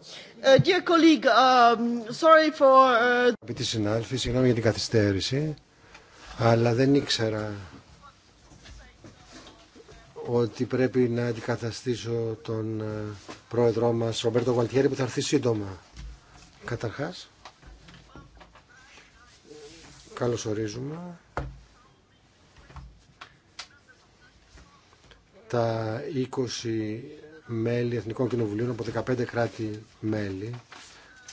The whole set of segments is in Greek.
Uh, um, uh, συγγνώμη για την καθυστέρηση, αλλά δεν ήξερα ότι πρέπει να αντικαταστήσω τον ε, πρόεδρό μας, Ρομπέρτο Γουαλτιέρη, που θα έρθει σύντομα. Καταρχάς, καλώς ορίζουμε τα μέλη Εθνικών Κοινοβουλίων από 15 κράτη-μέλη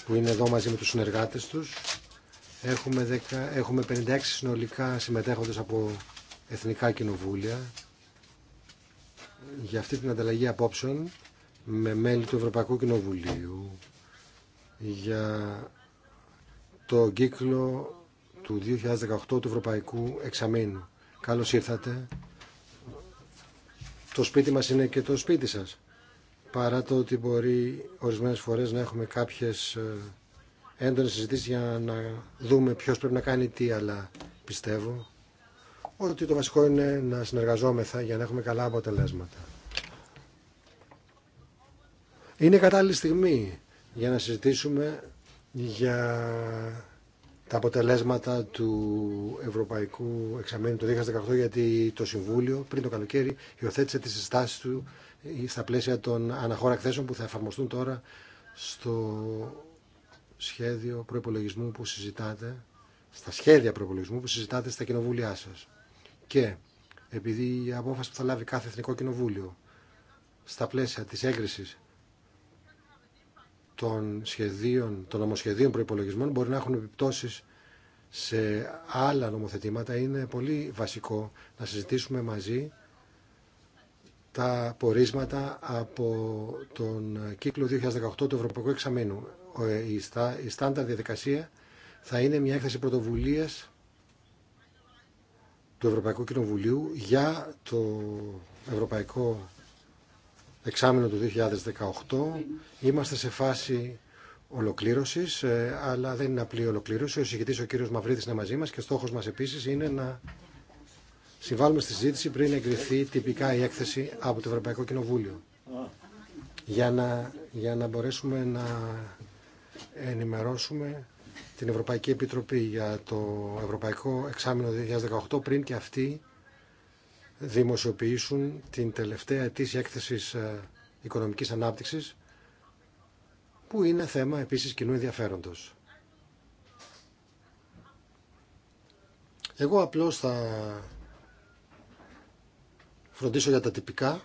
που είναι εδώ μαζί με τους συνεργάτες τους. Έχουμε, 10, έχουμε 56 συνολικά συμμετέχοντες από Εθνικά Κοινοβούλια για αυτή την ανταλλαγή απόψεων με μέλη του Ευρωπαϊκού Κοινοβουλίου για το κύκλο του 2018 του Ευρωπαϊκού Εξαμήνου. Καλώς ήρθατε. Το σπίτι μας είναι και το σπίτι σας παρά το ότι μπορεί ορισμένες φορές να έχουμε κάποιες ε, έντονες συζητήσεις για να δούμε ποιος πρέπει να κάνει τι, αλλά πιστεύω ότι το βασικό είναι να συνεργαζόμεθα για να έχουμε καλά αποτελέσματα. Είναι κατάλληλη στιγμή για να συζητήσουμε για τα αποτελέσματα του Ευρωπαϊκού Εξαμένου του 2018 γιατί το Συμβούλιο πριν το καλοκαίρι υιοθέτησε τις συστάσεις του στα πλαίσια των αναχώρα εκθέσεων που θα εφαρμοστούν τώρα στο σχέδιο προπολογισμού που συζητάτε, στα σχέδια προπολογισμού που συζητάτε στα κοινοβούλια σας. Και επειδή η απόφαση που θα λάβει κάθε Εθνικό Κοινοβούλιο στα πλαίσια της έγκρισης των, σχεδίων, των νομοσχεδίων προϋπολογισμών μπορεί να έχουν επιπτώσεις σε άλλα νομοθετήματα είναι πολύ βασικό να συζητήσουμε μαζί τα πορίσματα από τον κύκλο 2018 του Ευρωπαϊκού Εξαμήνου. Ε, η στάνταρ διαδικασία θα είναι μια έκθεση πρωτοβουλίας του Ευρωπαϊκού Κοινοβουλίου για το Ευρωπαϊκό Εξάμεινο του 2018. Είμαστε σε φάση ολοκλήρωσης, ε, αλλά δεν είναι απλή ολοκλήρωση. Ο συγκεκριτής ο κύριος Μαυρίδης είναι μαζί μας και στόχος μας επίσης είναι να συμβάλλουμε στη συζήτηση πριν εγκριθεί τυπικά η έκθεση από το Ευρωπαϊκό Κοινοβούλιο. Για να, για να μπορέσουμε να ενημερώσουμε την Ευρωπαϊκή Επιτροπή για το Ευρωπαϊκό Εξάμεινο 2018 πριν και αυτοί δημοσιοποιήσουν την τελευταία ετήσια έκθεση ε, οικονομικής ανάπτυξης που είναι θέμα επίσης κοινού ενδιαφέροντος. Εγώ απλώς θα φροντίσω για τα τυπικά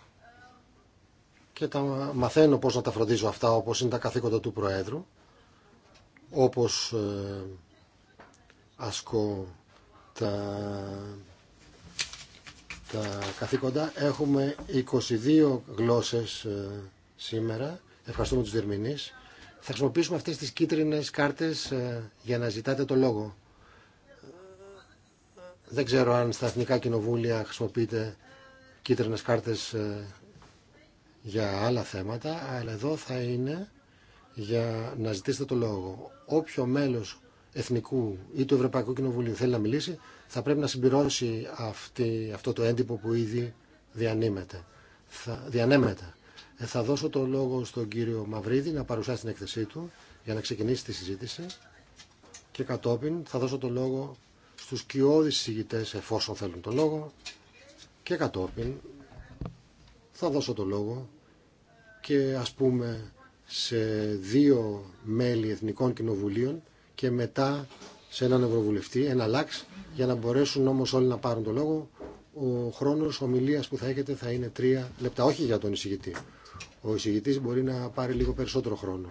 και τα μαθαίνω πώς να τα φροντίζω αυτά όπως είναι τα καθήκοντα του Προέδρου όπως ε, ασκώ τα, τα καθήκοντα έχουμε 22 γλώσσες ε, σήμερα ευχαριστούμε τους διερμηνείς θα χρησιμοποιήσουμε αυτές τις κίτρινες κάρτες ε, για να ζητάτε το λόγο ε, δεν ξέρω αν στα εθνικά κοινοβούλια χρησιμοποιείτε κίτρινες κάρτες ε, για άλλα θέματα, αλλά εδώ θα είναι για να ζητήσετε το λόγο. Όποιο μέλος Εθνικού ή του Ευρωπαϊκού Κοινοβουλίου θέλει να μιλήσει, θα πρέπει να συμπληρώσει αυτή, αυτό το έντυπο που ήδη διανύμεται. Θα, διανέμεται. Ε, θα δώσω το λόγο στον κύριο Μαυρίδη να παρουσιάσει την έκθεσή του για να ξεκινήσει τη συζήτηση και κατόπιν θα δώσω το λόγο στους κοιόδης συζητητές εφόσον θέλουν το λόγο και κατόπιν θα δώσω το λόγο και ας πούμε σε δύο μέλη εθνικών κοινοβουλίων και μετά σε έναν ευρωβουλευτή, ένα λάξ, για να μπορέσουν όμως όλοι να πάρουν το λόγο. Ο χρόνος ομιλίας που θα έχετε θα είναι τρία λεπτά, όχι για τον εισηγητή. Ο εισηγητής μπορεί να πάρει λίγο περισσότερο χρόνο.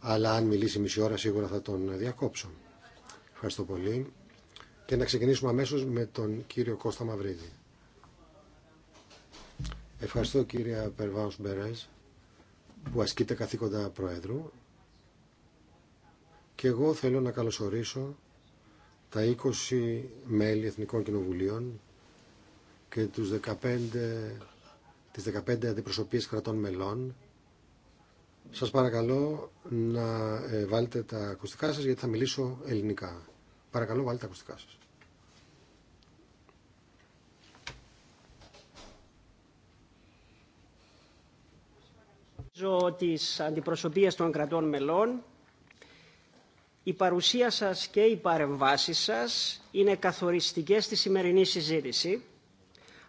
Αλλά αν μιλήσει μισή ώρα σίγουρα θα τον διακόψω. Ευχαριστώ πολύ. Και να ξεκινήσουμε αμέσως με τον κύριο Κώστα Μαυρίδη. Ευχαριστώ κύριε Περβάους Μπερές που ασκείται καθήκοντα Προέδρου και εγώ θέλω να καλωσορίσω τα 20 μέλη Εθνικών Κοινοβουλίων και τους 15, τις 15 αντιπροσωπείες κρατών μελών. Σας παρακαλώ να ε, βάλετε τα ακουστικά σας γιατί θα μιλήσω ελληνικά. Παρακαλώ βάλτε τα ακουστικά σας. της αντιπροσωπείας των κρατών μελών. Η παρουσία σας και οι παρεμβάσεις σας είναι καθοριστικές στη σημερινή συζήτηση.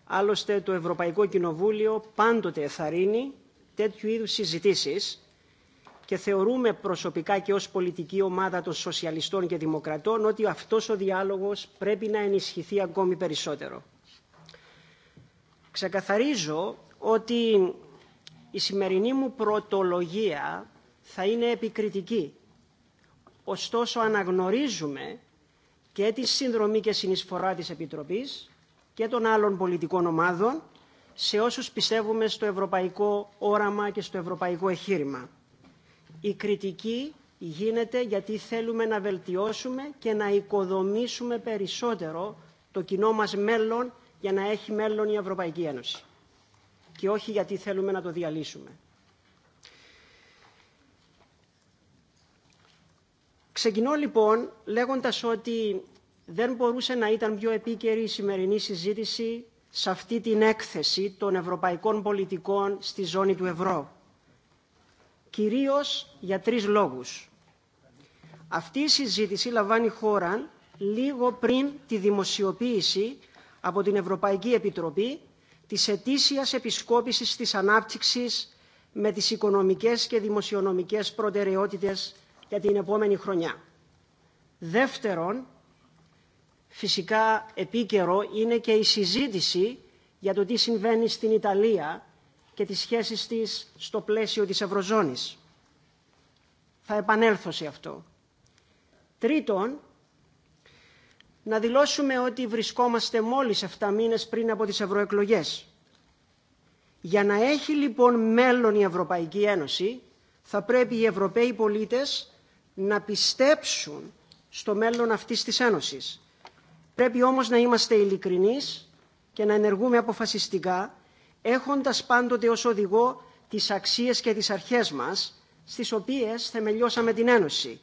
Άλλωστε το Ευρωπαϊκό Κοινοβούλιο πάντοτε εθαρρύνει τέτοιου είδους συζητήσεις και θεωρούμε προσωπικά και ως πολιτική ομάδα των σοσιαλιστών και δημοκρατών ότι αυτός ο διάλογος πρέπει να ενισχυθεί ακόμη περισσότερο. Ξεκαθαρίζω ότι η σημερινή μου πρωτολογία θα είναι επικριτική. Ωστόσο αναγνωρίζουμε και τη συνδρομή και συνεισφορά της Επιτροπής και των άλλων πολιτικών ομάδων σε όσους πιστεύουμε στο ευρωπαϊκό όραμα και στο ευρωπαϊκό εχείρημα. Η κριτική γίνεται γιατί θέλουμε να βελτιώσουμε και να οικοδομήσουμε περισσότερο το κοινό μας μέλλον για να έχει μέλλον η Ευρωπαϊκή Ένωση και όχι γιατί θέλουμε να το διαλύσουμε. Ξεκινώ λοιπόν λέγοντας ότι δεν μπορούσε να ήταν πιο επίκαιρη η σημερινή συζήτηση σε αυτή την έκθεση των ευρωπαϊκών πολιτικών στη ζώνη του ευρώ. Κυρίως για τρεις λόγους. Αυτή η συζήτηση λαμβάνει χώρα λίγο πριν τη δημοσιοποίηση από την Ευρωπαϊκή Επιτροπή της ετήσιας επισκόπησης της ανάπτυξης με τις οικονομικές και δημοσιονομικές προτεραιότητες για την επόμενη χρονιά. Δεύτερον, φυσικά επίκαιρο είναι και η συζήτηση για το τι συμβαίνει στην Ιταλία και τις σχέσεις της στο πλαίσιο της Ευρωζώνης. Θα επανέλθω σε αυτό. Τρίτον, να δηλώσουμε ότι βρισκόμαστε μόλις 7 μήνες πριν από τις ευρωεκλογέ. Για να έχει λοιπόν μέλλον η Ευρωπαϊκή Ένωση, θα πρέπει οι Ευρωπαίοι πολίτες να πιστέψουν στο μέλλον αυτής της Ένωσης. Πρέπει όμως να είμαστε ειλικρινεί και να ενεργούμε αποφασιστικά, έχοντας πάντοτε ως οδηγό τις αξίες και τις αρχές μας, στις οποίες θεμελιώσαμε την Ένωση.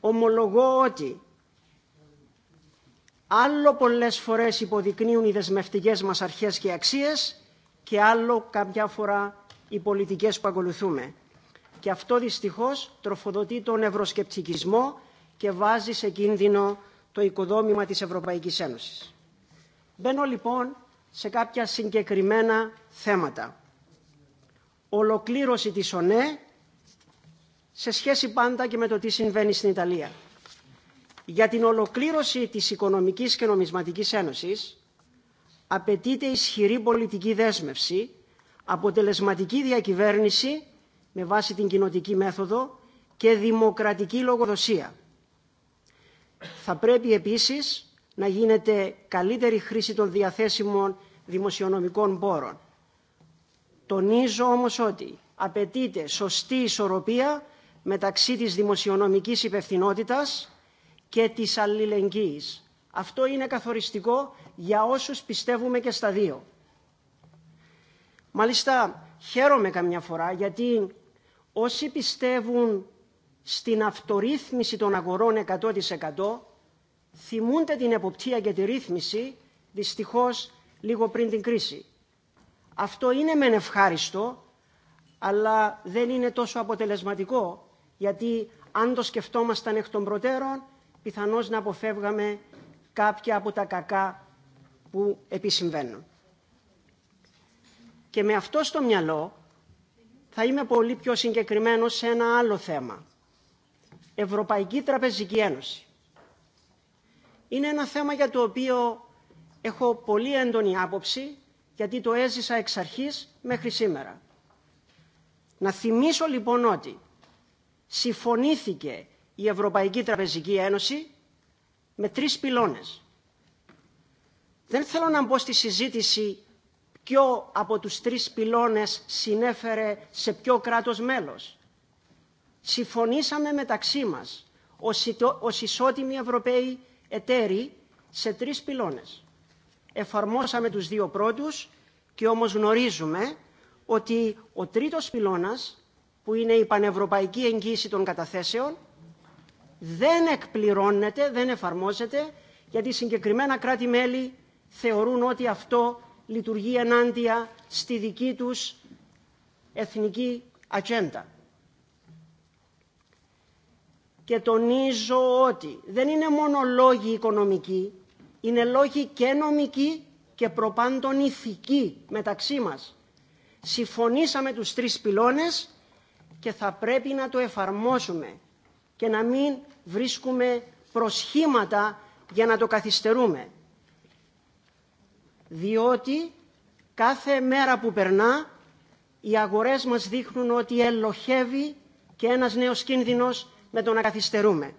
Ομολογώ ότι άλλο πολλές φορές υποδεικνύουν οι δεσμευτικές μας αρχές και αξίες και άλλο κάποια φορά οι πολιτικές που ακολουθούμε. Και αυτό δυστυχώς τροφοδοτεί τον ευρωσκεπτικισμό και βάζει σε κίνδυνο το οικοδόμημα της Ευρωπαϊκής Ένωσης. Μπαίνω λοιπόν σε κάποια συγκεκριμένα θέματα. Ολοκλήρωση της ΟΝΕ σε σχέση πάντα και με το τι συμβαίνει στην Ιταλία. Για την ολοκλήρωση της Οικονομικής και Νομισματικής Ένωσης απαιτείται ισχυρή πολιτική δέσμευση, αποτελεσματική διακυβέρνηση με βάση την κοινοτική μέθοδο και δημοκρατική λογοδοσία. Θα πρέπει επίσης να γίνεται καλύτερη χρήση των διαθέσιμων δημοσιονομικών πόρων. Τονίζω όμως ότι απαιτείται σωστή ισορροπία μεταξύ της δημοσιονομικής υπευθυνότητας και της αλληλεγγύης. Αυτό είναι καθοριστικό για όσους πιστεύουμε και στα δύο. Μάλιστα, χαίρομαι καμιά φορά γιατί όσοι πιστεύουν στην αυτορύθμιση των αγορών 100% θυμούνται την εποπτεία και τη ρύθμιση δυστυχώς λίγο πριν την κρίση. Αυτό είναι μεν ευχάριστο, αλλά δεν είναι τόσο αποτελεσματικό, γιατί αν το σκεφτόμασταν εκ των προτέρων, πιθανώς να αποφεύγαμε κάποια από τα κακά που επισυμβαίνουν. Και με αυτό στο μυαλό θα είμαι πολύ πιο συγκεκριμένο σε ένα άλλο θέμα. Ευρωπαϊκή Τραπεζική Ένωση. Είναι ένα θέμα για το οποίο έχω πολύ έντονη άποψη, γιατί το έζησα εξ αρχής μέχρι σήμερα. Να θυμίσω λοιπόν ότι συμφωνήθηκε η Ευρωπαϊκή Τραπεζική Ένωση με τρεις πυλώνες. Δεν θέλω να μπω στη συζήτηση ποιο από τους τρεις πυλώνες συνέφερε σε ποιο κράτος μέλος. Συμφωνήσαμε μεταξύ μας ως ισότιμοι Ευρωπαίοι εταίροι σε τρεις πυλώνες. Εφαρμόσαμε τους δύο πρώτους και όμως γνωρίζουμε ότι ο τρίτος πυλώνας που είναι η πανευρωπαϊκή εγγύηση των καταθέσεων δεν εκπληρώνεται, δεν εφαρμόζεται, γιατί συγκεκριμένα κράτη-μέλη θεωρούν ότι αυτό λειτουργεί ενάντια στη δική τους εθνική ατζέντα. Και τονίζω ότι δεν είναι μόνο λόγοι οικονομικοί, είναι λόγοι και νομικοί και προπάντων ηθικοί μεταξύ μας. Συμφωνήσαμε τους τρεις πυλώνες και θα πρέπει να το εφαρμόσουμε και να μην βρίσκουμε προσχήματα για να το καθυστερούμε. Διότι κάθε μέρα που περνά οι αγορές μας δείχνουν ότι ελοχεύει και ένας νέος κίνδυνος με το να καθυστερούμε.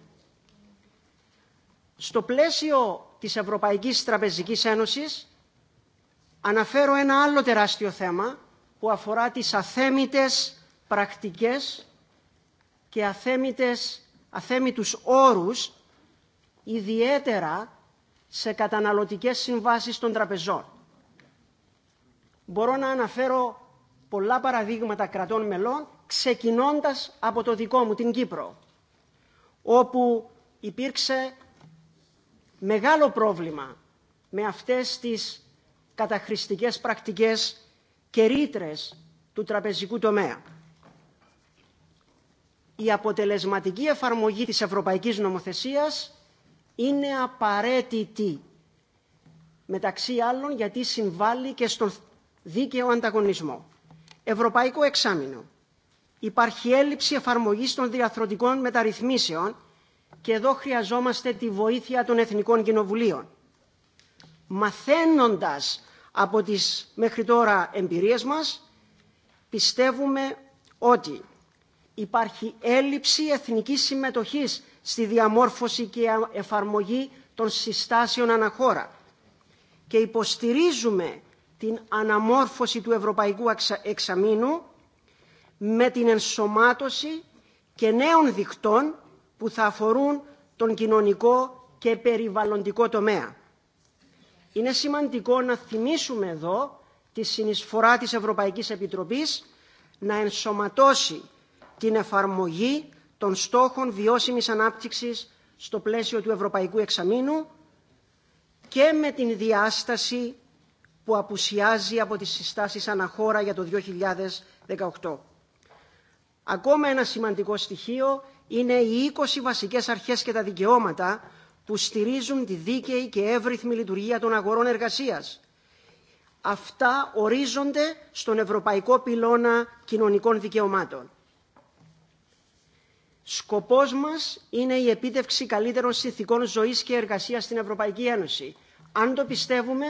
Στο πλαίσιο της Ευρωπαϊκής Τραπεζικής Ένωσης αναφέρω ένα άλλο τεράστιο θέμα που αφορά τις αθέμητες πρακτικές και αθέμητες αθέμητους όρους, ιδιαίτερα σε καταναλωτικές συμβάσεις των τραπεζών. Μπορώ να αναφέρω πολλά παραδείγματα κρατών μελών, ξεκινώντας από το δικό μου, την Κύπρο, όπου υπήρξε μεγάλο πρόβλημα με αυτές τις καταχρηστικές πρακτικές και του τραπεζικού τομέα η αποτελεσματική εφαρμογή της ευρωπαϊκής νομοθεσίας είναι απαραίτητη. Μεταξύ άλλων γιατί συμβάλλει και στον δίκαιο ανταγωνισμό. Ευρωπαϊκό εξάμεινο. Υπάρχει έλλειψη εφαρμογής των διαθροτικών μεταρρυθμίσεων και εδώ χρειαζόμαστε τη βοήθεια των Εθνικών Κοινοβουλίων. Μαθαίνοντας από τις μέχρι τώρα εμπειρίες μας, πιστεύουμε ότι υπάρχει έλλειψη εθνικής συμμετοχής στη διαμόρφωση και εφαρμογή των συστάσεων αναχώρα και υποστηρίζουμε την αναμόρφωση του Ευρωπαϊκού Εξαμήνου με την ενσωμάτωση και νέων δικτών που θα αφορούν τον κοινωνικό και περιβαλλοντικό τομέα. Είναι σημαντικό να θυμίσουμε εδώ τη συνεισφορά της Ευρωπαϊκής Επιτροπής να ενσωματώσει την εφαρμογή των στόχων βιώσιμης ανάπτυξης στο πλαίσιο του Ευρωπαϊκού Εξαμήνου και με την διάσταση που απουσιάζει από τις συστάσεις αναχώρα για το 2018. Ακόμα ένα σημαντικό στοιχείο είναι οι 20 βασικές αρχές και τα δικαιώματα που στηρίζουν τη δίκαιη και εύρυθμη λειτουργία των αγορών εργασίας. Αυτά ορίζονται στον Ευρωπαϊκό Πυλώνα Κοινωνικών Δικαιωμάτων. Σκοπός μας είναι η επίτευξη καλύτερων συνθηκών ζωής και εργασίας στην Ευρωπαϊκή Ένωση. Αν το πιστεύουμε,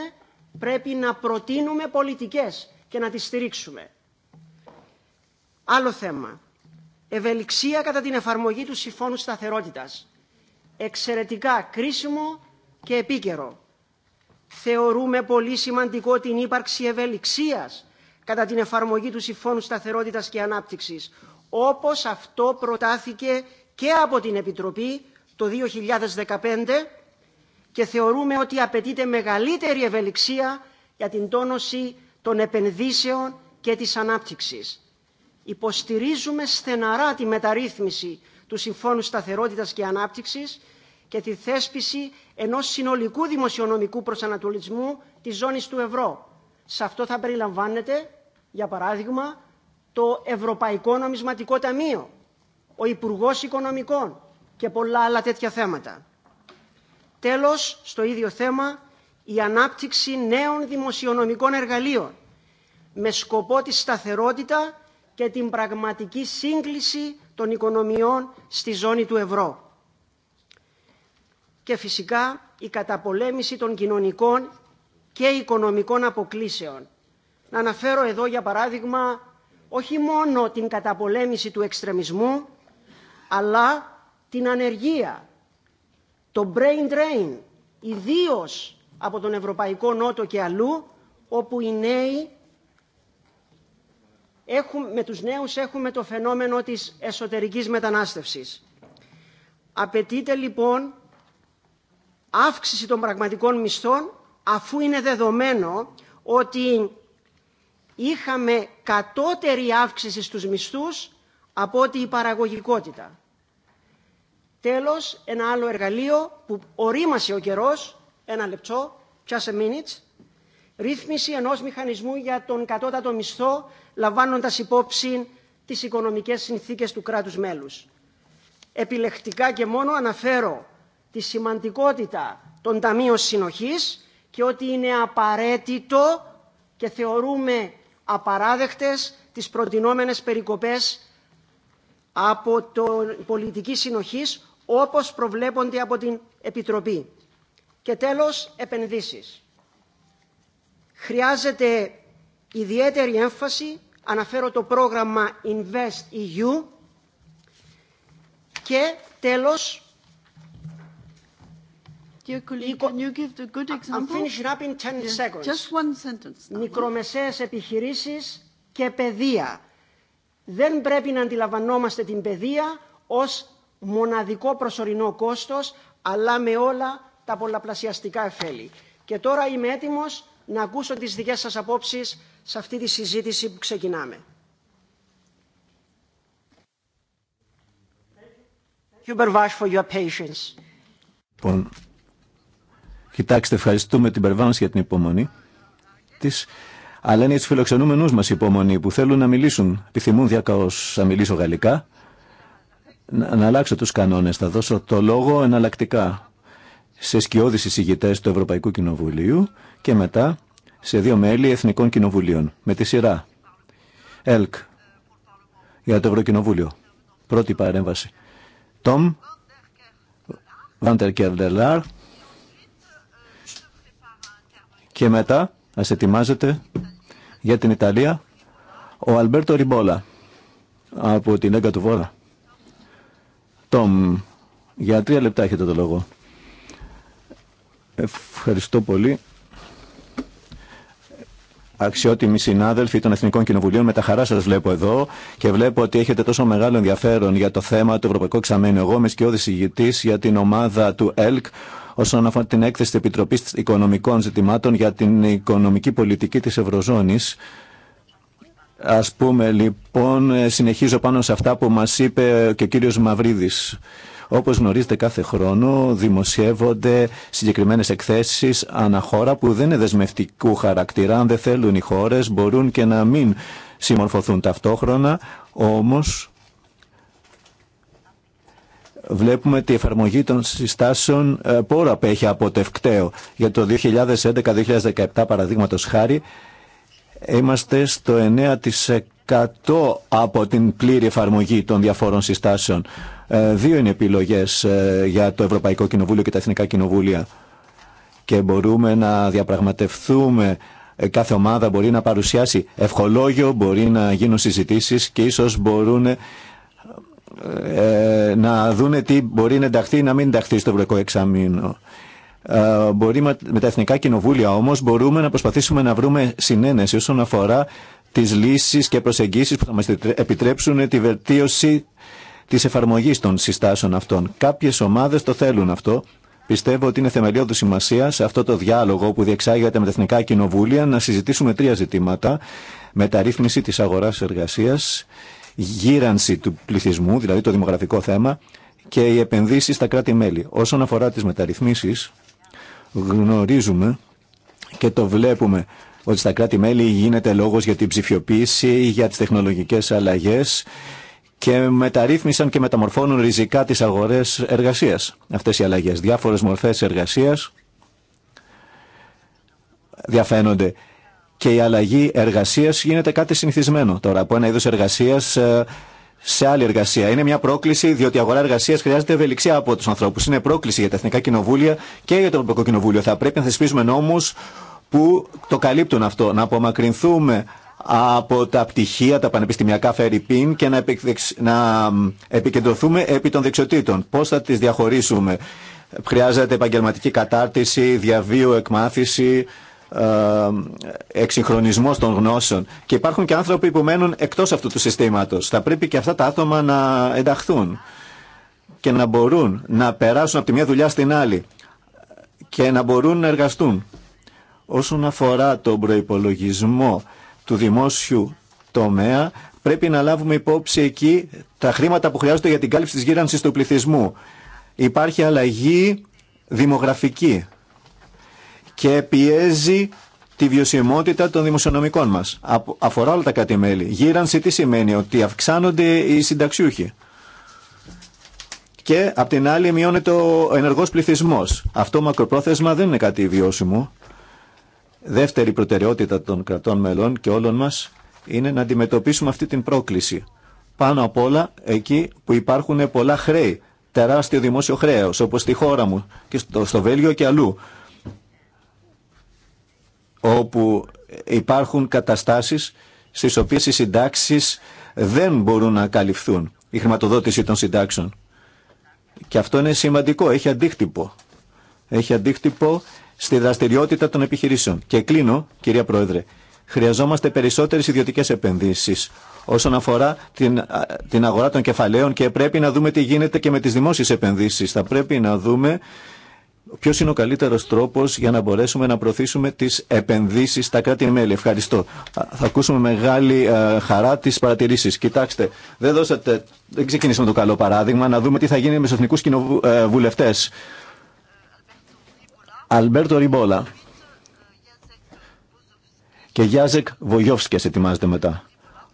πρέπει να προτείνουμε πολιτικές και να τις στηρίξουμε. Άλλο θέμα. Ευελιξία κατά την εφαρμογή του Συμφώνου Σταθερότητας. Εξαιρετικά κρίσιμο και επίκαιρο. Θεωρούμε πολύ σημαντικό την ύπαρξη ευελιξίας κατά την εφαρμογή του Συμφώνου Σταθερότητας και Ανάπτυξης, όπως αυτό προτάθηκε και από την Επιτροπή το 2015 και θεωρούμε ότι απαιτείται μεγαλύτερη ευελιξία για την τόνωση των επενδύσεων και της ανάπτυξης. Υποστηρίζουμε στεναρά τη μεταρρύθμιση του Συμφώνου Σταθερότητας και Ανάπτυξης και τη θέσπιση ενός συνολικού δημοσιονομικού προσανατολισμού της ζώνης του ευρώ. Σε αυτό θα περιλαμβάνεται, για παράδειγμα, το Ευρωπαϊκό Νομισματικό Ταμείο, ο Υπουργός Οικονομικών και πολλά άλλα τέτοια θέματα. Τέλος, στο ίδιο θέμα, η ανάπτυξη νέων δημοσιονομικών εργαλείων με σκοπό τη σταθερότητα και την πραγματική σύγκληση των οικονομιών στη ζώνη του ευρώ. Και φυσικά η καταπολέμηση των κοινωνικών και οικονομικών αποκλήσεων. Να αναφέρω εδώ για παράδειγμα όχι μόνο την καταπολέμηση του εξτρεμισμού, αλλά την ανεργία, το brain drain, ιδίω από τον Ευρωπαϊκό Νότο και αλλού, όπου οι νέοι με τους νέους έχουμε το φαινόμενο της εσωτερικής μετανάστευσης. Απαιτείται λοιπόν αύξηση των πραγματικών μισθών, αφού είναι δεδομένο ότι είχαμε κατώτερη αύξηση στους μισθούς από ότι η παραγωγικότητα. Τέλος, ένα άλλο εργαλείο που ορίμασε ο καιρός, ένα λεπτό, just a minute, ρύθμιση ενός μηχανισμού για τον κατώτατο μισθό, λαμβάνοντας υπόψη τις οικονομικές συνθήκες του κράτους μέλους. Επιλεκτικά και μόνο αναφέρω τη σημαντικότητα των ταμείων συνοχής και ότι είναι απαραίτητο και θεωρούμε απαράδεκτες τις προτινόμενες περικοπές από την πολιτική συνοχής όπως προβλέπονται από την Επιτροπή. Και τέλος, επενδύσεις. Χρειάζεται ιδιαίτερη έμφαση, αναφέρω το πρόγραμμα Invest EU και τέλος Dear colleague, can you give the good example? I'm finishing up in 10 seconds. Just one sentence. Μικρομεσαίες επιχειρήσεις και παιδεία. Δεν πρέπει να αντιλαμβανόμαστε την παιδεία ως μοναδικό προσωρινό κόστος, αλλά με όλα τα πολλαπλασιαστικά εφέλη. Και τώρα είμαι έτοιμος να ακούσω τις δικές σας απόψεις σε αυτή τη συζήτηση που ξεκινάμε. Thank you, for your patience. Λοιπόν, Κοιτάξτε, ευχαριστούμε την Περβάνση για την υπομονή της, αλλά είναι για του φιλοξενούμενου μα υπομονή που θέλουν να μιλήσουν. Επιθυμούν διακαώ να μιλήσω γαλλικά. Να, να αλλάξω του κανόνε. Θα δώσω το λόγο εναλλακτικά σε σκιώδει εισηγητέ του Ευρωπαϊκού Κοινοβουλίου και μετά σε δύο μέλη Εθνικών Κοινοβουλίων. Με τη σειρά. ΕΛΚ. Για το Ευρωκοινοβούλιο. Πρώτη παρέμβαση. Τόμ. Βάντερ και μετά, ας ετοιμάζεται για την Ιταλία, ο Αλμπέρτο Ριμπόλα από την Έγκα του Βόρα. Τόμ, για τρία λεπτά έχετε το λόγο. Ευχαριστώ πολύ. Αξιότιμοι συνάδελφοι των Εθνικών Κοινοβουλίων, με τα χαρά σα βλέπω εδώ και βλέπω ότι έχετε τόσο μεγάλο ενδιαφέρον για το θέμα του Ευρωπαϊκού Εξαμένου. Εγώ είμαι σκιώδη ηγητή για την ομάδα του ΕΛΚ όσον αφορά την έκθεση της Επιτροπής Οικονομικών Ζητημάτων για την οικονομική πολιτική της Ευρωζώνης. Ας πούμε λοιπόν, ε, συνεχίζω πάνω σε αυτά που μας είπε και ο κύριος Μαυρίδης. Όπως γνωρίζετε κάθε χρόνο δημοσιεύονται συγκεκριμένες εκθέσεις αναχώρα που δεν είναι δεσμευτικού χαρακτήρα. Αν δεν θέλουν οι χώρες μπορούν και να μην συμμορφωθούν ταυτόχρονα, όμως βλέπουμε ότι η εφαρμογή των συστάσεων ε, πόρα απέχει από το Για το 2011-2017 παραδείγματο χάρη είμαστε στο 9% από την πλήρη εφαρμογή των διαφόρων συστάσεων. Ε, δύο είναι επιλογές ε, για το Ευρωπαϊκό Κοινοβούλιο και τα Εθνικά Κοινοβούλια και μπορούμε να διαπραγματευτούμε κάθε ομάδα μπορεί να παρουσιάσει ευχολόγιο, μπορεί να γίνουν συζητήσεις και ίσως μπορούν ε, να δούνε τι μπορεί να ενταχθεί ή να μην ενταχθεί στο ευρωπαϊκό εξαμήνο. Ε, μπορεί με, τα εθνικά κοινοβούλια όμως μπορούμε να προσπαθήσουμε να βρούμε συνένεση όσον αφορά τις λύσεις και προσεγγίσεις που θα μας επιτρέψουν τη βελτίωση της εφαρμογής των συστάσεων αυτών. Κάποιες ομάδες το θέλουν αυτό. Πιστεύω ότι είναι θεμελιώδη σημασία σε αυτό το διάλογο που διεξάγεται με τα Εθνικά Κοινοβούλια να συζητήσουμε τρία ζητήματα. Μεταρρύθμιση της αγοράς εργασία γύρανση του πληθυσμού, δηλαδή το δημογραφικό θέμα, και οι επενδύσεις στα κράτη-μέλη. Όσον αφορά τις μεταρρυθμίσεις, γνωρίζουμε και το βλέπουμε ότι στα κράτη-μέλη γίνεται λόγος για την ψηφιοποίηση, για τις τεχνολογικές αλλαγές και μεταρρύθμισαν και μεταμορφώνουν ριζικά τις αγορές εργασίας αυτές οι αλλαγές. Διάφορες μορφές εργασίας διαφαίνονται και η αλλαγή εργασία γίνεται κάτι συνηθισμένο τώρα από ένα είδο εργασία ε, σε άλλη εργασία. Είναι μια πρόκληση, διότι η αγορά εργασία χρειάζεται ευελιξία από του ανθρώπου. Είναι πρόκληση για τα εθνικά κοινοβούλια και για το Ευρωπαϊκό Κοινοβούλιο. Θα πρέπει να θεσπίζουμε νόμου που το καλύπτουν αυτό. Να απομακρυνθούμε από τα πτυχία, τα πανεπιστημιακά φερρυπίν και να, να επικεντρωθούμε επί των δεξιοτήτων. Πώ θα τι διαχωρίσουμε. Χρειάζεται επαγγελματική κατάρτιση, διαβίου, εκμάθηση, ε, Εξυγχρονισμό των γνώσεων και υπάρχουν και άνθρωποι που μένουν εκτός αυτού του συστήματος. Θα πρέπει και αυτά τα άτομα να ενταχθούν και να μπορούν να περάσουν από τη μια δουλειά στην άλλη και να μπορούν να εργαστούν. Όσον αφορά τον προϋπολογισμό του δημόσιου τομέα, πρέπει να λάβουμε υπόψη εκεί τα χρήματα που χρειάζονται για την κάλυψη της γύρανσης του πληθυσμού. Υπάρχει αλλαγή δημογραφική και πιέζει τη βιωσιμότητα των δημοσιονομικών μας. Αφορά όλα τα κατημέλη. Γύρανση τι σημαίνει, ότι αυξάνονται οι συνταξιούχοι. Και απ' την άλλη μειώνεται ο ενεργός πληθυσμός. Αυτό μακροπρόθεσμα δεν είναι κάτι βιώσιμο. Δεύτερη προτεραιότητα των κρατών μελών και όλων μας είναι να αντιμετωπίσουμε αυτή την πρόκληση. Πάνω απ' όλα εκεί που υπάρχουν πολλά χρέη, τεράστιο δημόσιο χρέος, όπως στη χώρα μου και στο, στο Βέλγιο και αλλού όπου υπάρχουν καταστάσεις στις οποίες οι συντάξεις δεν μπορούν να καλυφθούν, η χρηματοδότηση των συντάξεων. Και αυτό είναι σημαντικό, έχει αντίκτυπο. Έχει αντίκτυπο στη δραστηριότητα των επιχειρήσεων. Και κλείνω, κυρία Πρόεδρε, χρειαζόμαστε περισσότερες ιδιωτικές επενδύσεις όσον αφορά την, την αγορά των κεφαλαίων και πρέπει να δούμε τι γίνεται και με τις δημόσιες επενδύσεις. Θα πρέπει να δούμε ποιος είναι ο καλύτερος τρόπος για να μπορέσουμε να προωθήσουμε τις επενδύσεις στα κράτη-μέλη. Ευχαριστώ. Θα ακούσουμε μεγάλη ε, χαρά τις παρατηρήσεις. Κοιτάξτε, δεν, δώσατε, ξεκινήσαμε το καλό παράδειγμα, να δούμε τι θα γίνει με τους εθνικούς κοινοβουλευτές. Ε, Αλμπέρτο Ριμπόλα και Γιάζεκ σε ετοιμάζεται μετά.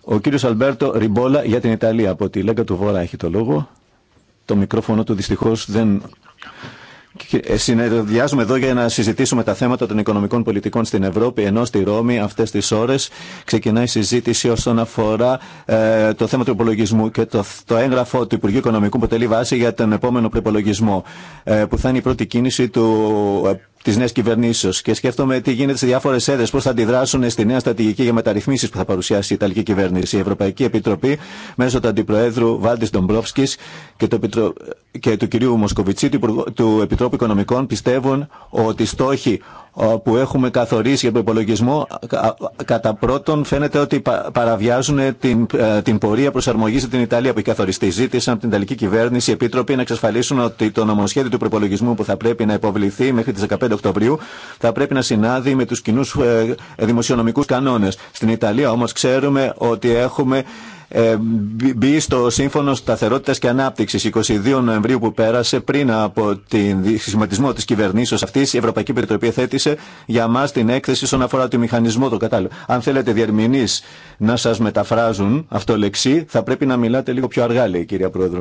Ο κύριος Αλμπέρτο Ριμπόλα για την Ιταλία από τη Λέγκα του Βόρα έχει το λόγο. Το μικρόφωνο του δυστυχώ δεν ε, συνεδριάζουμε εδώ για να συζητήσουμε τα θέματα των οικονομικών πολιτικών στην Ευρώπη, ενώ στη Ρώμη αυτέ τι ώρε ξεκινάει η συζήτηση όσον αφορά ε, το θέμα του υπολογισμού και το, το έγγραφο του Υπουργείου Οικονομικού που τελεί βάση για τον επόμενο προπολογισμό, ε, που θα είναι η πρώτη κίνηση του, ε, τη νέα κυβερνήσεω. Και σκέφτομαι τι γίνεται σε διάφορε έδρε, πώ θα αντιδράσουν στη νέα στρατηγική για μεταρρυθμίσει που θα παρουσιάσει η Ιταλική κυβέρνηση. Η Ευρωπαϊκή Επιτροπή, μέσω του Αντιπροέδρου Βάλτη Ντομπρόφσκη και, του κυρίου Μοσκοβιτσί, του, του Επιτρόπου Οικονομικών πιστεύουν ότι οι στόχοι ε, που έχουμε καθορίσει για τον ε, ε, κατά πρώτον φαίνεται ότι παραβιάζουν την, την πορεία προσαρμογής στην Ιταλία που έχει καθοριστεί. Ζήτησαν από την Ιταλική κυβέρνηση οι επίτροποι να εξασφαλίσουν ότι το νομοσχέδιο του προπολογισμού που θα πρέπει να υποβληθεί μέχρι τις 15 Οκτωβρίου θα πρέπει να συνάδει με τους κοινού δημοσιονομικούς κανόνες. Στην Ιταλία όμως ξέρουμε ότι έχουμε ε, μπει στο Σύμφωνο Σταθερότητα και Ανάπτυξη 22 Νοεμβρίου που πέρασε πριν από την σχηματισμό τη κυβερνήσεω αυτή, η Ευρωπαϊκή Περιτροπή θέτησε για μα την έκθεση όσον αφορά το μηχανισμό του κατάλληλου. Αν θέλετε διερμηνεί να σα μεταφράζουν αυτό λεξί, θα πρέπει να μιλάτε λίγο πιο αργά, λέει η κυρία Πρόεδρο.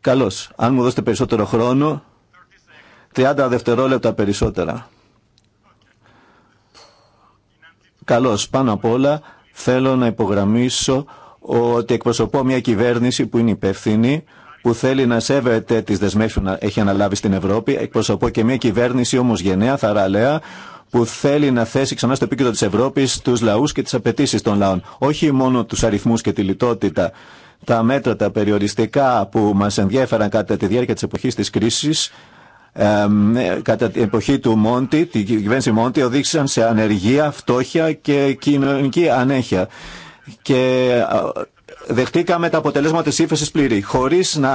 Καλώ. Αν μου δώσετε περισσότερο χρόνο, 30 δευτερόλεπτα περισσότερα. καλός. Πάνω απ' όλα θέλω να υπογραμμίσω ότι εκπροσωπώ μια κυβέρνηση που είναι υπεύθυνη, που θέλει να σέβεται τις δεσμεύσεις που έχει αναλάβει στην Ευρώπη. Εκπροσωπώ και μια κυβέρνηση όμως γενναία, θαραλέα, που θέλει να θέσει ξανά στο επίκεντρο της Ευρώπης τους λαούς και τις απαιτήσει των λαών. Όχι μόνο τους αριθμούς και τη λιτότητα. Τα μέτρα, τα περιοριστικά που μας ενδιέφεραν κατά τη διάρκεια της εποχής της κρίσης, κατά την εποχή του Μόντι, την κυβέρνηση Μόντι, οδήγησαν σε ανεργία, φτώχεια και κοινωνική ανέχεια. Και δεχτήκαμε τα αποτελέσματα της ύφεσης πλήρη, χωρίς να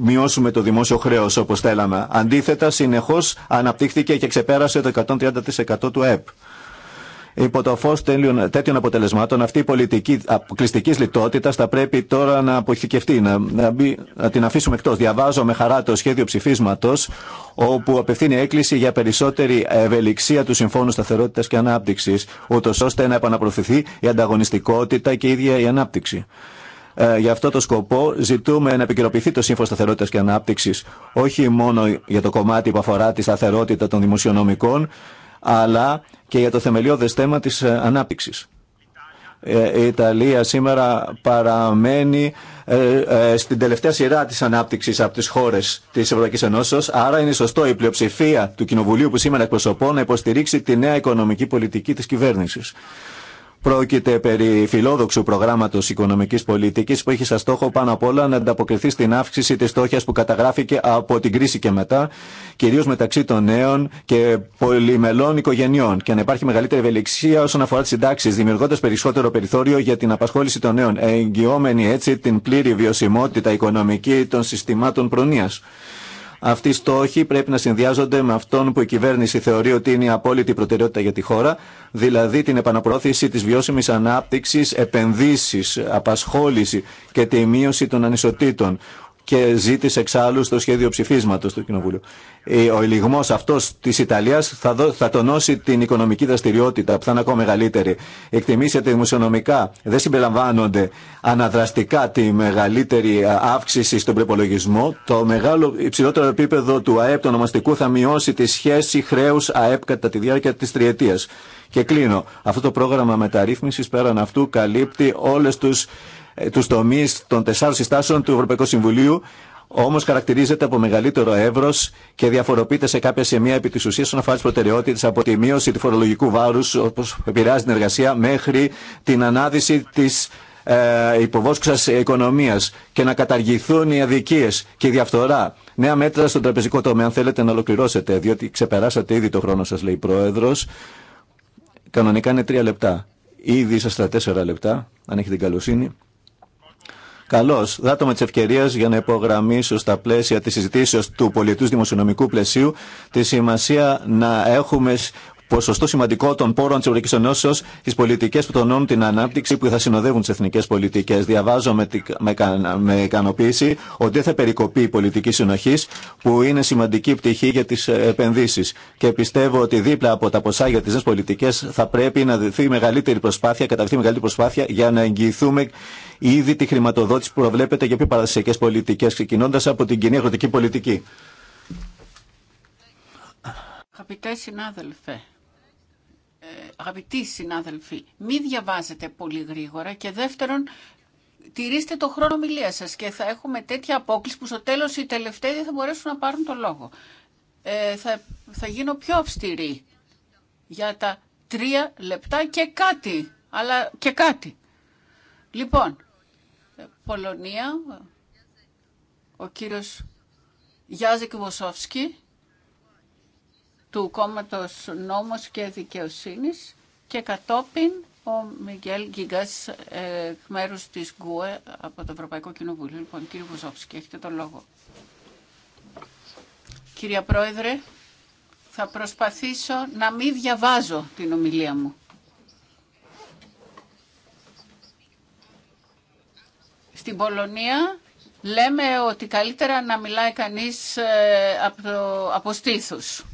μειώσουμε το δημόσιο χρέος όπως θέλαμε. Αντίθετα, συνεχώς αναπτύχθηκε και ξεπέρασε το 130% του ΕΠ. Υπό το φω τέτοιων αποτελεσμάτων, αυτή η πολιτική αποκλειστική λιτότητα θα πρέπει τώρα να αποθηκευτεί, να, να, μπει, να την αφήσουμε εκτό. Διαβάζω με χαρά το σχέδιο ψηφίσματο, όπου απευθύνει έκκληση για περισσότερη ευελιξία του Συμφώνου Σταθερότητα και Ανάπτυξη, ούτω ώστε να επαναπροωθηθεί η ανταγωνιστικότητα και η ίδια η ανάπτυξη. Ε, για αυτό το σκοπό ζητούμε να επικαιροποιηθεί το Σύμφωνο Σταθερότητα και Ανάπτυξη, όχι μόνο για το κομμάτι που αφορά τη σταθερότητα των δημοσιονομικών, αλλά και για το θεμελιώδες θέμα της ε, ανάπτυξης. Ε, η Ιταλία σήμερα παραμένει ε, στην τελευταία σειρά της ανάπτυξης από τις χώρες της Ευρωπαϊκής Ενώσεως, άρα είναι σωστό η πλειοψηφία του Κοινοβουλίου που σήμερα εκπροσωπώ να υποστηρίξει τη νέα οικονομική πολιτική της κυβέρνησης. Πρόκειται περί φιλόδοξου προγράμματο οικονομική πολιτική που έχει σαν στόχο πάνω απ' όλα να ανταποκριθεί στην αύξηση τη στόχια που καταγράφηκε από την κρίση και μετά, κυρίω μεταξύ των νέων και πολυμελών οικογενειών, και να υπάρχει μεγαλύτερη ευελιξία όσον αφορά τι συντάξει, δημιουργώντα περισσότερο περιθώριο για την απασχόληση των νέων, εγγυόμενη έτσι την πλήρη βιωσιμότητα οικονομική των συστημάτων προνοία. Αυτοί οι στόχοι πρέπει να συνδυάζονται με αυτόν που η κυβέρνηση θεωρεί ότι είναι η απόλυτη προτεραιότητα για τη χώρα, δηλαδή την επαναπρόθεση τη βιώσιμη ανάπτυξη, επενδύσει, απασχόληση και τη μείωση των ανισοτήτων και ζήτησε εξάλλου στο σχέδιο ψηφίσματος του Κοινοβούλου. Ε, ο ελιγμό αυτό τη Ιταλία θα, θα τονώσει την οικονομική δραστηριότητα που θα είναι ακόμα μεγαλύτερη. Εκτιμήσετε δημοσιονομικά δεν συμπεριλαμβάνονται αναδραστικά τη μεγαλύτερη ε, αύξηση στον προπολογισμό. Το μεγάλο υψηλότερο επίπεδο του ΑΕΠ του ονομαστικού θα μειώσει τη σχέση χρέου ΑΕΠ κατά τη διάρκεια τη Τριετία. Και κλείνω. Αυτό το πρόγραμμα μεταρρύθμιση πέραν αυτού καλύπτει όλε τους ε, του τομεί των τεσσάρων συστάσεων του Ευρωπαϊκού Συμβουλίου όμω χαρακτηρίζεται από μεγαλύτερο εύρο και διαφοροποιείται σε κάποια σημεία επί τη ουσία όσον αφορά τι προτεραιότητε από τη μείωση του φορολογικού βάρου, όπω επηρεάζει την εργασία, μέχρι την ανάδυση τη ε, υποβόσκουσα οικονομία και να καταργηθούν οι αδικίε και η διαφθορά. Νέα μέτρα στον τραπεζικό τομέα, αν θέλετε να ολοκληρώσετε, διότι ξεπεράσατε ήδη το χρόνο σα, λέει Πρόεδρο. Κανονικά είναι τρία λεπτά. Ήδη είσαστε τέσσερα λεπτά, αν έχετε την καλοσύνη. Καλώ, δάτομαι με τη ευκαιρία για να υπογραμμίσω στα πλαίσια τη συζητήσεω του πολιτού δημοσιονομικού πλαισίου τη σημασία να έχουμε ποσοστό σημαντικό των πόρων τη Ευρωπαϊκή Ενώσεω στι πολιτικέ που τονώνουν την ανάπτυξη που θα συνοδεύουν τι εθνικέ πολιτικέ. Διαβάζω με, με, με ικανοποίηση ότι δεν θα περικοπεί η πολιτική συνοχή, που είναι σημαντική πτυχή για τι επενδύσει. Και πιστεύω ότι δίπλα από τα ποσά για τι νέε πολιτικέ θα πρέπει να δεθεί μεγαλύτερη προσπάθεια, καταρχήν μεγαλύτερη προσπάθεια για να εγγυηθούμε ήδη τη χρηματοδότηση που προβλέπεται για πιο παραδοσιακέ πολιτικέ, ξεκινώντα από την κοινή αγροτική πολιτική. Αγαπητέ συνάδελφε, ε, αγαπητοί συνάδελφοι, μη διαβάζετε πολύ γρήγορα και δεύτερον, τηρήστε το χρόνο μιλία σα και θα έχουμε τέτοια απόκληση που στο τέλο οι τελευταίοι δεν θα μπορέσουν να πάρουν το λόγο. Ε, θα, θα γίνω πιο αυστηρή για τα τρία λεπτά και κάτι, αλλά και κάτι. Λοιπόν, Πολωνία, ο κύριος Γιάζικ Βοσόφσκι του κόμματος Νόμος και Δικαιοσύνης και κατόπιν ο Μιγγέλ Γκίγκας εκ μέρους της ΓΚΟΕ από το Ευρωπαϊκό Κοινοβούλιο. Λοιπόν, κύριε Βοσόφσκι, έχετε τον λόγο. Κυρία Πρόεδρε, θα προσπαθήσω να μην διαβάζω την ομιλία μου. Στην Πολωνία λέμε ότι καλύτερα να μιλάει κανείς ε, από, το, στήθους.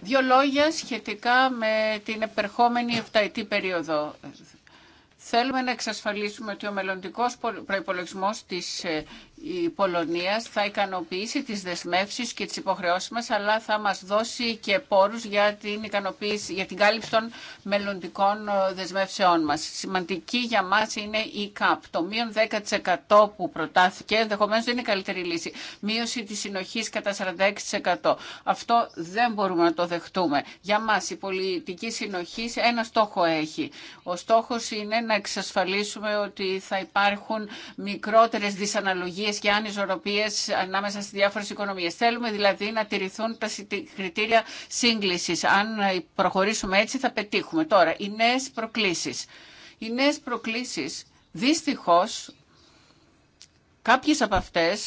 Δύο λόγια σχετικά με την επερχόμενη εφταετή περίοδο. Θέλουμε να εξασφαλίσουμε ότι ο μελλοντικό προπολογισμό της ε, η Πολωνία θα ικανοποιήσει τις δεσμεύσεις και τις υποχρεώσεις μας, αλλά θα μας δώσει και πόρους για την, ικανοποίηση, για την κάλυψη των μελλοντικών ε, δεσμεύσεών μας. Σημαντική για μας είναι η ΚΑΠ. Το μείον 10% που προτάθηκε, ενδεχομένω δεν είναι η καλύτερη λύση. Μείωση της συνοχής κατά 46%. Αυτό δεν μπορούμε να το δεχτούμε. Για μας η πολιτική συνοχή ένα στόχο έχει. Ο στόχος είναι να εξασφαλίσουμε ότι θα υπάρχουν μικρότερες δυσαναλογίες και ανισορροπίε ανάμεσα στι διάφορε οικονομίε. Θέλουμε δηλαδή να τηρηθούν τα κριτήρια σύγκληση. Αν προχωρήσουμε έτσι θα πετύχουμε. Τώρα, οι νέε προκλήσει. Οι νέε προκλήσει δυστυχώ κάποιε από αυτέ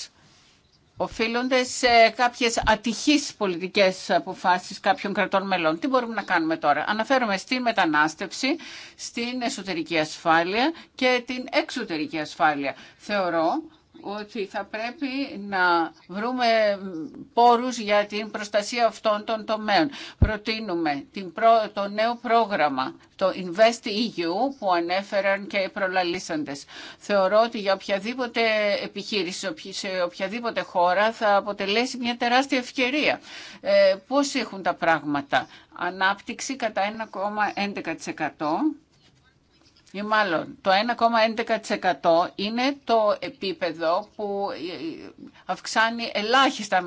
οφείλονται σε κάποιες ατυχείς πολιτικές αποφάσεις κάποιων κρατών μελών. Τι μπορούμε να κάνουμε τώρα. Αναφέρομαι στη μετανάστευση, στην εσωτερική ασφάλεια και την εξωτερική ασφάλεια. Θεωρώ ότι θα πρέπει να βρούμε πόρους για την προστασία αυτών των τομέων. Προτείνουμε την το νέο πρόγραμμα, το Invest EU, που ανέφεραν και οι προλαλήσαντες. Θεωρώ ότι για οποιαδήποτε επιχείρηση, σε οποιαδήποτε χώρα θα αποτελέσει μια τεράστια ευκαιρία. Ε, πώς έχουν τα πράγματα. Ανάπτυξη κατά 1,11% ή μάλλον το 1,11% είναι το επίπεδο που ε, ε, αυξάνει ελάχιστα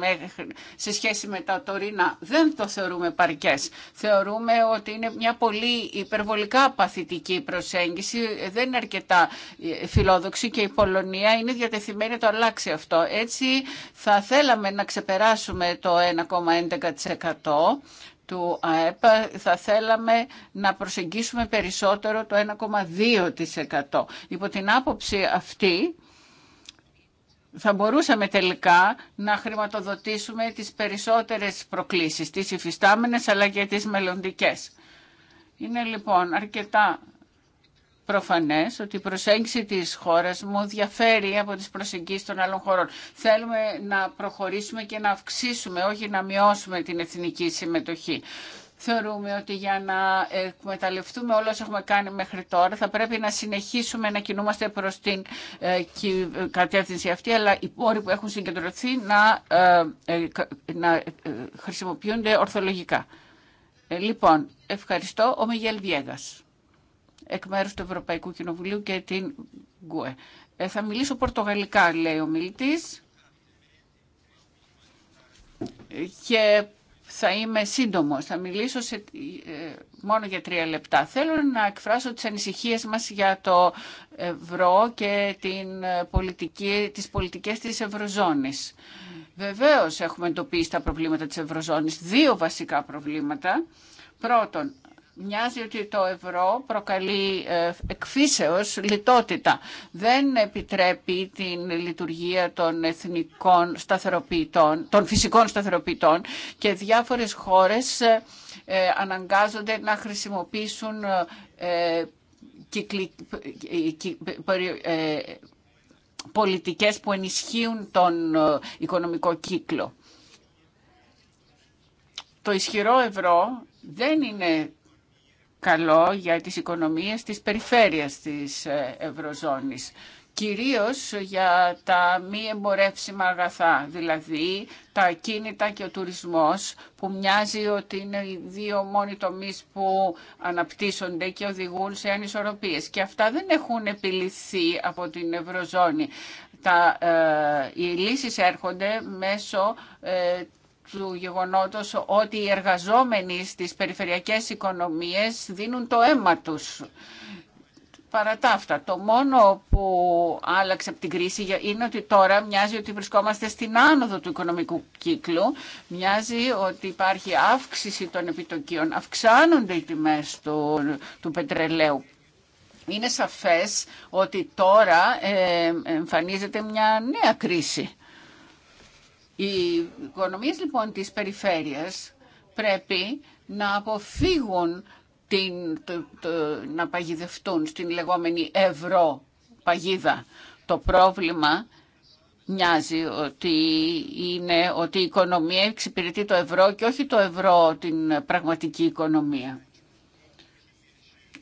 σε σχέση με τα τωρινά. Δεν το θεωρούμε παρκές. Θεωρούμε ότι είναι μια πολύ υπερβολικά παθητική προσέγγιση. Δεν είναι αρκετά ε, φιλόδοξη και η Πολωνία είναι διατεθειμένη να το αλλάξει αυτό. Έτσι θα θέλαμε να ξεπεράσουμε το 1,11% του αέπα θα θέλαμε να προσεγγίσουμε περισσότερο το 1,2%. Υπό την άποψη αυτή θα μπορούσαμε τελικά να χρηματοδοτήσουμε τις περισσότερες προκλήσεις, τις υφιστάμενες αλλά και τις μελλοντικές. Είναι λοιπόν αρκετά προφανές ότι η προσέγγιση της χώρας μου διαφέρει από τις προσεγγίσεις των άλλων χωρών. Θέλουμε να προχωρήσουμε και να αυξήσουμε, όχι να μειώσουμε την εθνική συμμετοχή. Θεωρούμε ότι για να εκμεταλλευτούμε όλα όσα έχουμε κάνει μέχρι τώρα θα πρέπει να συνεχίσουμε να κινούμαστε προς την ε, ε, κατεύθυνση αυτή αλλά οι πόροι που έχουν συγκεντρωθεί να, ε, να χρησιμοποιούνται ορθολογικά. Λοιπόν, ευχαριστώ. Ο Μιγέλ εκ μέρους του Ευρωπαϊκού Κοινοβουλίου και την ΓΚΟΕ. Ε, θα μιλήσω πορτογαλικά, λέει ο μιλητής. Και θα είμαι σύντομος, θα μιλήσω σε, ε, μόνο για τρία λεπτά. Θέλω να εκφράσω τις ανησυχίες μας για το ευρώ και την πολιτική, τις πολιτικές της Ευρωζώνης. Βεβαίως έχουμε εντοπίσει τα προβλήματα της Ευρωζώνης, δύο βασικά προβλήματα. Πρώτον, Μοιάζει ότι το ευρώ προκαλεί ε, εκφύσεως λιτότητα. Δεν επιτρέπει την λειτουργία των εθνικών σταθεροποιητών, των φυσικών σταθεροποιητών και διάφορες χώρες ε, ε, αναγκάζονται να χρησιμοποιήσουν πολιτικές που ενισχύουν τον οικονομικό κύκλο. Το ισχυρό ευρώ δεν είναι καλό για τις οικονομίες της περιφέρειας της ε, Ευρωζώνης. Κυρίως για τα μη εμπορεύσιμα αγαθά, δηλαδή τα ακίνητα και ο τουρισμός που μοιάζει ότι είναι οι δύο μόνοι τομείς που αναπτύσσονται και οδηγούν σε ανισορροπίες. Και αυτά δεν έχουν επιληθεί από την Ευρωζώνη. Τα, ε, οι λύσεις έρχονται μέσω ε, του γεγονότος ότι οι εργαζόμενοι στις περιφερειακές οικονομίες δίνουν το αίμα τους. Παρά τα αυτά, το μόνο που άλλαξε από την κρίση είναι ότι τώρα μοιάζει ότι βρισκόμαστε στην άνοδο του οικονομικού κύκλου. Μοιάζει ότι υπάρχει αύξηση των επιτοκίων, αυξάνονται οι τιμές του, του πετρελαίου. Είναι σαφές ότι τώρα ε, εμφανίζεται μια νέα κρίση οι οικονομίες λοιπόν της περιφέρειας πρέπει να αποφύγουν την, να παγιδευτούν στην λεγόμενη ευρώ παγίδα. Το πρόβλημα μοιάζει ότι είναι ότι η οικονομία εξυπηρετεί το ευρώ και όχι το ευρώ την πραγματική οικονομία.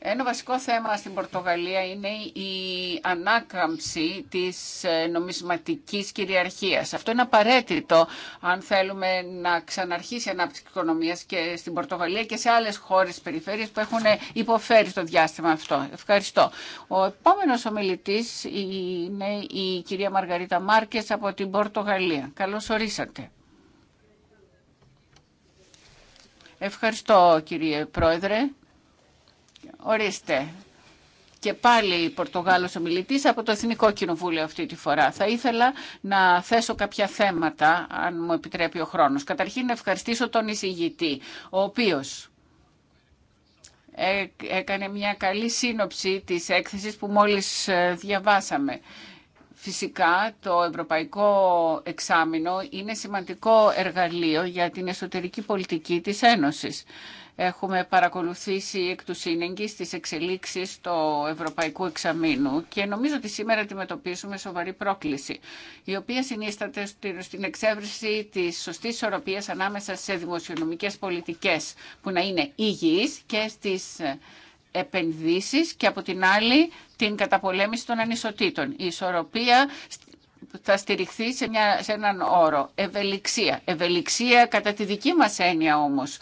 Ένα βασικό θέμα στην Πορτογαλία είναι η ανάκαμψη της ε, νομισματικής κυριαρχίας. Αυτό είναι απαραίτητο αν θέλουμε να ξαναρχίσει η ανάπτυξη της οικονομίας και στην Πορτογαλία και σε άλλες χώρες περιφέρειες που έχουν υποφέρει στο διάστημα αυτό. Ευχαριστώ. Ο επόμενος ομιλητής είναι η κυρία Μαργαρίτα Μάρκες από την Πορτογαλία. Καλώς ορίσατε. Ευχαριστώ κύριε Πρόεδρε. Ορίστε. Και πάλι η Πορτογάλος ομιλητής από το Εθνικό Κοινοβούλιο αυτή τη φορά. Θα ήθελα να θέσω κάποια θέματα, αν μου επιτρέπει ο χρόνος. Καταρχήν να ευχαριστήσω τον εισηγητή, ο οποίος ε, έκανε μια καλή σύνοψη της έκθεσης που μόλις ε, διαβάσαμε. Φυσικά το Ευρωπαϊκό Εξάμεινο είναι σημαντικό εργαλείο για την εσωτερική πολιτική της Ένωσης έχουμε παρακολουθήσει εκ του σύνεγγυ τις εξελίξεις του Ευρωπαϊκού Εξαμήνου και νομίζω ότι σήμερα αντιμετωπίσουμε σοβαρή πρόκληση, η οποία συνίσταται στην εξέβριση της σωστής ισορροπίας ανάμεσα σε δημοσιονομικές πολιτικές που να είναι υγιείς και στις ε, επενδύσεις και από την άλλη την καταπολέμηση των ανισοτήτων. Η ισορροπία θα στηριχθεί σε, μια, σε έναν όρο. Ευελιξία. Ευελιξία κατά τη δική μας έννοια όμως,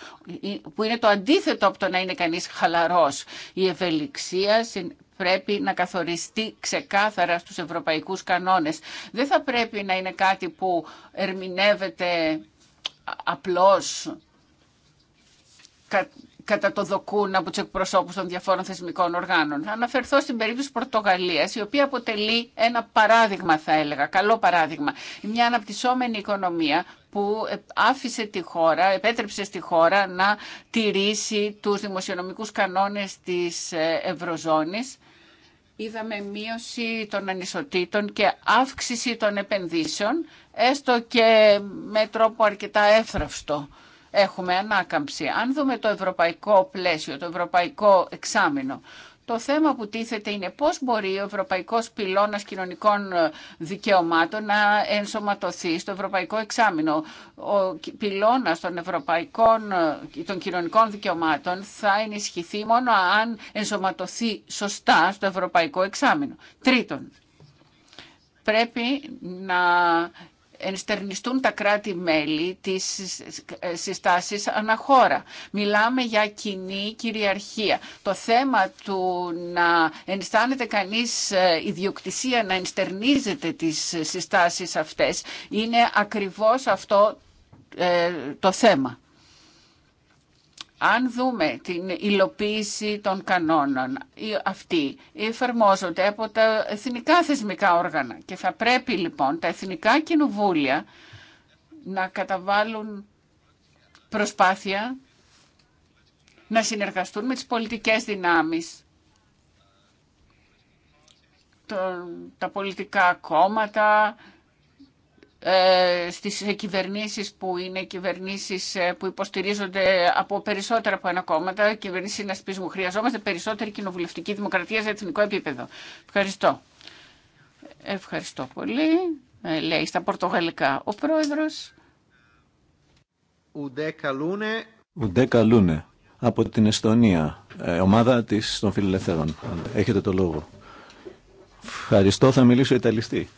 που είναι το αντίθετο από το να είναι κανείς χαλαρός. Η ευελιξία πρέπει να καθοριστεί ξεκάθαρα στους ευρωπαϊκούς κανόνες. Δεν θα πρέπει να είναι κάτι που ερμηνεύεται απλώς κατά το δοκούν από του εκπροσώπου των διαφόρων θεσμικών οργάνων. Θα αναφερθώ στην περίπτωση Πορτογαλία, η οποία αποτελεί ένα παράδειγμα, θα έλεγα, καλό παράδειγμα. Μια αναπτυσσόμενη οικονομία που άφησε τη χώρα, επέτρεψε στη χώρα να τηρήσει τους δημοσιονομικούς κανόνες της ε, Ευρωζώνης. Είδαμε μείωση των ανισοτήτων και αύξηση των επενδύσεων, έστω και με τρόπο αρκετά εύθραυστο έχουμε ανάκαμψη. Αν δούμε το ευρωπαϊκό πλαίσιο, το ευρωπαϊκό εξάμεινο, το θέμα που τίθεται είναι πώς μπορεί ο Ευρωπαϊκός Πυλώνας Κοινωνικών ε, Δικαιωμάτων να ενσωματωθεί στο Ευρωπαϊκό Εξάμεινο. Ο πυλώνας των, ευρωπαϊκών, ε, των κοινωνικών δικαιωμάτων θα ενισχυθεί μόνο αν ενσωματωθεί σωστά στο Ευρωπαϊκό Εξάμεινο. Τρίτον, πρέπει να ενστερνιστούν τα κράτη-μέλη τις συστάσεις αναχώρα. Μιλάμε για κοινή κυριαρχία. Το θέμα του να ενστάνεται κανείς ε, ιδιοκτησία, να ενστερνίζεται τις συστάσεις αυτές, είναι ακριβώς αυτό ε, το θέμα αν δούμε την υλοποίηση των κανόνων, αυτοί εφαρμόζονται από τα εθνικά θεσμικά όργανα και θα πρέπει λοιπόν τα εθνικά κοινοβούλια να καταβάλουν προσπάθεια να συνεργαστούν με τις πολιτικές δυνάμεις, τα πολιτικά κόμματα, ε, στις κυβερνήσεις που είναι κυβερνήσεις ε, που υποστηρίζονται από περισσότερα από ένα κόμματα, κυβερνήσεις συνασπισμού. Χρειαζόμαστε περισσότερη κοινοβουλευτική δημοκρατία σε εθνικό επίπεδο. Ευχαριστώ. Ευχαριστώ πολύ. Ε, λέει στα πορτογαλικά ο πρόεδρος. Ουντέ Καλούνε. από την Εστονία, ομάδα της των φιλελευθέρων. Έχετε το λόγο. Ευχαριστώ, θα μιλήσω Ιταλιστή.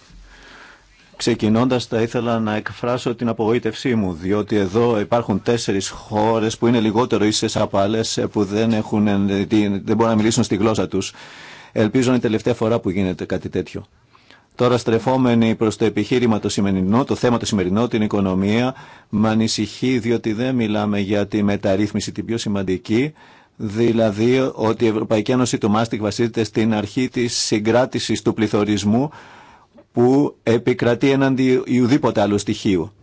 Ξεκινώντας θα ήθελα να εκφράσω την απογοήτευσή μου, διότι εδώ υπάρχουν τέσσερις χώρες που είναι λιγότερο ίσες απαλές, που δεν, έχουν, δεν μπορούν να μιλήσουν στη γλώσσα τους. Ελπίζω είναι η τελευταία φορά που γίνεται κάτι τέτοιο. Τώρα στρεφόμενοι προς το επιχείρημα το σημερινό, το θέμα το σημερινό, την οικονομία, με ανησυχεί διότι δεν μιλάμε για τη μεταρρύθμιση την πιο σημαντική, δηλαδή ότι η Ευρωπαϊκή Ένωση του Μάστικ βασίζεται στην αρχή της συγκράτησης του πληθωρισμού που επικρατεί έναντι ουδήποτε άλλου στοιχείο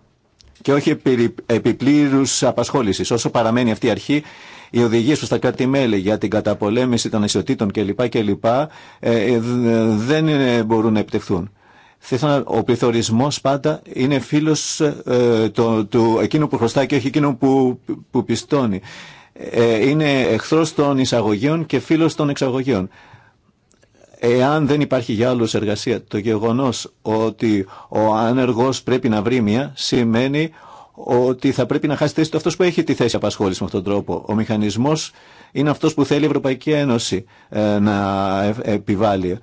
και όχι επιπλήρου απασχόληση. Όσο παραμένει αυτή η αρχή, οι οδηγίε που στα κράτη-μέλη για την καταπολέμηση των ισοτήτων κλπ. κλπ ε, ε, δεν μπορούν να επιτευχθούν. Ο πληθωρισμό πάντα είναι φίλο ε, του, του εκείνου που χρωστάει και όχι εκείνου που, που πιστώνει. Είναι εχθρό των εισαγωγείων και φίλο των εξαγωγείων εάν δεν υπάρχει για άλλους εργασία, το γεγονός ότι ο άνεργος πρέπει να βρει μια σημαίνει ότι θα πρέπει να χάσει θέση του αυτός που έχει τη θέση απασχόληση με αυτόν τον τρόπο. Ο μηχανισμός είναι αυτός που θέλει η Ευρωπαϊκή Ένωση ε, να επιβάλλει.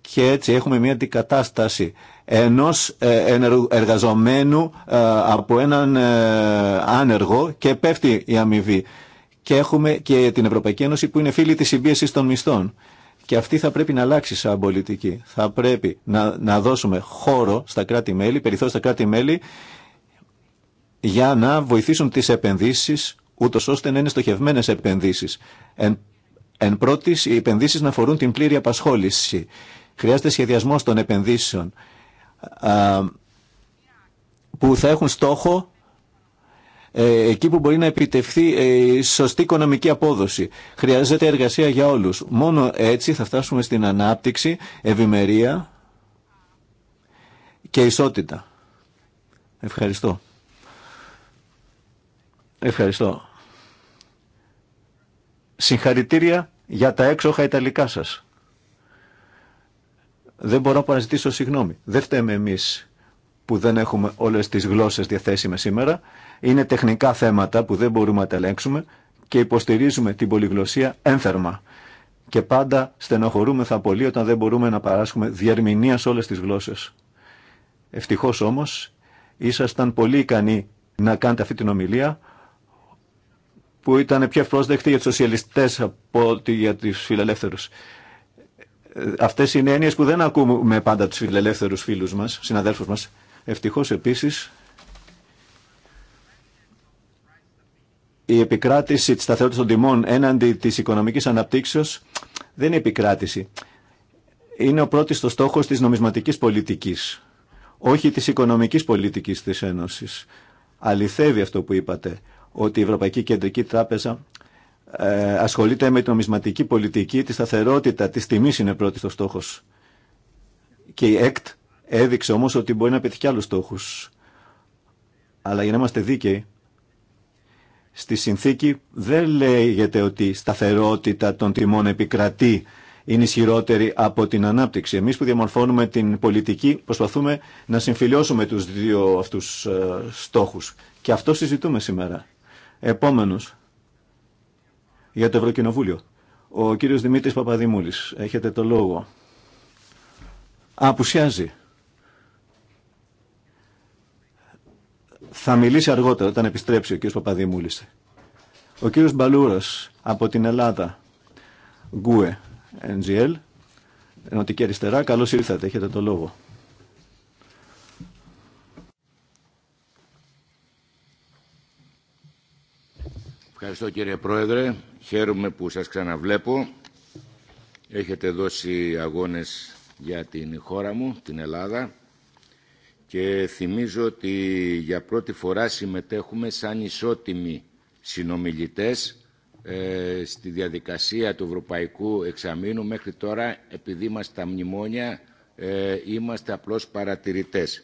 Και έτσι έχουμε μια αντικατάσταση ενός ε, εργαζομένου ε, από έναν άνεργο και πέφτει η αμοιβή. Και έχουμε και την Ευρωπαϊκή Ένωση που είναι φίλη της συμπίεσης των μισθών. Και αυτή θα πρέπει να αλλάξει σαν πολιτική. Θα πρέπει να, να δώσουμε χώρο στα κράτη-μέλη, περιθώριο στα κράτη-μέλη, για να βοηθήσουν τις επενδύσεις, ούτω ώστε να είναι στοχευμένες επενδύσεις. Εν, εν πρώτης, οι επενδύσεις να αφορούν την πλήρη απασχόληση. Χρειάζεται σχεδιασμός των επενδύσεων, που θα έχουν στόχο ε, εκεί που μπορεί να επιτευχθεί ε, η σωστή οικονομική απόδοση. Χρειάζεται εργασία για όλους. Μόνο έτσι θα φτάσουμε στην ανάπτυξη, ευημερία και ισότητα. Ευχαριστώ. Ευχαριστώ. Συγχαρητήρια για τα έξοχα Ιταλικά σας. Δεν μπορώ να ζητήσω συγγνώμη. Δεν φταίμε εμείς που δεν έχουμε όλες τις γλώσσες διαθέσιμες σήμερα. Είναι τεχνικά θέματα που δεν μπορούμε να τα ελέγξουμε και υποστηρίζουμε την πολυγλωσία ένθερμα. Και πάντα στενοχωρούμεθα πολύ όταν δεν μπορούμε να παράσχουμε διερμηνία σε όλες τις γλώσσες. Ευτυχώς όμως ήσασταν πολύ ικανοί να κάνετε αυτή την ομιλία που ήταν πιο ευπρόσδεκτη για τους σοσιαλιστές από ότι για τους φιλελεύθερους. Αυτές είναι έννοιες που δεν ακούμε πάντα τους φιλελεύθερους φίλους μας, συναδέλφους μας. Ευτυχώς επίσης η επικράτηση της σταθερότητας των τιμών έναντι της οικονομικής αναπτύξεως δεν είναι επικράτηση. Είναι ο πρώτος το στόχος της νομισματικής πολιτικής, όχι της οικονομικής πολιτικής της Ένωσης. Αληθεύει αυτό που είπατε, ότι η Ευρωπαϊκή Κεντρική Τράπεζα ε, ασχολείται με την νομισματική πολιτική, τη σταθερότητα της τιμής είναι πρώτη το στόχος. Και η ΕΚΤ έδειξε όμως ότι μπορεί να πετύχει άλλους στόχους. Αλλά για να είμαστε δίκαιοι, Στη συνθήκη δεν λέγεται ότι η σταθερότητα των τιμών επικρατεί είναι ισχυρότερη από την ανάπτυξη. Εμείς που διαμορφώνουμε την πολιτική προσπαθούμε να συμφιλιώσουμε τους δύο αυτούς ε, στόχους. Και αυτό συζητούμε σήμερα. Επόμενος, για το Ευρωκοινοβούλιο. Ο κύριος Δημήτρης Παπαδημούλης. Έχετε το λόγο. Απουσιάζει. Θα μιλήσει αργότερα όταν επιστρέψει ο κ. Παπαδημούλης. Ο κ. Μπαλούρα από την Ελλάδα, Γκουε, NGL, Ενωτική Αριστερά, καλώ ήρθατε, έχετε το λόγο. Ευχαριστώ κύριε Πρόεδρε. Χαίρομαι που σας ξαναβλέπω. Έχετε δώσει αγώνες για την χώρα μου, την Ελλάδα και θυμίζω ότι για πρώτη φορά συμμετέχουμε σαν ισότιμοι συνομιλητές ε, στη διαδικασία του Ευρωπαϊκού Εξαμήνου. Μέχρι τώρα, επειδή είμαστε τα μνημόνια, ε, είμαστε απλώς παρατηρητές.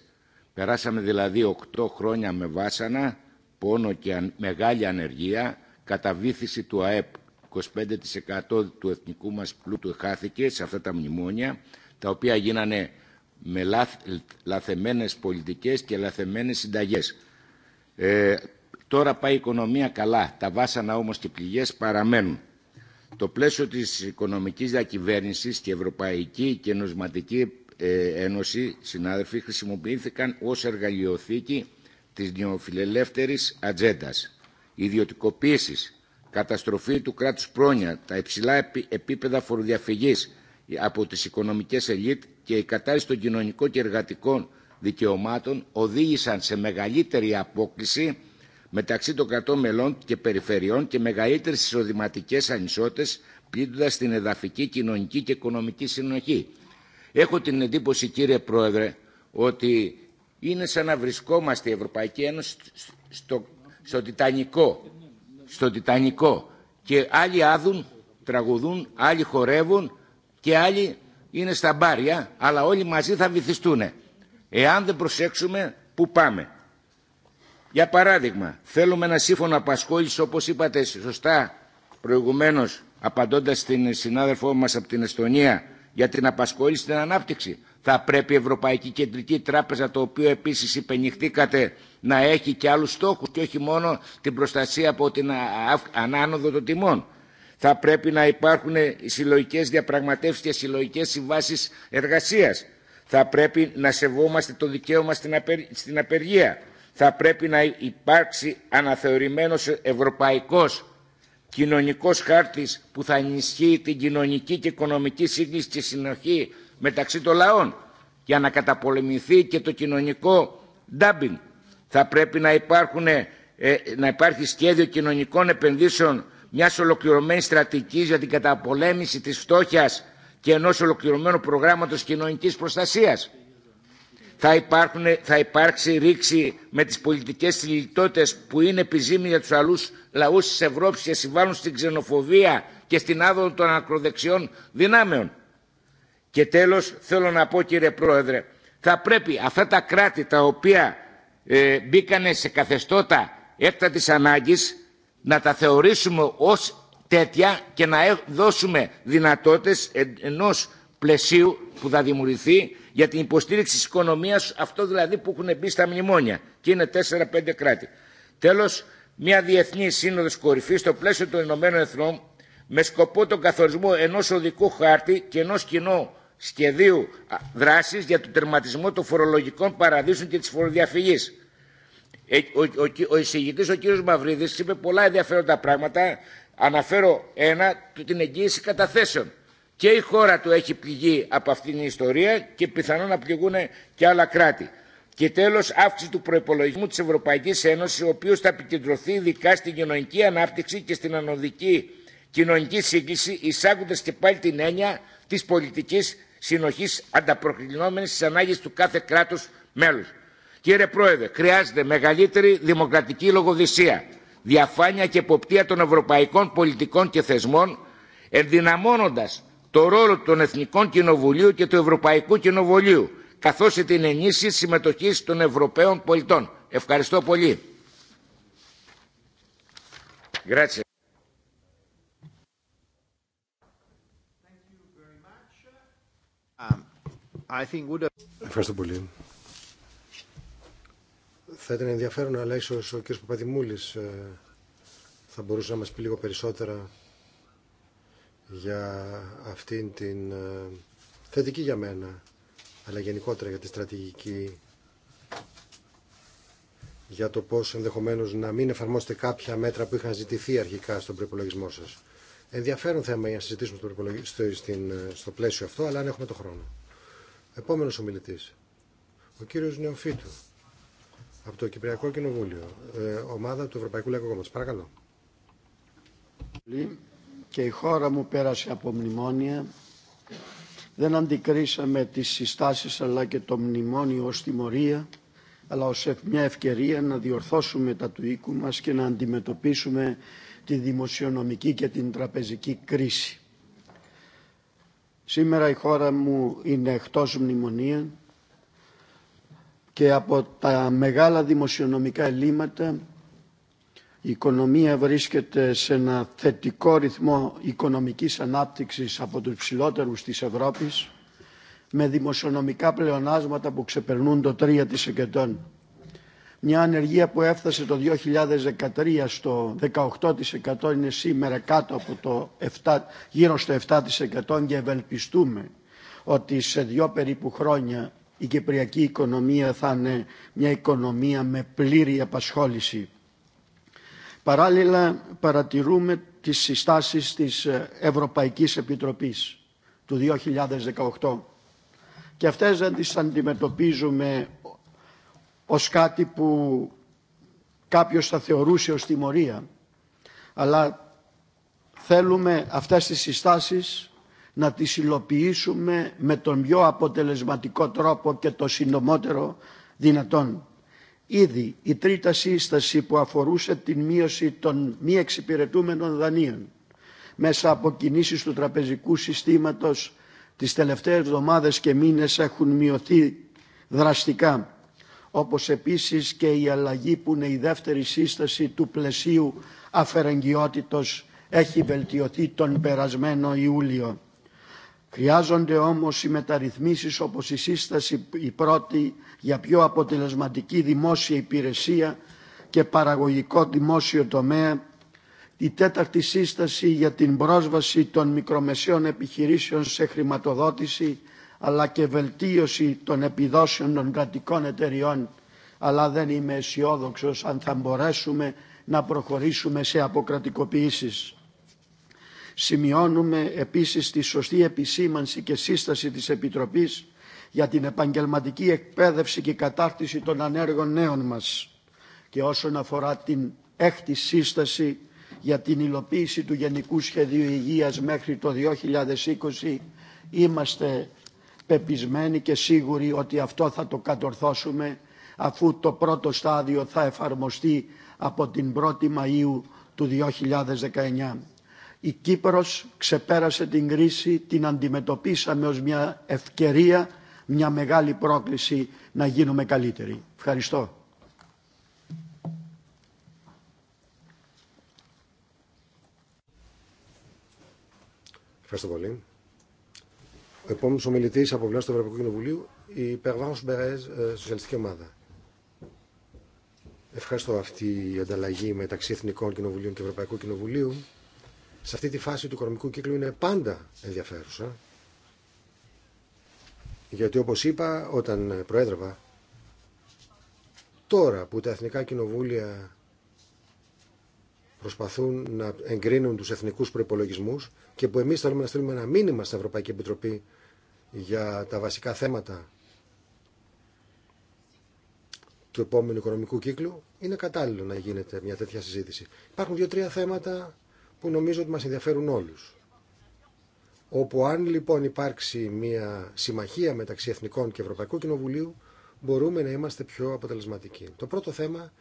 Περάσαμε δηλαδή 8 χρόνια με βάσανα, πόνο και μεγάλη ανεργία, καταβήθηση του ΑΕΠ. 25% του εθνικού μας πλούτου χάθηκε σε αυτά τα μνημόνια, τα οποία γίνανε με λαθεμένες πολιτικές και λαθεμένες συνταγές. Ε, τώρα πάει η οικονομία καλά, τα βάσανα όμως και πληγές παραμένουν. Το πλαίσιο της οικονομικής διακυβέρνησης και Ευρωπαϊκή και Νοσματική ε, Ένωση, συνάδελφοι, χρησιμοποιήθηκαν ως εργαλειοθήκη της νεοφιλελεύθερης ατζέντα. Ιδιωτικοποίησης, καταστροφή του κράτους πρόνοια, τα υψηλά επίπεδα φοροδιαφυγής από τις οικονομικές ελίτ και η κατάρριση των κοινωνικών και εργατικών δικαιωμάτων οδήγησαν σε μεγαλύτερη απόκληση μεταξύ των κρατών μελών και περιφερειών και μεγαλύτερες εισοδηματικές ανισότητες πλήττοντας την εδαφική, κοινωνική και οικονομική συνοχή. Έχω την εντύπωση κύριε Πρόεδρε ότι είναι σαν να βρισκόμαστε η Ευρωπαϊκή Ένωση στο, στο, στο Τιτανικό και άλλοι άδουν, τραγουδούν, άλλοι χορεύουν και άλλοι είναι στα μπάρια, αλλά όλοι μαζί θα βυθιστούν. Εάν δεν προσέξουμε, πού πάμε. Για παράδειγμα, θέλουμε ένα σύμφωνο απασχόληση, όπως είπατε σωστά προηγουμένως, απαντώντας στην συνάδελφό μας από την Εστονία, για την απασχόληση στην ανάπτυξη. Θα πρέπει η Ευρωπαϊκή Κεντρική Τράπεζα, το οποίο επίση υπενηχθήκατε, να έχει και άλλους στόχους και όχι μόνο την προστασία από την ανάνοδο των τιμών. Θα πρέπει να υπάρχουν συλλογικέ διαπραγματεύσει και συλλογικέ συμβάσει εργασία. Θα πρέπει να σεβόμαστε το δικαίωμα στην απεργία. Θα πρέπει να υπάρξει αναθεωρημένος ευρωπαϊκός κοινωνικός χάρτης που θα ενισχύει την κοινωνική και οικονομική σύγκληση και συνοχή μεταξύ των λαών για να καταπολεμηθεί και το κοινωνικό ντάμπινγκ. Θα πρέπει να, ε, να υπάρχει σχέδιο κοινωνικών επενδύσεων μια ολοκληρωμένη στρατηγικής για την καταπολέμηση της φτώχειας και ενός ολοκληρωμένου προγράμματος κοινωνικής προστασίας. Θα, θα υπάρξει ρήξη με τις πολιτικές συλλητότητες που είναι επιζήμιοι για τους αλλούς λαούς της Ευρώπης και συμβάλλουν στην ξενοφοβία και στην άδοδο των ακροδεξιών δυνάμεων. Και τέλος θέλω να πω κύριε Πρόεδρε, θα πρέπει αυτά τα κράτη τα οποία ε, μπήκανε σε καθεστώτα έκτατης ανάγκη να τα θεωρήσουμε ως τέτοια και να ε, δώσουμε δυνατότητες ενός πλαισίου που θα δημιουργηθεί για την υποστήριξη της οικονομίας, αυτό δηλαδή που έχουν μπει στα μνημόνια και είναι 4-5 κράτη. Τέλος, μια διεθνή σύνοδος κορυφής στο πλαίσιο των Ηνωμένων Εθνών με σκοπό τον καθορισμό ενός οδικού χάρτη και ενός κοινού σχεδίου δράσης για τον τερματισμό των φορολογικών παραδείσων και της φοροδιαφυγής ε, ο, ο, ο εισηγητής, ο κύριος Μαυρίδης, είπε πολλά ενδιαφέροντα πράγματα. Αναφέρω ένα, την εγγύηση καταθέσεων. Και η χώρα του έχει πληγεί από αυτήν την ιστορία και πιθανόν να πληγούν και άλλα κράτη. Και τέλο, αύξηση του προπολογισμού τη Ευρωπαϊκή Ένωση, ο οποίο θα επικεντρωθεί ειδικά στην κοινωνική ανάπτυξη και στην ανωδική κοινωνική σύγκληση, εισάγοντα και πάλι την έννοια τη πολιτική συνοχή ανταποκρινόμενη στι ανάγκε του κάθε κράτου μέλου. Κύριε Πρόεδρε, χρειάζεται μεγαλύτερη δημοκρατική λογοδυσία, διαφάνεια και εποπτεία των ευρωπαϊκών πολιτικών και θεσμών, ενδυναμώνοντας το ρόλο των Εθνικών Κοινοβουλίου και του Ευρωπαϊκού Κοινοβουλίου, καθώς και την ενίσχυση συμμετοχής των Ευρωπαίων πολιτών. Ευχαριστώ πολύ. Grazie. Um, Ευχαριστώ πολύ θα ήταν ενδιαφέρον, αλλά ίσω ο κ. Παπαδημούλης ε, θα μπορούσε να μα πει λίγο περισσότερα για αυτήν την ε, θετική για μένα, αλλά γενικότερα για τη στρατηγική, για το πώ ενδεχομένως να μην εφαρμόσετε κάποια μέτρα που είχαν ζητηθεί αρχικά στον προπολογισμό σας. Ενδιαφέρον θέμα για να συζητήσουμε ε, στο, πλαίσιο αυτό, αλλά αν έχουμε το χρόνο. Επόμενος ομιλητή, ο κύριος Νεοφίτου από το Κυπριακό Κοινοβούλιο, ε, ομάδα του Ευρωπαϊκού Λαϊκού Κόμματος. Παρακαλώ. Και η χώρα μου πέρασε από μνημόνια. Δεν αντικρίσαμε τις συστάσεις αλλά και το μνημόνιο ως τιμωρία, αλλά ως μια ευκαιρία να διορθώσουμε τα του οίκου μας και να αντιμετωπίσουμε τη δημοσιονομική και την τραπεζική κρίση. Σήμερα η χώρα μου είναι εκτός μνημονία και από τα μεγάλα δημοσιονομικά ελλείμματα η οικονομία βρίσκεται σε ένα θετικό ρυθμό οικονομικής ανάπτυξης από τους ψηλότερους της Ευρώπης με δημοσιονομικά πλεονάσματα που ξεπερνούν το 3%. Μια ανεργία που έφτασε το 2013 στο 18% είναι σήμερα κάτω από το 7, γύρω στο 7% και ευελπιστούμε ότι σε δυο περίπου χρόνια η κυπριακή οικονομία θα είναι μια οικονομία με πλήρη απασχόληση. Παράλληλα παρατηρούμε τις συστάσεις της Ευρωπαϊκής Επιτροπής του 2018 και αυτές δεν τις αντιμετωπίζουμε ως κάτι που κάποιος θα θεωρούσε ως τιμωρία αλλά θέλουμε αυτές τις συστάσεις να τις υλοποιήσουμε με τον πιο αποτελεσματικό τρόπο και το συντομότερο δυνατόν. Ήδη η τρίτα σύσταση που αφορούσε την μείωση των μη εξυπηρετούμενων δανείων μέσα από κινήσεις του τραπεζικού συστήματος τις τελευταίες εβδομάδες και μήνες έχουν μειωθεί δραστικά όπως επίσης και η αλλαγή που είναι η δεύτερη σύσταση του πλαισίου αφαιρεγγιότητος έχει βελτιωθεί τον περασμένο Ιούλιο. Χρειάζονται όμως οι μεταρρυθμίσεις όπως η σύσταση η πρώτη για πιο αποτελεσματική δημόσια υπηρεσία και παραγωγικό δημόσιο τομέα, η τέταρτη σύσταση για την πρόσβαση των μικρομεσαίων επιχειρήσεων σε χρηματοδότηση αλλά και βελτίωση των επιδόσεων των κρατικών εταιριών. Αλλά δεν είμαι αισιόδοξο αν θα μπορέσουμε να προχωρήσουμε σε αποκρατικοποιήσεις. Σημειώνουμε επίσης τη σωστή επισήμανση και σύσταση της Επιτροπής για την επαγγελματική εκπαίδευση και κατάρτιση των ανέργων νέων μας και όσον αφορά την έκτη σύσταση για την υλοποίηση του Γενικού Σχεδίου Υγείας μέχρι το 2020 είμαστε πεπισμένοι και σίγουροι ότι αυτό θα το κατορθώσουμε αφού το πρώτο στάδιο θα εφαρμοστεί από την 1η Μαΐου του 2019. Η Κύπρος ξεπέρασε την κρίση, την αντιμετωπίσαμε ως μια ευκαιρία, μια μεγάλη πρόκληση να γίνουμε καλύτεροι. Ευχαριστώ. Ευχαριστώ πολύ. Ο επόμενο ομιλητή από πλευρά του Ευρωπαϊκού Κοινοβουλίου, η Περβάνος Μπερέζ, ε, Σοσιαλιστική Ομάδα. Ευχαριστώ αυτή η ανταλλαγή μεταξύ Εθνικών Κοινοβουλίων και Ευρωπαϊκού Κοινοβουλίου σε αυτή τη φάση του οικονομικού κύκλου είναι πάντα ενδιαφέρουσα. Γιατί όπως είπα όταν προέδρευα, τώρα που τα εθνικά κοινοβούλια προσπαθούν να εγκρίνουν τους εθνικούς προϋπολογισμούς και που εμείς θέλουμε να στείλουμε ένα μήνυμα στην Ευρωπαϊκή Επιτροπή για τα βασικά θέματα του επόμενου οικονομικού κύκλου, είναι κατάλληλο να γίνεται μια τέτοια συζήτηση. Υπάρχουν δύο-τρία θέματα που νομίζω ότι μας ενδιαφέρουν όλους. Όπου αν λοιπόν υπάρξει μια συμμαχία μεταξύ Εθνικών και Ευρωπαϊκού Κοινοβουλίου, μπορούμε να είμαστε πιο αποτελεσματικοί. Το πρώτο θέμα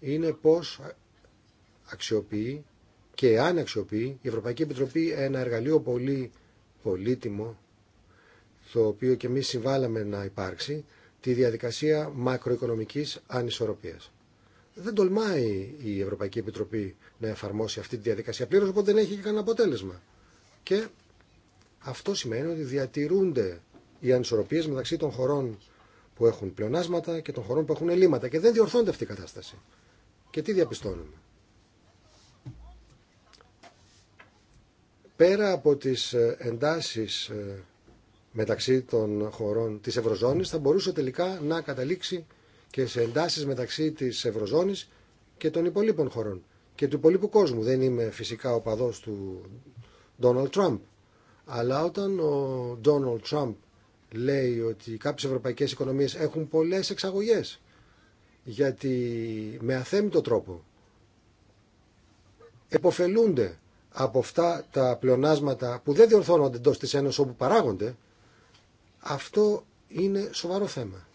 είναι πώς αξιοποιεί και αν αξιοποιεί η Ευρωπαϊκή Επιτροπή ένα εργαλείο πολύ πολύτιμο, το οποίο και εμείς συμβάλαμε να υπάρξει, τη διαδικασία μακροοικονομικής ανισορροπίας δεν τολμάει η Ευρωπαϊκή Επιτροπή να εφαρμόσει αυτή τη διαδικασία πλήρω οπότε δεν έχει και κανένα αποτέλεσμα. Και αυτό σημαίνει ότι διατηρούνται οι ανισορροπίε μεταξύ των χωρών που έχουν πλεονάσματα και των χωρών που έχουν ελλείμματα και δεν διορθώνεται αυτή η κατάσταση. Και τι διαπιστώνουμε. Πέρα από τις ε, εντάσεις ε, μεταξύ των χωρών της Ευρωζώνης θα μπορούσε τελικά να καταλήξει και σε εντάσεις μεταξύ της Ευρωζώνης και των υπολείπων χωρών και του υπολείπου κόσμου. Δεν είμαι φυσικά ο του Ντόναλτ Τραμπ. Αλλά όταν ο Ντόναλτ Τραμπ λέει ότι κάποιες ευρωπαϊκές οικονομίες έχουν πολλές εξαγωγές γιατί με αθέμητο τρόπο εποφελούνται από αυτά τα πλεονάσματα που δεν διορθώνονται εντό της Ένωσης όπου παράγονται αυτό είναι σοβαρό θέμα.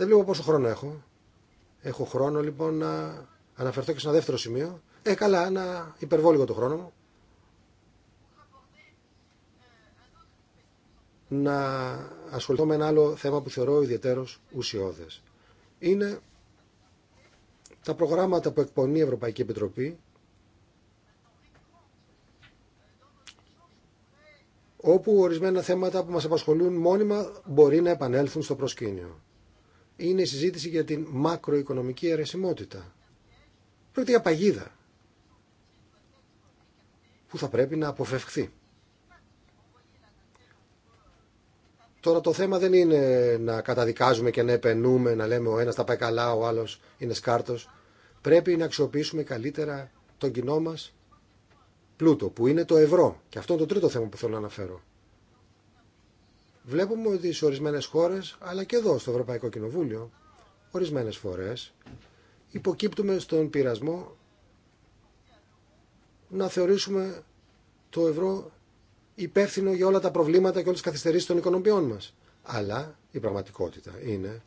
Δεν βλέπω πόσο χρόνο έχω. Έχω χρόνο λοιπόν να αναφερθώ και σε ένα δεύτερο σημείο. Ε, καλά, να υπερβώ λίγο το χρόνο μου. Να ασχοληθώ με ένα άλλο θέμα που θεωρώ ιδιαίτερος ουσιώδες. Είναι τα προγράμματα που εκπονεί η Ευρωπαϊκή Επιτροπή όπου ορισμένα θέματα που μας απασχολούν μόνιμα μπορεί να επανέλθουν στο προσκήνιο είναι η συζήτηση για την μακροοικονομική αιρεσιμότητα. Πρόκειται για παγίδα που θα πρέπει να αποφευχθεί. Τώρα το θέμα δεν είναι να καταδικάζουμε και να επενούμε, να λέμε ο ένας τα πάει καλά, ο άλλος είναι σκάρτος. Πρέπει να αξιοποιήσουμε καλύτερα τον κοινό μας πλούτο, που είναι το ευρώ. Και αυτό είναι το τρίτο θέμα που θέλω να αναφέρω. Βλέπουμε ότι σε ορισμένες χώρες, αλλά και εδώ στο Ευρωπαϊκό Κοινοβούλιο, ορισμένες φορές υποκύπτουμε στον πειρασμό να θεωρήσουμε το ευρώ υπεύθυνο για όλα τα προβλήματα και όλες τις καθυστερήσεις των οικονομιών μας. Αλλά η πραγματικότητα είναι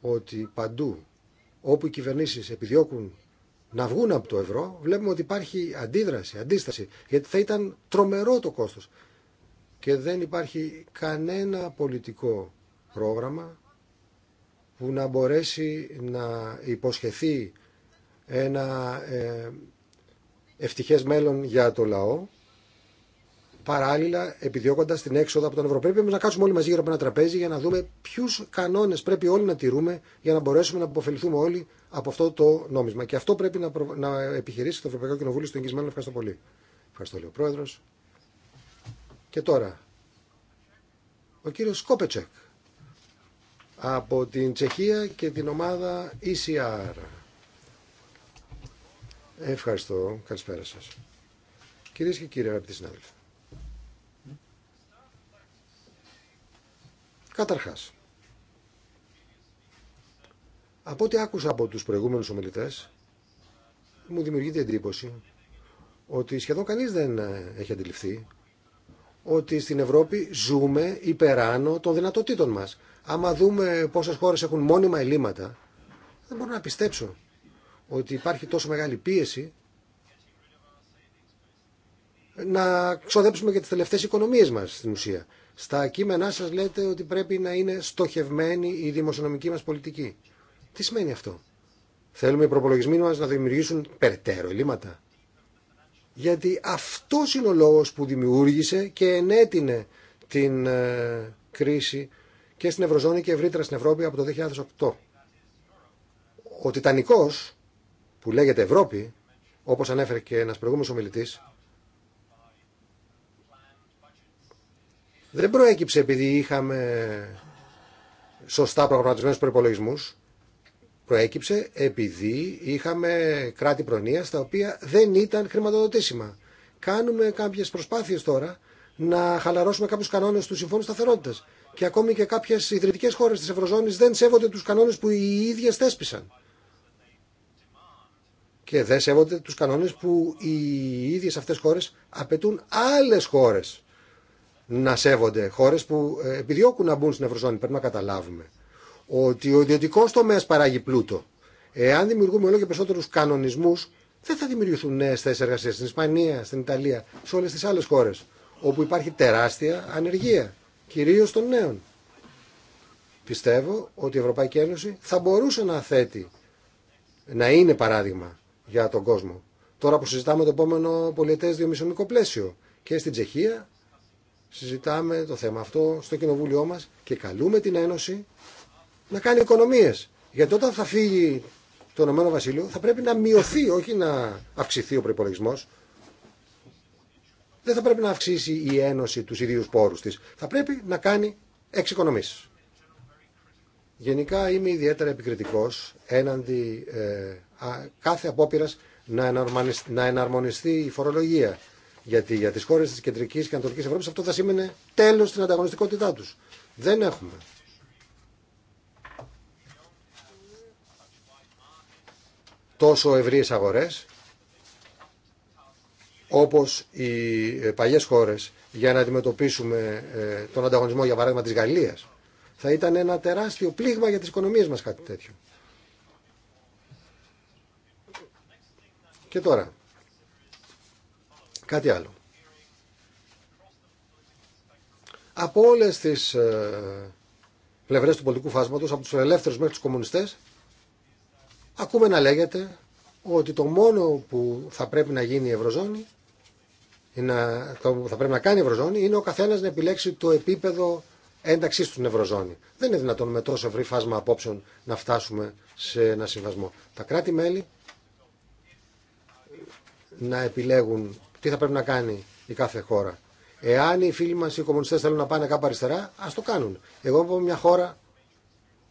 ότι παντού όπου οι κυβερνήσεις επιδιώκουν να βγουν από το ευρώ, βλέπουμε ότι υπάρχει αντίδραση, αντίσταση, γιατί θα ήταν τρομερό το κόστος και δεν υπάρχει κανένα πολιτικό πρόγραμμα που να μπορέσει να υποσχεθεί ένα ε, ευτυχές μέλλον για το λαό παράλληλα επιδιώκοντας την έξοδο από τον Ευρωπαϊκό. Πρέπει να κάτσουμε όλοι μαζί γύρω από ένα τραπέζι για να δούμε ποιου κανόνες πρέπει όλοι να τηρούμε για να μπορέσουμε να αποφεληθούμε όλοι από αυτό το νόμισμα. Και αυτό πρέπει να, να επιχειρήσει το Ευρωπαϊκό Κοινοβούλιο στο εγγυσμένο. Ευχαριστώ πολύ. Ευχαριστώ, λέει ο και τώρα, ο κύριος Σκόπετσεκ από την Τσεχία και την ομάδα ECR. Ευχαριστώ. Καλησπέρα σας. Κυρίες και κύριοι αγαπητοί συνάδελφοι. Καταρχάς, από ό,τι άκουσα από τους προηγούμενους ομιλητές, μου δημιουργείται εντύπωση ότι σχεδόν κανείς δεν ε, έχει αντιληφθεί ότι στην Ευρώπη ζούμε υπεράνω των δυνατοτήτων μας. Άμα δούμε πόσες χώρες έχουν μόνιμα ελλείμματα, δεν μπορώ να πιστέψω ότι υπάρχει τόσο μεγάλη πίεση να ξοδέψουμε και τις τελευταίες οικονομίες μας στην ουσία. Στα κείμενά σα λέτε ότι πρέπει να είναι στοχευμένη η δημοσιονομική μας πολιτική. Τι σημαίνει αυτό. Θέλουμε οι προπολογισμοί μα να δημιουργήσουν περαιτέρω ελλείμματα γιατί αυτός είναι ο λόγος που δημιούργησε και ενέτεινε την ε, κρίση και στην Ευρωζώνη και ευρύτερα στην Ευρώπη από το 2008. Ο Τιτανικός που λέγεται Ευρώπη, όπως ανέφερε και ένας προηγούμενος ομιλητής, δεν προέκυψε επειδή είχαμε σωστά προγραμματισμένους προπολογισμού προέκυψε επειδή είχαμε κράτη προνοίας τα οποία δεν ήταν χρηματοδοτήσιμα. Κάνουμε κάποιες προσπάθειες τώρα να χαλαρώσουμε κάποιους κανόνες του Συμφώνου Σταθερότητας και ακόμη και κάποιες ιδρυτικές χώρες της Ευρωζώνης δεν σέβονται τους κανόνες που οι ίδιες θέσπισαν. Και δεν σέβονται τους κανόνες που οι ίδιες αυτές χώρες απαιτούν άλλες χώρες να σέβονται. Χώρες που ε, επιδιώκουν να μπουν στην Ευρωζώνη, πρέπει να καταλάβουμε ότι ο ιδιωτικό τομέα παράγει πλούτο. Εάν δημιουργούμε όλο και περισσότερου κανονισμού, δεν θα δημιουργηθούν νέε θέσει εργασία στην Ισπανία, στην Ιταλία, σε όλε τι άλλε χώρε, όπου υπάρχει τεράστια ανεργία, κυρίω των νέων. Πιστεύω ότι η Ευρωπαϊκή Ένωση θα μπορούσε να θέτει, να είναι παράδειγμα για τον κόσμο. Τώρα που συζητάμε το επόμενο πολιτέ διομισονικό πλαίσιο και στην Τσεχία, συζητάμε το θέμα αυτό στο κοινοβούλιο μα και καλούμε την Ένωση να κάνει οικονομίε. Γιατί όταν θα φύγει το Ηνωμένο Βασίλειο θα πρέπει να μειωθεί, όχι να αυξηθεί ο προπολογισμό. Δεν θα πρέπει να αυξήσει η Ένωση του ίδιου πόρου τη. Θα πρέπει να κάνει εξοικονομήσει. Γενικά είμαι ιδιαίτερα επικριτικός έναντι ε, κάθε απόπειρα να, να εναρμονιστεί η φορολογία. Γιατί για τις χώρες της Κεντρικής και Ανατολικής Ευρώπης αυτό θα σήμαινε τέλος στην ανταγωνιστικότητά τους. Δεν έχουμε τόσο ευρείες αγορές όπως οι ε, παλιές χώρες για να αντιμετωπίσουμε ε, τον ανταγωνισμό για παράδειγμα της Γαλλίας θα ήταν ένα τεράστιο πλήγμα για τις οικονομίες μας κάτι τέτοιο. Και τώρα, κάτι άλλο. Από όλες τις ε, πλευρές του πολιτικού φάσματος, από τους ελεύθερους μέχρι τους κομμουνιστές, ακούμε να λέγεται ότι το μόνο που θα πρέπει να γίνει η Ευρωζώνη το θα πρέπει να κάνει η Ευρωζώνη είναι ο καθένας να επιλέξει το επίπεδο ένταξής του στην Ευρωζώνη. Δεν είναι δυνατόν με τόσο ευρύ φάσμα απόψεων να φτάσουμε σε ένα συμβασμό. Τα κράτη-μέλη να επιλέγουν τι θα πρέπει να κάνει η κάθε χώρα. Εάν οι φίλοι μας οι κομμουνιστές θέλουν να πάνε κάπου αριστερά, ας το κάνουν. Εγώ από μια χώρα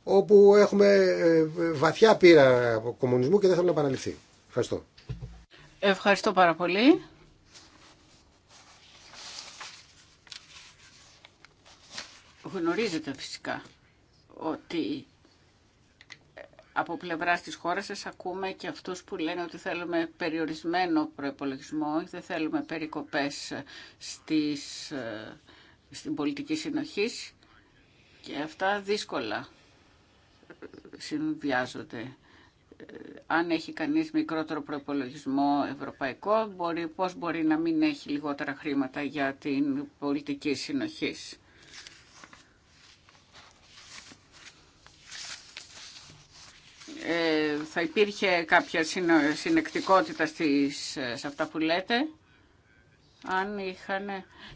όπου έχουμε ε, βαθιά πείρα από κομμουνισμού και δεν θέλω να επαναληφθεί. Ευχαριστώ. Ευχαριστώ πάρα πολύ. Γνωρίζετε φυσικά ότι ε, από πλευρά της χώρας σας ακούμε και αυτούς που λένε ότι θέλουμε περιορισμένο προϋπολογισμό, δεν θέλουμε περικοπές ε, στις, στην πολιτική συνοχής και αυτά δύσκολα συνδυάζονται. Ε, αν έχει κανείς μικρότερο προπολογισμό ευρωπαϊκό, μπορεί, πώς μπορεί να μην έχει λιγότερα χρήματα για την πολιτική συνοχής. Ε, θα υπήρχε κάποια συνεκτικότητα στις, σε αυτά που λέτε. Αν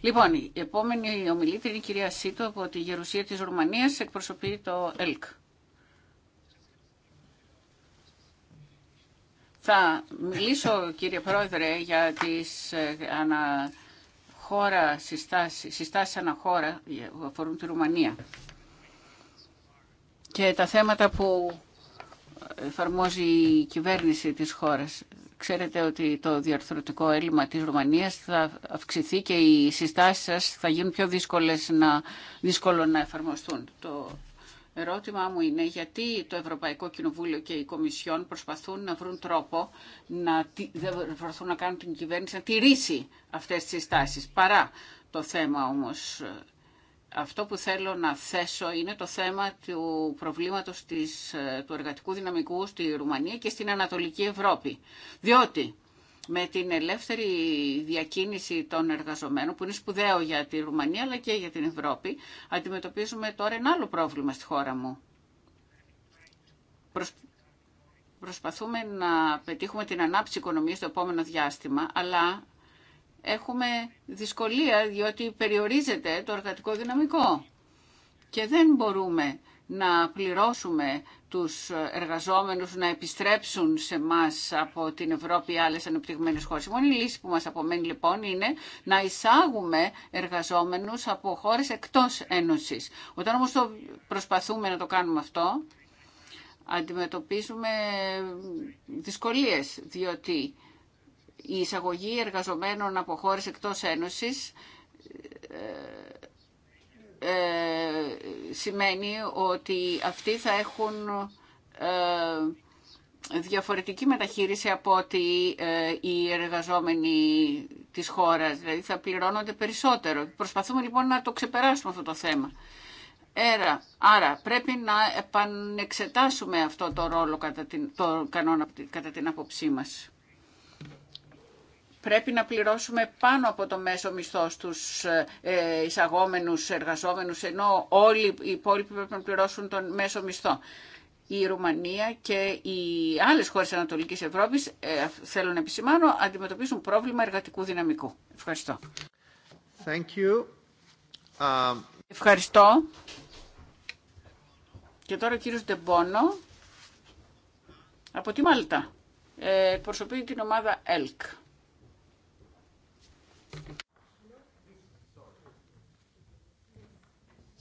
Λοιπόν, η επόμενη ομιλήτρια είναι η κυρία Σίτο από τη Γερουσία της Ρουμανίας, εκπροσωπεί το ΕΛΚ. Θα μιλήσω, κύριε Πρόεδρε, για τις ε, αναχώρα συστάσεις, συστάσεις αναχώρα που ε, αφορούν τη Ρουμανία και τα θέματα που εφαρμόζει η κυβέρνηση της χώρας. Ξέρετε ότι το διαρθρωτικό έλλειμμα της Ρουμανίας θα αυξηθεί και οι συστάσεις σας θα γίνουν πιο δύσκολες να, δύσκολο να εφαρμοστούν. Το ερώτημά μου είναι γιατί το Ευρωπαϊκό Κοινοβούλιο και η Κομισιόν προσπαθούν να βρουν τρόπο να, προσπαθούν να κάνουν την κυβέρνηση να τηρήσει αυτές τις συστάσεις. Παρά το θέμα όμως αυτό που θέλω να θέσω είναι το θέμα του προβλήματος της, ε, του εργατικού δυναμικού στη Ρουμανία και στην Ανατολική Ευρώπη. Διότι με την ελεύθερη διακίνηση των εργαζομένων, που είναι σπουδαίο για τη Ρουμανία αλλά και για την Ευρώπη, αντιμετωπίζουμε τώρα ένα άλλο πρόβλημα στη χώρα μου. Προσπαθούμε να πετύχουμε την ανάπτυξη οικονομίας στο επόμενο διάστημα, αλλά έχουμε δυσκολία διότι περιορίζεται το εργατικό δυναμικό και δεν μπορούμε να πληρώσουμε τους εργαζόμενους να επιστρέψουν σε εμά από την Ευρώπη ή άλλες ανεπτυγμένες χώρες. Η μόνη λύση που μας απομένει λοιπόν είναι να εισάγουμε εργαζόμενους από χώρες εκτός Ένωσης. Όταν όμως το προσπαθούμε να το κάνουμε αυτό, αντιμετωπίζουμε δυσκολίες, διότι η εισαγωγή εργαζομένων από χώρες εκτός Ένωσης ε, ε, σημαίνει ότι αυτοί θα έχουν ε, διαφορετική μεταχείριση από ότι ε, οι εργαζόμενοι της χώρας, δηλαδή θα πληρώνονται περισσότερο. Προσπαθούμε λοιπόν να το ξεπεράσουμε αυτό το θέμα. Άρα, άρα πρέπει να επανεξετάσουμε αυτό το ρόλο κατά την, το κανόνα κατά την άποψή μας πρέπει να πληρώσουμε πάνω από το μέσο μισθό στους ε, εισαγόμενους εργαζόμενους, ενώ όλοι οι υπόλοιποι πρέπει να πληρώσουν τον μέσο μισθό. Η Ρουμανία και οι άλλες χώρες της Ανατολικής Ευρώπης, ε, θέλω να επισημάνω, αντιμετωπίζουν πρόβλημα εργατικού δυναμικού. Ευχαριστώ. Um, Ευχαριστώ. Και τώρα ο κύριος Ντεμπόνο από τη Μάλτα. Ε, προσωπεί την ομάδα ΕΛΚ.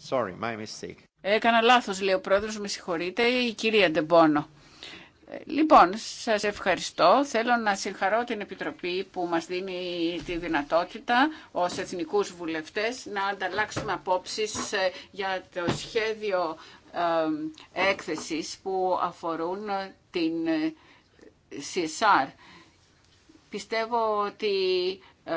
Sorry, my mistake. Έκανα λάθος, λέει ο πρόεδρος, με συγχωρείτε, η κυρία Ντεμπόνο. Λοιπόν, σας ευχαριστώ. Θέλω να συγχαρώ την Επιτροπή που μας δίνει τη δυνατότητα ως εθνικούς βουλευτές να ανταλλάξουμε απόψεις ε, για το σχέδιο έκθεσης που αφορούν την CSR. Ε, Πιστεύω ότι ε,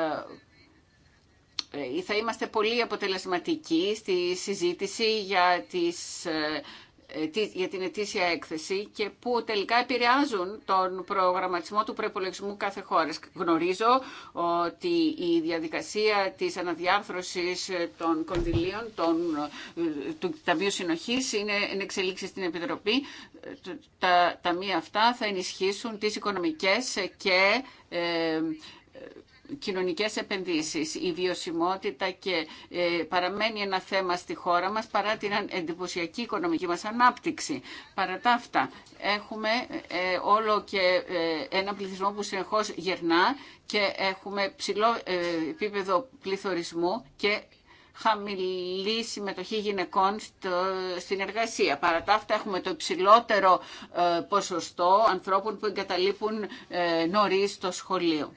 ε, θα είμαστε πολύ αποτελεσματικοί στη συζήτηση για, τις, ε, ε, για την ετήσια έκθεση και που τελικά επηρεάζουν τον προγραμματισμό του προπολογισμού κάθε χώρα. Γνωρίζω ότι η διαδικασία της αναδιάρθρωσης των κονδυλίων των, του Ταμείου Συνοχής είναι εν εξελίξει στην Επιτροπή. Τα ταμεία αυτά θα ενισχύσουν τις οικονομικές και κοινωνικές επενδύσεις. Η βιωσιμότητα και ε, παραμένει ένα θέμα στη χώρα μας παρά την εντυπωσιακή οικονομική μας ανάπτυξη. Παρά τα αυτά έχουμε ε, όλο και ε, ένα πληθυσμό που συνεχώς γερνά και έχουμε ψηλό επίπεδο πληθωρισμού και χαμηλή συμμετοχή γυναικών στο, στην εργασία. Παρά τα αυτά έχουμε το υψηλότερο ποσοστό ανθρώπων που εγκαταλείπουν νωρίς το σχολείο.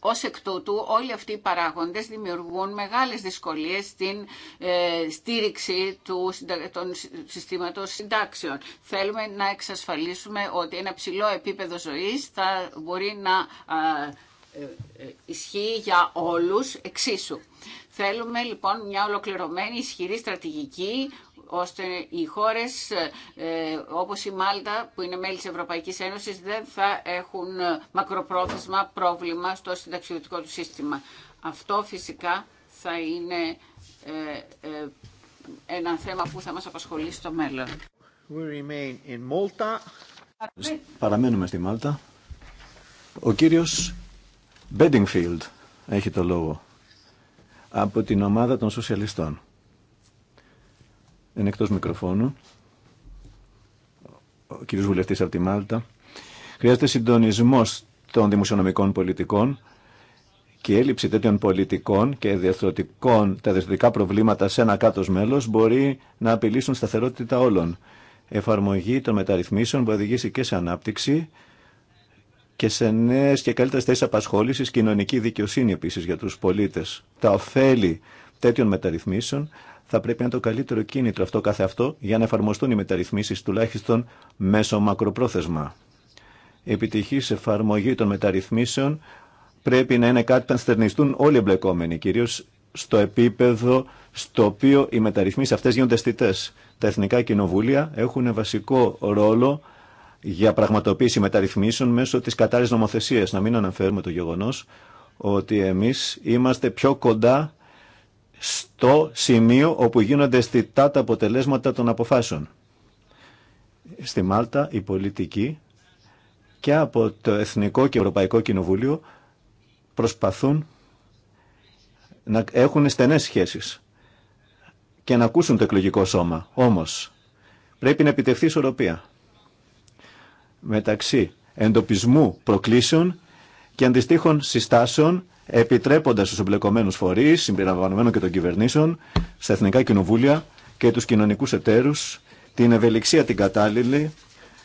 Ως εκ τούτου όλοι αυτοί οι παράγοντες δημιουργούν μεγάλες δυσκολίες στην ε, στήριξη του των συστήματος συντάξεων. Θέλουμε να εξασφαλίσουμε ότι ένα ψηλό επίπεδο ζωής θα μπορεί να ε, ε, ισχύει για όλους εξίσου. Θέλουμε λοιπόν μια ολοκληρωμένη ισχυρή στρατηγική ώστε οι χώρες ε, όπως η Μάλτα που είναι μέλη της Ευρωπαϊκής Ένωσης δεν θα έχουν μακροπρόθεσμα πρόβλημα στο συνταξιωτικό του σύστημα. Αυτό φυσικά θα είναι ε, ε, ένα θέμα που θα μας απασχολήσει στο μέλλον. Παραμένουμε στη Μάλτα. Ο κύριος Bedingfield έχει το λόγο από την ομάδα των σοσιαλιστών είναι εκτός μικροφώνου. Ο κύριος Βουλευτής από τη Μάλτα. Χρειάζεται συντονισμός των δημοσιονομικών πολιτικών και η έλλειψη τέτοιων πολιτικών και διαθροτικών, τα διαθροτικά προβλήματα σε ένα κάτω μέλο μπορεί να απειλήσουν σταθερότητα όλων. Εφαρμογή των μεταρρυθμίσεων που οδηγήσει και σε ανάπτυξη και σε νέε και καλύτερε θέσει απασχόληση, κοινωνική δικαιοσύνη επίση για του πολίτε. Τα ωφέλη τέτοιων μεταρρυθμίσεων θα πρέπει να είναι το καλύτερο κίνητρο αυτό κάθε αυτό για να εφαρμοστούν οι μεταρρυθμίσει τουλάχιστον μέσω μακροπρόθεσμα. Η επιτυχής εφαρμογή των μεταρρυθμίσεων πρέπει να είναι κάτι που θα στερνιστούν όλοι οι εμπλεκόμενοι, κυρίω στο επίπεδο στο οποίο οι μεταρρυθμίσεις αυτέ γίνονται αισθητέ. Τα εθνικά κοινοβούλια έχουν βασικό ρόλο για πραγματοποίηση μεταρρυθμίσεων μέσω τη κατάλληλη νομοθεσία, Να μην αναφέρουμε το γεγονό, ότι εμεί είμαστε πιο κοντά στο σημείο όπου γίνονται αισθητά τα αποτελέσματα των αποφάσεων. Στη Μάλτα η πολιτική και από το Εθνικό και Ευρωπαϊκό Κοινοβούλιο προσπαθούν να έχουν στενές σχέσεις και να ακούσουν το εκλογικό σώμα. Όμως πρέπει να επιτευχθεί ισορροπία μεταξύ εντοπισμού προκλήσεων και αντιστοίχων συστάσεων επιτρέποντας στους εμπλεκομένους φορείς, συμπεριλαμβανομένων και των κυβερνήσεων, στα εθνικά κοινοβούλια και τους κοινωνικούς εταίρους, την ευελιξία την κατάλληλη,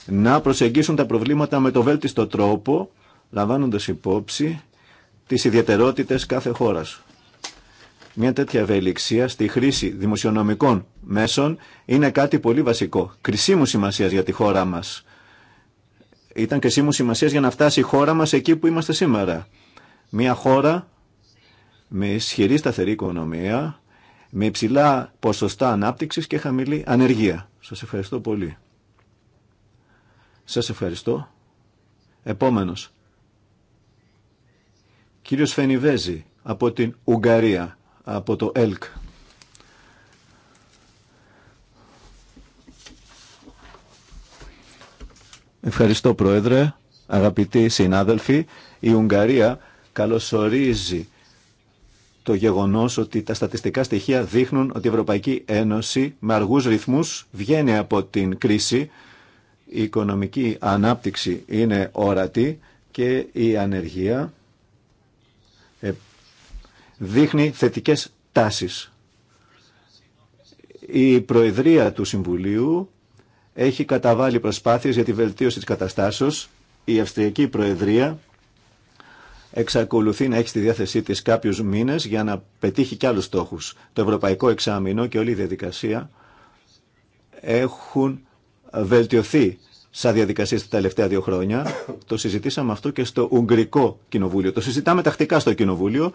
να προσεγγίσουν τα προβλήματα με το βέλτιστο τρόπο, λαμβάνοντας υπόψη τις ιδιαιτερότητες κάθε χώρας. Μια τέτοια ευελιξία στη χρήση δημοσιονομικών μέσων είναι κάτι πολύ βασικό, κρισίμου σημασίας για τη χώρα μας ήταν και κρισίμου σημασία για να φτάσει η χώρα μας εκεί που είμαστε σήμερα. Μια χώρα με ισχυρή σταθερή οικονομία, με υψηλά ποσοστά ανάπτυξης και χαμηλή ανεργία. Σας ευχαριστώ πολύ. Σας ευχαριστώ. Επόμενος. Κύριος Φενιβέζη από την Ουγγαρία, από το ΕΛΚ. Ευχαριστώ Πρόεδρε, αγαπητοί συνάδελφοι. Η Ουγγαρία καλωσορίζει το γεγονός ότι τα στατιστικά στοιχεία δείχνουν ότι η Ευρωπαϊκή Ένωση με αργούς ρυθμούς βγαίνει από την κρίση. Η οικονομική ανάπτυξη είναι ορατή και η ανεργία ε, δείχνει θετικές τάσεις. Η Προεδρία του Συμβουλίου έχει καταβάλει προσπάθειες για τη βελτίωση της καταστάσεως. Η Αυστριακή Προεδρία εξακολουθεί να έχει στη διάθεσή της κάποιους μήνες για να πετύχει κι άλλους στόχους. Το Ευρωπαϊκό Εξάμεινο και όλη η διαδικασία έχουν βελτιωθεί σαν διαδικασία τα τελευταία δύο χρόνια. Το συζητήσαμε αυτό και στο Ουγγρικό Κοινοβούλιο. Το συζητάμε τακτικά στο Κοινοβούλιο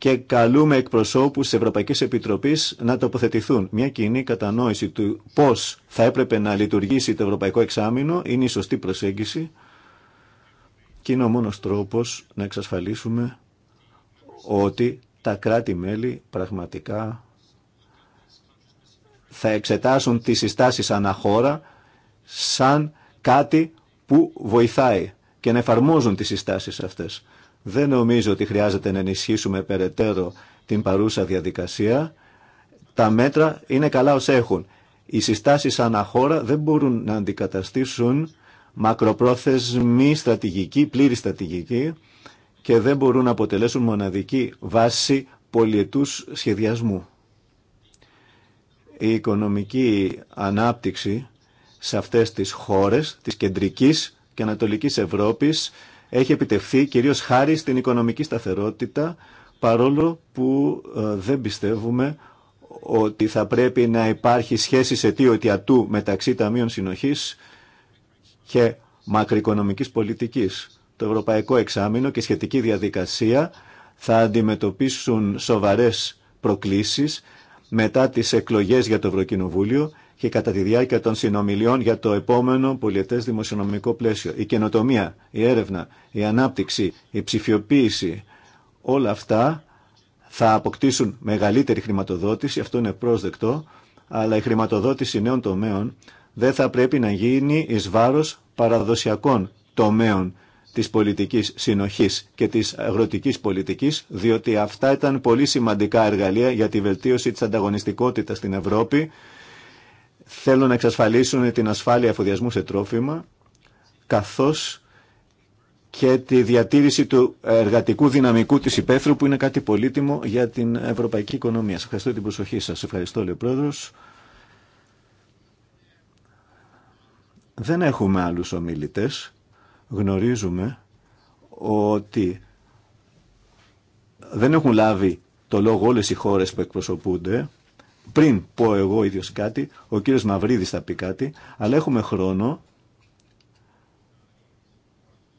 και καλούμε εκπροσώπους της Ευρωπαϊκής Επιτροπής να τοποθετηθούν. Μια κοινή κατανόηση του πώς θα έπρεπε να λειτουργήσει το Ευρωπαϊκό Εξάμεινο είναι η σωστή προσέγγιση και είναι ο μόνος τρόπος να εξασφαλίσουμε ότι τα κράτη-μέλη πραγματικά θα εξετάσουν τις συστάσεις αναχώρα σαν κάτι που βοηθάει και να εφαρμόζουν τις συστάσεις αυτές. Δεν νομίζω ότι χρειάζεται να ενισχύσουμε περαιτέρω την παρούσα διαδικασία. Τα μέτρα είναι καλά ως έχουν. Οι συστάσεις αναχώρα δεν μπορούν να αντικαταστήσουν μακροπρόθεσμη στρατηγική, πλήρη στρατηγική και δεν μπορούν να αποτελέσουν μοναδική βάση πολιετούς σχεδιασμού. Η οικονομική ανάπτυξη σε αυτές τις χώρες της κεντρικής και ανατολικής Ευρώπης έχει επιτευχθεί κυρίως χάρη στην οικονομική σταθερότητα παρόλο που ε, δεν πιστεύουμε ότι θα πρέπει να υπάρχει σχέση σε τι ατού μεταξύ Ταμείων Συνοχής και μακροοικονομικής πολιτικής. Το Ευρωπαϊκό Εξάμεινο και σχετική διαδικασία θα αντιμετωπίσουν σοβαρές προκλήσεις μετά τις εκλογές για το Ευρωκοινοβούλιο και κατά τη διάρκεια των συνομιλιών για το επόμενο πολιτέ δημοσιονομικό πλαίσιο. Η καινοτομία, η έρευνα, η ανάπτυξη, η ψηφιοποίηση, όλα αυτά θα αποκτήσουν μεγαλύτερη χρηματοδότηση, αυτό είναι πρόσδεκτο, αλλά η χρηματοδότηση νέων τομέων δεν θα πρέπει να γίνει εις βάρος παραδοσιακών τομέων της πολιτικής συνοχής και της αγροτικής πολιτικής, διότι αυτά ήταν πολύ σημαντικά εργαλεία για τη βελτίωση της ανταγωνιστικότητας στην Ευρώπη θέλουν να εξασφαλίσουν την ασφάλεια εφοδιασμού σε τρόφιμα, καθώς και τη διατήρηση του εργατικού δυναμικού της υπαίθρου που είναι κάτι πολύτιμο για την ευρωπαϊκή οικονομία. Σας ευχαριστώ την προσοχή σας. ευχαριστώ, λέει Δεν έχουμε άλλους ομιλητές. Γνωρίζουμε ότι δεν έχουν λάβει το λόγο όλες οι χώρες που εκπροσωπούνται πριν πω εγώ ίδιος κάτι, ο κύριος Μαυρίδης θα πει κάτι, αλλά έχουμε χρόνο.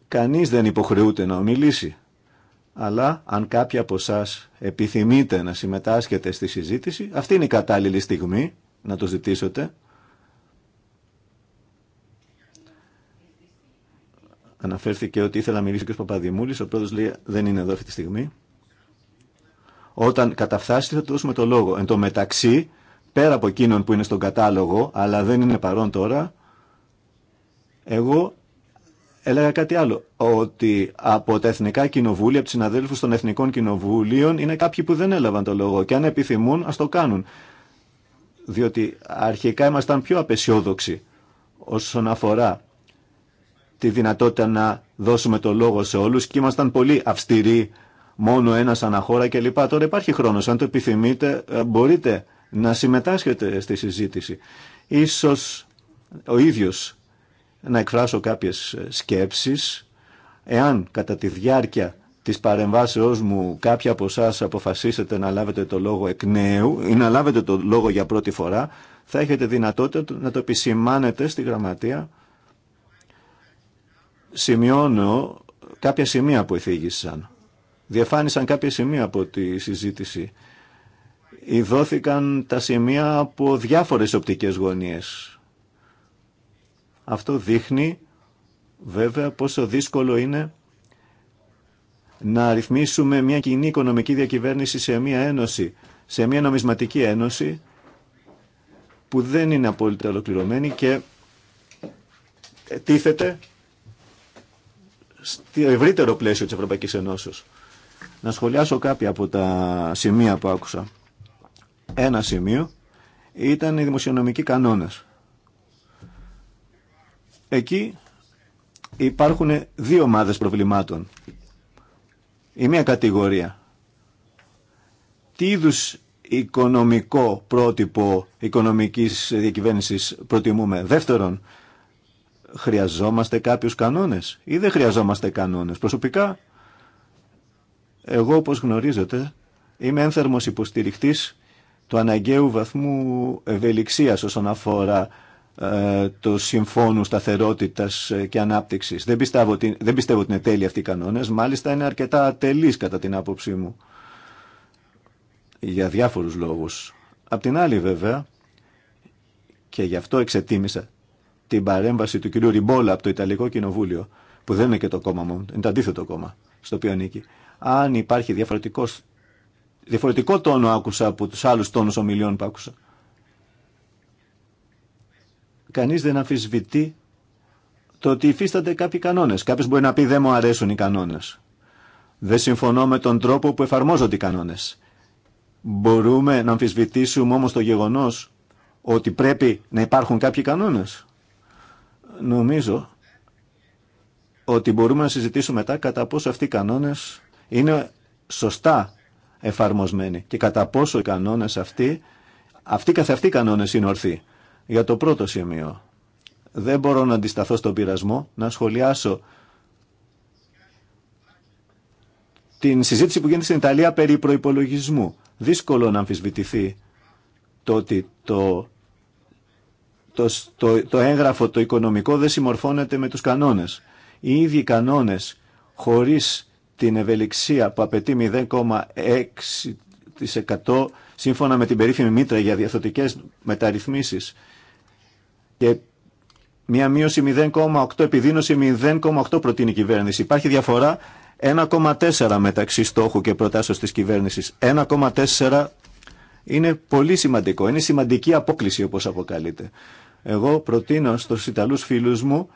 Κανείς δεν υποχρεούται να ομιλήσει. Αλλά αν κάποιοι από εσά επιθυμείτε να συμμετάσχετε στη συζήτηση, αυτή είναι η κατάλληλη στιγμή να το ζητήσετε. Αναφέρθηκε ότι ήθελα να μιλήσει και ο Παπαδημούλης, ο πρόεδρος λέει δεν είναι εδώ αυτή τη στιγμή. Όταν καταφθάστηκε θα του δώσουμε το λόγο. Εν τω μεταξύ, πέρα από εκείνον που είναι στον κατάλογο, αλλά δεν είναι παρόν τώρα, εγώ έλεγα κάτι άλλο. Ότι από τα εθνικά κοινοβούλια, από του συναδέλφου των εθνικών κοινοβούλιων, είναι κάποιοι που δεν έλαβαν το λόγο. Και αν επιθυμούν, α το κάνουν. Διότι αρχικά ήμασταν πιο απεσιόδοξοι όσον αφορά τη δυνατότητα να δώσουμε το λόγο σε όλους και ήμασταν πολύ αυστηροί μόνο ένας αναχώρα κλπ. Τώρα υπάρχει χρόνος. Αν το επιθυμείτε ε, μπορείτε να συμμετάσχετε στη συζήτηση. Ίσως ο ίδιος να εκφράσω κάποιες ε, σκέψεις εάν κατά τη διάρκεια της παρεμβάσεώς μου κάποια από εσά αποφασίσετε να λάβετε το λόγο εκ νέου ή να λάβετε το λόγο για πρώτη φορά, θα έχετε δυνατότητα να το επισημάνετε στη γραμματεία. Σημειώνω κάποια σημεία που εφήγησαν. Διεφάνησαν κάποια σημεία από τη συζήτηση. Ιδώθηκαν τα σημεία από διάφορες οπτικές γωνίες. Αυτό δείχνει βέβαια πόσο δύσκολο είναι να ρυθμίσουμε μια κοινή οικονομική διακυβέρνηση σε μια ένωση, σε μια νομισματική ένωση που δεν είναι απόλυτα ολοκληρωμένη και τίθεται στο ευρύτερο πλαίσιο της Ευρωπαϊκής Ενώσεως. Να σχολιάσω κάποια από τα σημεία που άκουσα. Ένα σημείο ήταν οι δημοσιονομικοί κανόνες. Εκεί υπάρχουν δύο ομάδες προβλημάτων. Η μία κατηγορία. Τι είδου οικονομικό πρότυπο οικονομικής διακυβέρνησης προτιμούμε. Δεύτερον, χρειαζόμαστε κάποιους κανόνες ή δεν χρειαζόμαστε κανόνες. Προσωπικά εγώ, όπως γνωρίζετε, είμαι ένθερμος υποστηριχτής του αναγκαίου βαθμού ευελιξίας όσον αφορά ε, το Συμφώνου Σταθερότητας ε, και Ανάπτυξης. Δεν πιστεύω, ότι, δεν πιστεύω ότι είναι τέλειοι αυτοί οι κανόνες, μάλιστα είναι αρκετά ατελείς κατά την άποψή μου, για διάφορους λόγους. Απ' την άλλη βέβαια, και γι' αυτό εξετίμησα την παρέμβαση του κ. Ριμπόλα από το Ιταλικό Κοινοβούλιο, που δεν είναι και το κόμμα μου, είναι το αντίθετο κόμμα στο οποίο ανήκει αν υπάρχει διαφορετικός, διαφορετικό τόνο άκουσα από τους άλλους τόνους ομιλιών που άκουσα. Κανείς δεν αμφισβητεί το ότι υφίστανται κάποιοι κανόνες. Κάποιος μπορεί να πει δεν μου αρέσουν οι κανόνες. Δεν συμφωνώ με τον τρόπο που εφαρμόζονται οι κανόνες. Μπορούμε να αμφισβητήσουμε όμως το γεγονός ότι πρέπει να υπάρχουν κάποιοι κανόνες. Νομίζω ότι μπορούμε να συζητήσουμε μετά κατά πόσο αυτοί οι κανόνες είναι σωστά εφαρμοσμένοι και κατά πόσο οι κανόνες αυτοί, αυτοί καθ' αυτοί οι κανόνες είναι ορθοί. Για το πρώτο σημείο, δεν μπορώ να αντισταθώ στον πειρασμό, να σχολιάσω την συζήτηση που γίνεται στην Ιταλία περί προϋπολογισμού. Δύσκολο να αμφισβητηθεί το ότι το, το, το, το έγγραφο το οικονομικό δεν συμμορφώνεται με τους κανόνες. Οι ίδιοι κανόνες χωρίς την ευελιξία που απαιτεί 0,6% σύμφωνα με την περίφημη μήτρα για διαθωτικές μεταρρυθμίσεις και μια μείωση 0,8 επιδείνωση 0,8 προτείνει η κυβέρνηση. Υπάρχει διαφορά 1,4 μεταξύ στόχου και προτάσεως της κυβέρνησης. 1,4 είναι πολύ σημαντικό. Είναι σημαντική απόκληση όπως αποκαλείται. Εγώ προτείνω στους Ιταλούς φίλους μου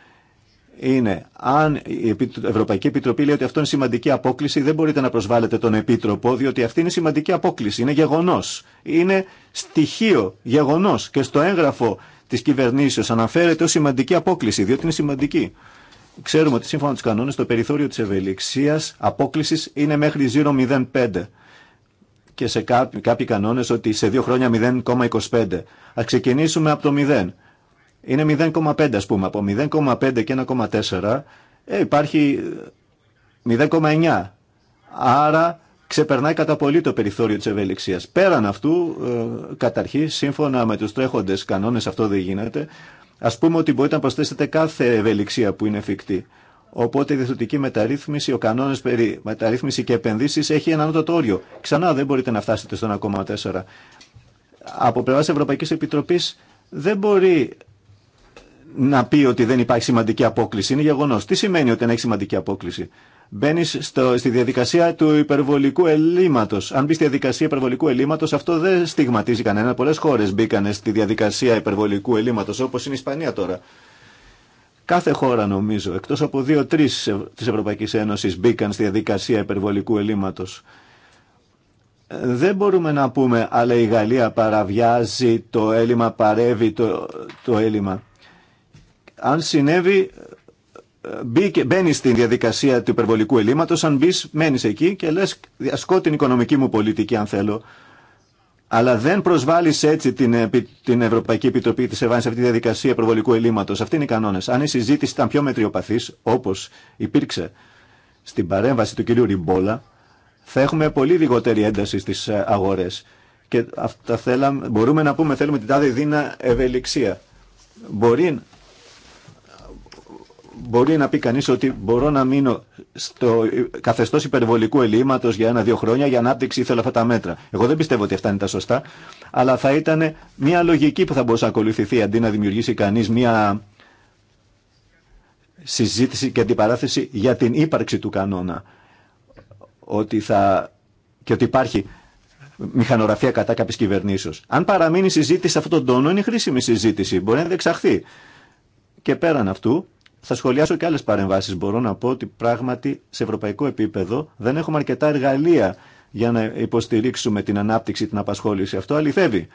είναι αν η Ευρωπαϊκή Επιτροπή λέει ότι αυτό είναι σημαντική απόκληση, δεν μπορείτε να προσβάλλετε τον Επίτροπο, διότι αυτή είναι σημαντική απόκληση. Είναι γεγονό. Είναι στοιχείο, γεγονό. Και στο έγγραφο τη κυβερνήσεω αναφέρεται ω σημαντική απόκληση, διότι είναι σημαντική. Ξέρουμε ότι σύμφωνα με του κανόνε το περιθώριο τη ευελιξία απόκληση είναι μέχρι 0,05 και σε κάποιοι κανόνε ότι σε δύο χρόνια 0,25. Α ξεκινήσουμε από το 0 είναι 0,5 ας πούμε. Από 0,5 και 1,4 ε, υπάρχει 0,9. Ε, Άρα ξεπερνάει κατά πολύ το περιθώριο της ευελιξίας. Πέραν αυτού, ε, καταρχήν, σύμφωνα με τους τρέχοντες κανόνες αυτό δεν γίνεται, ας πούμε ότι μπορείτε να προσθέσετε κάθε ευελιξία που είναι εφικτή. Οπότε η διευθυντική μεταρρύθμιση, ο κανόνα περί μεταρρύθμιση και επενδύσει έχει ένα ανώτατο όριο. Ξανά δεν μπορείτε να φτάσετε στο 1,4. Από πλευρά Ευρωπαϊκή Επιτροπή δεν μπορεί να πει ότι δεν υπάρχει σημαντική απόκληση. Είναι γεγονό. Τι σημαίνει ότι δεν έχει σημαντική απόκληση. Μπαίνει στη διαδικασία του υπερβολικού ελλείμματο. Αν μπει στη διαδικασία υπερβολικού ελλείμματο, αυτό δεν στιγματίζει κανένα. Πολλέ χώρε μπήκαν στη διαδικασία υπερβολικού ελλείμματο, όπω είναι η Ισπανία τώρα. Κάθε χώρα, νομίζω, εκτό από δύο-τρει τη Ευρωπαϊκή Ένωση, μπήκαν στη διαδικασία υπερβολικού ελλείμματο. Δεν μπορούμε να πούμε, αλλά η Γαλλία παραβιάζει το έλλειμμα, παρεύει το, το έλλειμμα. Αν συνέβη, μπαίνει στην διαδικασία του υπερβολικού ελλείμματος, αν μπει, μένεις εκεί και λες διασκώ την οικονομική μου πολιτική αν θέλω. Αλλά δεν προσβάλλεις έτσι την, την Ευρωπαϊκή Επιτροπή της Ευάνης σε αυτή τη διαδικασία υπερβολικού ελλείμματος. Αυτοί είναι οι κανόνες. Αν η συζήτηση ήταν πιο μετριοπαθής, όπως υπήρξε στην παρέμβαση του κυρίου Ριμπόλα, θα έχουμε πολύ λιγότερη ένταση στις αγορές. Και αυτά μπορούμε να πούμε θέλουμε την τάδε δίνα ευελιξία. Μπορεί μπορεί να πει κανεί ότι μπορώ να μείνω στο καθεστώ υπερβολικού ελλείμματο για ένα-δύο χρόνια για ανάπτυξη ή θέλω αυτά τα μέτρα. Εγώ δεν πιστεύω ότι αυτά είναι τα σωστά, αλλά θα ήταν μια λογική που θα μπορούσε να ακολουθηθεί αντί να δημιουργήσει κανεί μια συζήτηση και αντιπαράθεση για την ύπαρξη του κανόνα. Ότι θα... και ότι υπάρχει μηχανογραφία κατά κάποιε κυβερνήσεως. Αν παραμείνει συζήτηση σε αυτόν τον τόνο, είναι χρήσιμη συζήτηση. Μπορεί να διεξαχθεί. Και πέραν αυτού, θα σχολιάσω και άλλε παρεμβάσει. Μπορώ να πω ότι πράγματι σε ευρωπαϊκό επίπεδο δεν έχουμε αρκετά εργαλεία για να υποστηρίξουμε την ανάπτυξη, την απασχόληση. Αυτό αληθεύει.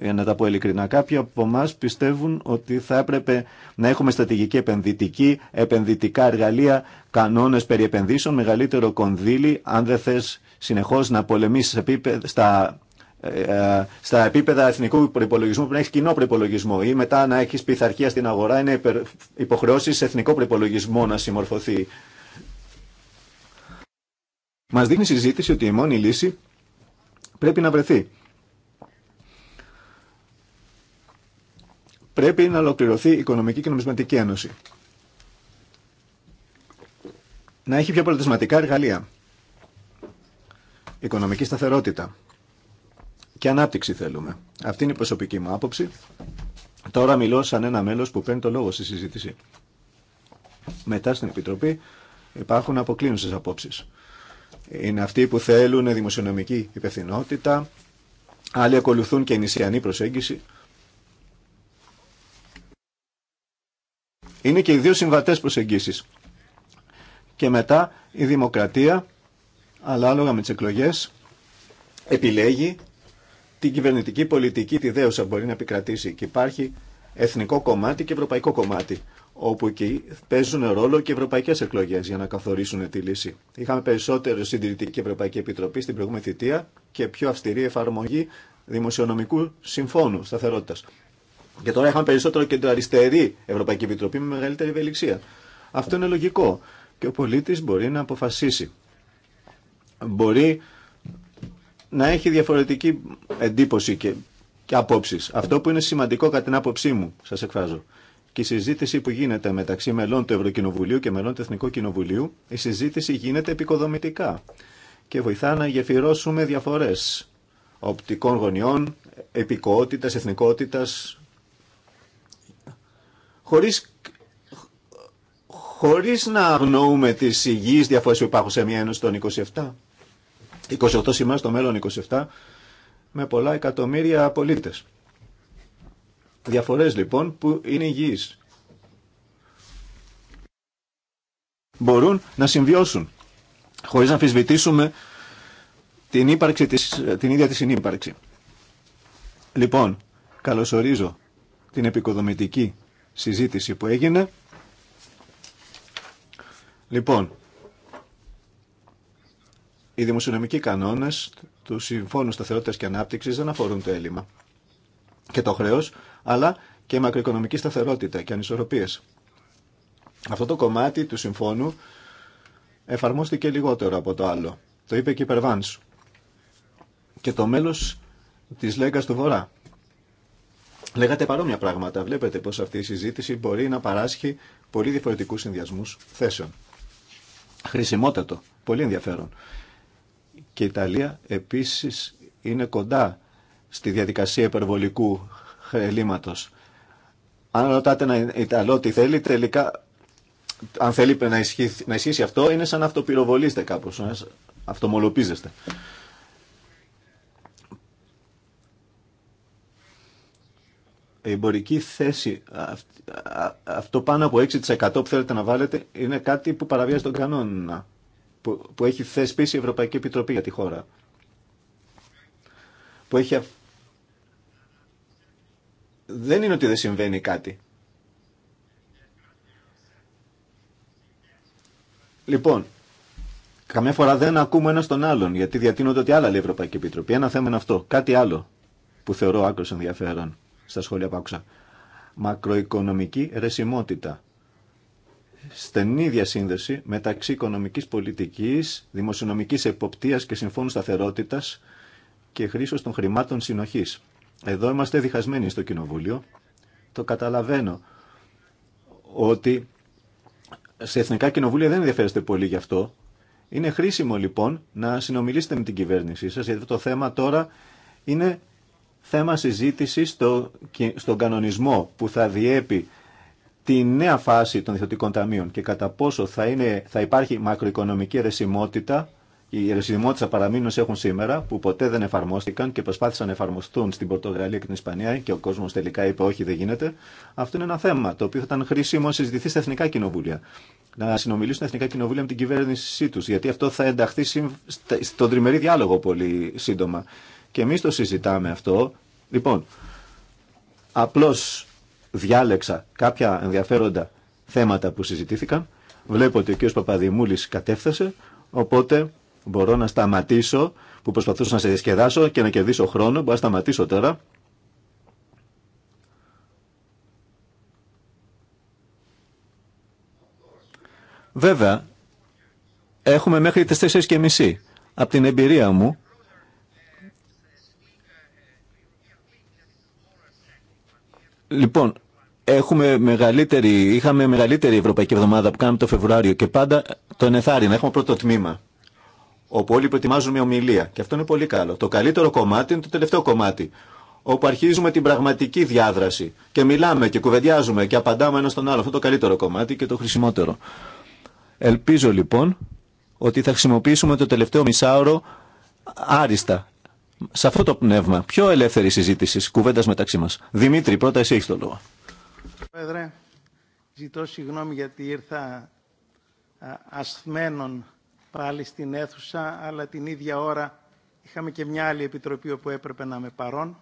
Για να τα πω ειλικρινά, κάποιοι από εμά πιστεύουν ότι θα έπρεπε να έχουμε στρατηγική επενδυτική, επενδυτικά εργαλεία, κανόνε περί επενδύσεων, μεγαλύτερο κονδύλι, αν δεν θε συνεχώ να πολεμήσει στα ε, ε, στα επίπεδα εθνικού προπολογισμού να έχει κοινό προπολογισμό ή μετά να έχει πειθαρχία στην αγορά είναι υποχρεώσει σε εθνικό προπολογισμό να συμμορφωθεί. Μα δείχνει η συζήτηση ότι η μόνη λύση πρέπει να βρεθεί. Πρέπει να ολοκληρωθεί η Οικονομική και Νομισματική Ένωση. Να έχει πιο αποτελεσματικά εργαλεία. Οικονομική σταθερότητα και ανάπτυξη θέλουμε. Αυτή είναι η προσωπική μου άποψη. Τώρα μιλώ σαν ένα μέλος που παίρνει το λόγο στη συζήτηση. Μετά στην Επιτροπή υπάρχουν αποκλίνουσες απόψεις. Είναι αυτοί που θέλουν δημοσιονομική υπευθυνότητα, άλλοι ακολουθούν και νησιανή προσέγγιση. Είναι και οι δύο συμβατέ προσεγγίσεις. Και μετά η δημοκρατία, αλλά με τι εκλογές, επιλέγει την κυβερνητική πολιτική τη δέωσα μπορεί να επικρατήσει και υπάρχει εθνικό κομμάτι και ευρωπαϊκό κομμάτι όπου εκεί παίζουν ρόλο και ευρωπαϊκέ εκλογέ για να καθορίσουν τη λύση. Είχαμε περισσότερο συντηρητική Ευρωπαϊκή Επιτροπή στην προηγούμενη θητεία και πιο αυστηρή εφαρμογή δημοσιονομικού συμφώνου σταθερότητα. Και τώρα είχαμε περισσότερο κεντροαριστερή Ευρωπαϊκή Επιτροπή με μεγαλύτερη ευελιξία. Αυτό είναι λογικό. Και ο πολίτη μπορεί να αποφασίσει. Μπορεί να έχει διαφορετική εντύπωση και, και απόψεις. Αυτό που είναι σημαντικό κατά την άποψή μου, σας εκφράζω, και η συζήτηση που γίνεται μεταξύ μελών του Ευρωκοινοβουλίου και μελών του Εθνικού Κοινοβουλίου, η συζήτηση γίνεται επικοδομητικά και βοηθά να γεφυρώσουμε διαφορές οπτικών γωνιών, επικότητα, εθνικότητα. χωρίς, χωρίς να αγνοούμε τις υγιείς διαφορές που υπάρχουν σε μια ένωση των 27. 28 σημαίνει στο μέλλον 27 με πολλά εκατομμύρια πολίτες. Διαφορές λοιπόν που είναι υγιείς. Μπορούν να συμβιώσουν χωρίς να αμφισβητήσουμε την, ύπαρξη της, την ίδια τη συνύπαρξη. Λοιπόν, καλωσορίζω την επικοδομητική συζήτηση που έγινε. Λοιπόν, οι δημοσιονομικοί κανόνε του Συμφώνου Σταθερότητα και Ανάπτυξη δεν αφορούν το έλλειμμα και το χρέο, αλλά και η μακροοικονομική σταθερότητα και ανισορροπίε. Αυτό το κομμάτι του συμφώνου εφαρμόστηκε λιγότερο από το άλλο. Το είπε και η Περβάνς. Και το μέλος τη Λέγκα του Βορρά. Λέγατε παρόμοια πράγματα. Βλέπετε πώ αυτή η συζήτηση μπορεί να παράσχει πολύ διαφορετικού συνδυασμού θέσεων. Χρησιμότατο. Πολύ ενδιαφέρον και η Ιταλία επίσης είναι κοντά στη διαδικασία υπερβολικού χρελήματος. Αν ρωτάτε ένα Ιταλό τι θέλει, τελικά αν θέλει να ισχύσει, να ισχύσει αυτό, είναι σαν να αυτοπυροβολείστε κάπως, να αυτομολοπίζεστε. η εμπορική θέση, αυτό πάνω από 6% που θέλετε να βάλετε, είναι κάτι που παραβιάζει τον κανόνα που, που έχει θεσπίσει η Ευρωπαϊκή Επιτροπή για τη χώρα. Που έχει... Δεν είναι ότι δεν συμβαίνει κάτι. Λοιπόν, καμιά φορά δεν ακούμε ένα τον άλλον, γιατί διατείνονται ότι άλλα λέει η Ευρωπαϊκή Επιτροπή. Ένα θέμα είναι αυτό. Κάτι άλλο που θεωρώ άκρο ενδιαφέρον στα σχόλια που άκουσα. Μακροοικονομική ρεσιμότητα στενή διασύνδεση μεταξύ οικονομικής πολιτικής, δημοσιονομικής εποπτείας και συμφώνου σταθερότητας και χρήσεως των χρημάτων συνοχής. Εδώ είμαστε διχασμένοι στο Κοινοβούλιο. Το καταλαβαίνω ότι σε εθνικά κοινοβούλια δεν ενδιαφέρεστε πολύ γι' αυτό. Είναι χρήσιμο λοιπόν να συνομιλήσετε με την κυβέρνησή σας, γιατί το θέμα τώρα είναι θέμα συζήτησης στον κανονισμό που θα διέπει τη νέα φάση των ιδιωτικών ταμείων και κατά πόσο θα, είναι, θα υπάρχει μακροοικονομική αιρεσιμότητα, οι ρεσιμότητες θα έχουν σήμερα, που ποτέ δεν εφαρμόστηκαν και προσπάθησαν να εφαρμοστούν στην Πορτογαλία και την Ισπανία και ο κόσμος τελικά είπε όχι, δεν γίνεται. Αυτό είναι ένα θέμα το οποίο θα ήταν χρήσιμο να συζητηθεί στα εθνικά κοινοβούλια. Να συνομιλήσουν τα εθνικά κοινοβούλια με την κυβέρνησή του, γιατί αυτό θα ενταχθεί στον τριμερή διάλογο πολύ σύντομα. Και εμεί το συζητάμε αυτό. Λοιπόν, απλώ διάλεξα κάποια ενδιαφέροντα θέματα που συζητήθηκαν. Βλέπω ότι ο κ. Παπαδημούλης κατέφθασε, οπότε μπορώ να σταματήσω που προσπαθούσα να σε διασκεδάσω και να κερδίσω χρόνο. Μπορώ να σταματήσω τώρα. Βέβαια, έχουμε μέχρι τις 4.30. Από την εμπειρία μου, Λοιπόν, έχουμε μεγαλύτερη, είχαμε μεγαλύτερη Ευρωπαϊκή Εβδομάδα που κάναμε το Φεβρουάριο και πάντα το τον να Έχουμε πρώτο τμήμα όπου όλοι προετοιμάζουν ομιλία. Και αυτό είναι πολύ καλό. Το καλύτερο κομμάτι είναι το τελευταίο κομμάτι. Όπου αρχίζουμε την πραγματική διάδραση και μιλάμε και κουβεντιάζουμε και απαντάμε ένα στον άλλο. Αυτό το καλύτερο κομμάτι και το χρησιμότερο. Ελπίζω λοιπόν ότι θα χρησιμοποιήσουμε το τελευταίο μισάωρο άριστα σε αυτό το πνεύμα, πιο ελεύθερη συζήτηση, κουβέντα μεταξύ μα. Δημήτρη, πρώτα εσύ έχει το λόγο. Πρόεδρε, ζητώ συγγνώμη γιατί ήρθα ασθμένον πάλι στην αίθουσα, αλλά την ίδια ώρα είχαμε και μια άλλη επιτροπή όπου έπρεπε να με παρών.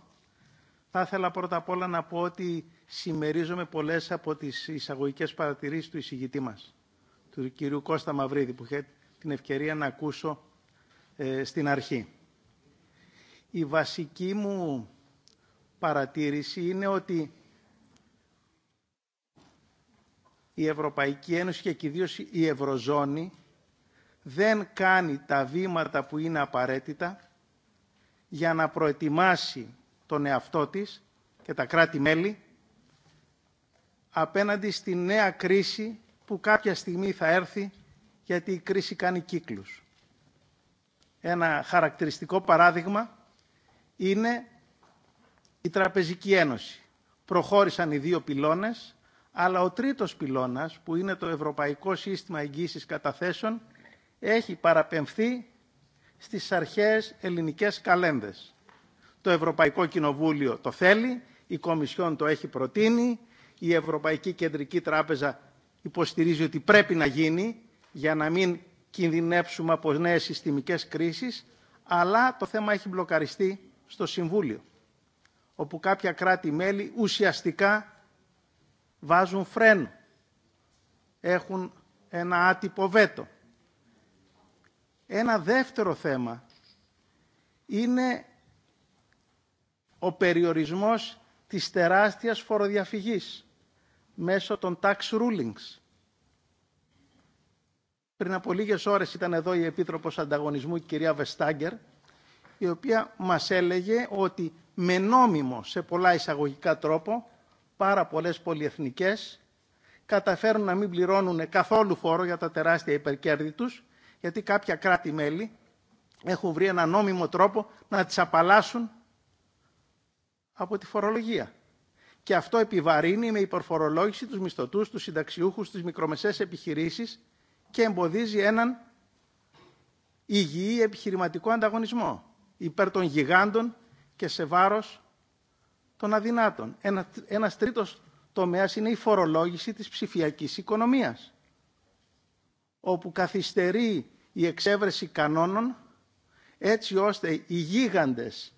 Θα ήθελα πρώτα απ' όλα να πω ότι συμμερίζομαι πολλές από τις εισαγωγικές παρατηρήσεις του εισηγητή μας, του κυρίου Κώστα Μαυρίδη, που είχε την ευκαιρία να ακούσω ε, στην αρχή η βασική μου παρατήρηση είναι ότι η Ευρωπαϊκή Ένωση και κυρίως η Ευρωζώνη δεν κάνει τα βήματα που είναι απαραίτητα για να προετοιμάσει τον εαυτό της και τα κράτη-μέλη απέναντι στη νέα κρίση που κάποια στιγμή θα έρθει γιατί η κρίση κάνει κύκλους. Ένα χαρακτηριστικό παράδειγμα είναι η Τραπεζική Ένωση. Προχώρησαν οι δύο πυλώνες, αλλά ο τρίτος πυλώνας, που είναι το Ευρωπαϊκό Σύστημα Εγγύησης Καταθέσεων, έχει παραπεμφθεί στις αρχές ελληνικές καλένδες. Το Ευρωπαϊκό Κοινοβούλιο το θέλει, η Κομισιόν το έχει προτείνει, η Ευρωπαϊκή Κεντρική Τράπεζα υποστηρίζει ότι πρέπει να γίνει για να μην κινδυνεύσουμε από νέες συστημικές κρίσεις, αλλά το θέμα έχει μπλοκαριστεί στο Συμβούλιο, όπου κάποια κράτη-μέλη ουσιαστικά βάζουν φρένο, έχουν ένα άτυπο βέτο. Ένα δεύτερο θέμα είναι ο περιορισμός της τεράστιας φοροδιαφυγής μέσω των tax rulings. Πριν από λίγες ώρες ήταν εδώ η Επίτροπος Ανταγωνισμού, η κυρία Βεστάγκερ, η οποία μας έλεγε ότι με νόμιμο σε πολλά εισαγωγικά τρόπο πάρα πολλές πολυεθνικές καταφέρουν να μην πληρώνουν καθόλου φόρο για τα τεράστια υπερκέρδη τους γιατί κάποια κράτη-μέλη έχουν βρει ένα νόμιμο τρόπο να τις απαλλάσσουν από τη φορολογία. Και αυτό επιβαρύνει με υπερφορολόγηση τους μισθωτούς, τους συνταξιούχους, τις μικρομεσαίες επιχειρήσεις και εμποδίζει έναν υγιή επιχειρηματικό ανταγωνισμό υπέρ των γιγάντων και σε βάρος των αδυνάτων. Ένα, ένας τρίτος τομέας είναι η φορολόγηση της ψηφιακής οικονομίας, όπου καθυστερεί η εξέβρεση κανόνων έτσι ώστε οι γίγαντες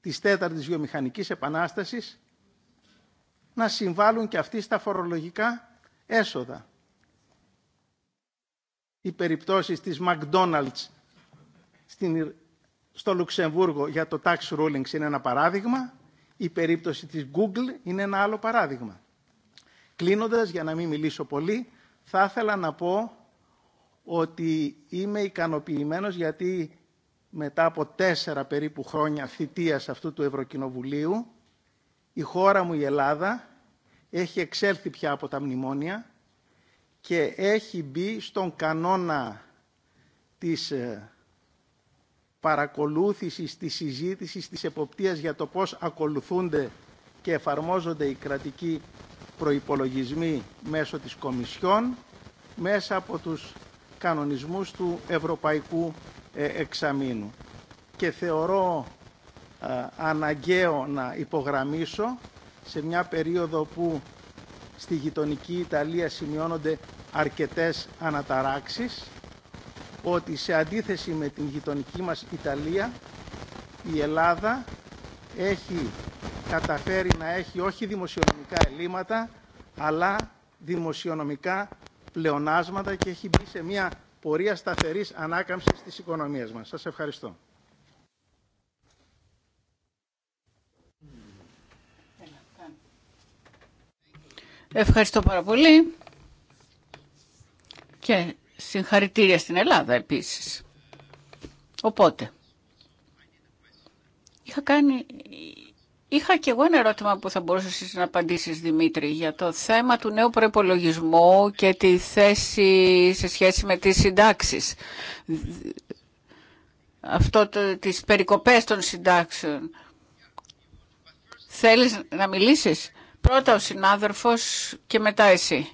της τέταρτης βιομηχανικής επανάστασης να συμβάλλουν και αυτοί στα φορολογικά έσοδα. Οι περιπτώσεις της McDonald's στην στο Λουξεμβούργο για το tax rulings είναι ένα παράδειγμα, η περίπτωση της Google είναι ένα άλλο παράδειγμα. Κλείνοντας, για να μην μιλήσω πολύ, θα ήθελα να πω ότι είμαι ικανοποιημένος γιατί μετά από τέσσερα περίπου χρόνια θητείας αυτού του Ευρωκοινοβουλίου η χώρα μου η Ελλάδα έχει εξέλθει πια από τα μνημόνια και έχει μπει στον κανόνα της ε, παρακολούθησης της συζήτησης της εποπτείας για το πώς ακολουθούνται και εφαρμόζονται οι κρατικοί προϋπολογισμοί μέσω της Κομισιόν μέσα από τους κανονισμούς του Ευρωπαϊκού ε, Εξαμήνου. Και θεωρώ ε, αναγκαίο να υπογραμμίσω σε μια περίοδο που στη γειτονική Ιταλία σημειώνονται αρκετές αναταράξεις ότι σε αντίθεση με την γειτονική μας Ιταλία η Ελλάδα έχει καταφέρει να έχει όχι δημοσιονομικά ελλείμματα αλλά δημοσιονομικά πλεονάσματα και έχει μπει σε μια πορεία σταθερής ανάκαμψης της οικονομίας μας. Σας ευχαριστώ. Ευχαριστώ πάρα πολύ. Και συγχαρητήρια στην Ελλάδα επίσης. Οπότε, είχα κάνει... Είχα και εγώ ένα ερώτημα που θα μπορούσα να απαντήσεις, Δημήτρη, για το θέμα του νέου προϋπολογισμού και τη θέση σε σχέση με τις συντάξεις. Αυτό το, τις περικοπές των συντάξεων. Θέλεις να μιλήσεις? Πρώτα ο συνάδελφος και μετά εσύ.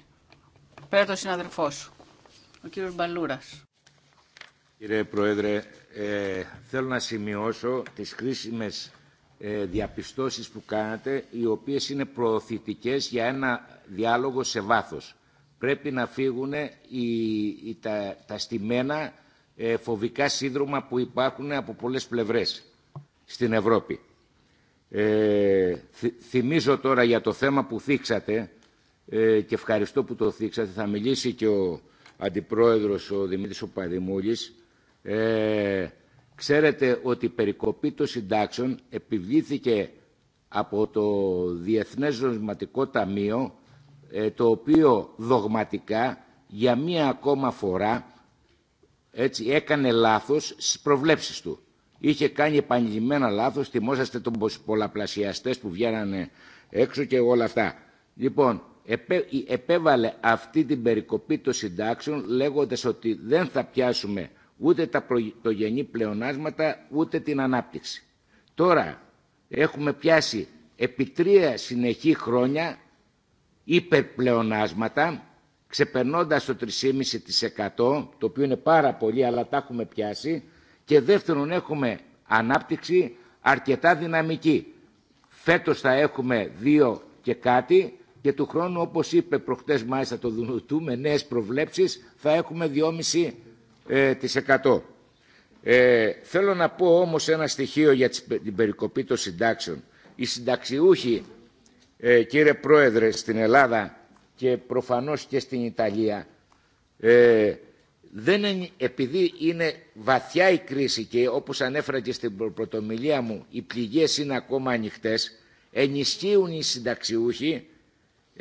Πέρα το συνάδελφό σου. Ο κύριος Μπαλούρας. Κύριε Πρόεδρε, ε, θέλω να σημειώσω τις κρίσιμες ε, διαπιστώσεις που κάνατε, οι οποίες είναι προωθητικές για ένα διάλογο σε βάθος. Πρέπει να φύγουν οι, τα, τα στημένα ε, φοβικά σύνδρομα που υπάρχουν από πολλές πλευρές στην Ευρώπη. Ε, θυμίζω τώρα για το θέμα που θίξατε ε, και ευχαριστώ που το θίξατε. Θα μιλήσει και ο Αντιπρόεδρος ο Δημήτρης Παδημούλης, ε, ξέρετε ότι η περικοπή των συντάξεων επιβλήθηκε από το Διεθνές Νομισματικό Ταμείο, ε, το οποίο δογματικά για μία ακόμα φορά έτσι, έκανε λάθος στις προβλέψεις του. Είχε κάνει επανειλημμένα λάθος, θυμόσαστε τον πολλαπλασιαστές που βγαίνανε έξω και όλα αυτά. Λοιπόν, επέβαλε αυτή την περικοπή των συντάξεων λέγοντας ότι δεν θα πιάσουμε ούτε τα πρωτογενή πλεονάσματα ούτε την ανάπτυξη. Τώρα έχουμε πιάσει επί τρία συνεχή χρόνια υπερπλεονάσματα ξεπερνώντας το 3,5% το οποίο είναι πάρα πολύ αλλά τα έχουμε πιάσει και δεύτερον έχουμε ανάπτυξη αρκετά δυναμική. Φέτος θα έχουμε δύο και κάτι και του χρόνου, όπως είπε προχτές μάλιστα το Δουνουτού, με νέες προβλέψεις θα έχουμε 2,5%. Ε, ε, θέλω να πω όμως ένα στοιχείο για την περικοπή των συντάξεων. Οι συνταξιούχοι, ε, κύριε Πρόεδρε, στην Ελλάδα και προφανώς και στην Ιταλία, ε, δεν είναι, επειδή είναι βαθιά η κρίση και όπως ανέφερα και στην πρωτομιλία μου, οι πληγές είναι ακόμα ανοιχτές, ενισχύουν οι συνταξιούχοι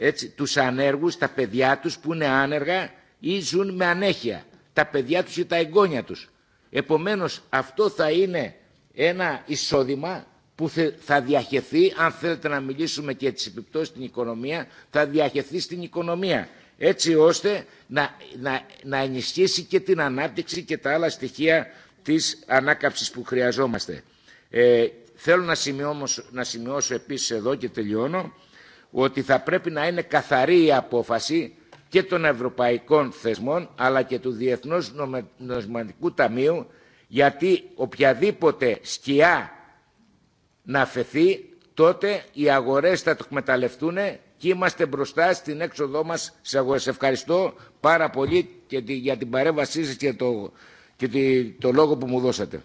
έτσι, τους ανέργους, τα παιδιά τους που είναι άνεργα ή ζουν με ανέχεια, τα παιδιά τους ή τα εγγόνια τους. Επομένως αυτό θα είναι ένα εισόδημα που θα διαχεθεί, αν θέλετε να μιλήσουμε και τις επιπτώσεις στην οικονομία, θα διαχεθεί στην οικονομία. Έτσι ώστε να, να, να ενισχύσει και την ανάπτυξη και τα άλλα στοιχεία της ανάκαψης που χρειαζόμαστε. Ε, θέλω να σημειώσω, να σημειώσω επίσης εδώ και τελειώνω ότι θα πρέπει να είναι καθαρή η απόφαση και των ευρωπαϊκών θεσμών αλλά και του Διεθνούς Νοσματικού Ταμείου γιατί οποιαδήποτε σκιά να φεθεί τότε οι αγορές θα το εκμεταλλευτούν και είμαστε μπροστά στην έξοδό μας σε αγορές. Ευχαριστώ πάρα πολύ και για την παρέμβασή σας και, το, και το λόγο που μου δώσατε.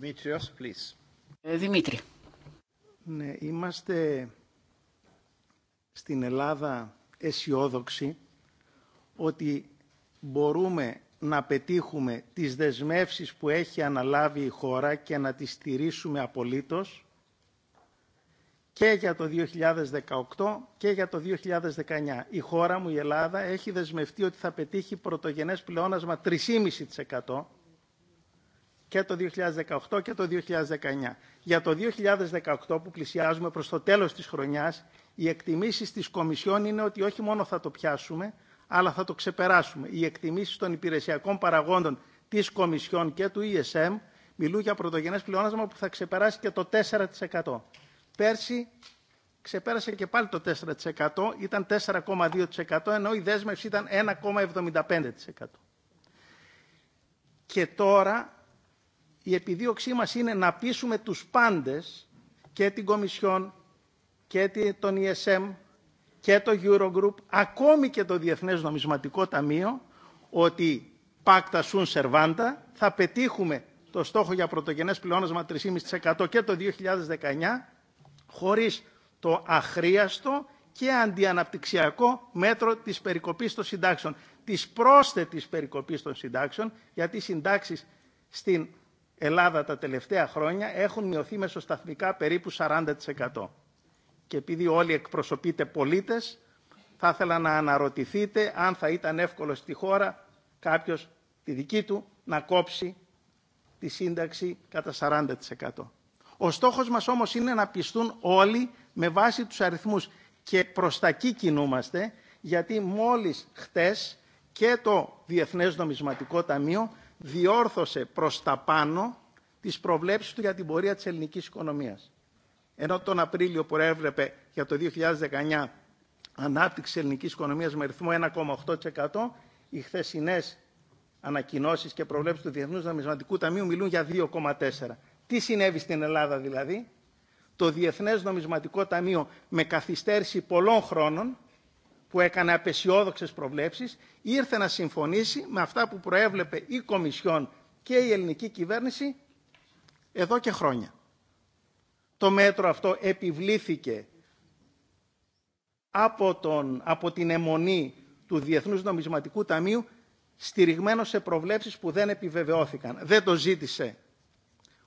Δημήτριος, please. Ε, ναι, είμαστε στην Ελλάδα αισιόδοξοι ότι μπορούμε να πετύχουμε τις δεσμεύσεις που έχει αναλάβει η χώρα και να τις στηρίσουμε απολύτως και για το 2018 και για το 2019. Η χώρα μου, η Ελλάδα, έχει δεσμευτεί ότι θα πετύχει πρωτογενές πλεόνασμα 3,5% και το 2018 και το 2019. Για το 2018 που πλησιάζουμε προς το τέλος της χρονιάς, οι εκτιμήσεις της Κομισιόν είναι ότι όχι μόνο θα το πιάσουμε, αλλά θα το ξεπεράσουμε. Οι εκτιμήσεις των υπηρεσιακών παραγόντων της Κομισιόν και του ESM μιλούν για πρωτογενές πλεόνασμα που θα ξεπεράσει και το 4%. Πέρσι ξεπέρασε και πάλι το 4%, ήταν 4,2%, ενώ η δέσμευση ήταν 1,75%. Και τώρα η επιδίωξή μας είναι να πείσουμε τους πάντες και την Κομισιόν και τον ESM και το Eurogroup, ακόμη και το Διεθνές Νομισματικό Ταμείο, ότι πάκτα σουν σερβάντα, θα πετύχουμε το στόχο για πρωτογενές πλεόνασμα 3,5% και το 2019, χωρίς το αχρίαστο και αντιαναπτυξιακό μέτρο της περικοπής των συντάξεων, της πρόσθετης περικοπής των συντάξεων, γιατί οι συντάξεις στην Ελλάδα τα τελευταία χρόνια έχουν μειωθεί μεσοσταθμικά περίπου 40%. Και επειδή όλοι εκπροσωπείτε πολίτες, θα ήθελα να αναρωτηθείτε αν θα ήταν εύκολο στη χώρα κάποιος τη δική του να κόψει τη σύνταξη κατά 40%. Ο στόχος μας όμως είναι να πιστούν όλοι με βάση τους αριθμούς και προς τα εκεί κινούμαστε γιατί μόλις χτες και το Διεθνές Νομισματικό Ταμείο διόρθωσε προς τα πάνω τις προβλέψεις του για την πορεία της ελληνικής οικονομίας. Ενώ τον Απρίλιο που έβλεπε για το 2019 ανάπτυξη ελληνικής οικονομίας με ρυθμό 1,8%, οι χθεσινές ανακοινώσεις και προβλέψεις του Διεθνούς Νομισματικού Ταμείου μιλούν για 2,4%. Τι συνέβη στην Ελλάδα δηλαδή. Το Διεθνές Νομισματικό Ταμείο με καθυστέρηση πολλών χρόνων που έκανε απεσιόδοξε προβλέψει ήρθε να συμφωνήσει με αυτά που προέβλεπε η Κομισιόν και η ελληνική κυβέρνηση εδώ και χρόνια. Το μέτρο αυτό επιβλήθηκε από, τον, από την αιμονή του Διεθνούς Νομισματικού Ταμείου στηριγμένο σε προβλέψεις που δεν επιβεβαιώθηκαν. Δεν το ζήτησε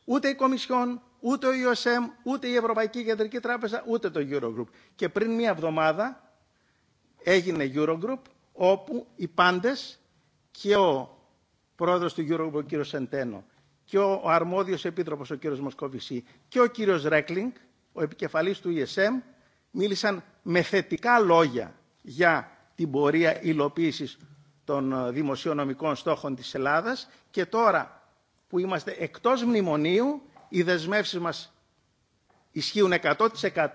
ούτε η Κομισιόν, ούτε ο ούτε η Ευρωπαϊκή Κεντρική Τράπεζα, ούτε το Eurogroup. Και πριν μία εβδομάδα έγινε Eurogroup όπου οι πάντες και ο πρόεδρος του Eurogroup ο κύριος Σεντένο και ο αρμόδιος επίτροπος ο κύριος Μοσκοβισή και ο κύριος Ρέκλινγκ, ο επικεφαλής του ESM, μίλησαν με θετικά λόγια για την πορεία υλοποίησης των ε, δημοσιονομικών στόχων της Ελλάδας και τώρα που είμαστε εκτός μνημονίου, οι δεσμεύσεις μας ισχύουν 100%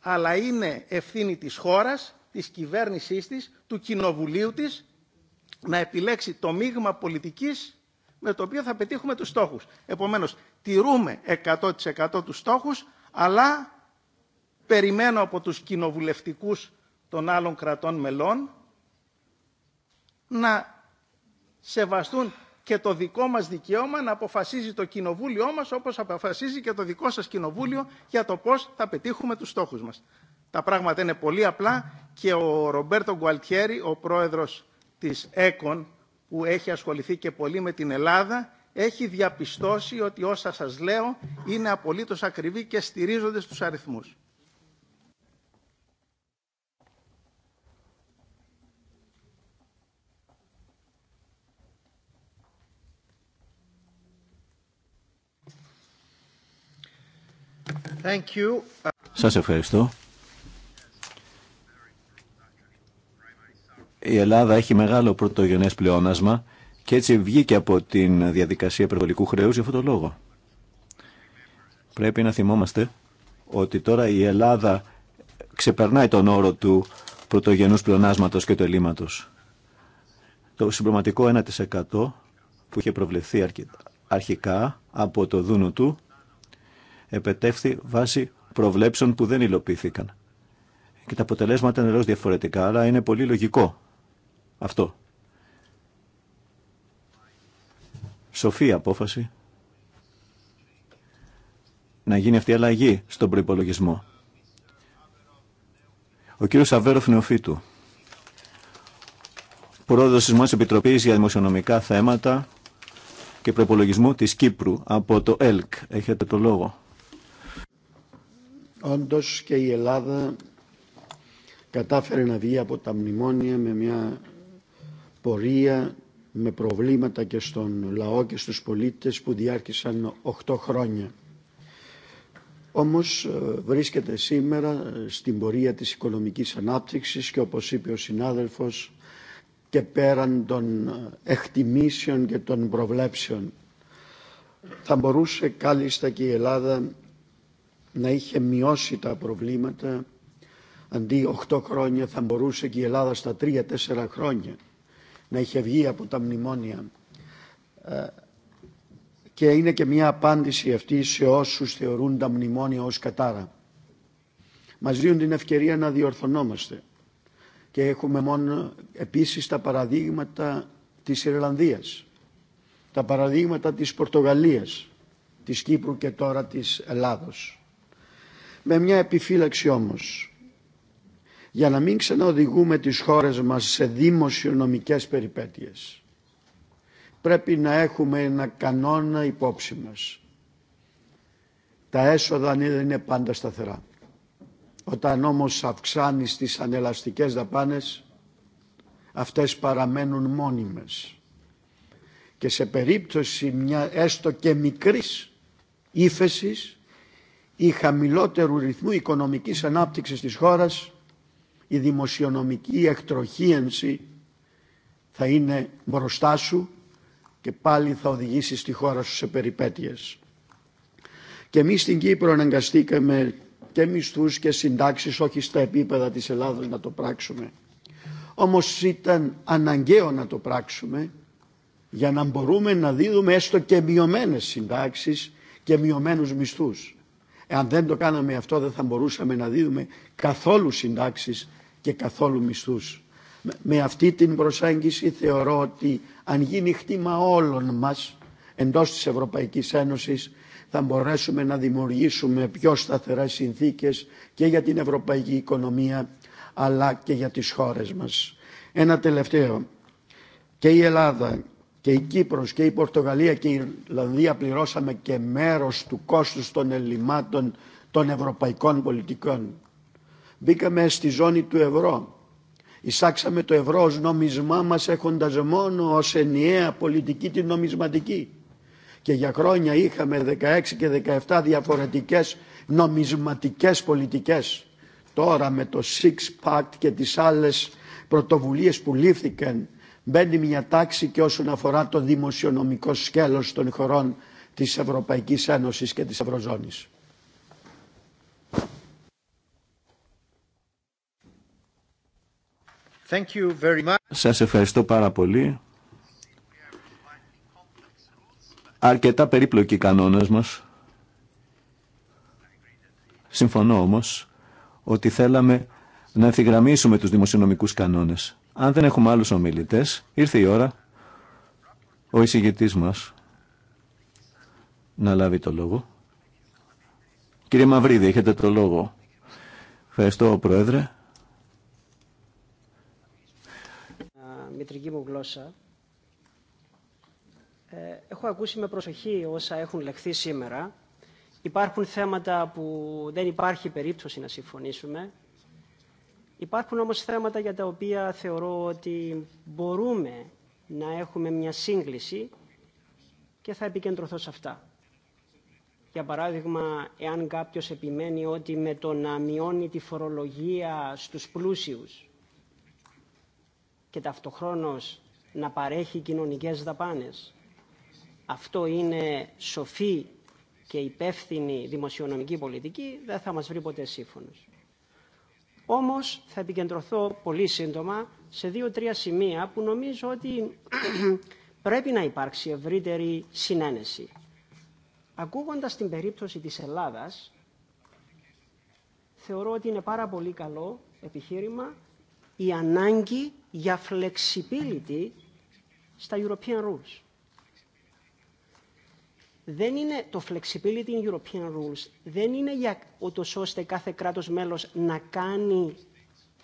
αλλά είναι ευθύνη της χώρας της κυβέρνησής της, του κοινοβουλίου της, να επιλέξει το μείγμα πολιτικής με το οποίο θα πετύχουμε τους στόχους. Επομένως, τηρούμε 100% τους στόχους, αλλά περιμένω από τους κοινοβουλευτικούς των άλλων κρατών μελών να σεβαστούν και το δικό μας δικαίωμα να αποφασίζει το κοινοβούλιο μας όπως αποφασίζει και το δικό σας κοινοβούλιο για το πώς θα πετύχουμε τους στόχους μας. Τα πράγματα είναι πολύ απλά και ο Ρομπέρτο Γκουαλτιέρη, ο πρόεδρος της ΕΚΟΝ, που έχει ασχοληθεί και πολύ με την Ελλάδα, έχει διαπιστώσει ότι όσα σας λέω είναι απολύτως ακριβή και στηρίζονται στους αριθμούς. Thank Σας ευχαριστώ. η Ελλάδα έχει μεγάλο πρωτογενές πλεόνασμα και έτσι βγήκε από την διαδικασία υπερβολικού χρέου για αυτόν τον λόγο. Πρέπει να θυμόμαστε ότι τώρα η Ελλάδα ξεπερνάει τον όρο του πρωτογενούς πλεονάσματος και του ελλείμματος. Το συμπληρωματικό 1% που είχε προβλεφθεί αρχικά από το δούνο του επετεύθη βάσει προβλέψεων που δεν υλοποιήθηκαν. Και τα αποτελέσματα είναι διαφορετικά, αλλά είναι πολύ λογικό αυτό. Σοφή απόφαση να γίνει αυτή η αλλαγή στον προϋπολογισμό. Ο κύριος Αβέροφ Νεοφίτου, πρόεδρος της Μόνης Επιτροπής για Δημοσιονομικά Θέματα και Προϋπολογισμού της Κύπρου από το ΕΛΚ. Έχετε το λόγο. Όντως και η Ελλάδα κατάφερε να βγει από τα μνημόνια με μια πορεία με προβλήματα και στον λαό και στους πολίτες που διάρκησαν 8 χρόνια. Όμως ε, βρίσκεται σήμερα ε, στην πορεία της οικονομικής ανάπτυξης και όπως είπε ο συνάδελφος και πέραν των ε, εκτιμήσεων και των προβλέψεων. Θα μπορούσε κάλλιστα και η Ελλάδα να είχε μειώσει τα προβλήματα αντί 8 χρόνια θα μπορούσε και η Ελλάδα στα 3-4 χρόνια να είχε βγει από τα μνημόνια. Ε, και είναι και μια απάντηση αυτή σε όσους θεωρούν τα μνημόνια ως κατάρα. Μας δίνουν την ευκαιρία να διορθωνόμαστε. Και έχουμε μόνο επίσης τα παραδείγματα της Ιρλανδίας, τα παραδείγματα της Πορτογαλίας, της Κύπρου και τώρα της Ελλάδος. Με μια επιφύλαξη όμως, για να μην ξαναοδηγούμε τις χώρες μας σε δημοσιονομικές περιπέτειες. Πρέπει να έχουμε ένα κανόνα υπόψη μας. Τα έσοδα δεν είναι πάντα σταθερά. Όταν όμως αυξάνεις τις ανελαστικές δαπάνες, αυτές παραμένουν μόνιμες. Και σε περίπτωση μια έστω και μικρής ύφεσης ή χαμηλότερου ρυθμού οικονομικής ανάπτυξης της χώρας, η δημοσιονομική εκτροχίενση θα είναι μπροστά σου και πάλι θα οδηγήσει τη χώρα σου σε περιπέτειες. Και εμείς στην Κύπρο αναγκαστήκαμε και μισθούς και συντάξεις όχι στα επίπεδα της Ελλάδος να το πράξουμε. Όμως ήταν αναγκαίο να το πράξουμε για να μπορούμε να δίδουμε έστω και μειωμένε συντάξεις και μειωμένους μισθούς. Εάν δεν το κάναμε αυτό δεν θα μπορούσαμε να δίδουμε καθόλου συντάξεις και καθόλου μισθούς. Με αυτή την προσέγγιση θεωρώ ότι αν γίνει χτήμα όλων μας εντός της Ευρωπαϊκής Ένωσης θα μπορέσουμε να δημιουργήσουμε πιο σταθερές συνθήκες και για την ευρωπαϊκή οικονομία αλλά και για τις χώρες μας. Ένα τελευταίο. Και η Ελλάδα και η Κύπρος και η Πορτογαλία και η Ιρλανδία πληρώσαμε και μέρος του κόστους των ελλημάτων των ευρωπαϊκών πολιτικών. Μπήκαμε στη ζώνη του ευρώ. Εισάξαμε το ευρώ ως νόμισμά μας έχοντας μόνο ως ενιαία πολιτική την νομισματική. Και για χρόνια είχαμε 16 και 17 διαφορετικές νομισματικές πολιτικές. Τώρα με το Six Pact και τις άλλες πρωτοβουλίες που λήφθηκαν μπαίνει μια τάξη και όσον αφορά το δημοσιονομικό σκέλος των χωρών της Ευρωπαϊκής Ένωσης και της Ευρωζώνης. Thank you very much. Σας ευχαριστώ πάρα πολύ. Αρκετά περίπλοκοι κανόνες μας. Συμφωνώ όμως ότι θέλαμε να ευθυγραμμίσουμε τους δημοσιονομικούς κανόνες. Αν δεν έχουμε άλλους ομιλητές, ήρθε η ώρα ο εισηγητής μας να λάβει το λόγο. Κύριε Μαυρίδη, έχετε το λόγο. Ευχαριστώ, Πρόεδρε. Μητρική μου γλώσσα. Ε, έχω ακούσει με προσοχή όσα έχουν λεχθεί σήμερα. Υπάρχουν θέματα που δεν υπάρχει περίπτωση να συμφωνήσουμε Υπάρχουν όμως θέματα για τα οποία θεωρώ ότι μπορούμε να έχουμε μια σύγκληση και θα επικεντρωθώ σε αυτά. Για παράδειγμα, εάν κάποιος επιμένει ότι με το να μειώνει τη φορολογία στους πλούσιους και ταυτοχρόνως να παρέχει κοινωνικές δαπάνες, αυτό είναι σοφή και υπεύθυνη δημοσιονομική πολιτική, δεν θα μας βρει ποτέ σύμφωνος. Όμως θα επικεντρωθώ πολύ σύντομα σε δύο-τρία σημεία που νομίζω ότι πρέπει να υπάρξει ευρύτερη συνένεση. Ακούγοντας την περίπτωση της Ελλάδας, θεωρώ ότι είναι πάρα πολύ καλό επιχείρημα η ανάγκη για flexibility στα European Rules δεν είναι το flexibility in European rules, δεν είναι για ούτως ώστε κάθε κράτος μέλος να κάνει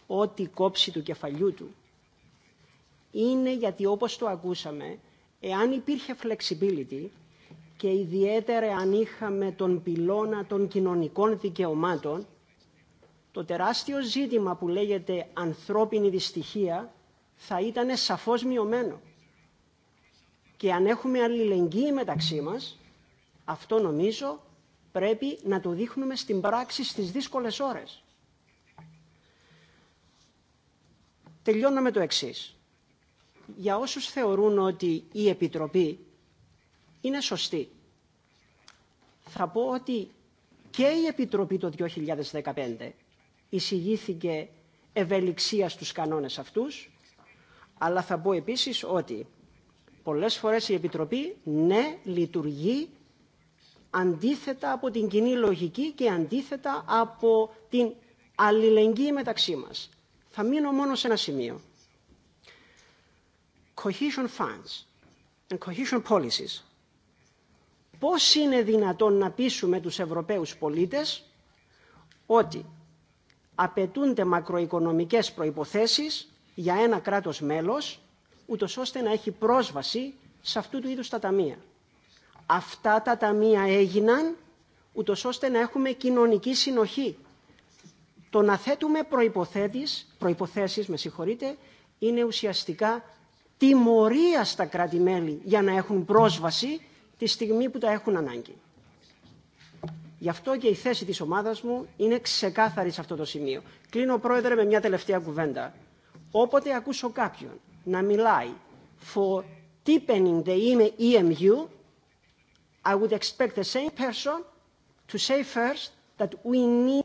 ό,τι κόψει του κεφαλιού του. Είναι γιατί όπως το ακούσαμε, εάν υπήρχε flexibility και ιδιαίτερα αν είχαμε τον πυλώνα των κοινωνικών δικαιωμάτων, το τεράστιο ζήτημα που λέγεται ανθρώπινη δυστυχία θα ήταν σαφώς μειωμένο. Και αν έχουμε αλληλεγγύη μεταξύ μας, αυτό νομίζω πρέπει να το δείχνουμε στην πράξη στις δύσκολες ώρες. Τελειώνω με το εξής. Για όσους θεωρούν ότι η Επιτροπή είναι σωστή, θα πω ότι και η Επιτροπή το 2015 εισηγήθηκε ευελιξία στους κανόνες αυτούς, αλλά θα πω επίσης ότι πολλές φορές η Επιτροπή ναι λειτουργεί αντίθετα από την κοινή λογική και αντίθετα από την αλληλεγγύη μεταξύ μας. Θα μείνω μόνο σε ένα σημείο. Cohesion funds and cohesion policies. Πώς είναι δυνατόν να πείσουμε τους Ευρωπαίους πολίτες ότι απαιτούνται μακροοικονομικές προϋποθέσεις για ένα κράτος μέλος, ούτως ώστε να έχει πρόσβαση σε αυτού του είδους τα ταμεία αυτά τα ταμεία έγιναν ούτω ώστε να έχουμε κοινωνική συνοχή. Το να θέτουμε προϋποθέσεις, προϋποθέσεις με συγχωρείτε, είναι ουσιαστικά τιμωρία στα κρατη για να έχουν πρόσβαση τη στιγμή που τα έχουν ανάγκη. Γι' αυτό και η θέση της ομάδας μου είναι ξεκάθαρη σε αυτό το σημείο. Κλείνω, Πρόεδρε, με μια τελευταία κουβέντα. Όποτε ακούσω κάποιον να μιλάει for deepening the EMU,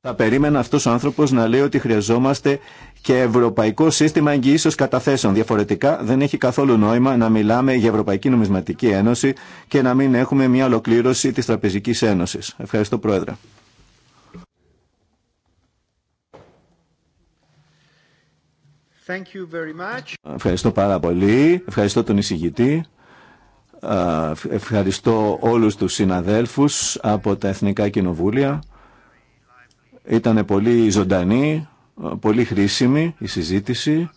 θα περίμενα αυτός ο άνθρωπος να λέει ότι χρειαζόμαστε και ευρωπαϊκό σύστημα εγγυήσεως καταθέσεων. Διαφορετικά δεν έχει καθόλου νόημα να μιλάμε για Ευρωπαϊκή Νομισματική Ένωση και να μην έχουμε μια ολοκλήρωση της Τραπεζικής Ένωσης. Ευχαριστώ Πρόεδρε. Ευχαριστώ πάρα πολύ. Ευχαριστώ τον εισηγητή. Ευχαριστώ όλους τους συναδέλφους από τα Εθνικά Κοινοβούλια. Ήταν πολύ ζωντανή, πολύ χρήσιμη η συζήτηση.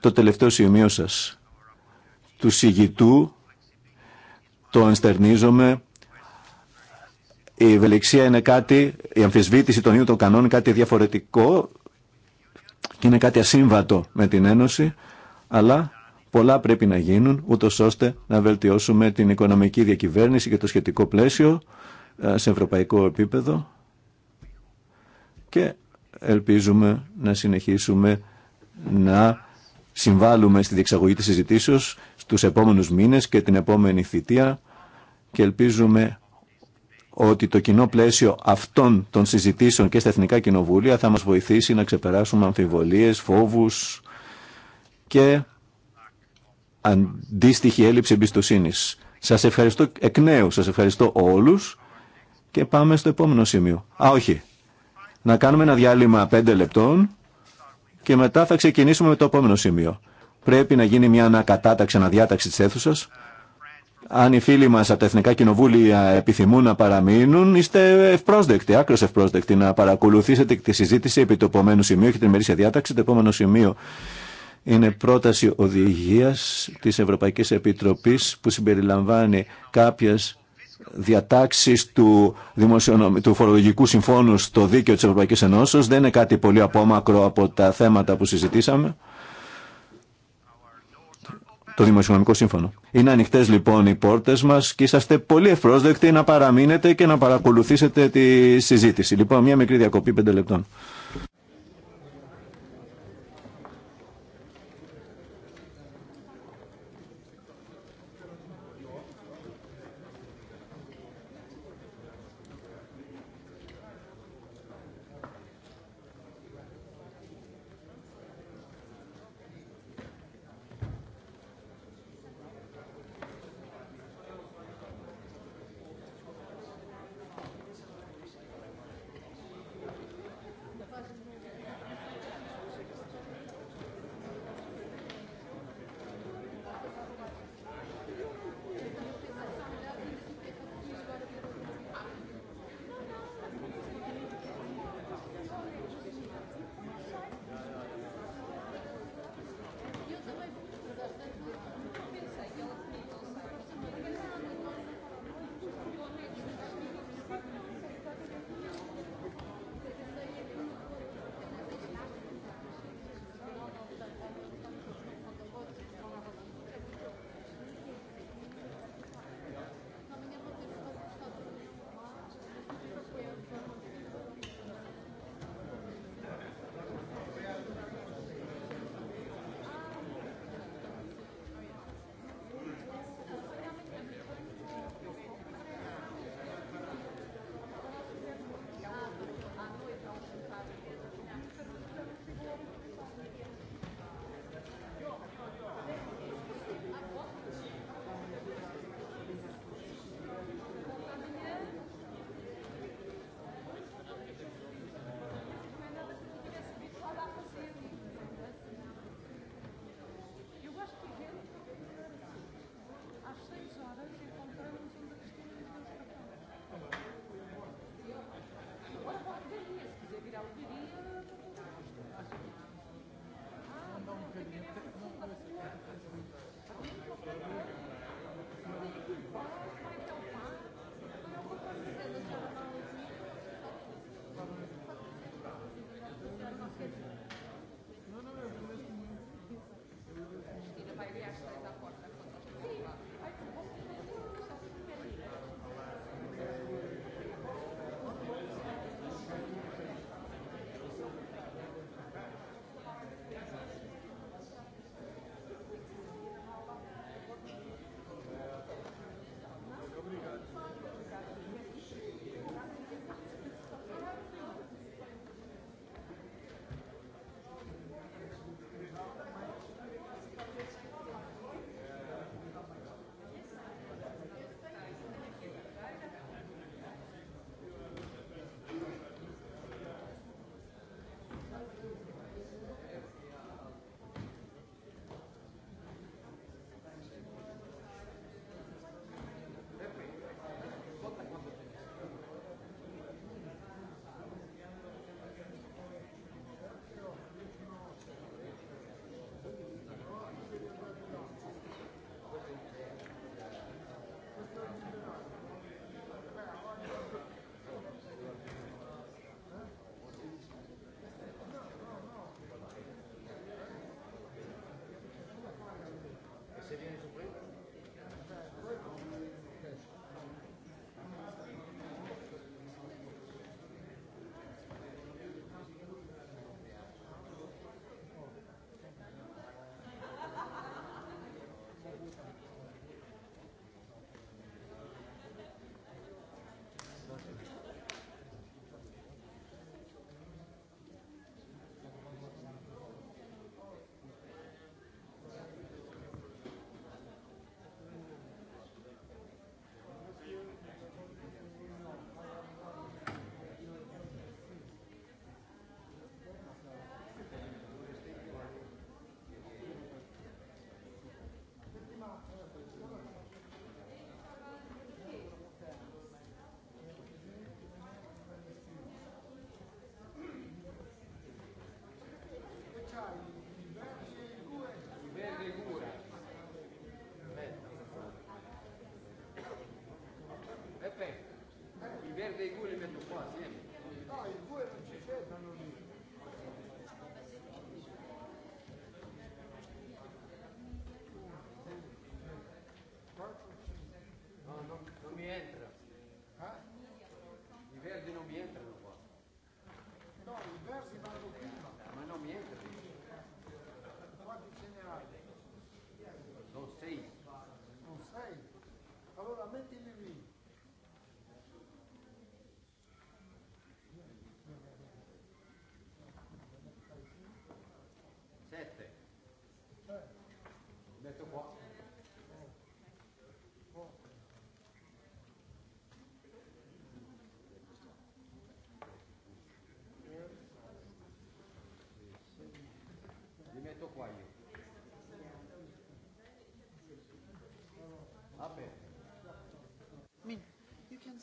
Το τελευταίο σημείο σας, του συγητού, το ενστερνίζομαι. Η ευελιξία είναι κάτι, η αμφισβήτηση των ίδιων των κανόνων είναι κάτι διαφορετικό και είναι κάτι ασύμβατο με την Ένωση, αλλά Πολλά πρέπει να γίνουν, ούτω ώστε να βελτιώσουμε την οικονομική διακυβέρνηση και το σχετικό πλαίσιο ε, σε ευρωπαϊκό επίπεδο και ελπίζουμε να συνεχίσουμε να συμβάλλουμε στη διεξαγωγή της συζητήσεω στους επόμενους μήνες και την επόμενη θητεία και ελπίζουμε ότι το κοινό πλαίσιο αυτών των συζητήσεων και στα Εθνικά Κοινοβούλια θα μας βοηθήσει να ξεπεράσουμε αμφιβολίες, φόβους και αντίστοιχη έλλειψη εμπιστοσύνη. Σα ευχαριστώ εκ νέου, σα ευχαριστώ όλου και πάμε στο επόμενο σημείο. Α, όχι. Να κάνουμε ένα διάλειμμα 5 λεπτών και μετά θα ξεκινήσουμε με το επόμενο σημείο. Πρέπει να γίνει μια ανακατάταξη, αναδιάταξη τη αίθουσα. Αν οι φίλοι μας από τα Εθνικά Κοινοβούλια επιθυμούν να παραμείνουν, είστε ευπρόσδεκτοι, άκρο ευπρόσδεκτοι, να παρακολουθήσετε τη συζήτηση επί του επόμενου σημείου και την ημερήσια διάταξη. Το επόμενο σημείο είναι πρόταση οδηγίας της Ευρωπαϊκής Επιτροπής που συμπεριλαμβάνει κάποιες διατάξεις του, του φορολογικού συμφώνου στο δίκαιο της Ευρωπαϊκής Ενώσεως. Δεν είναι κάτι πολύ απόμακρο από τα θέματα που συζητήσαμε. Το Δημοσιονομικό Σύμφωνο. Είναι ανοιχτέ λοιπόν οι πόρτε μα και είσαστε πολύ ευπρόσδεκτοι να παραμείνετε και να παρακολουθήσετε τη συζήτηση. Λοιπόν, μια μικρή διακοπή πέντε λεπτών.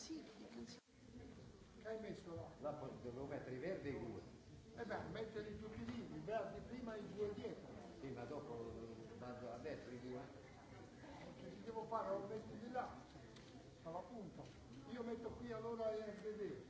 sì, Che hai messo là? Là dovevo mettere i verdi e i due. Eh beh, metterli tutti lì, i verdi prima e i due dietro. Sì, ma dopo vado a destra i due. Che devo fare? Lo metti di là, appunto, Io metto qui allora e vedere.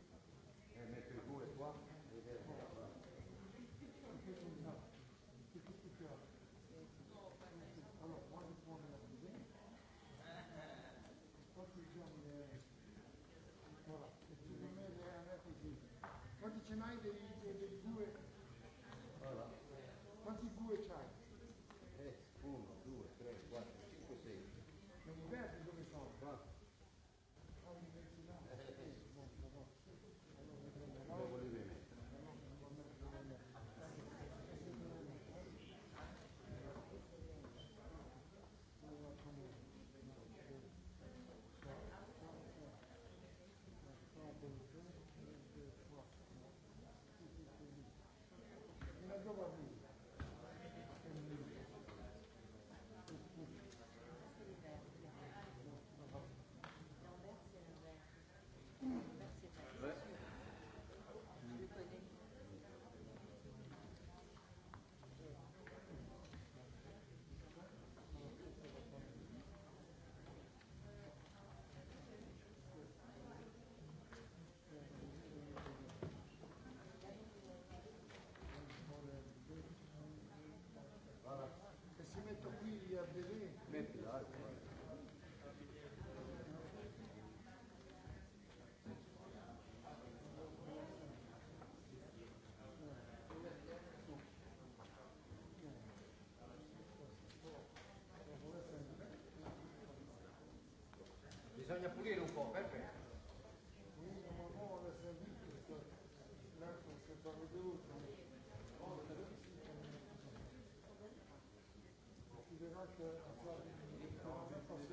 bisogna pulire un po', perfetto.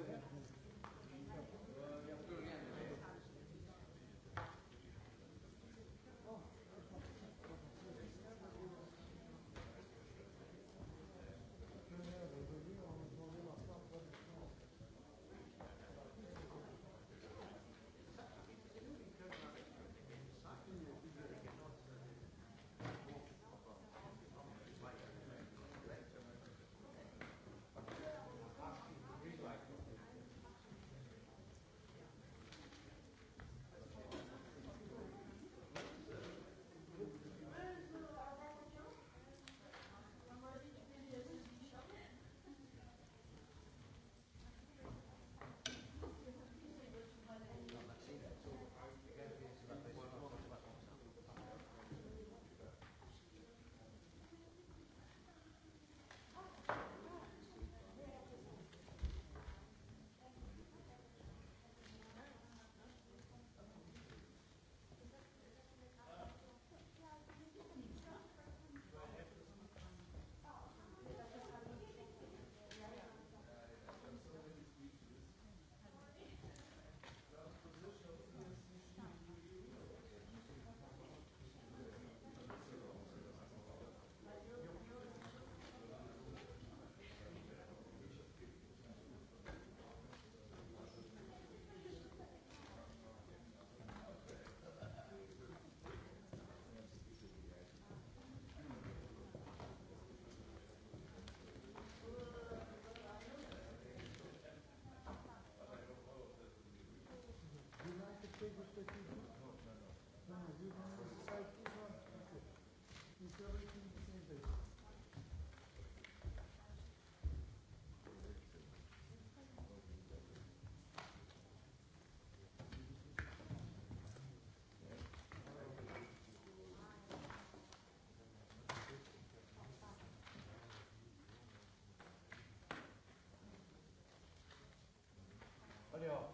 Grazie. Adiós.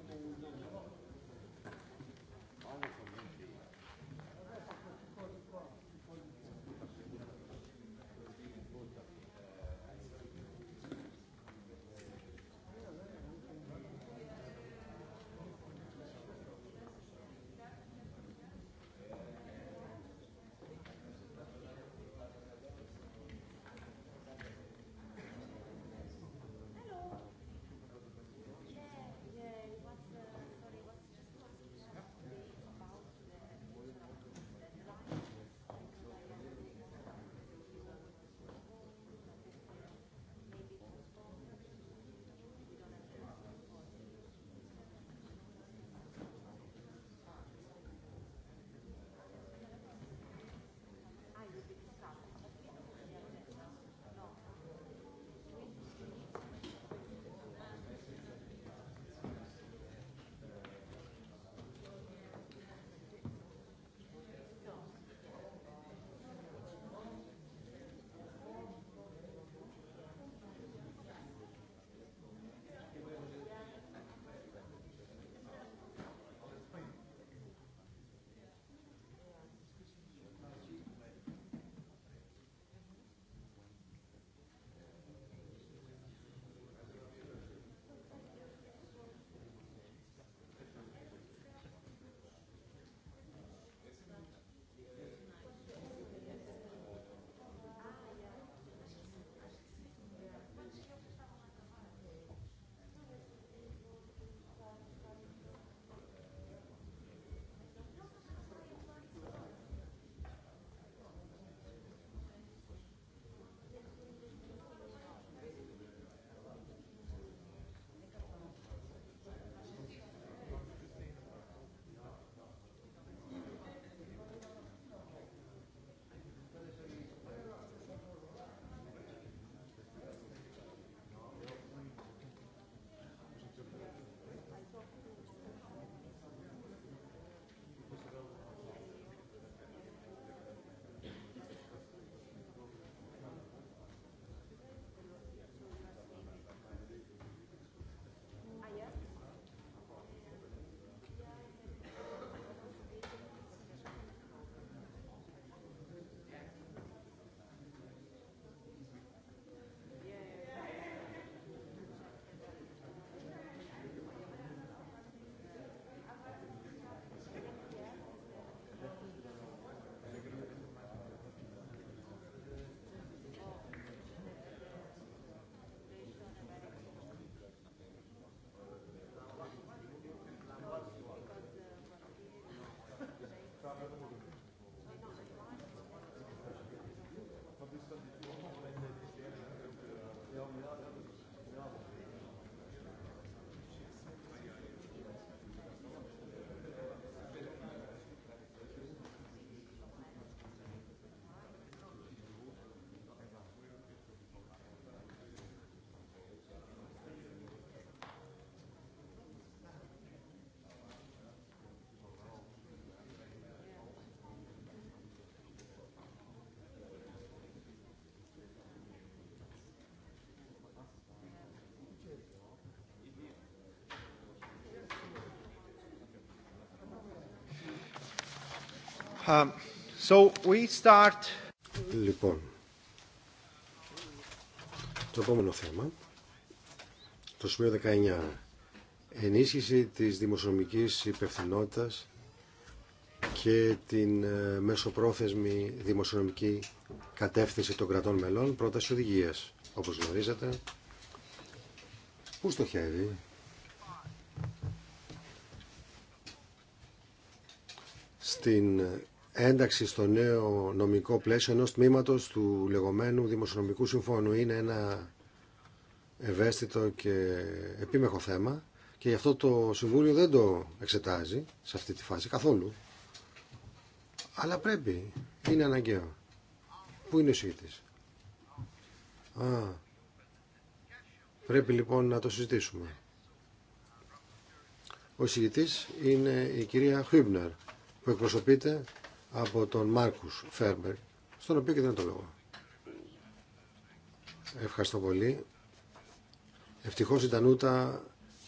Um, λοιπόν, το επόμενο θέμα, το σημείο 19, ενίσχυση της δημοσιονομικής υπευθυνότητας και την ε, μεσοπρόθεσμη δημοσιονομική κατεύθυνση των κρατών μελών, πρόταση οδηγίας, όπως γνωρίζετε. Πού στοχεύει στην ε, ένταξη στο νέο νομικό πλαίσιο ενός τμήματος του λεγόμενου Δημοσιονομικού Συμφώνου είναι ένα ευαίσθητο και επίμεχο θέμα και γι' αυτό το Συμβούλιο δεν το εξετάζει σε αυτή τη φάση καθόλου. Αλλά πρέπει. Είναι αναγκαίο. Πού είναι ο συγητής. Α, πρέπει λοιπόν να το συζητήσουμε. Ο συγητής είναι η κυρία Χούμπνερ που εκπροσωπείται από τον Μάρκους Φέρμπερ, στον οποίο και δεν το λόγο. Ευχαριστώ πολύ. Ευτυχώς η Τανούτα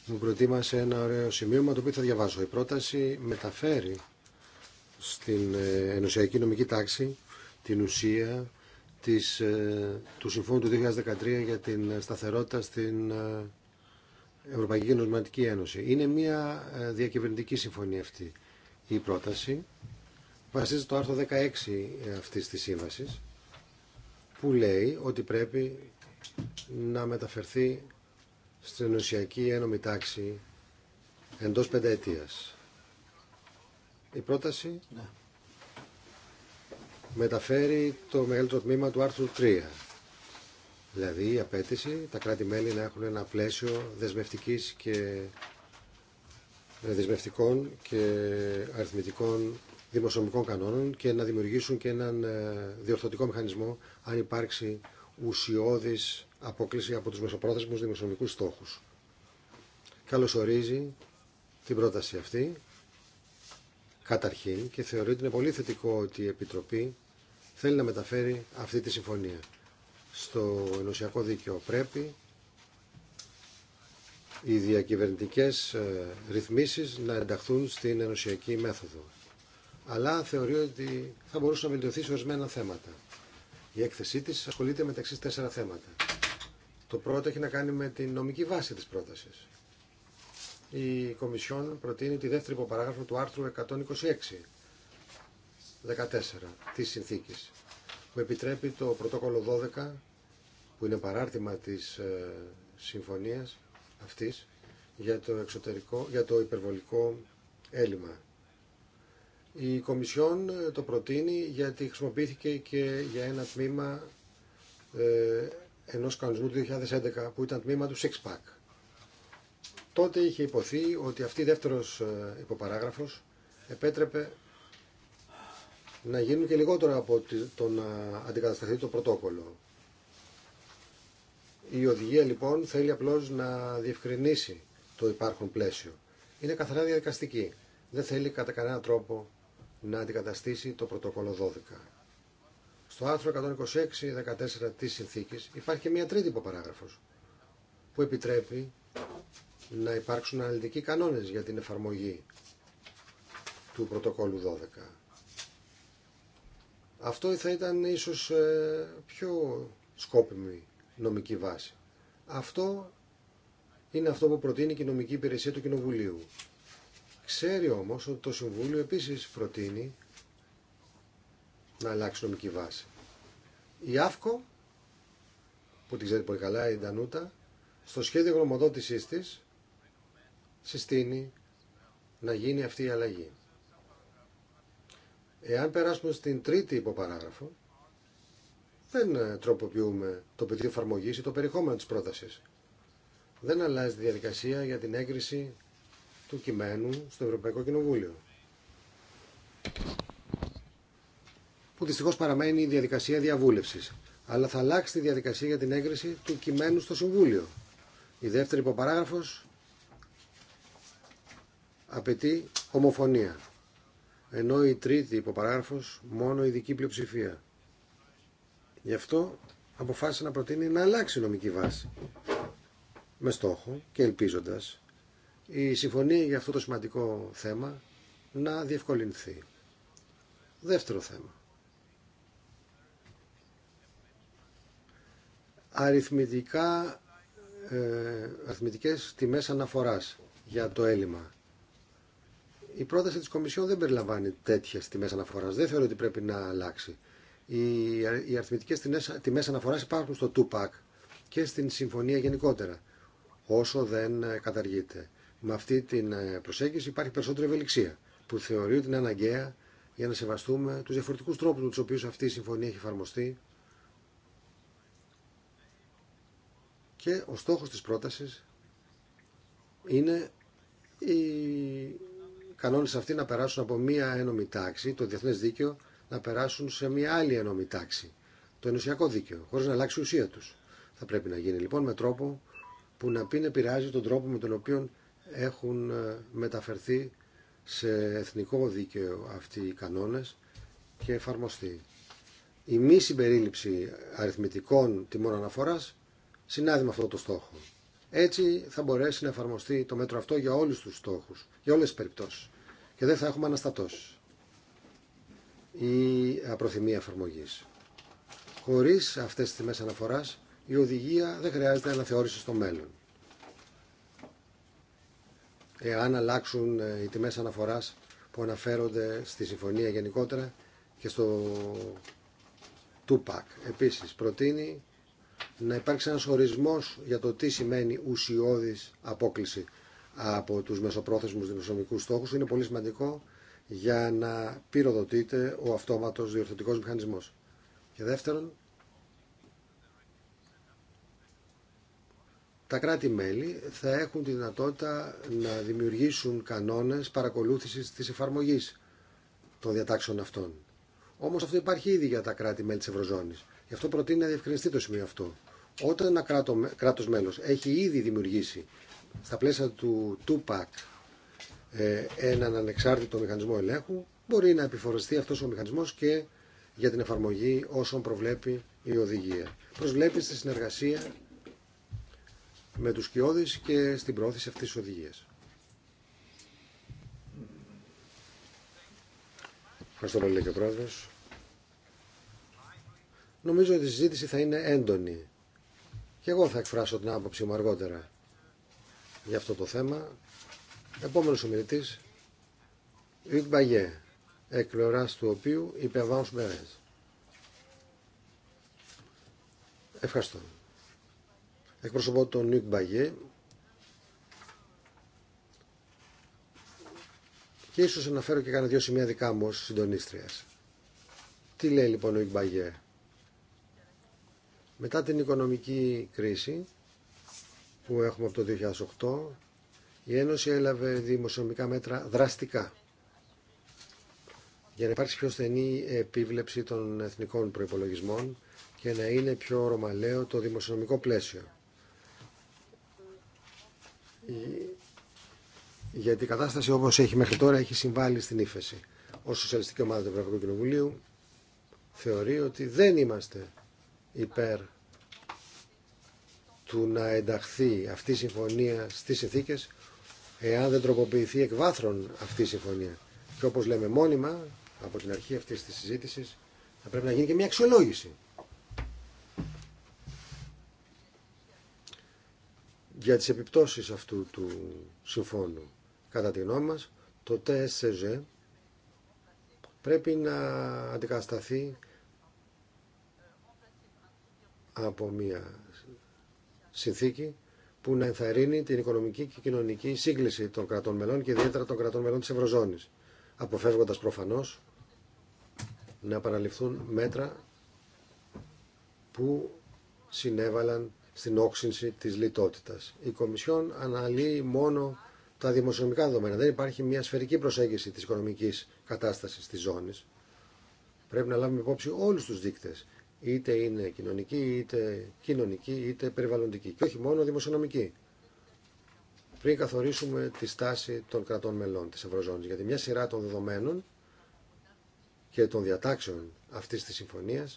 μου προετοίμασε ένα ωραίο σημείωμα το οποίο θα διαβάσω. Η πρόταση μεταφέρει στην ε, ενωσιακή νομική τάξη την ουσία της, ε, του Συμφώνου του 2013 για την σταθερότητα στην ε, Ευρωπαϊκή Κοινωνική Ένωση. Είναι μια διακυβερνητική συμφωνία αυτή η πρόταση βασίζεται το άρθρο 16 ε, αυτής της σύμβασης που λέει ότι πρέπει να μεταφερθεί στην ενωσιακή ένωμη τάξη εντός πενταετίας. Η πρόταση ναι. μεταφέρει το μεγαλύτερο τμήμα του άρθρου 3. Δηλαδή η απέτηση τα κράτη-μέλη να έχουν ένα πλαίσιο δεσμευτικής και ε, δεσμευτικών και αριθμητικών δημοσιονομικών κανόνων και να δημιουργήσουν και έναν ε, διορθωτικό μηχανισμό αν υπάρξει ουσιώδης απόκληση από τους μεσοπρόθεσμους δημοσιονομικούς στόχους. Καλωσορίζει την πρόταση αυτή καταρχήν και θεωρεί ότι είναι πολύ θετικό ότι η Επιτροπή θέλει να μεταφέρει αυτή τη συμφωνία. Στο ενωσιακό δίκαιο πρέπει οι διακυβερνητικές ε, ρυθμίσεις να ενταχθούν στην ενωσιακή μέθοδο αλλά θεωρεί ότι θα μπορούσε να βελτιωθεί σε ορισμένα θέματα. Η έκθεσή τη ασχολείται με τα τέσσερα θέματα. Το πρώτο έχει να κάνει με την νομική βάση τη πρόταση. Η Κομισιόν προτείνει τη δεύτερη υποπαράγραφο του άρθρου 126. 14 της συνθήκης που επιτρέπει το πρωτόκολλο 12 που είναι παράρτημα της ε, συμφωνίας αυτής για το, για το υπερβολικό έλλειμμα. Η Κομισιόν ε, το προτείνει γιατί χρησιμοποιήθηκε και για ένα τμήμα ε, ενός κανονισμού του 2011 που ήταν τμήμα του Six Pack. Τότε είχε υποθεί ότι αυτή η δεύτερος ε, υποπαράγραφος επέτρεπε να γίνουν και λιγότερο από το να αντικατασταθεί το πρωτόκολλο. Η οδηγία λοιπόν θέλει απλώς να διευκρινίσει το υπάρχον πλαίσιο. Είναι καθαρά διαδικαστική. Δεν θέλει κατά κανένα τρόπο να αντικαταστήσει το πρωτόκολλο 12. Στο άρθρο 126-14 της συνθήκης υπάρχει και μια τρίτη υποπαράγραφος που επιτρέπει να υπάρξουν αναλυτικοί κανόνες για την εφαρμογή του πρωτοκόλλου 12. Αυτό θα ήταν ίσως ε, πιο σκόπιμη νομική βάση. Αυτό είναι αυτό που προτείνει και η νομική υπηρεσία του Κοινοβουλίου. Ξέρει όμως ότι το Συμβούλιο επίσης προτείνει να αλλάξει νομική βάση. Η ΑΦΚΟ, που την ξέρει πολύ καλά, η Ντανούτα, στο σχέδιο γνωμοδότησής της συστήνει να γίνει αυτή η αλλαγή. Εάν περάσουμε στην τρίτη υποπαράγραφο, δεν τροποποιούμε το πεδίο εφαρμογή ή το περιεχόμενο της πρότασης. Δεν αλλάζει τη διαδικασία για την έγκριση του κειμένου στο Ευρωπαϊκό Κοινοβούλιο. Που δυστυχώ παραμένει η διαδικασία διαβούλευση. Αλλά θα αλλάξει τη διαδικασία για την έγκριση του κειμένου στο Συμβούλιο. Η δεύτερη υποπαράγραφο απαιτεί ομοφωνία. Ενώ η τρίτη υποπαράγραφο μόνο ειδική πλειοψηφία. Γι' αυτό αποφάσισε να προτείνει να αλλάξει η νομική βάση. Με στόχο και ελπίζοντας η συμφωνία για αυτό το σημαντικό θέμα να διευκολυνθεί. Δεύτερο θέμα. Αριθμητικά, ε, αριθμητικές τιμές αναφοράς για το έλλειμμα. Η πρόταση της Κομισιόν δεν περιλαμβάνει τέτοιες τιμές αναφοράς. Δεν θεωρώ ότι πρέπει να αλλάξει. Οι, οι αριθμητικές τιμές, αναφοράς υπάρχουν στο 2 και στην Συμφωνία γενικότερα, όσο δεν καταργείται με αυτή την ε, προσέγγιση υπάρχει περισσότερη ευελιξία που θεωρεί ότι είναι αναγκαία για να σεβαστούμε τους διαφορετικούς τρόπους με τους οποίους αυτή η συμφωνία έχει εφαρμοστεί και ο στόχος της πρότασης είναι οι κανόνες αυτοί να περάσουν από μία ένωμη τάξη, το διεθνές δίκαιο, να περάσουν σε μία άλλη ένωμη τάξη, το ενωσιακό δίκαιο, χωρίς να αλλάξει η ουσία τους. Θα πρέπει να γίνει λοιπόν με τρόπο που να πει να επηρεάζει τον τρόπο με τον οποίο έχουν ε, μεταφερθεί σε εθνικό δίκαιο αυτοί οι κανόνες και εφαρμοστεί. Η μη συμπερίληψη αριθμητικών τιμών αναφοράς συνάδει με αυτό το στόχο. Έτσι θα μπορέσει να εφαρμοστεί το μέτρο αυτό για όλους τους στόχους, για όλες τις περιπτώσεις και δεν θα έχουμε αναστατώσεις ή απροθυμία εφαρμογής. Χωρίς αυτές τις τιμές αναφοράς η οδηγία δεν χρειάζεται αναθεώρηση στο μέλλον εάν αλλάξουν ε, οι τιμές αναφοράς που αναφέρονται στη συμφωνία γενικότερα και στο ΤΟΥΠΑΚ. Επίσης προτείνει να υπάρξει ένας ορισμός για το τι σημαίνει ουσιώδης απόκληση από τους μεσοπρόθεσμους δημοσιονομικούς στόχους. Είναι πολύ σημαντικό για να πυροδοτείται ο αυτόματος διορθωτικός μηχανισμός. Και δεύτερον, τα κράτη-μέλη θα έχουν τη δυνατότητα να δημιουργήσουν κανόνες παρακολούθησης της εφαρμογής των διατάξεων αυτών. Όμως αυτό υπάρχει ήδη για τα κράτη-μέλη της Ευρωζώνης. Γι' αυτό προτείνει να διευκρινιστεί το σημείο αυτό. Όταν ένα κράτος μέλος έχει ήδη δημιουργήσει στα πλαίσια του TUPAC ε, έναν ανεξάρτητο μηχανισμό ελέγχου, μπορεί να επιφορεστεί αυτός ο μηχανισμός και για την εφαρμογή όσων προβλέπει η οδηγία. Προσβλέπει στη συνεργασία με τους κοιόδης και στην πρόθεση αυτής της οδηγίας. Ευχαριστώ πολύ και ο Πρόεδρος. Νομίζω ότι η συζήτηση θα είναι έντονη. Και εγώ θα εκφράσω την άποψή μου αργότερα για αυτό το θέμα. Επόμενος ομιλητής, Ιουκ Μπαγιέ, εκλοράς του οποίου υπερβάνουν μέρές. Ευχαριστώ. Εκπροσωπώ τον Νίκ Μπαγιέ και ίσως αναφέρω και κάνα δύο σημεία δικά μου ως συντονίστριας. Τι λέει λοιπόν ο Νίκ Μπαγιέ. Μετά την οικονομική κρίση που έχουμε από το 2008 η Ένωση έλαβε δημοσιονομικά μέτρα δραστικά για να υπάρξει πιο στενή επίβλεψη των εθνικών προϋπολογισμών και να είναι πιο ρωμαλαίο το δημοσιονομικό πλαίσιο. Ε, γιατί η κατάσταση όπως έχει μέχρι τώρα έχει συμβάλει στην ύφεση. ω Σοσιαλιστική Ομάδα του Ευρωπαϊκού Κοινοβουλίου θεωρεί ότι δεν είμαστε υπέρ του να ενταχθεί αυτή η συμφωνία στις συνθήκες εάν δεν τροποποιηθεί εκ βάθρων αυτή η συμφωνία. Και όπως λέμε μόνιμα από την αρχή αυτής της συζήτησης θα πρέπει να γίνει και μια αξιολόγηση για τις επιπτώσεις αυτού του συμφώνου. Κατά τη γνώμη μας, το TSG πρέπει να αντικατασταθεί από μια συνθήκη που να ενθαρρύνει την οικονομική και κοινωνική σύγκληση των κρατών μελών και ιδιαίτερα των κρατών μελών της Ευρωζώνης, αποφεύγοντας προφανώς να παραληφθούν μέτρα που συνέβαλαν στην όξυνση της λιτότητας. Η Κομισιόν αναλύει μόνο τα δημοσιονομικά δεδομένα. Δεν υπάρχει μια σφαιρική προσέγγιση της οικονομικής κατάστασης της ζώνης. Πρέπει να λάβουμε υπόψη όλους τους δείκτες, είτε είναι κοινωνικοί, είτε κοινωνικοί, είτε περιβαλλοντικοί και όχι μόνο δημοσιονομικοί Πριν καθορίσουμε τη στάση των κρατών μελών της Ευρωζώνης, γιατί μια σειρά των δεδομένων και των διατάξεων αυτή τη συμφωνία,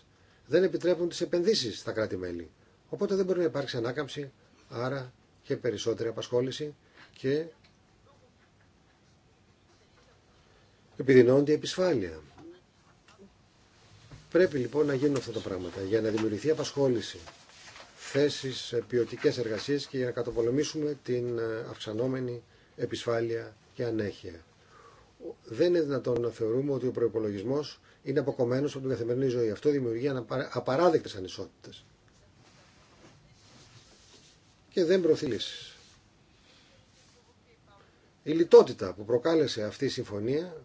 δεν επιτρέπουν τις επενδύσεις στα κράτη-μέλη. Οπότε δεν μπορεί να υπάρξει ανάκαμψη, άρα και περισσότερη απασχόληση και επιδεινώνεται η επισφάλεια. Πρέπει λοιπόν να γίνουν αυτά τα πράγματα για να δημιουργηθεί απασχόληση, θέσεις ποιοτικέ εργασίες και για να καταπολεμήσουμε την αυξανόμενη επισφάλεια και ανέχεια. Δεν είναι δυνατόν να θεωρούμε ότι ο προπολογισμό είναι αποκομμένο από την καθημερινή ζωή. Αυτό δημιουργεί απαράδεκτε ανισότητες και δεν προωθεί Η λιτότητα που προκάλεσε αυτή η συμφωνία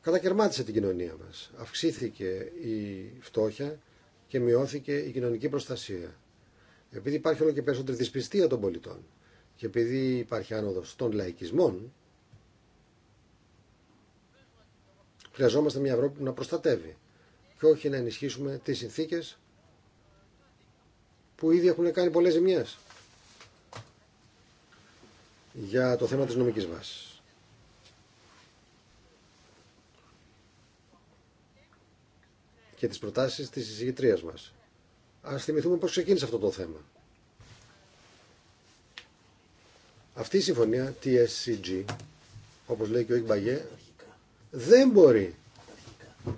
κατακαιρμάτισε την κοινωνία μας. Αυξήθηκε η φτώχεια και μειώθηκε η κοινωνική προστασία. Επειδή υπάρχει όλο και περισσότερη δυσπιστία των πολιτών και επειδή υπάρχει άνοδος των λαϊκισμών, χρειαζόμαστε μια Ευρώπη που να προστατεύει και όχι να ενισχύσουμε τις συνθήκες που ήδη έχουν κάνει πολλές ζημιές για το θέμα της νομικής βάσης. και τις προτάσεις της συζητρίας μας. Ας θυμηθούμε πώς ξεκίνησε αυτό το θέμα. Αυτή η συμφωνία TSCG, όπως λέει και ο Ιγμπαγέ, δεν μπορεί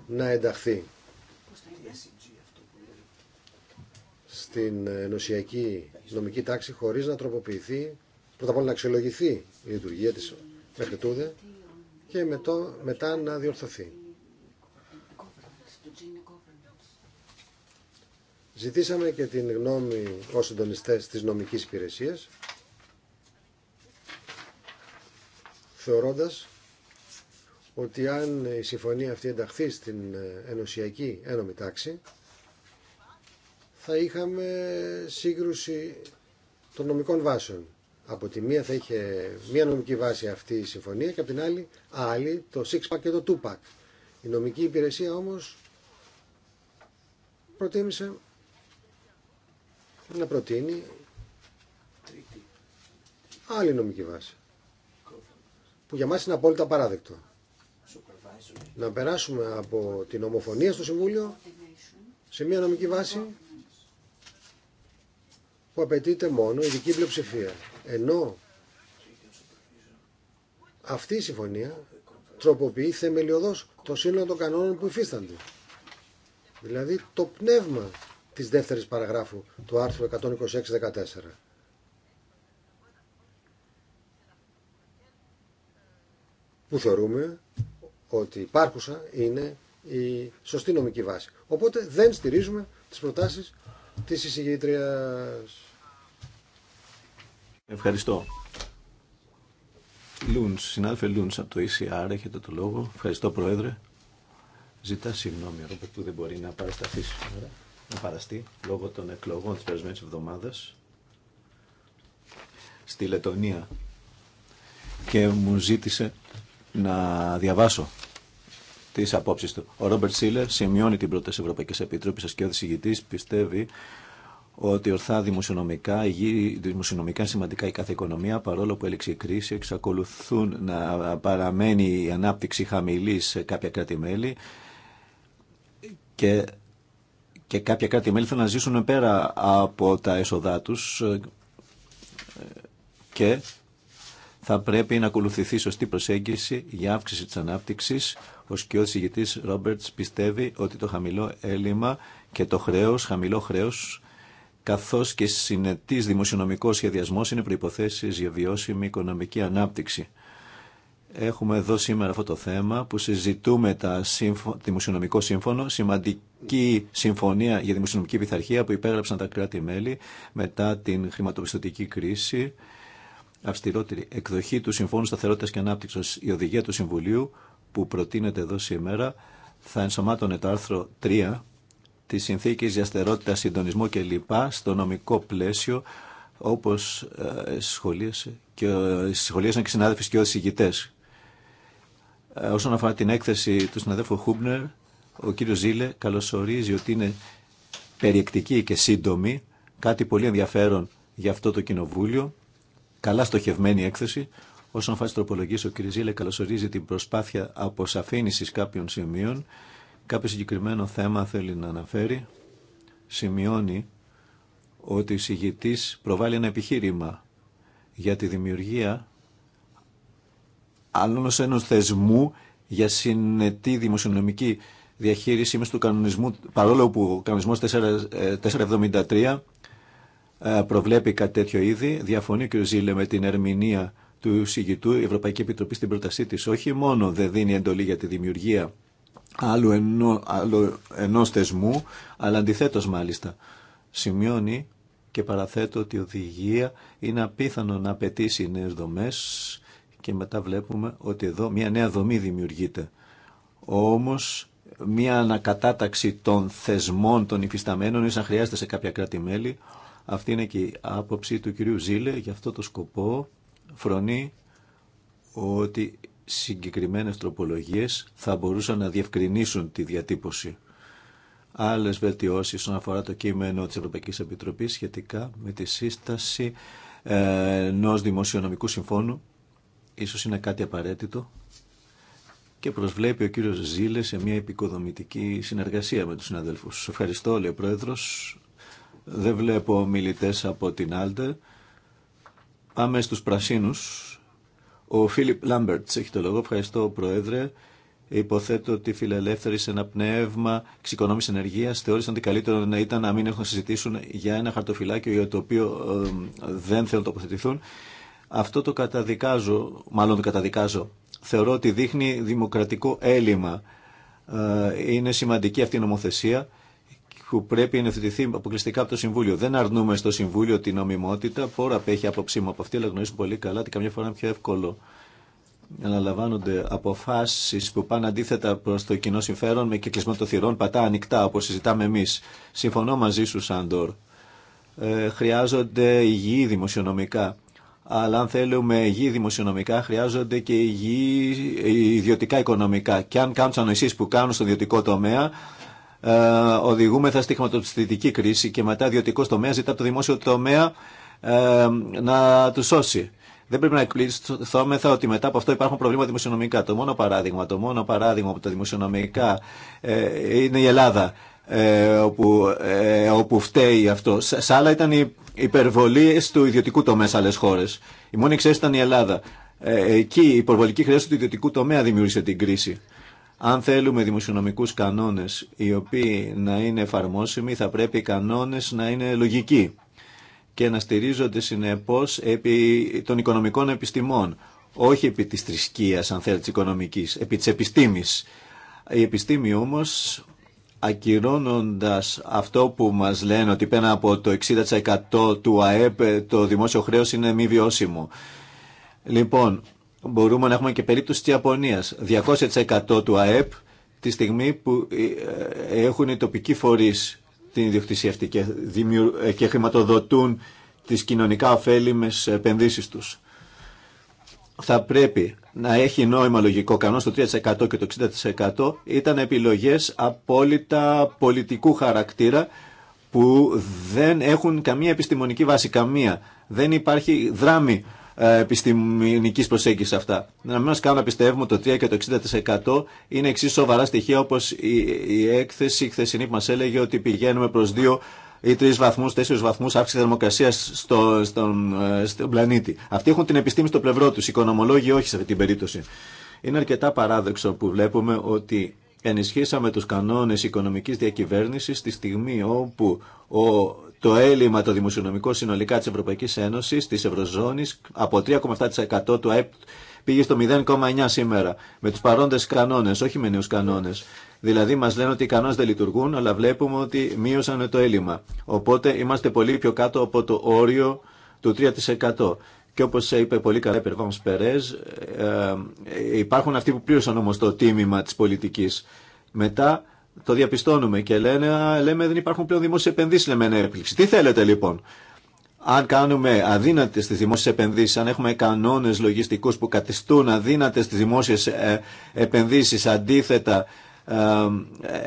να ενταχθεί στην ενωσιακή νομική τάξη χωρίς να τροποποιηθεί, πρώτα απ' όλα να αξιολογηθεί η λειτουργία της μέχρι τούδε και μετά να διορθωθεί. Ζητήσαμε και την γνώμη ως συντονιστέ της νομικής υπηρεσίας θεωρώντας ότι αν η συμφωνία αυτή ενταχθεί στην ενωσιακή ένωμη τάξη θα είχαμε σύγκρουση των νομικών βάσεων. Από τη μία θα είχε μία νομική βάση αυτή η συμφωνία και από την άλλη, άλλη το six pack και το two pack. Η νομική υπηρεσία όμως προτίμησε να προτείνει άλλη νομική βάση που για μας είναι απόλυτα παράδεκτο. Να περάσουμε από την ομοφωνία στο Συμβούλιο σε μια νομική βάση που απαιτείται μόνο η δική πλειοψηφία. Ενώ αυτή η συμφωνία τροποποιεί θεμελιωδώς το σύνολο των κανόνων που υφίστανται. Δηλαδή το πνεύμα της δεύτερης παραγράφου του άρθρου 126-14 που θεωρούμε ότι υπάρχουσα είναι η σωστή νομική βάση. Οπότε δεν στηρίζουμε τις προτάσεις Τη συζητήτρια. Ευχαριστώ. λουν συνάδελφε Λούνς από το ECR, έχετε το λόγο. Ευχαριστώ Πρόεδρε. Ζητά συγγνώμη ο που δεν μπορεί να παρασταθεί σήμερα, να παραστεί λόγω των εκλογών της περασμένης εβδομάδας στη Λετωνία και μου ζήτησε να διαβάσω τι απόψει του. Ο Ρόμπερτ Σίλερ σημειώνει την πρόταση Ευρωπαϊκή Επιτροπή και ο πιστεύει ότι ορθά δημοσιονομικά, υγιή, δημοσιονομικά σημαντικά η κάθε οικονομία, παρόλο που έληξε η κρίση, εξακολουθούν να παραμένει η ανάπτυξη χαμηλή σε κάποια κράτη-μέλη και, και κάποια κράτη-μέλη θέλουν να ζήσουν πέρα από τα έσοδά του. Ε, και θα πρέπει να ακολουθηθεί σωστή προσέγγιση για αύξηση της ανάπτυξης. Ο σκιώδης ηγητής Ρόμπερτς πιστεύει ότι το χαμηλό έλλειμμα και το χρέος, χαμηλό χρέος, καθώς και συνετής δημοσιονομικός σχεδιασμός είναι προϋποθέσεις για βιώσιμη οικονομική ανάπτυξη. Έχουμε εδώ σήμερα αυτό το θέμα που συζητούμε τα δημοσιονομικό σύμφωνο, σημαντική συμφωνία για δημοσιονομική πειθαρχία που υπέγραψαν τα κράτη-μέλη μετά την χρηματοπιστωτική κρίση αυστηρότερη εκδοχή του Συμφώνου Σταθερότητα και Ανάπτυξη. Η οδηγία του Συμβουλίου που προτείνεται εδώ σήμερα θα ενσωμάτωνε το άρθρο 3 τη συνθήκη για στερότητα, συντονισμό κλπ. στο νομικό πλαίσιο όπω ε, σχολίασε και, ε, σχολίασαν και συνάδελφοι και οδηγητέ. Ε, όσον αφορά την έκθεση του συναδέλφου Χούμπνερ, ο κύριος Ζήλε καλωσορίζει ότι είναι περιεκτική και σύντομη, κάτι πολύ ενδιαφέρον για αυτό το κοινοβούλιο καλά στοχευμένη έκθεση. Όσον αφορά τι τροπολογίε, ο κ. Ζήλε καλωσορίζει την προσπάθεια αποσαφήνιση κάποιων σημείων. Κάποιο συγκεκριμένο θέμα θέλει να αναφέρει. Σημειώνει ότι ο εισηγητή προβάλλει ένα επιχείρημα για τη δημιουργία άλλων ενός θεσμού για συνετή δημοσιονομική διαχείριση μες του κανονισμού, παρόλο που ο κανονισμός 473 ε, προβλέπει κάτι τέτοιο ήδη. Διαφωνεί και ο Ζήλε με την ερμηνεία του συγητού. Η Ευρωπαϊκή Επιτροπή στην πρότασή τη. όχι μόνο δεν δίνει εντολή για τη δημιουργία άλλου, ενό, θεσμού, αλλά αντιθέτω μάλιστα. Σημειώνει και παραθέτω ότι η οδηγία είναι απίθανο να απαιτήσει νέε δομέ και μετά βλέπουμε ότι εδώ μια νέα δομή δημιουργείται. Όμως μια ανακατάταξη των θεσμών των υφισταμένων ίσα χρειάζεται σε κάποια κράτη-μέλη αυτή είναι και η άποψη του κυρίου Ζήλε. Γι' αυτό το σκοπό φρονεί ότι συγκεκριμένες τροπολογίες θα μπορούσαν να διευκρινίσουν τη διατύπωση. Άλλες βελτιώσεις όσον αφορά το κείμενο της Ευρωπαϊκής Επιτροπής σχετικά με τη σύσταση ε, ενό δημοσιονομικού συμφώνου ίσως είναι κάτι απαραίτητο και προσβλέπει ο κύριος Ζήλε σε μια επικοδομητική συνεργασία με τους συναδέλφους. Σας ευχαριστώ, λέει ο Πρόεδρος. Δεν βλέπω μιλητές από την Άλτε. Πάμε στους πρασίνους. Ο Φίλιπ Λάμπερτ, έχει το λόγο. Ευχαριστώ, Πρόεδρε. Υποθέτω ότι οι φιλελεύθεροι σε ένα πνεύμα εξοικονόμηση ενεργεία θεώρησαν ότι καλύτερο να ήταν να μην έχουν συζητήσουν για ένα χαρτοφυλάκιο για το οποίο δεν θέλουν να τοποθετηθούν. Αυτό το καταδικάζω, μάλλον το καταδικάζω. Θεωρώ ότι δείχνει δημοκρατικό έλλειμμα. Ε, είναι σημαντική αυτή η νομοθεσία που πρέπει να ευθυνθεί αποκλειστικά από το Συμβούλιο. Δεν αρνούμε στο Συμβούλιο την νομιμότητα, πόρα απέχει άποψή μου από αυτή, αλλά γνωρίζουν πολύ καλά ότι καμιά φορά είναι πιο εύκολο να αναλαμβάνονται αποφάσει που πάνε αντίθετα προ το κοινό συμφέρον με κυκλισμό των θυρών, πατά ανοιχτά, όπω συζητάμε εμεί. Συμφωνώ μαζί σου, Σάντορ. Ε, χρειάζονται υγιή δημοσιονομικά. Αλλά αν θέλουμε υγιή δημοσιονομικά, χρειάζονται και υγιή ε, ιδιωτικά οικονομικά. Και αν κάνουν τι που κάνουν στον ιδιωτικό τομέα, ε, οδηγούμεθα στη χρηματοπιστωτική κρίση και μετά ιδιωτικό τομέα ζητά από το δημόσιο τομέα ε, να του σώσει. Δεν πρέπει να εκπληκθούμεθα ότι μετά από αυτό υπάρχουν προβλήματα δημοσιονομικά. Το μόνο παράδειγμα, το μόνο παράδειγμα από τα δημοσιονομικά ε, είναι η Ελλάδα. όπου, όπου φταίει αυτό. Σ' άλλα ήταν οι υπερβολή του ιδιωτικού τομέα σε άλλε χώρε. Η μόνη εξαίρεση ήταν η Ελλάδα. εκεί η υπερβολική χρέωση του ιδιωτικού τομέα δημιούργησε την κρίση. Αν θέλουμε δημοσιονομικούς κανόνες οι οποίοι να είναι εφαρμόσιμοι θα πρέπει οι κανόνες να είναι λογικοί και να στηρίζονται συνεπώ επί των οικονομικών επιστημών, όχι επί τη θρησκεία, αν θέλετε, τη οικονομική, επί τη επιστήμης. Η επιστήμη όμω, ακυρώνοντας αυτό που μα λένε ότι πέρα από το 60% του ΑΕΠ το δημόσιο χρέο είναι μη βιώσιμο. Λοιπόν, μπορούμε να έχουμε και περίπτωση της Ιαπωνίας. 200% του ΑΕΠ τη στιγμή που ε, ε, έχουν οι τοπικοί φορείς την ιδιοκτησία αυτή ε, και, χρηματοδοτούν τις κοινωνικά ωφέλιμες επενδύσεις τους. Θα πρέπει να έχει νόημα λογικό κανόνα στο 3% και το 60% ήταν επιλογές απόλυτα πολιτικού χαρακτήρα που δεν έχουν καμία επιστημονική βάση, καμία. Δεν υπάρχει δράμη ε, επιστημονικής προσέγγιση αυτά. Να μην μα κάνουν να πιστεύουμε ότι το 3 και το 60% είναι εξίσου σοβαρά στοιχεία όπω η, έκθεση η χθεσινή που μα έλεγε ότι πηγαίνουμε προ 2 ή 3 βαθμού, 4 βαθμού αύξηση θερμοκρασία στο, στον, ε, στον πλανήτη. Αυτοί έχουν την επιστήμη στο πλευρό του, οι οικονομολόγοι όχι σε αυτή την περίπτωση. Είναι αρκετά παράδοξο που βλέπουμε ότι ενισχύσαμε τους κανόνες οικονομικής διακυβέρνησης στη στιγμή όπου ο το έλλειμμα το δημοσιονομικό συνολικά της Ευρωπαϊκής Ένωσης, της Ευρωζώνης, από 3,7% του ΑΕΠ πήγε στο 0,9% σήμερα, με τους παρόντες κανόνες, όχι με νέους κανόνες. Δηλαδή μας λένε ότι οι κανόνες δεν λειτουργούν, αλλά βλέπουμε ότι μείωσαν το έλλειμμα. Οπότε είμαστε πολύ πιο κάτω από το όριο του 3%. Και όπω είπε πολύ καλά η Περβάμ Περές, ε, ε, υπάρχουν αυτοί που πλήρωσαν όμω το τίμημα τη πολιτική. Μετά το διαπιστώνουμε και λένε, λέμε δεν υπάρχουν πλέον δημόσιε επενδύσει, λέμε «Ναι, Τι θέλετε λοιπόν, αν κάνουμε αδύνατε τι δημόσιε επενδύσει, αν έχουμε κανόνε λογιστικού που καθιστούν αδύνατε τι δημόσιε επενδύσει, αντίθετα,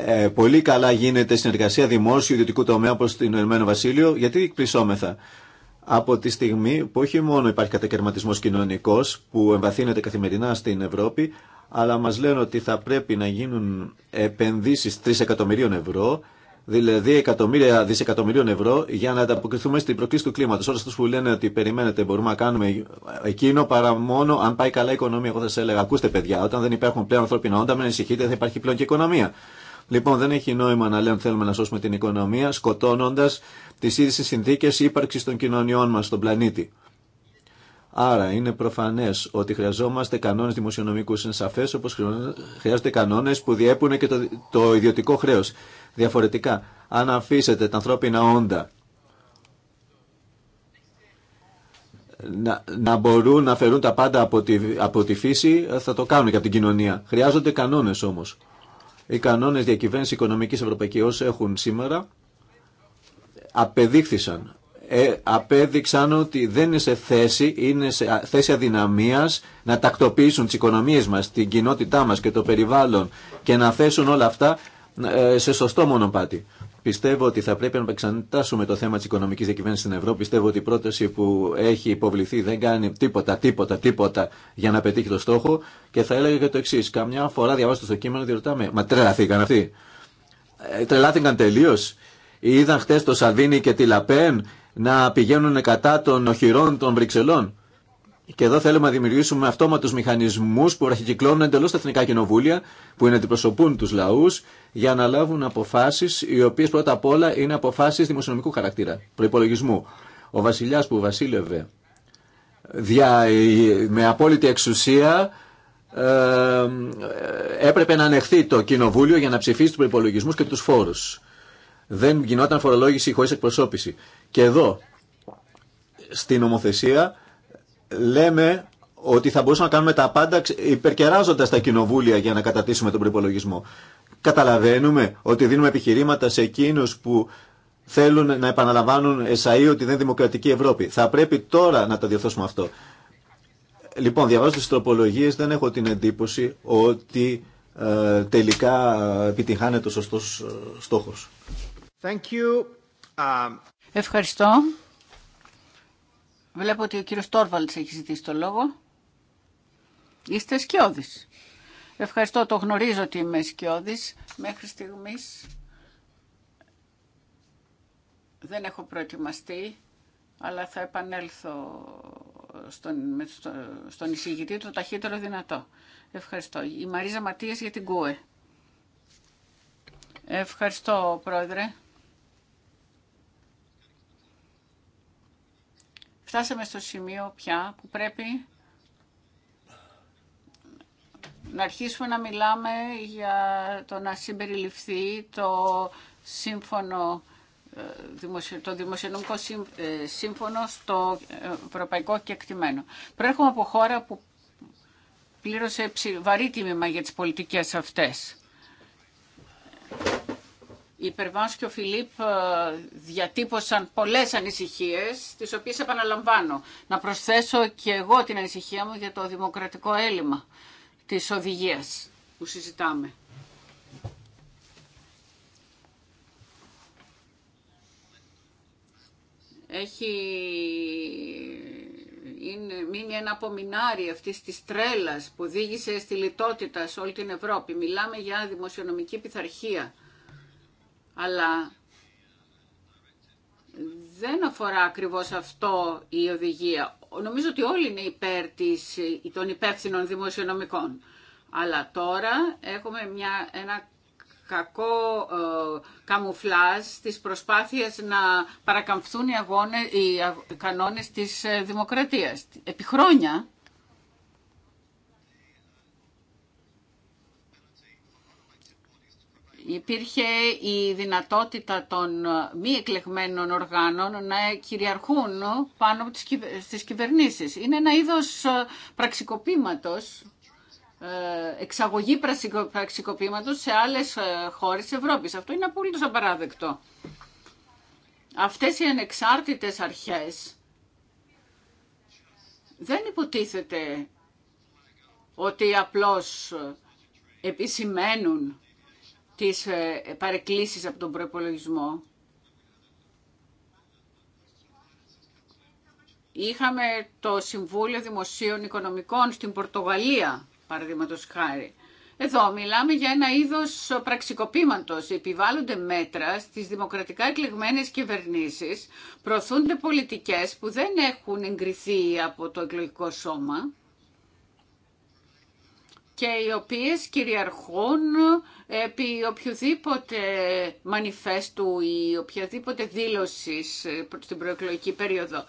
ε, ε, πολύ καλά γίνεται συνεργασία δημόσιου ιδιωτικού τομέα όπω στην Ηνωμένο Βασίλειο, γιατί εκπλησόμεθα. Από τη στιγμή που όχι μόνο υπάρχει κατακαιρματισμό κοινωνικό που εμβαθύνεται καθημερινά στην Ευρώπη, αλλά μας λένε ότι θα πρέπει να γίνουν επενδύσεις 3 εκατομμυρίων ευρώ, δηλαδή εκατομμύρια δισεκατομμυρίων ευρώ, για να ανταποκριθούμε στην προκλήση του κλίματος. Όταν τους που λένε ότι περιμένετε μπορούμε να κάνουμε εκείνο παρά μόνο αν πάει καλά η οικονομία. Εγώ θα σας έλεγα, ακούστε παιδιά, όταν δεν υπάρχουν πλέον ανθρώπινα όντα, μην ανησυχείτε, θα υπάρχει πλέον και οικονομία. Λοιπόν, δεν έχει νόημα να λέμε θέλουμε να σώσουμε την οικονομία, σκοτώνοντα τι ίδιε συνθήκε ύπαρξη των κοινωνιών μα στον πλανήτη. Άρα είναι προφανέ ότι χρειαζόμαστε κανόνε δημοσιονομικού. Είναι σαφέ όπω χρειάζονται κανόνε που διέπουν και το, το ιδιωτικό χρέο. Διαφορετικά, αν αφήσετε τα ανθρώπινα όντα να, να μπορούν να φερούν τα πάντα από τη, από τη φύση, θα το κάνουν και από την κοινωνία. Χρειάζονται κανόνε όμω. Οι κανόνε διακυβέρνηση οικονομική Ευρωπαϊκή έχουν σήμερα απεδείχθησαν ε, απέδειξαν ότι δεν είναι σε θέση, είναι σε θέση αδυναμίας να τακτοποιήσουν τις οικονομίες μας, την κοινότητά μας και το περιβάλλον και να θέσουν όλα αυτά ε, σε σωστό μονοπάτι. Πιστεύω ότι θα πρέπει να εξαντάσουμε το θέμα της οικονομικής διακυβέρνησης στην Ευρώπη. Πιστεύω ότι η πρόταση που έχει υποβληθεί δεν κάνει τίποτα, τίποτα, τίποτα για να πετύχει το στόχο. Και θα έλεγα και το εξή. Καμιά φορά διαβάζω το κείμενο και μα τρελαθήκαν αυτοί. Ε, τρελάθηκαν τελείω. Είδαν χτε το Σαλβίνι και τη Λαπέν να πηγαίνουν κατά των οχυρών των Βρυξελών. Και εδώ θέλουμε να δημιουργήσουμε αυτόματους μηχανισμούς που αρχικυκλώνουν εντελώς τα εθνικά κοινοβούλια, που είναι αντιπροσωπούν τους λαούς, για να λάβουν αποφάσεις, οι οποίες πρώτα απ' όλα είναι αποφάσεις δημοσιονομικού χαρακτήρα, προϋπολογισμού. Ο βασιλιάς που βασίλευε δια, με απόλυτη εξουσία ε, ε έπρεπε να ανεχθεί το κοινοβούλιο για να ψηφίσει τους προπολογισμού και τους φόρους δεν γινόταν φορολόγηση χωρίς εκπροσώπηση. Και εδώ, στην νομοθεσία, λέμε ότι θα μπορούσαμε να κάνουμε τα πάντα υπερκεράζοντας τα κοινοβούλια για να κατατήσουμε τον προπολογισμό. Καταλαβαίνουμε ότι δίνουμε επιχειρήματα σε εκείνους που θέλουν να επαναλαμβάνουν εσαΐ ότι δεν είναι δημοκρατική Ευρώπη. Θα πρέπει τώρα να τα διορθώσουμε αυτό. Λοιπόν, διαβάζοντα τις τροπολογίες, δεν έχω την εντύπωση ότι ε, τελικά επιτυχάνεται ο σωστός ε, στόχος. Um, Ευχαριστώ. Βλέπω ότι ο κύριος Τόρβαλτς έχει ζητήσει το λόγο. Είστε σκιώδης. Ευχαριστώ, το γνωρίζω ότι είμαι σκιώδης. Μέχρι στιγμής δεν έχω προετοιμαστεί, αλλά θα επανέλθω στον, στον εισηγητή το ταχύτερο δυνατό. Ευχαριστώ. Η Μαρίζα Ματίας για την ΚΟΕ. Ευχαριστώ, Πρόεδρε. Φτάσαμε στο σημείο πια που πρέπει να αρχίσουμε να μιλάμε για το να συμπεριληφθεί το σύμφωνο ε, το δημοσιονομικό ε, σύμφωνο στο ευρωπαϊκό κεκτημένο. Προέρχομαι από χώρα που πλήρωσε βαρύ τίμημα για τις πολιτικές αυτές η Περβάνς και ο Φιλίπ ε, διατύπωσαν πολλές ανησυχίες, τις οποίες επαναλαμβάνω. Να προσθέσω και εγώ την ανησυχία μου για το δημοκρατικό έλλειμμα της οδηγίας που συζητάμε. Έχει είναι, μείνει ένα απομεινάρι αυτή τη τρέλα που οδήγησε στη λιτότητα σε όλη την Ευρώπη. Μιλάμε για δημοσιονομική πειθαρχία αλλά δεν αφορά ακριβώς αυτό η οδηγία. Νομίζω ότι όλοι είναι υπέρ της, των υπεύθυνων δημοσιονομικών. Αλλά τώρα έχουμε μια, ένα κακό ε, καμουφλάς στις προσπάθειες να παρακαμφθούν οι, αγώνες, οι κανόνες της ε, δημοκρατίας. Επί υπήρχε η δυνατότητα των μη εκλεγμένων οργάνων να κυριαρχούν πάνω στις κυβερνήσεις. Είναι ένα είδος ε, πραξικοπήματος, ε, εξαγωγή πραξικοπήματος σε άλλες ε, χώρες της Ευρώπης. Αυτό είναι απολύτως απαράδεκτο. Αυτές οι ανεξάρτητες αρχές δεν υποτίθεται ότι απλώς επισημαίνουν τις ε, παρεκκλήσεις από τον προπολογισμό. Είχαμε το Συμβούλιο Δημοσίων Οικονομικών στην Πορτογαλία, παραδείγματο χάρη. Εδώ μιλάμε για ένα είδος πραξικοπήματος. Επιβάλλονται μέτρα στις δημοκρατικά εκλεγμένες κυβερνήσεις, προωθούνται πολιτικές που δεν έχουν εγκριθεί από το εκλογικό σώμα και οι οποίες κυριαρχούν επί οποιοδήποτε μανιφέστου ή οποιαδήποτε δήλωση στην προεκλογική περίοδο.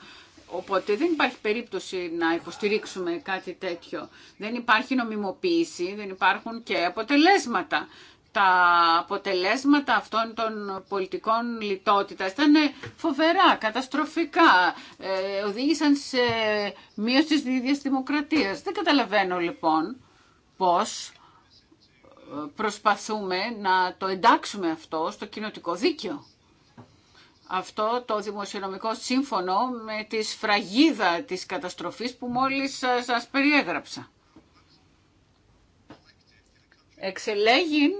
Οπότε δεν υπάρχει περίπτωση να υποστηρίξουμε κάτι τέτοιο. Δεν υπάρχει νομιμοποίηση, δεν υπάρχουν και αποτελέσματα. Τα αποτελέσματα αυτών των πολιτικών λιτότητας ήταν φοβερά, καταστροφικά. Ε, οδήγησαν σε μείωση της δημοκρατίας. Δεν καταλαβαίνω λοιπόν πώς ε, προσπαθούμε να το εντάξουμε αυτό στο κοινοτικό δίκαιο. Αυτό το δημοσιονομικό σύμφωνο με τη σφραγίδα της καταστροφής που μόλις σας περιέγραψα. Εξελέγην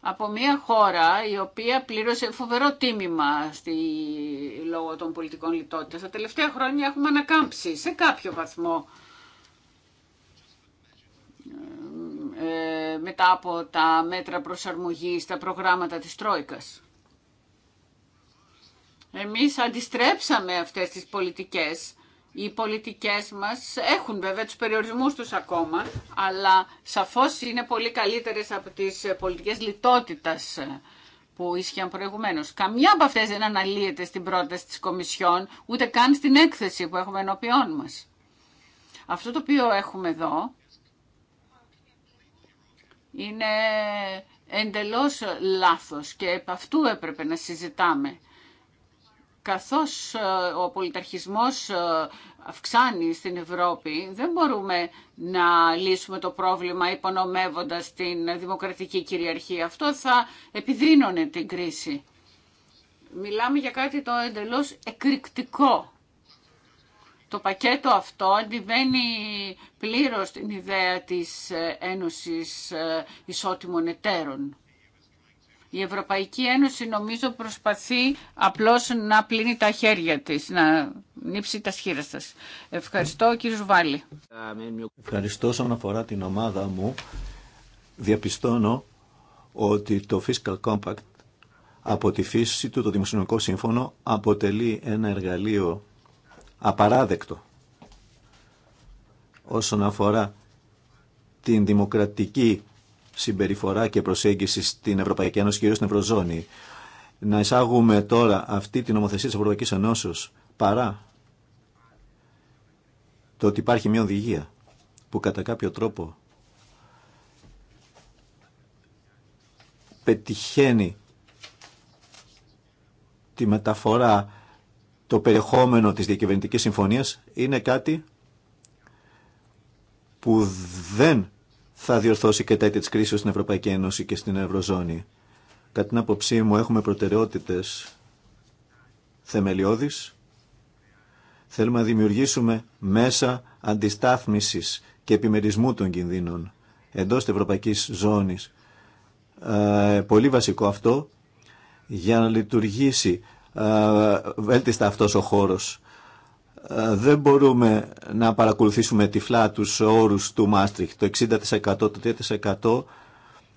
από μια χώρα η οποία πλήρωσε φοβερό τίμημα στη, λόγω των πολιτικών λιτότητας. Τα τελευταία χρόνια έχουμε ανακάμψει σε κάποιο βαθμό Ε, μετά από τα μέτρα προσαρμογής, τα προγράμματα της Τρόικας. Εμείς αντιστρέψαμε αυτές τις πολιτικές. Οι πολιτικές μας έχουν βέβαια τους περιορισμούς τους ακόμα, αλλά σαφώς είναι πολύ καλύτερες από τις πολιτικές λιτότητας που ίσχυαν προηγουμένως. Καμιά από αυτές δεν αναλύεται στην πρόταση της Κομισιόν, ούτε καν στην έκθεση που έχουμε ενώπιόν μας. Αυτό το οποίο έχουμε εδώ είναι εντελώς λάθος και επ' αυτού έπρεπε να συζητάμε. Καθώς ε, ο πολιταρχισμός ε, αυξάνει στην Ευρώπη, δεν μπορούμε να λύσουμε το πρόβλημα υπονομεύοντας την δημοκρατική κυριαρχία. Αυτό θα επιδίνωνε την κρίση. Μιλάμε για κάτι το εντελώς εκρηκτικό το πακέτο αυτό αντιβαίνει πλήρως την ιδέα της ε, Ένωσης ε, Ισότιμων Εταίρων. Η Ευρωπαϊκή Ένωση νομίζω προσπαθεί απλώς να πλύνει τα χέρια της, να νύψει τα σχήρα σας. Ευχαριστώ κύριε Ζουβάλη. Ευχαριστώ όσον αφορά την ομάδα μου. Διαπιστώνω ότι το Fiscal Compact από τη φύση του το Δημοσιονομικό Σύμφωνο αποτελεί ένα εργαλείο απαράδεκτο όσον αφορά την δημοκρατική συμπεριφορά και προσέγγιση στην Ευρωπαϊκή Ένωση και στην Ευρωζώνη. Να εισάγουμε τώρα αυτή την νομοθεσία της ευρωπαϊκή Ενώσεως παρά το ότι υπάρχει μια οδηγία που κατά κάποιο τρόπο πετυχαίνει τη μεταφορά το περιεχόμενο της διακυβερνητικής συμφωνίας είναι κάτι που δεν θα διορθώσει και της κρίσεις στην Ευρωπαϊκή Ένωση και στην Ευρωζώνη. Κατά την άποψή μου έχουμε προτεραιότητες θεμελιώδεις. Θέλουμε να δημιουργήσουμε μέσα αντιστάθμισης και επιμερισμού των κινδύνων εντός της Ευρωπαϊκής Ζώνης. Ε, πολύ βασικό αυτό για να λειτουργήσει ε, βέλτιστα αυτός ο χώρος. Ε, δεν μπορούμε να παρακολουθήσουμε τυφλά τους όρους του Μάστριχ. Το 60%, το 3%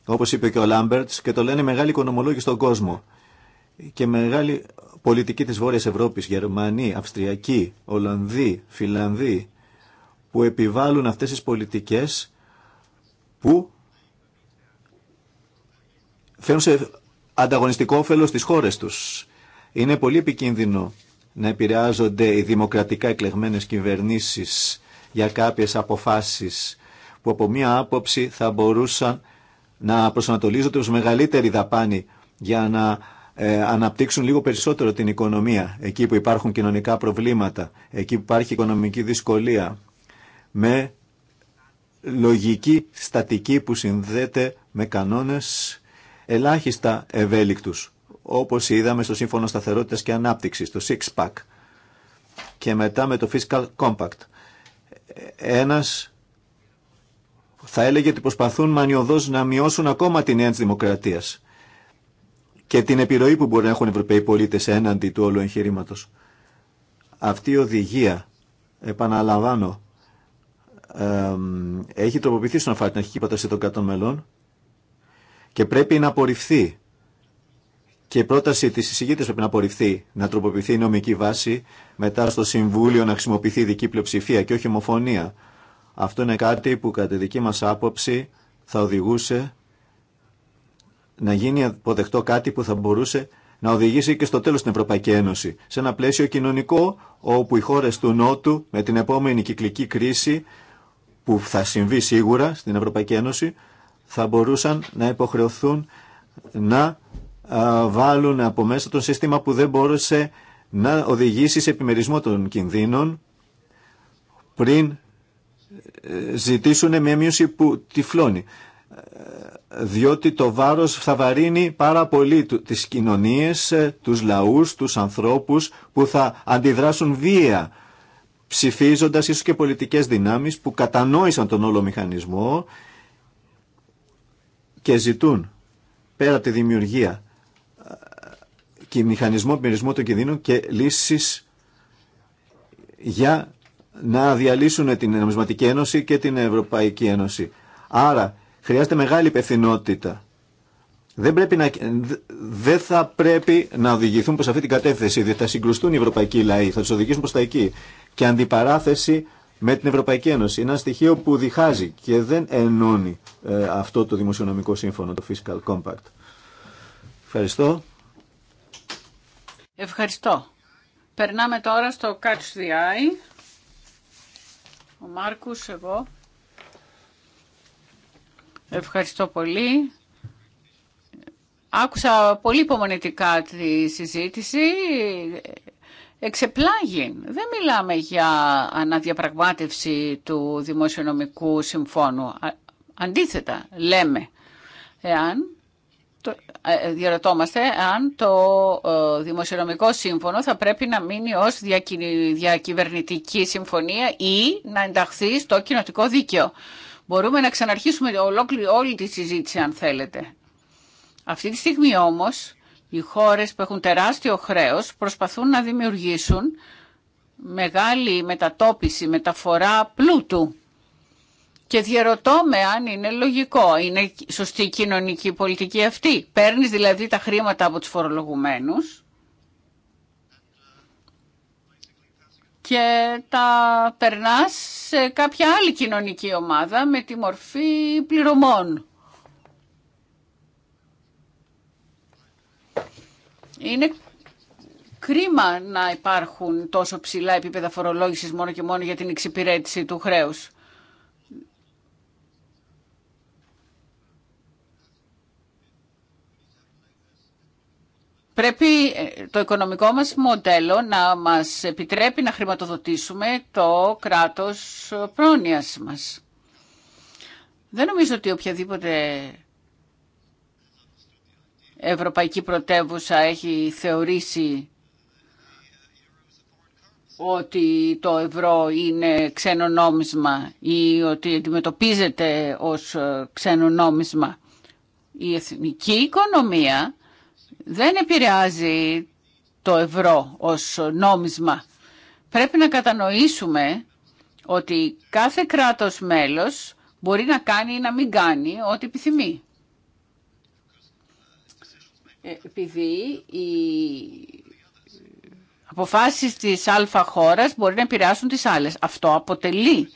όπως είπε και ο Λάμπερτς και το λένε μεγάλοι οικονομολόγοι στον κόσμο και μεγάλοι πολιτικοί της Βόρειας Ευρώπης, Γερμανοί, Αυστριακοί, Ολλανδοί, Φιλανδοί που επιβάλλουν αυτές τις πολιτικές που φέρνουν σε ανταγωνιστικό όφελο στις χώρες τους είναι πολύ επικίνδυνο να επηρεάζονται οι δημοκρατικά εκλεγμένες κυβερνήσεις για κάποιες αποφάσεις που από μία άποψη θα μπορούσαν να προσανατολίζονται ως μεγαλύτερη δαπάνη για να ε, αναπτύξουν λίγο περισσότερο την οικονομία εκεί που υπάρχουν κοινωνικά προβλήματα, εκεί που υπάρχει οικονομική δυσκολία με λογική στατική που συνδέεται με κανόνες ελάχιστα ευέλικτους όπως είδαμε στο Σύμφωνο Σταθερότητας και Ανάπτυξης, το Six Pack και μετά με το Fiscal Compact. Ένας θα έλεγε ότι προσπαθούν μανιωδώς να μειώσουν ακόμα την έννοια της δημοκρατίας και την επιρροή που μπορεί να έχουν οι Ευρωπαίοι πολίτες έναντι του όλου εγχειρήματο. Αυτή η οδηγία, επαναλαμβάνω, έχει τροποποιηθεί στον αφορά την αρχική των 100 μελών και πρέπει να απορριφθεί και η πρόταση τη εισηγήτης πρέπει να απορριφθεί, να τροποποιηθεί η νομική βάση, μετά στο Συμβούλιο να χρησιμοποιηθεί ειδική πλειοψηφία και όχι ομοφωνία. Αυτό είναι κάτι που κατά τη δική μα άποψη θα οδηγούσε να γίνει αποδεκτό κάτι που θα μπορούσε να οδηγήσει και στο τέλο την Ευρωπαϊκή Ένωση. Σε ένα πλαίσιο κοινωνικό όπου οι χώρε του Νότου με την επόμενη κυκλική κρίση που θα συμβεί σίγουρα στην Ευρωπαϊκή Ένωση θα μπορούσαν να υποχρεωθούν να βάλουν από μέσα το σύστημα που δεν μπόρεσε να οδηγήσει σε επιμερισμό των κινδύνων πριν ε, ζητήσουν μια μείωση που τυφλώνει. Ε, διότι το βάρος θα βαρύνει πάρα πολύ τις κοινωνίες, ε, τους λαούς, τους ανθρώπους που θα αντιδράσουν βία ψηφίζοντας ίσως και πολιτικές δυνάμεις που κατανόησαν τον όλο μηχανισμό και ζητούν πέρα τη δημιουργία και μηχανισμό πυρισμού των κινδύνων και λύσεις για να διαλύσουν την Νομισματική Ένωση και την Ευρωπαϊκή Ένωση. Άρα χρειάζεται μεγάλη υπευθυνότητα. Δεν, πρέπει να, δεν θα πρέπει να οδηγηθούν προς αυτή την κατεύθυνση, διότι θα συγκρουστούν οι ευρωπαϊκοί λαοί, θα τους οδηγήσουν προς τα εκεί. Και αντιπαράθεση με την Ευρωπαϊκή Ένωση. Είναι ένα στοιχείο που διχάζει και δεν ενώνει ε, αυτό το δημοσιονομικό σύμφωνο, το Fiscal Compact. Ευχαριστώ. Ευχαριστώ. Περνάμε τώρα στο Catch the Eye. Ο Μάρκους, εγώ. Ευχαριστώ πολύ. Άκουσα πολύ υπομονετικά τη συζήτηση. Εξεπλάγει. Δεν μιλάμε για αναδιαπραγμάτευση του Δημοσιονομικού Συμφώνου. Αντίθετα, λέμε, εάν ε, ε, διαρωτόμαστε αν το ε, δημοσιονομικό σύμφωνο θα πρέπει να μείνει ως διακυβερνητική συμφωνία ή να ενταχθεί στο κοινοτικό δίκαιο. Μπορούμε να ξαναρχίσουμε ολόκληρη όλη τη συζήτηση αν θέλετε. Αυτή τη στιγμή όμως οι χώρες που έχουν τεράστιο χρέος προσπαθούν να δημιουργήσουν μεγάλη μετατόπιση, μεταφορά πλούτου και διαρωτώ με αν είναι λογικό, είναι σωστή η κοινωνική πολιτική αυτή. Παίρνεις δηλαδή τα χρήματα από τους φορολογουμένους και τα περνάς σε κάποια άλλη κοινωνική ομάδα με τη μορφή πληρωμών. Είναι κρίμα να υπάρχουν τόσο ψηλά επίπεδα φορολόγησης μόνο και μόνο για την εξυπηρέτηση του χρέους. Πρέπει ε, το οικονομικό μας μοντέλο να μας επιτρέπει να χρηματοδοτήσουμε το κράτος πρόνοιας μας. Δεν νομίζω ότι οποιαδήποτε ευρωπαϊκή πρωτεύουσα έχει θεωρήσει ότι το ευρώ είναι ξένο νόμισμα ή ότι αντιμετωπίζεται ως ε, ξένο νόμισμα. Η εθνική οικονομία δεν επηρεάζει το ευρώ ως νόμισμα. Πρέπει να κατανοήσουμε ότι κάθε κράτος μέλος μπορεί να κάνει ή να μην κάνει ό,τι επιθυμεί. Ε, επειδή οι αποφάσεις της α χώρας μπορεί να επηρεάσουν τις άλλες. Αυτό αποτελεί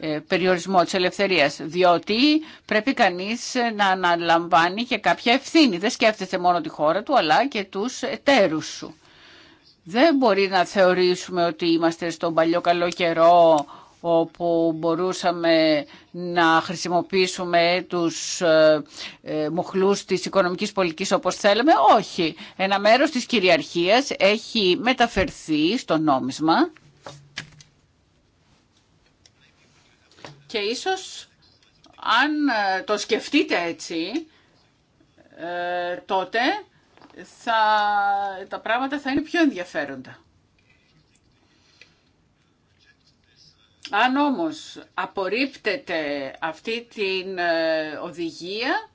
ε, περιορισμό της ελευθερίας, διότι πρέπει κανείς να αναλαμβάνει και κάποια ευθύνη. Δεν σκέφτεται μόνο τη χώρα του, αλλά και τους εταίρους σου. Δεν μπορεί να θεωρήσουμε ότι είμαστε στον παλιό καλό καιρό όπου μπορούσαμε να χρησιμοποιήσουμε τους ε, ε, μοχλούς της οικονομικής πολιτικής όπως θέλαμε. Όχι. Ένα μέρος της κυριαρχίας έχει μεταφερθεί στο νόμισμα Και ίσως αν ε, το σκεφτείτε έτσι, ε, τότε τα πράγματα θα είναι πιο ενδιαφέροντα. Αν όμως απορρίπτεται αυτή την ε, οδηγία,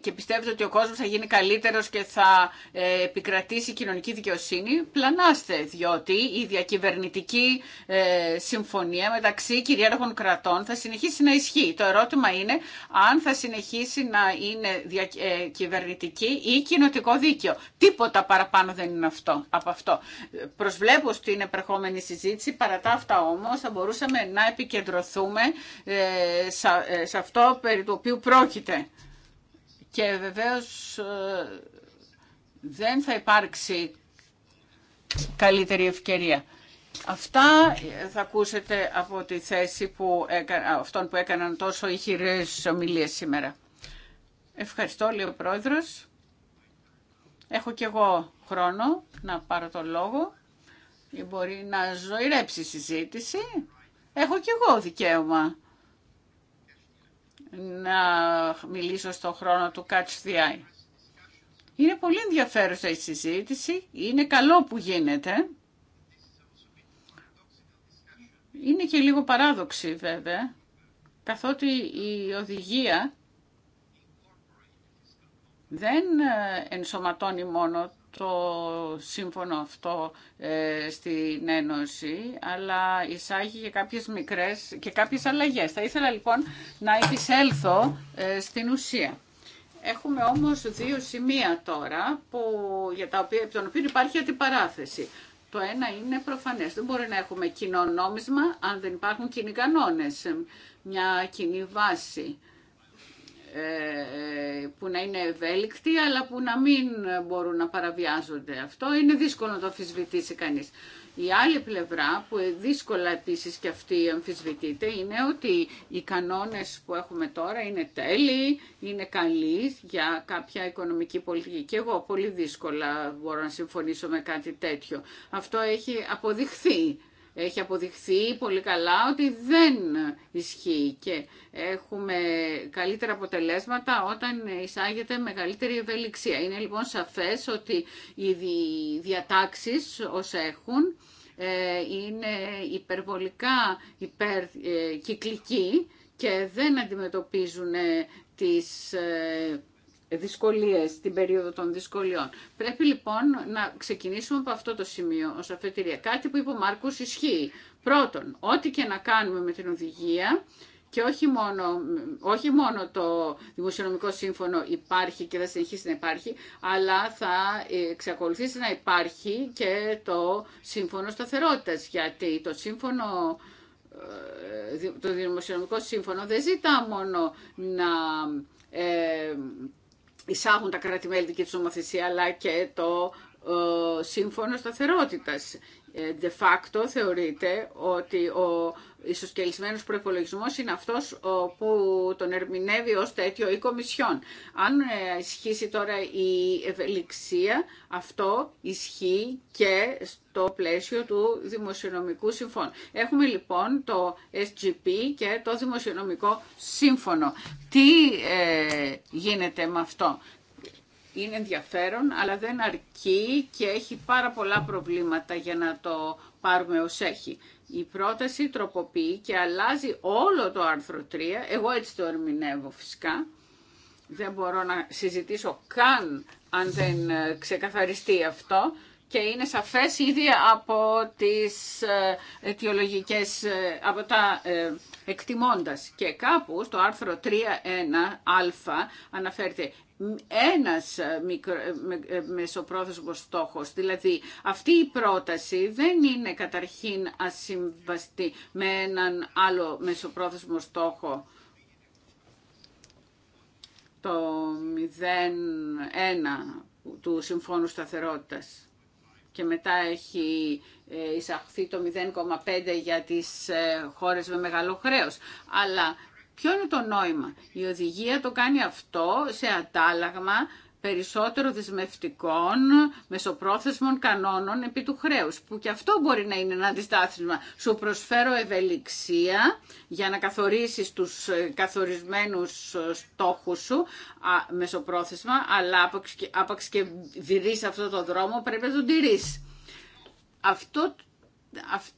και πιστεύετε ότι ο κόσμος θα γίνει καλύτερος και θα ε, επικρατήσει κοινωνική δικαιοσύνη, πλανάστε, διότι η διακυβερνητική ε, συμφωνία μεταξύ κυρίαρχων κρατών θα συνεχίσει να ισχύει. Το ερώτημα είναι αν θα συνεχίσει να είναι διακυβερνητική ε, ή κοινοτικό δίκαιο. Τίποτα παραπάνω δεν είναι αυτό, από αυτό. Προσβλέπω στην επερχόμενη συζήτηση, παρά τα αυτά όμως θα μπορούσαμε να επικεντρωθούμε σε αυτό περί του οποίου πρόκειται και βεβαίως ε, δεν θα υπάρξει καλύτερη ευκαιρία. Αυτά ε, θα ακούσετε από τη θέση που αυτόν αυτών που έκαναν τόσο ηχηρές ομιλίες σήμερα. Ευχαριστώ, λέει ο Πρόεδρος. Έχω κι εγώ χρόνο να πάρω το λόγο. Ή μπορεί να ζωηρέψει η συζήτηση. Έχω κι εγώ δικαίωμα να μιλήσω στον χρόνο του Catch the Eye. Είναι πολύ ενδιαφέρουσα η συζήτηση, είναι καλό που γίνεται. Είναι και λίγο παράδοξη βέβαια, καθότι η οδηγία δεν ε, ενσωματώνει μόνο το σύμφωνο αυτό ε, στην Ένωση, αλλά εισάγει και κάποιες μικρές και κάποιες αλλαγές. Θα ήθελα λοιπόν να επισέλθω ε, στην ουσία. Έχουμε όμως δύο σημεία τώρα που, για τα οποία, των οποίων υπάρχει αντιπαράθεση. Το ένα είναι προφανές. Δεν μπορεί να έχουμε κοινό νόμισμα αν δεν υπάρχουν κοινοί κανόνες, μια κοινή βάση. Ε, ε, που να είναι ευέλικτοι αλλά που να μην μπορούν να παραβιάζονται. Αυτό είναι δύσκολο να το αμφισβητήσει κανείς. Η άλλη πλευρά που δύσκολα επίσης και αυτή αμφισβητείται είναι ότι οι κανόνες που έχουμε τώρα είναι τέλειοι, είναι καλοί για κάποια οικονομική πολιτική. Και εγώ πολύ δύσκολα μπορώ να συμφωνήσω με κάτι τέτοιο. Αυτό έχει αποδειχθεί έχει αποδειχθεί πολύ καλά ότι δεν ισχύει και έχουμε καλύτερα αποτελέσματα όταν εισάγεται μεγαλύτερη ευελιξία. Είναι λοιπόν σαφές ότι οι διατάξεις ως έχουν ε, είναι υπερβολικά ε, κυκλικοί και δεν αντιμετωπίζουν ε, τις δυσκολίες, την περίοδο των δυσκολιών. Πρέπει λοιπόν να ξεκινήσουμε από αυτό το σημείο ως αφετηρία. Κάτι που είπε ο Μάρκος ισχύει. Πρώτον, ό,τι και να κάνουμε με την οδηγία, και όχι μόνο, όχι μόνο το δημοσιονομικό σύμφωνο υπάρχει και θα συνεχίσει να υπάρχει, αλλά θα εξακολουθήσει να υπάρχει και το σύμφωνο σταθερότητας, γιατί το σύμφωνο ε, το δημοσιονομικό σύμφωνο δεν ζητά μόνο να ε, εισάγουν τα κράτη-μέλη και της νομοθεσία αλλά και το ε, σύμφωνο σταθερότητας de facto θεωρείται ότι ο ισοσκελισμένο προπολογισμό είναι αυτός που τον ερμηνεύει ω τέτοιο η Κομισιόν. Αν ε, ισχύσει τώρα η ευελιξία, αυτό ισχύει και στο πλαίσιο του Δημοσιονομικού Συμφώνου. Έχουμε λοιπόν το SGP και το Δημοσιονομικό Σύμφωνο. Τι ε, γίνεται με αυτό είναι ενδιαφέρον, αλλά δεν αρκεί και έχει πάρα πολλά προβλήματα για να το πάρουμε ως έχει. Η πρόταση τροποποιεί και αλλάζει όλο το άρθρο 3, εγώ έτσι το ερμηνεύω φυσικά, δεν μπορώ να συζητήσω καν αν δεν ε, ξεκαθαριστεί αυτό, και είναι σαφές ήδη από τις ε, αιτιολογικές, ε, από τα ε, εκτιμώντας. Και κάπου στο άρθρο 3.1α αναφέρεται ένας ε, μικρο, με, μεσοπρόθεσμος στόχος. Δηλαδή αυτή η πρόταση δεν είναι καταρχήν ασυμβαστή με έναν άλλο μεσοπρόθεσμο στόχο το 0,1 του Συμφώνου Σταθερότητας και μετά έχει ε, εισαχθεί το 0,5 για τις ε, χώρες με μεγάλο χρέος. Αλλά ποιο είναι το νόημα. Η οδηγία το κάνει αυτό σε αντάλλαγμα περισσότερο δεσμευτικών μεσοπρόθεσμων κανόνων επί του χρέους, που και αυτό μπορεί να είναι ένα αντιστάθμισμα. Σου προσφέρω ευελιξία για να καθορίσεις τους ε, καθορισμένους ε, στόχους σου μεσοπρόθεσμα, αλλά άπαξ και δηρείς αυτό το δρόμο πρέπει να τον τηρείς. Αυτό, αυτή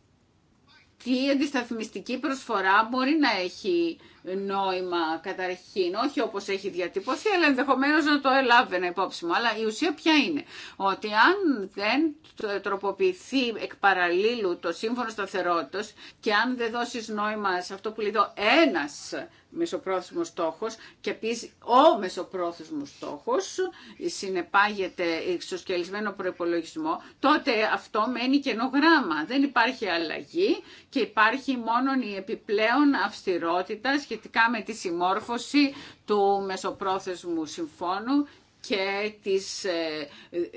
η αντισταθμιστική προσφορά μπορεί να έχει νόημα καταρχήν, όχι όπως έχει διατυπωθεί, αλλά ενδεχομένως να το ελάβαινα υπόψη μου. Αλλά η ουσία ποια είναι, ότι αν δεν τροποποιηθεί εκ παραλίλου το σύμφωνο σταθερότητα και αν δεν δώσεις νόημα σε αυτό που λέει εδώ ένας μεσοπρόθεσμος στόχος και πει ο μεσοπρόθεσμος στόχος συνεπάγεται σκελισμένο προπολογισμό, τότε αυτό μένει κενό γράμμα. Δεν υπάρχει αλλαγή και υπάρχει μόνο η επιπλέον αυστηρότητα σχετικά με τη συμμόρφωση του Μεσοπρόθεσμου Συμφώνου και της ε,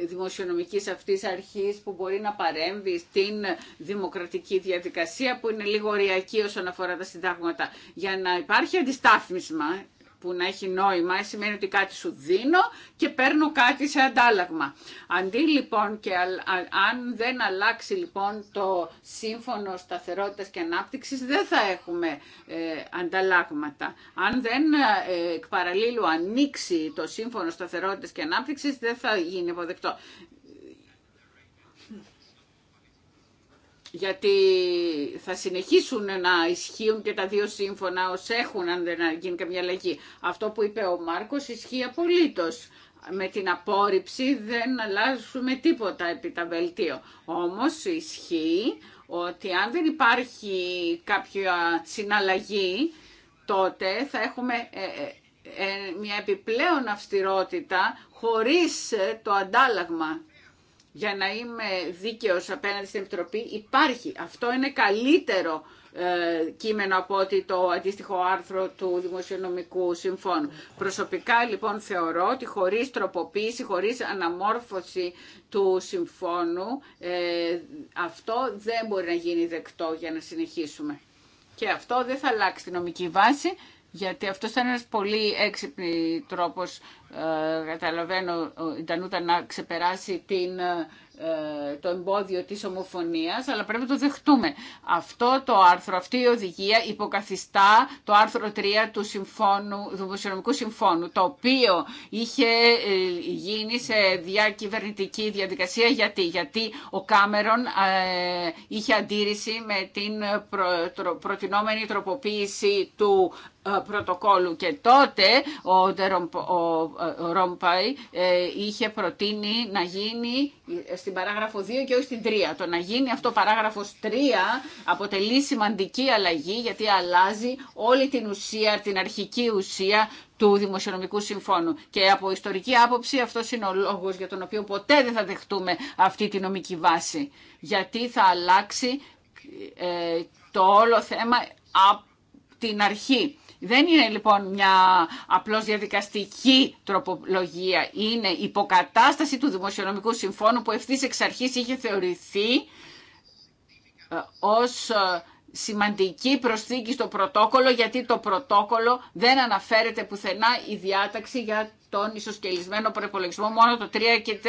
δημοσιονομικής αυτής αρχής που μπορεί να παρέμβει στην δημοκρατική διαδικασία που είναι λίγο ωριακή όσον αφορά τα συντάγματα. Για να υπάρχει αντιστάθμισμα που να έχει νόημα σημαίνει ότι κάτι σου δίνω και παίρνω κάτι σε αντάλλαγμα. Αντί λοιπόν και αν δεν αλλάξει λοιπόν το σύμφωνο σταθερότητας και ανάπτυξης δεν θα έχουμε ε, ανταλλάγματα. Αν δεν ε, εκ παραλίλου ανοίξει το σύμφωνο σταθερότητας και ανάπτυξης δεν θα γίνει αποδεκτό. γιατί θα συνεχίσουν να ισχύουν και τα δύο σύμφωνα ως έχουν αν δεν γίνει καμιά αλλαγή. Αυτό που είπε ο Μάρκος ισχύει απολύτως. Με την απόρριψη δεν αλλάζουμε τίποτα επί τα βελτίο. Όμως ισχύει ότι αν δεν υπάρχει κάποια συναλλαγή τότε θα έχουμε ε, ε, ε, μια επιπλέον αυστηρότητα χωρίς το αντάλλαγμα για να είμαι δίκαιος απέναντι στην Επιτροπή υπάρχει. Αυτό είναι καλύτερο ε, κείμενο από ότι το αντίστοιχο άρθρο του Δημοσιονομικού Συμφώνου. Προσωπικά λοιπόν θεωρώ ότι χωρίς τροποποίηση, χωρίς αναμόρφωση του Συμφώνου ε, αυτό δεν μπορεί να γίνει δεκτό για να συνεχίσουμε. Και αυτό δεν θα αλλάξει τη νομική βάση, γιατί αυτό ήταν ένα πολύ έξυπνη τρόπος, ε, καταλαβαίνω, η Ντανούτα να ξεπεράσει την, ε, το εμπόδιο της ομοφωνία, αλλά πρέπει να το δεχτούμε. Αυτό το άρθρο, αυτή η οδηγία υποκαθιστά το άρθρο 3 του, συμφώνου, του Δημοσιονομικού Συμφώνου, το οποίο είχε ε, γίνει σε διακυβερνητική διαδικασία. Γιατί, Γιατί ο Κάμερον είχε αντίρρηση με την προτινόμενη τροποποίηση του ε, και τότε ο, ο ε, Ρομπαϊ ε, είχε προτείνει να γίνει στην παράγραφο 2 και όχι στην 3. Το να γίνει αυτό παράγραφος 3 αποτελεί σημαντική αλλαγή γιατί αλλάζει όλη την ουσία, την αρχική ουσία του Δημοσιονομικού Συμφώνου. Και από ιστορική άποψη αυτό είναι ο λόγος για τον οποίο ποτέ δεν θα δεχτούμε αυτή τη νομική βάση. Γιατί θα αλλάξει το όλο θέμα από την αρχή. Δεν είναι λοιπόν μια απλώς διαδικαστική τροπολογία. Είναι υποκατάσταση του Δημοσιονομικού Συμφώνου που ευθύς εξ αρχής είχε θεωρηθεί ε, ως ε, σημαντική προσθήκη στο πρωτόκολλο γιατί το πρωτόκολλο δεν αναφέρεται πουθενά η διάταξη για τον ισοσκελισμένο προπολογισμό μόνο το 3 και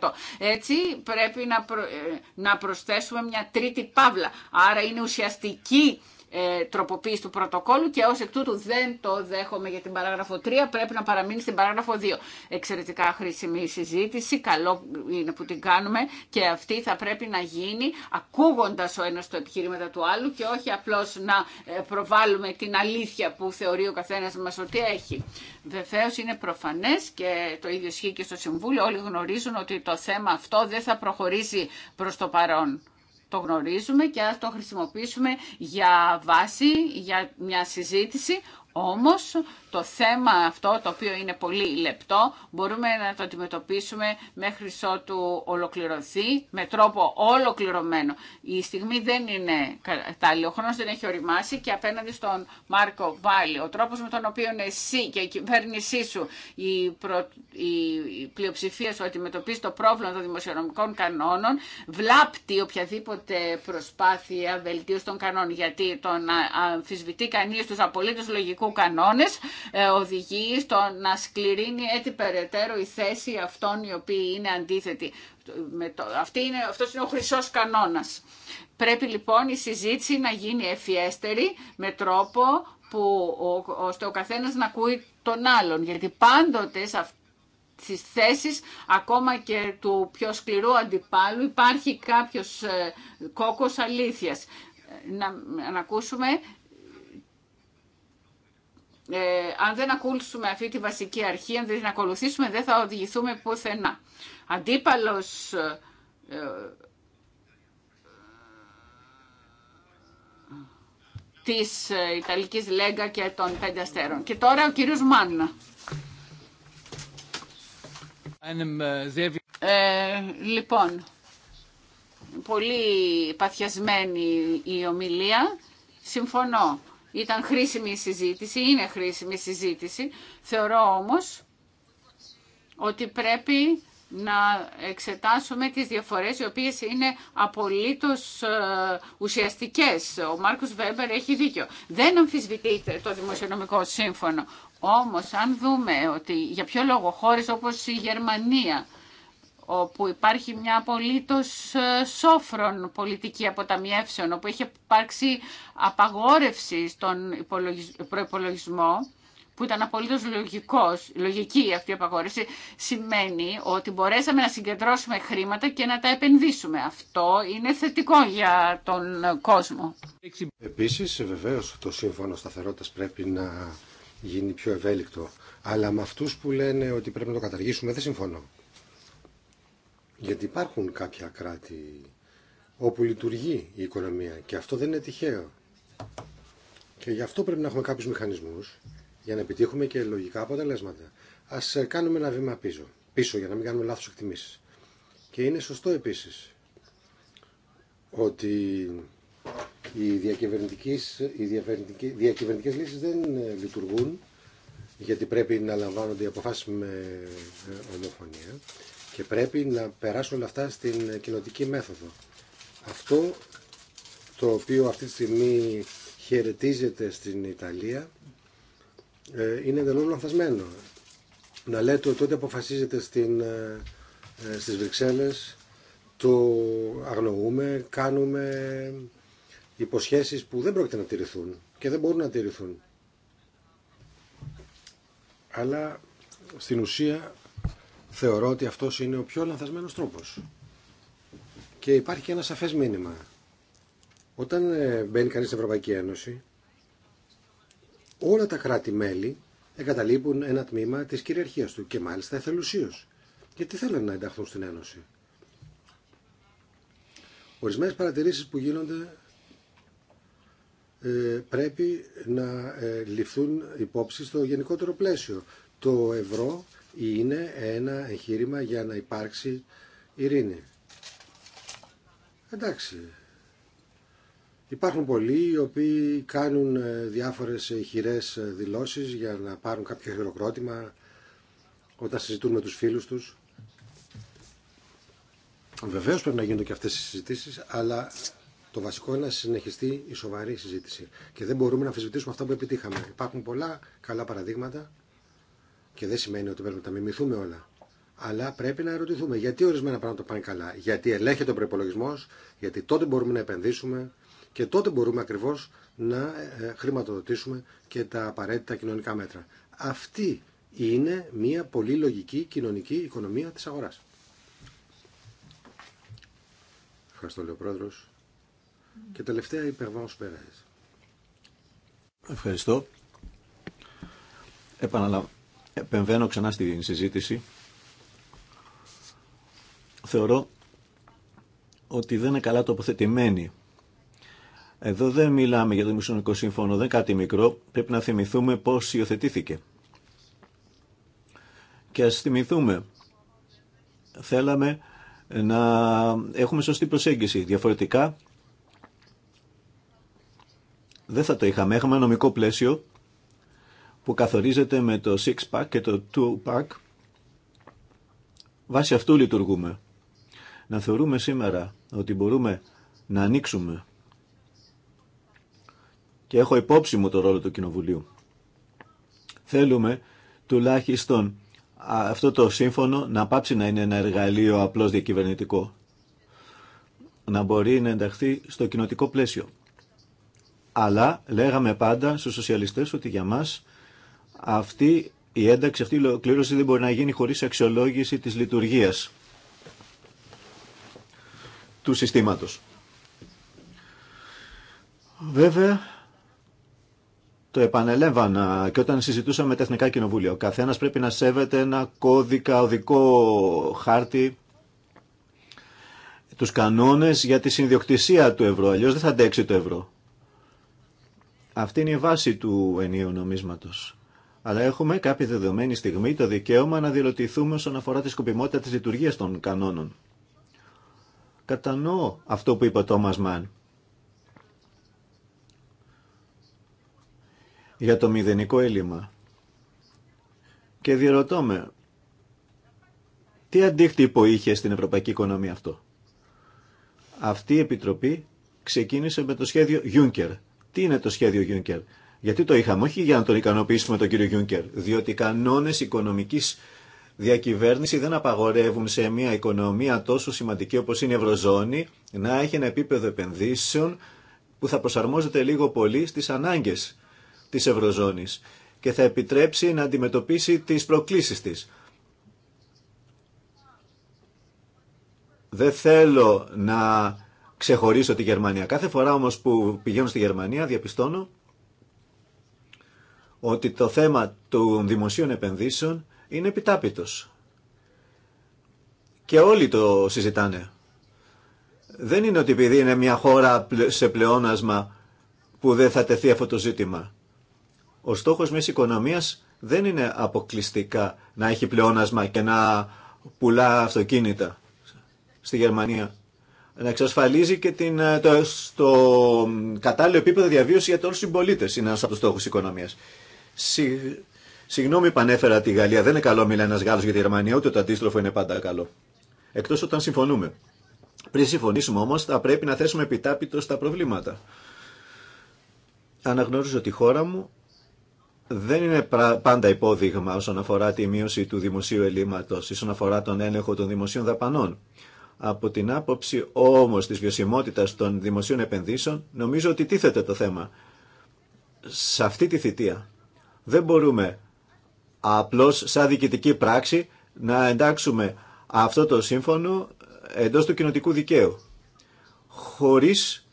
6%. Έτσι πρέπει να, ε, να προσθέσουμε μια τρίτη παύλα. Άρα είναι ουσιαστική ε, τροποποίηση του πρωτοκόλου και ω εκ τούτου δεν το δέχομαι για την παράγραφο 3, πρέπει να παραμείνει στην παράγραφο 2. Εξαιρετικά χρήσιμη συζήτηση, καλό είναι που την κάνουμε και αυτή θα πρέπει να γίνει ακούγοντα ο ένα το επιχείρημα του άλλου και όχι απλώ να ε, προβάλλουμε την αλήθεια που θεωρεί ο καθένα μα ότι έχει. Βεβαίω είναι προφανέ και το ίδιο ισχύει και στο Συμβούλιο, όλοι γνωρίζουν ότι το θέμα αυτό δεν θα προχωρήσει προ το παρόν το γνωρίζουμε και ας το χρησιμοποιήσουμε για βάση, για μια συζήτηση, όμως το θέμα αυτό, το οποίο είναι πολύ λεπτό, μπορούμε να το αντιμετωπίσουμε μέχρι ότου ολοκληρωθεί με τρόπο ολοκληρωμένο. Η στιγμή δεν είναι κατάλληλη, ο χρόνος δεν έχει οριμάσει και απέναντι στον Μάρκο Βάλλη, ο τρόπος με τον οποίο εσύ και η κυβέρνησή σου, η, προ... η πλειοψηφία σου αντιμετωπίζει το πρόβλημα των δημοσιονομικών κανόνων, βλάπτει οποιαδήποτε προσπάθεια βελτίωση των κανόνων, γιατί τον αμφισβητεί κανείς τους απολύτως λογικούς Κανόνε κανόνες ε, οδηγεί στο να σκληρύνει έτσι περαιτέρω η θέση αυτών οι οποίοι είναι αντίθετοι. Αυτή είναι, αυτός είναι ο χρυσός κανόνας. Πρέπει λοιπόν η συζήτηση να γίνει ευφιέστερη με τρόπο που, ώστε ο καθένας να ακούει τον άλλον. Γιατί πάντοτε σε αυτές στις θέσεις ακόμα και του πιο σκληρού αντιπάλου υπάρχει κάποιος ε, κόκος αλήθειας. Ε, να, να ακούσουμε ε, αν δεν ακούσουμε αυτή τη βασική αρχή, αν δεν την ακολουθήσουμε, δεν θα οδηγηθούμε πουθενά. Αντίπαλος... Ε, ε της ε, Ιταλικής Λέγκα και των Πέντε Αστέρων. Και τώρα ο κύριος Μάννα. Ε, λοιπόν, πολύ παθιασμένη η ομιλία. Συμφωνώ. Ήταν χρήσιμη η συζήτηση, είναι χρήσιμη η συζήτηση. Θεωρώ όμως ότι πρέπει να εξετάσουμε τις διαφορές οι οποίες είναι απολύτως ε, ουσιαστικές. Ο Μάρκος Βέμπερ έχει δίκιο. Δεν αμφισβητείται το Δημοσιονομικό Σύμφωνο. Όμως αν δούμε ότι για ποιο λόγο χώρες όπως η Γερμανία όπου υπάρχει μια απολύτως ε, σόφρον πολιτική αποταμιεύσεων, όπου έχει υπάρξει απαγόρευση στον προπολογισμό, που ήταν απολύτως λογικός, λογική αυτή η απαγόρευση, σημαίνει ότι μπορέσαμε να συγκεντρώσουμε χρήματα και να τα επενδύσουμε. Αυτό είναι θετικό για τον κόσμο. Επίσης, βεβαίως, το Σύμφωνο Σταθερότητας πρέπει να γίνει πιο ευέλικτο. Αλλά με αυτούς που λένε ότι πρέπει να το καταργήσουμε δεν συμφωνώ. Γιατί υπάρχουν κάποια κράτη όπου λειτουργεί η οικονομία και αυτό δεν είναι τυχαίο. Και γι' αυτό πρέπει να έχουμε κάποιους μηχανισμούς για να επιτύχουμε και λογικά αποτελέσματα. Ας ε, κάνουμε ένα βήμα πίσω, πίσω για να μην κάνουμε λάθος εκτιμήσεις. Και είναι σωστό επίσης ότι οι διακυβερνητικές, οι διακυβερνητικές λύσεις δεν ε, λειτουργούν γιατί πρέπει να λαμβάνονται οι αποφάσεις με ε, ομοφωνία και πρέπει να περάσουν όλα αυτά στην κοινοτική μέθοδο. Αυτό το οποίο αυτή τη στιγμή χαιρετίζεται στην Ιταλία ε, είναι εντελώς λανθασμένο. Να λέτε ότι τότε αποφασίζεται στην, ε, ε, στις Βρυξέλλες το αγνοούμε, κάνουμε υποσχέσεις που δεν πρόκειται να τηρηθούν και δεν μπορούν να τηρηθούν. Αλλά στην ουσία Θεωρώ ότι αυτός είναι ο πιο λανθασμένος τρόπος. Και υπάρχει και ένα σαφές μήνυμα. Όταν ε, μπαίνει κανείς στην Ευρωπαϊκή Ένωση, όλα τα κράτη-μέλη εγκαταλείπουν ένα τμήμα της κυριαρχίας του και μάλιστα εθελουσίως. Γιατί θέλουν να ενταχθούν στην Ένωση. Ορισμένες παρατηρήσεις που γίνονται ε, πρέπει να ε, ληφθούν υπόψη στο γενικότερο πλαίσιο. Το ευρώ είναι ένα εγχείρημα για να υπάρξει ειρήνη. Εντάξει. Υπάρχουν πολλοί οι οποίοι κάνουν ε, διάφορες χειρές ε, δηλώσεις για να πάρουν κάποιο χειροκρότημα όταν συζητούν με τους φίλους τους. Βεβαίω πρέπει να γίνονται και αυτές οι συζητήσεις, αλλά το βασικό είναι να συνεχιστεί η σοβαρή συζήτηση. Και δεν μπορούμε να αμφισβητήσουμε αυτά που επιτύχαμε. Υπάρχουν πολλά καλά παραδείγματα και δεν σημαίνει ότι πρέπει να τα μιμηθούμε όλα. Αλλά πρέπει να ερωτηθούμε γιατί ορισμένα πράγματα πάνε καλά. Γιατί ελέγχεται ο προπολογισμό, γιατί τότε μπορούμε να επενδύσουμε και τότε μπορούμε ακριβώ να ε, χρηματοδοτήσουμε και τα απαραίτητα κοινωνικά μέτρα. Αυτή είναι μια πολύ λογική κοινωνική οικονομία της αγοράς. Ευχαριστώ, λέει Και τελευταία η Ευχαριστώ. Επαναλαμβάνω επεμβαίνω ξανά στη συζήτηση, θεωρώ ότι δεν είναι καλά τοποθετημένη. Εδώ δεν μιλάμε για το Μισονικό Σύμφωνο, δεν κάτι μικρό. Πρέπει να θυμηθούμε πώς υιοθετήθηκε. Και ας θυμηθούμε, θέλαμε να έχουμε σωστή προσέγγιση. Διαφορετικά, δεν θα το είχαμε. Έχουμε νομικό πλαίσιο που καθορίζεται με το 6-pack και το 2-pack. Βάσει αυτού λειτουργούμε. Να θεωρούμε σήμερα ότι μπορούμε να ανοίξουμε και έχω υπόψη μου το ρόλο του Κοινοβουλίου. Θέλουμε τουλάχιστον αυτό το σύμφωνο να πάψει να είναι ένα εργαλείο απλώς διακυβερνητικό. Να μπορεί να ενταχθεί στο κοινοτικό πλαίσιο. Αλλά λέγαμε πάντα στους σοσιαλιστές ότι για μας αυτή η ένταξη, αυτή η ολοκλήρωση δεν μπορεί να γίνει χωρίς αξιολόγηση της λειτουργίας του συστήματος. Βέβαια, το επανελέμβανα και όταν συζητούσαμε με τα Εθνικά Κοινοβούλια. Ο καθένας πρέπει να σέβεται ένα κώδικα, οδικό χάρτη, τους κανόνες για τη συνδιοκτησία του ευρώ. Αλλιώς δεν θα αντέξει το ευρώ. Αυτή είναι η βάση του ενίου νομίσματος αλλά έχουμε κάποια δεδομένη στιγμή το δικαίωμα να δηλωτηθούμε όσον αφορά τη σκοπιμότητα της λειτουργίας των κανόνων. Κατανοώ αυτό που είπε ο Τόμας Μαν. για το μηδενικό έλλειμμα. Και διερωτώ με, τι αντίκτυπο είχε στην ευρωπαϊκή οικονομία αυτό. Αυτή η Επιτροπή ξεκίνησε με το σχέδιο Juncker. Τι είναι το σχέδιο Juncker. Γιατί το είχαμε, όχι για να τον ικανοποιήσουμε τον κύριο Γιούνκερ, διότι οι κανόνες οικονομικής διακυβέρνηση δεν απαγορεύουν σε μια οικονομία τόσο σημαντική όπως είναι η Ευρωζώνη να έχει ένα επίπεδο επενδύσεων που θα προσαρμόζεται λίγο πολύ στις ανάγκες της Ευρωζώνης και θα επιτρέψει να αντιμετωπίσει τις προκλήσεις της. Δεν θέλω να ξεχωρίσω τη Γερμανία. Κάθε φορά όμως που πηγαίνω στη Γερμανία διαπιστώνω ότι το θέμα των δημοσίων επενδύσεων είναι επιτάπητος. Και όλοι το συζητάνε. Δεν είναι ότι επειδή είναι μια χώρα σε πλεόνασμα που δεν θα τεθεί αυτό το ζήτημα. Ο στόχος μιας οικονομίας δεν είναι αποκλειστικά να έχει πλεόνασμα και να πουλά αυτοκίνητα στη Γερμανία. Να εξασφαλίζει και την, ε, το, στο ε, κατάλληλο επίπεδο διαβίωση για όλους τους συμπολίτε είναι ένας από τους στόχους οικονομίας. Συ... Συγγνώμη που τη Γαλλία. Δεν είναι καλό μιλάει ένα Γάλλο για τη Γερμανία, ούτε το αντίστροφο είναι πάντα καλό. Εκτό όταν συμφωνούμε. Πριν συμφωνήσουμε όμω, θα πρέπει να θέσουμε επιτάπητο στα προβλήματα. Αναγνωρίζω ότι η χώρα μου δεν είναι πάντα υπόδειγμα όσον αφορά τη μείωση του δημοσίου ελλείμματος, όσον αφορά τον έλεγχο των δημοσίων δαπανών. Από την άποψη όμω τη βιωσιμότητα των δημοσίων επενδύσεων, νομίζω ότι τίθεται το θέμα. Σε αυτή τη θητεία δεν μπορούμε απλώς σαν διοικητική πράξη να εντάξουμε αυτό το σύμφωνο εντός του κοινοτικού δικαίου χωρίς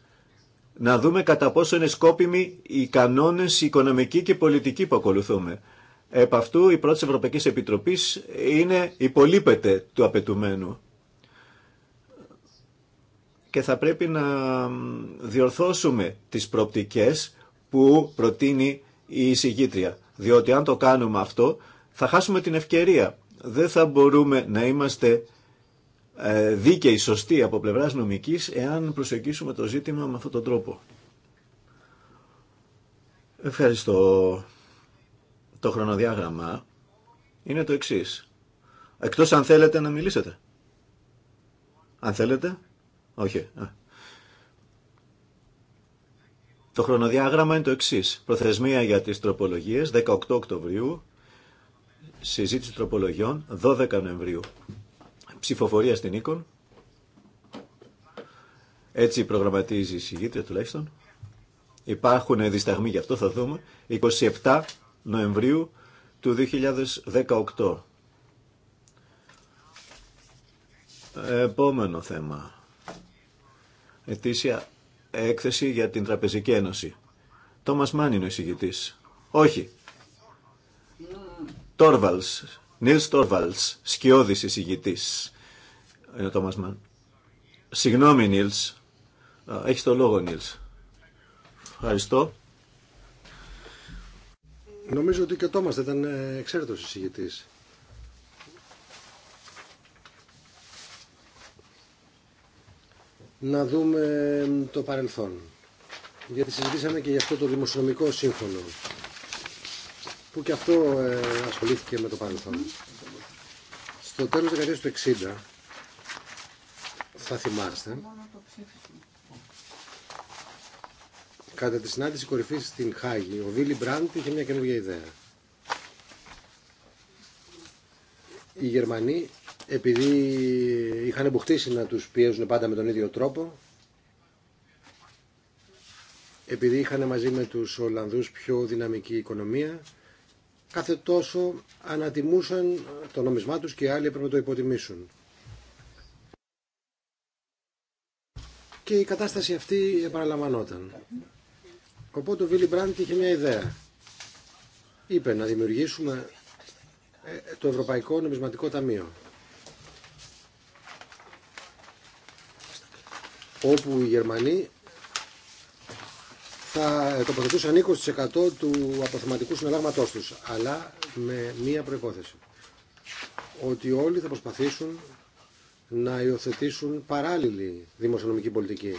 να δούμε κατά πόσο είναι σκόπιμοι οι κανόνες οικονομικοί και πολιτικοί που ακολουθούμε. Επ' αυτού η πρώτη Ευρωπαϊκή Επιτροπή είναι υπολείπεται του απαιτουμένου. Και θα πρέπει να διορθώσουμε τις προπτικές που προτείνει η εισηγήτρια. Διότι αν το κάνουμε αυτό θα χάσουμε την ευκαιρία. Δεν θα μπορούμε να είμαστε ε, δίκαιοι, σωστοί από πλευράς νομικής εάν προσεγγίσουμε το ζήτημα με αυτόν τον τρόπο. Ευχαριστώ. Το χρονοδιάγραμμα είναι το εξής. Εκτός αν θέλετε να μιλήσετε. Αν θέλετε. Όχι. Το χρονοδιάγραμμα είναι το εξή. Προθεσμία για τι τροπολογίε 18 Οκτωβρίου, συζήτηση τροπολογιών 12 Νοεμβρίου. Ψηφοφορία στην Οίκον. Έτσι προγραμματίζει η συγγήτρια τουλάχιστον. Υπάρχουν δισταγμοί γι' αυτό, θα δούμε. 27 Νοεμβρίου του 2018. Επόμενο θέμα. Ετήσια έκθεση για την Τραπεζική Ένωση. Τόμας Μάν είναι ο εισηγητής. Όχι. Τόρβαλς. Νίλ Τόρβαλς. Σκιώδης εισηγητής. Είναι ο Τόμας Μάν. Συγγνώμη Νίλ. Έχεις το λόγο Νίλ. Ευχαριστώ. Νομίζω ότι και ο Τόμας δεν ήταν ε, εξαίρετος εισηγητής. να δούμε το παρελθόν. Γιατί συζητήσαμε και για αυτό το δημοσιονομικό σύμφωνο που και αυτό ε, ασχολήθηκε με το παρελθόν. Στο τέλος δεκαετίας του 60 θα θυμάστε κατά τη συνάντηση κορυφής στην Χάγη ο Βίλι Μπραντ είχε μια καινούργια ιδέα. Οι Γερμανοί επειδή είχαν εμποχτήσει να τους πιέζουν πάντα με τον ίδιο τρόπο, επειδή είχαν μαζί με τους Ολλανδούς πιο δυναμική οικονομία, κάθε τόσο ανατιμούσαν το νόμισμά τους και άλλοι έπρεπε να το υποτιμήσουν. Και η κατάσταση αυτή επαναλαμβανόταν. Οπότε ο Βίλι Μπραντ είχε μια ιδέα. Είπε να δημιουργήσουμε ε, το Ευρωπαϊκό Νομισματικό Ταμείο. όπου οι Γερμανοί θα τοποθετούσαν 20% του αποθεματικού συναλλάγματός τους, αλλά με μία προϋπόθεση. Ότι όλοι θα προσπαθήσουν να υιοθετήσουν παράλληλη δημοσιονομική πολιτική.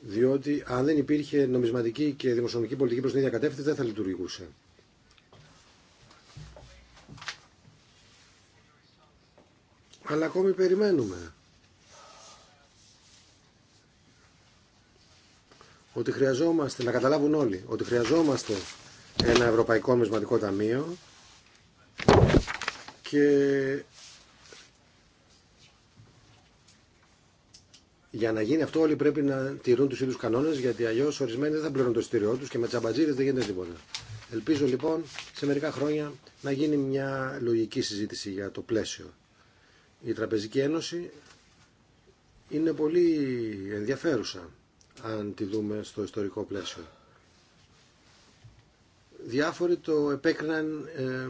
Διότι αν δεν υπήρχε νομισματική και δημοσιονομική πολιτική προς την ίδια κατεύθυνση δεν θα λειτουργούσε. Αλλά ακόμη περιμένουμε ότι χρειαζόμαστε, να καταλάβουν όλοι, ότι χρειαζόμαστε ένα Ευρωπαϊκό Μεσματικό Ταμείο και για να γίνει αυτό όλοι πρέπει να τηρούν τους ίδιους κανόνες γιατί αλλιώς ορισμένοι δεν θα πληρώνουν το εισιτήριό τους και με τσαμπατζίδες δεν γίνεται τίποτα. Ελπίζω λοιπόν σε μερικά χρόνια να γίνει μια λογική συζήτηση για το πλαίσιο. Η Τραπεζική Ένωση είναι πολύ ενδιαφέρουσα αν τη δούμε στο ιστορικό πλαίσιο. Διάφοροι το επέκριναν ε,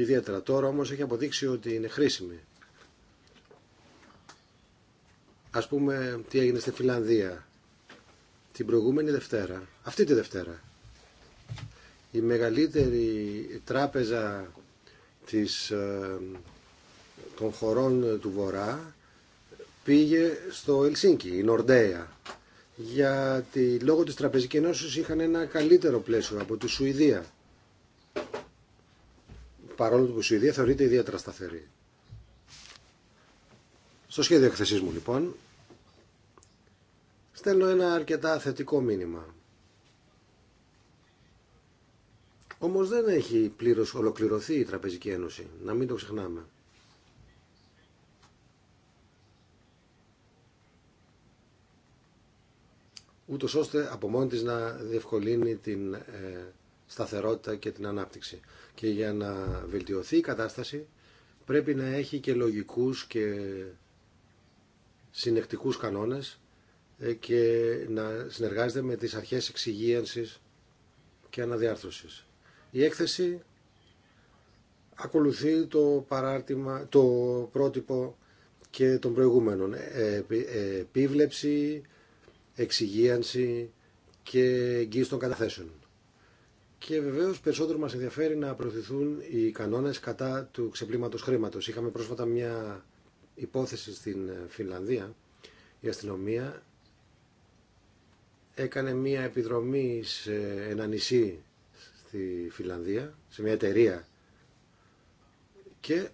ιδιαίτερα. Τώρα όμως έχει αποδείξει ότι είναι χρήσιμη. Ας πούμε τι έγινε στη Φιλανδία την προηγούμενη Δευτέρα, αυτή τη Δευτέρα. Η μεγαλύτερη τράπεζα της, ε, των χωρών του Βορρά πήγε στο Ελσίνκι, η Νορντέα γιατί λόγω της Τραπεζικής Ενώσης είχαν ένα καλύτερο πλαίσιο από τη Σουηδία. Παρόλο που η Σουηδία θεωρείται ιδιαίτερα σταθερή. Στο σχέδιο εκθεσής μου λοιπόν στέλνω ένα αρκετά θετικό μήνυμα. Όμως δεν έχει πλήρως ολοκληρωθεί η Τραπεζική Ένωση, να μην το ξεχνάμε. ούτως ώστε από μόνη της να διευκολύνει την ε, σταθερότητα και την ανάπτυξη. Και για να βελτιωθεί η κατάσταση πρέπει να έχει και λογικούς και συνεκτικούς κανόνες ε, και να συνεργάζεται με τις αρχές εξυγίανσης και αναδιάρθρωσης. Η έκθεση ακολουθεί το παράρτημα, το πρότυπο και των προηγούμενων. Ε, επίβλεψη, εξυγίανση και εγγύηση των καταθέσεων. Και βεβαίω περισσότερο μα ενδιαφέρει να προωθηθούν οι κανόνε κατά του ξεπλήματο χρήματο. Είχαμε πρόσφατα μια υπόθεση στην ε, Φινλανδία. Η αστυνομία έκανε μια επιδρομή σε ένα νησί στη Φιλανδία, σε μια εταιρεία και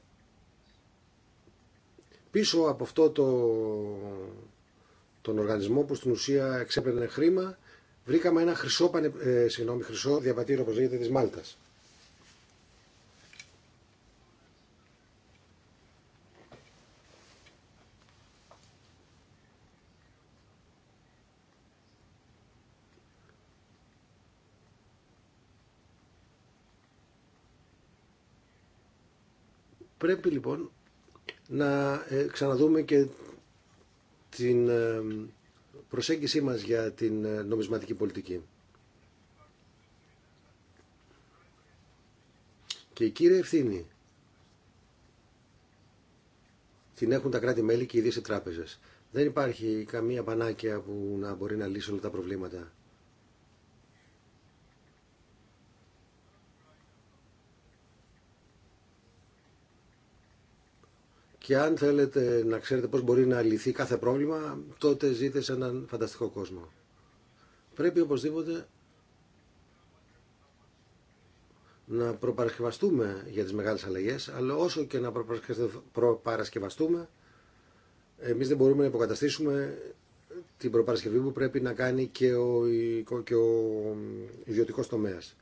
πίσω από αυτό το τον οργανισμό που στην ουσία εξέπαιρνε χρήμα, βρήκαμε ένα χρυσό, πανε, ε, συγγνώμη, χρυσό διαβατήριο, όπως λέγεται, της Μάλτας. Πρέπει λοιπόν να ε, ξαναδούμε και την ε, προσέγγιση μας για την ε, νομισματική πολιτική. Και η κύρια ευθύνη την έχουν τα κράτη-μέλη και οι ίδιες τράπεζες. Δεν υπάρχει καμία πανάκια που να μπορεί να λύσει όλα τα προβλήματα. Και αν θέλετε να ξέρετε πώς μπορεί να λυθεί κάθε πρόβλημα, τότε ζείτε σε έναν φανταστικό κόσμο. Πρέπει οπωσδήποτε να προπαρασκευαστούμε για τις μεγάλες αλλαγές, αλλά όσο και να προπαρασκευαστούμε, εμείς δεν μπορούμε να υποκαταστήσουμε την προπαρασκευή που πρέπει να κάνει και ο, και ο ιδιωτικός τομέας.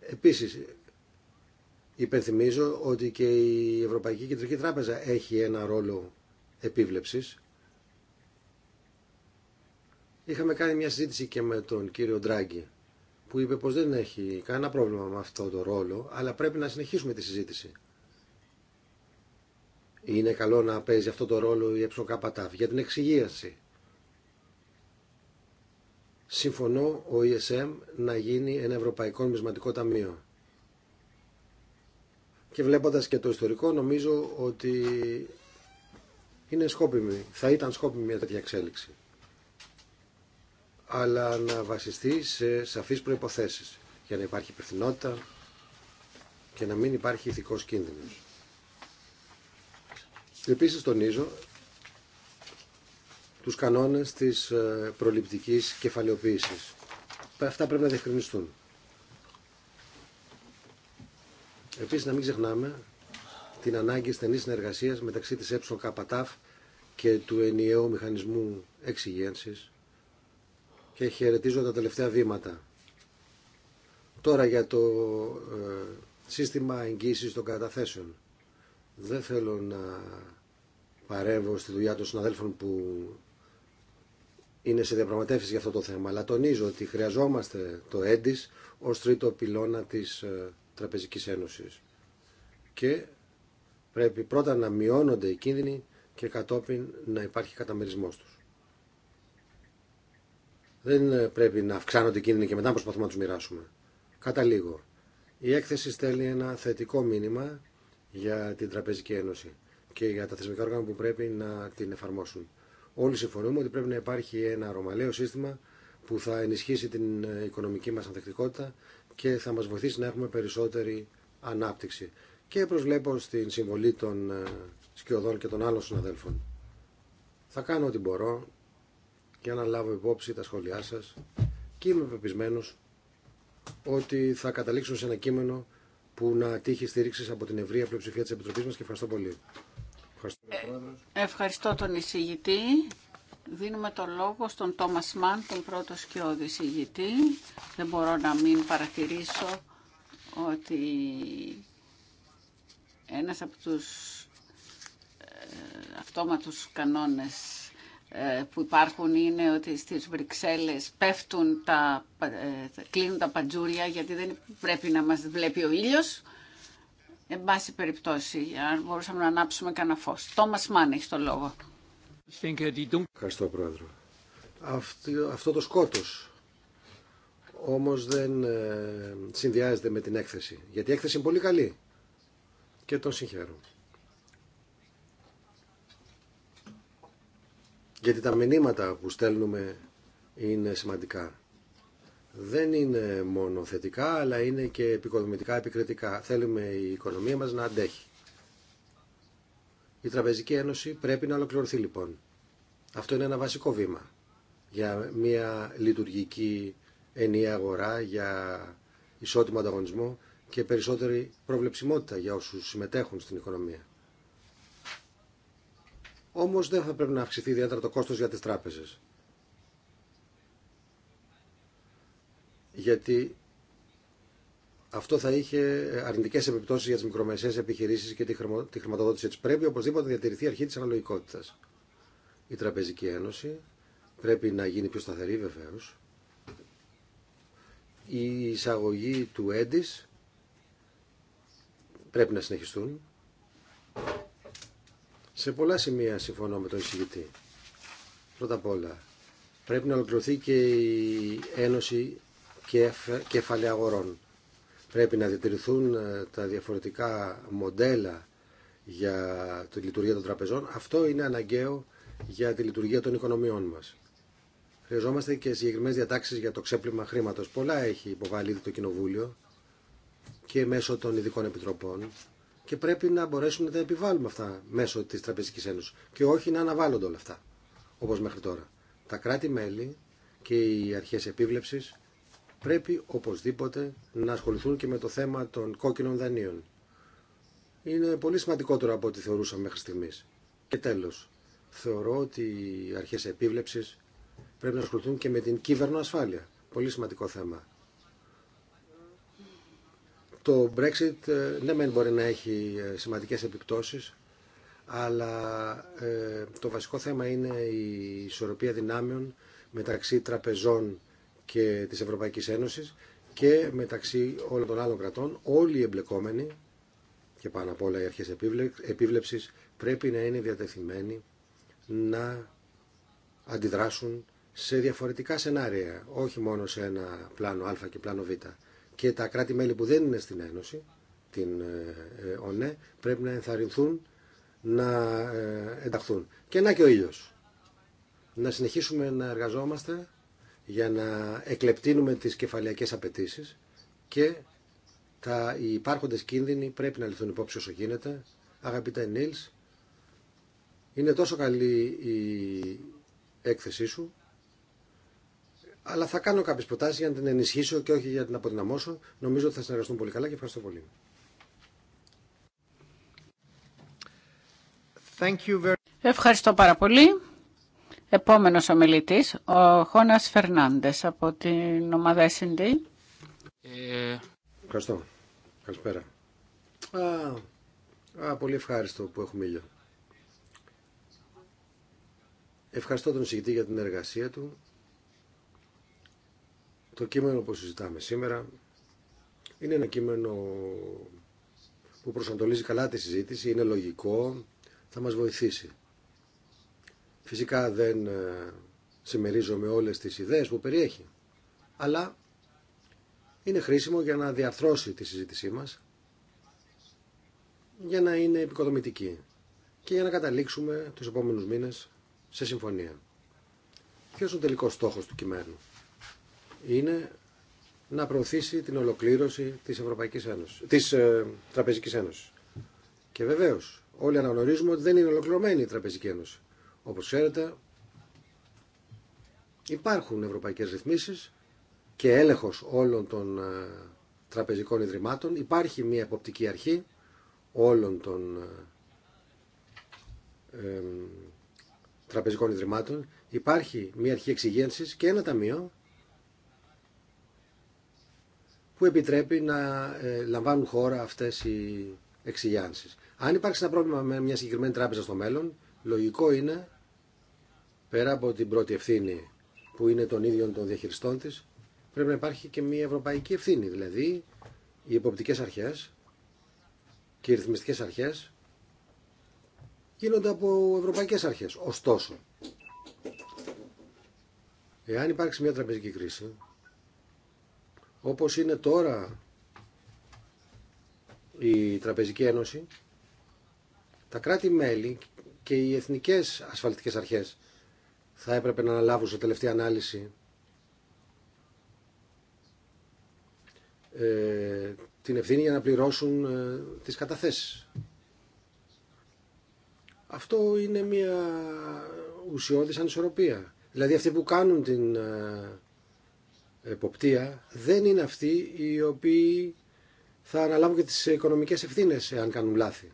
Επίσης, Υπενθυμίζω ότι και η Ευρωπαϊκή Κεντρική Τράπεζα έχει ένα ρόλο επίβλεψης. Είχαμε κάνει μια συζήτηση και με τον κύριο Ντράγκη που είπε πως δεν έχει κανένα πρόβλημα με αυτό το ρόλο αλλά πρέπει να συνεχίσουμε τη συζήτηση. Είναι καλό να παίζει αυτό το ρόλο η ΕΠΣΟΚΑΠΑΤΑΒ για την εξυγίαση. Συμφωνώ ο ESM να γίνει ένα Ευρωπαϊκό Νομισματικό Ταμείο και βλέποντας και το ιστορικό νομίζω ότι είναι σκόπιμη, θα ήταν σκόπιμη μια τέτοια εξέλιξη. Αλλά να βασιστεί σε σαφείς προϋποθέσεις για να υπάρχει υπευθυνότητα και να μην υπάρχει ηθικός κίνδυνος. Επίσης τονίζω τους κανόνες της ε, προληπτικής κεφαλαιοποίησης. Αυτά πρέπει να διευκρινιστούν. Επίση, να μην ξεχνάμε την ανάγκη στενής συνεργασία μεταξύ της ΕΚΤΑΦ και του ενιαίου μηχανισμού εξυγένση και χαιρετίζω τα τελευταία βήματα. Τώρα για το ε, σύστημα εγγύησης των καταθέσεων. Δεν θέλω να παρέμβω στη δουλειά των συναδέλφων που είναι σε διαπραγματεύσεις για αυτό το θέμα, αλλά τονίζω ότι χρειαζόμαστε το έντις ως τρίτο πυλώνα της ε, Τραπεζικής Ένωσης. Και πρέπει πρώτα να μειώνονται οι κίνδυνοι και κατόπιν να υπάρχει καταμερισμός τους. Δεν πρέπει να αυξάνονται οι κίνδυνοι και μετά να προσπαθούμε να τους μοιράσουμε. Κατά λίγο. Η έκθεση στέλνει ένα θετικό μήνυμα για την Τραπεζική Ένωση και για τα θεσμικά όργανα που πρέπει να την εφαρμόσουν. Όλοι συμφωνούμε ότι πρέπει να υπάρχει ένα ρωμαλαίο σύστημα που θα ενισχύσει την οικονομική μας ανθεκτικότητα και θα μας βοηθήσει να έχουμε περισσότερη ανάπτυξη. Και προσβλέπω στην συμβολή των ε, σκιωδών και των άλλων συναδέλφων. Θα κάνω ό,τι μπορώ και να λάβω υπόψη τα σχόλιά σας και είμαι πεπισμένος ότι θα καταλήξω σε ένα κείμενο που να τύχει στήριξη από την ευρεία πλειοψηφία της Επιτροπής μας και ευχαριστώ πολύ. ευχαριστώ ε, τον εισηγητή. Δίνουμε το λόγο στον Τόμας Μαν, τον πρώτο σκιώδη ηγητή. Δεν μπορώ να μην παρατηρήσω ότι ένας από τους ε, αυτόματους κανόνες ε, που υπάρχουν είναι ότι στις Βρυξέλλες πέφτουν τα, ε, κλείνουν τα παντζούρια γιατί δεν πρέπει να μας βλέπει ο ήλιος. Εν πάση περιπτώσει, αν μπορούσαμε να ανάψουμε κανένα φως. Τόμας Μάν έχει το λόγο. Ευχαριστώ, Πρόεδρο. Αυτό, το σκότος όμως δεν ε, συνδυάζεται με την έκθεση. Γιατί η έκθεση είναι πολύ καλή και τον συγχαίρω. Γιατί τα μηνύματα που στέλνουμε είναι σημαντικά. Δεν είναι μόνο θετικά, αλλά είναι και επικοδομητικά, επικριτικά. Θέλουμε η οικονομία μας να αντέχει. Η Τραπεζική Ένωση πρέπει να ολοκληρωθεί λοιπόν. Αυτό είναι ένα βασικό βήμα για μια λειτουργική ενιαία αγορά, για ισότιμο ανταγωνισμό και περισσότερη προβλεψιμότητα για όσους συμμετέχουν στην οικονομία. Όμως δεν θα πρέπει να αυξηθεί ιδιαίτερα το κόστος για τις τράπεζες. Γιατί αυτό θα είχε αρνητικέ επιπτώσει για τι μικρομεσαίε επιχειρήσει και τη χρηματοδότησή του. Πρέπει οπωσδήποτε να διατηρηθεί η αρχή τη αναλογικότητα. Η Τραπεζική Ένωση πρέπει να γίνει πιο σταθερή βεβαίω. Η εισαγωγή του ΕΝΤΙΣ πρέπει να συνεχιστούν. Σε πολλά σημεία συμφωνώ με τον εισηγητή. Πρώτα απ' όλα, πρέπει να ολοκληρωθεί και η Ένωση Κεφαλαίου Αγορών Πρέπει να διατηρηθούν ε, τα διαφορετικά μοντέλα για τη λειτουργία των τραπεζών. Αυτό είναι αναγκαίο για τη λειτουργία των οικονομιών μα. Χρειαζόμαστε και συγκεκριμένε διατάξει για το ξέπλυμα χρήματο. Πολλά έχει υποβάλει το Κοινοβούλιο και μέσω των ειδικών επιτροπών και πρέπει να μπορέσουμε να τα επιβάλλουμε αυτά μέσω τη Τραπεζική Ένωση και όχι να αναβάλλονται όλα αυτά όπω μέχρι τώρα. Τα κράτη-μέλη και οι αρχέ επίβλεψη πρέπει οπωσδήποτε να ασχοληθούν και με το θέμα των κόκκινων δανείων. Είναι πολύ σημαντικότερο από ό,τι θεωρούσαμε μέχρι στιγμή. Και τέλο, θεωρώ ότι οι αρχέ επίβλεψη πρέπει να ασχοληθούν και με την κύβερνο ασφάλεια. Πολύ σημαντικό θέμα. Το Brexit, ε, ναι, μπορεί να έχει ε, σημαντικές επιπτώσεις, αλλά ε, το βασικό θέμα είναι η ισορροπία δυνάμεων μεταξύ τραπεζών και της Ευρωπαϊκής Ένωσης και μεταξύ όλων των άλλων κρατών, όλοι οι εμπλεκόμενοι και πάνω απ' όλα οι αρχές επίβλεψης πρέπει να είναι διατεθειμένοι να αντιδράσουν σε διαφορετικά σενάρια, όχι μόνο σε ένα πλάνο Α και πλάνο Β. Και τα κράτη-μέλη που δεν είναι στην Ένωση, την ε, ε, ΟΝΕ, πρέπει να ενθαρρυνθούν να ε, ενταχθούν. Και να και ο ήλιος. Να συνεχίσουμε να εργαζόμαστε για να εκλεπτύνουμε τις κεφαλιακές απαιτήσει και τα, οι υπάρχοντες κίνδυνοι πρέπει να ληφθούν υπόψη όσο γίνεται. Αγαπητέ Νίλς, είναι τόσο καλή η έκθεσή σου, αλλά θα κάνω κάποιες προτάσεις για να την ενισχύσω και όχι για την αποδυναμώσω. Νομίζω ότι θα συνεργαστούν πολύ καλά και ευχαριστώ πολύ. Ευχαριστώ πάρα πολύ. Επόμενος ομιλητής, ο Χώνας Φερνάντες από την ομάδα S&D. Ε... Ευχαριστώ. Καλησπέρα. Α, α, πολύ ευχάριστο που έχουμε ήλιο. Ευχαριστώ τον συγκητή για την εργασία του. Το κείμενο που συζητάμε σήμερα είναι ένα κείμενο που προσανατολίζει καλά τη συζήτηση, είναι λογικό, θα μας βοηθήσει. Φυσικά δεν ε, συμμερίζομαι όλες τις ιδέες που περιέχει, αλλά είναι χρήσιμο για να διαρθρώσει τη συζήτησή μας, για να είναι επικοδομητική και για να καταλήξουμε τους επόμενους μήνες σε συμφωνία. Ποιος είναι ο τελικός στόχος του κειμένου. Είναι να προωθήσει την ολοκλήρωση της, Ευρωπαϊκής Ένωσης, της ε, Τραπεζικής Ένωσης. Και βεβαίως όλοι αναγνωρίζουμε ότι δεν είναι ολοκληρωμένη η Τραπεζική Ένωση. Όπως ξέρετε, υπάρχουν ευρωπαϊκές ρυθμίσεις και έλεγχος όλων των ε, τραπεζικών ιδρυμάτων. Υπάρχει μια εποπτική αρχή όλων των ε, ε, τραπεζικών ιδρυμάτων. Υπάρχει μια αρχή εξυγένσης και ένα ταμείο που επιτρέπει να λαμβάνουν χώρα αυτές οι εξυγιάνσεις. Αν υπάρξει ένα πρόβλημα με μια συγκεκριμένη τράπεζα στο μέλλον, λογικό είναι πέρα από την πρώτη ευθύνη που είναι των ίδιων των διαχειριστών της, πρέπει να υπάρχει και μια ευρωπαϊκή ευθύνη. Δηλαδή, οι υποπτικές αρχές και οι ρυθμιστικές αρχές γίνονται από ευρωπαϊκές αρχές. Ωστόσο, εάν υπάρξει μια τραπεζική κρίση, όπως είναι τώρα η Τραπεζική Ένωση, τα κράτη-μέλη και οι εθνικές ασφαλιστικές αρχές θα έπρεπε να αναλάβουν σε τελευταία ανάλυση ε, την ευθύνη για να πληρώσουν ε, τις καταθέσεις. Αυτό είναι μια ουσιώδης ανισορροπία. Δηλαδή αυτοί που κάνουν την ε, εποπτεία δεν είναι αυτοί οι οποίοι θα αναλάβουν και τις οικονομικές ευθύνες εάν κάνουν λάθη.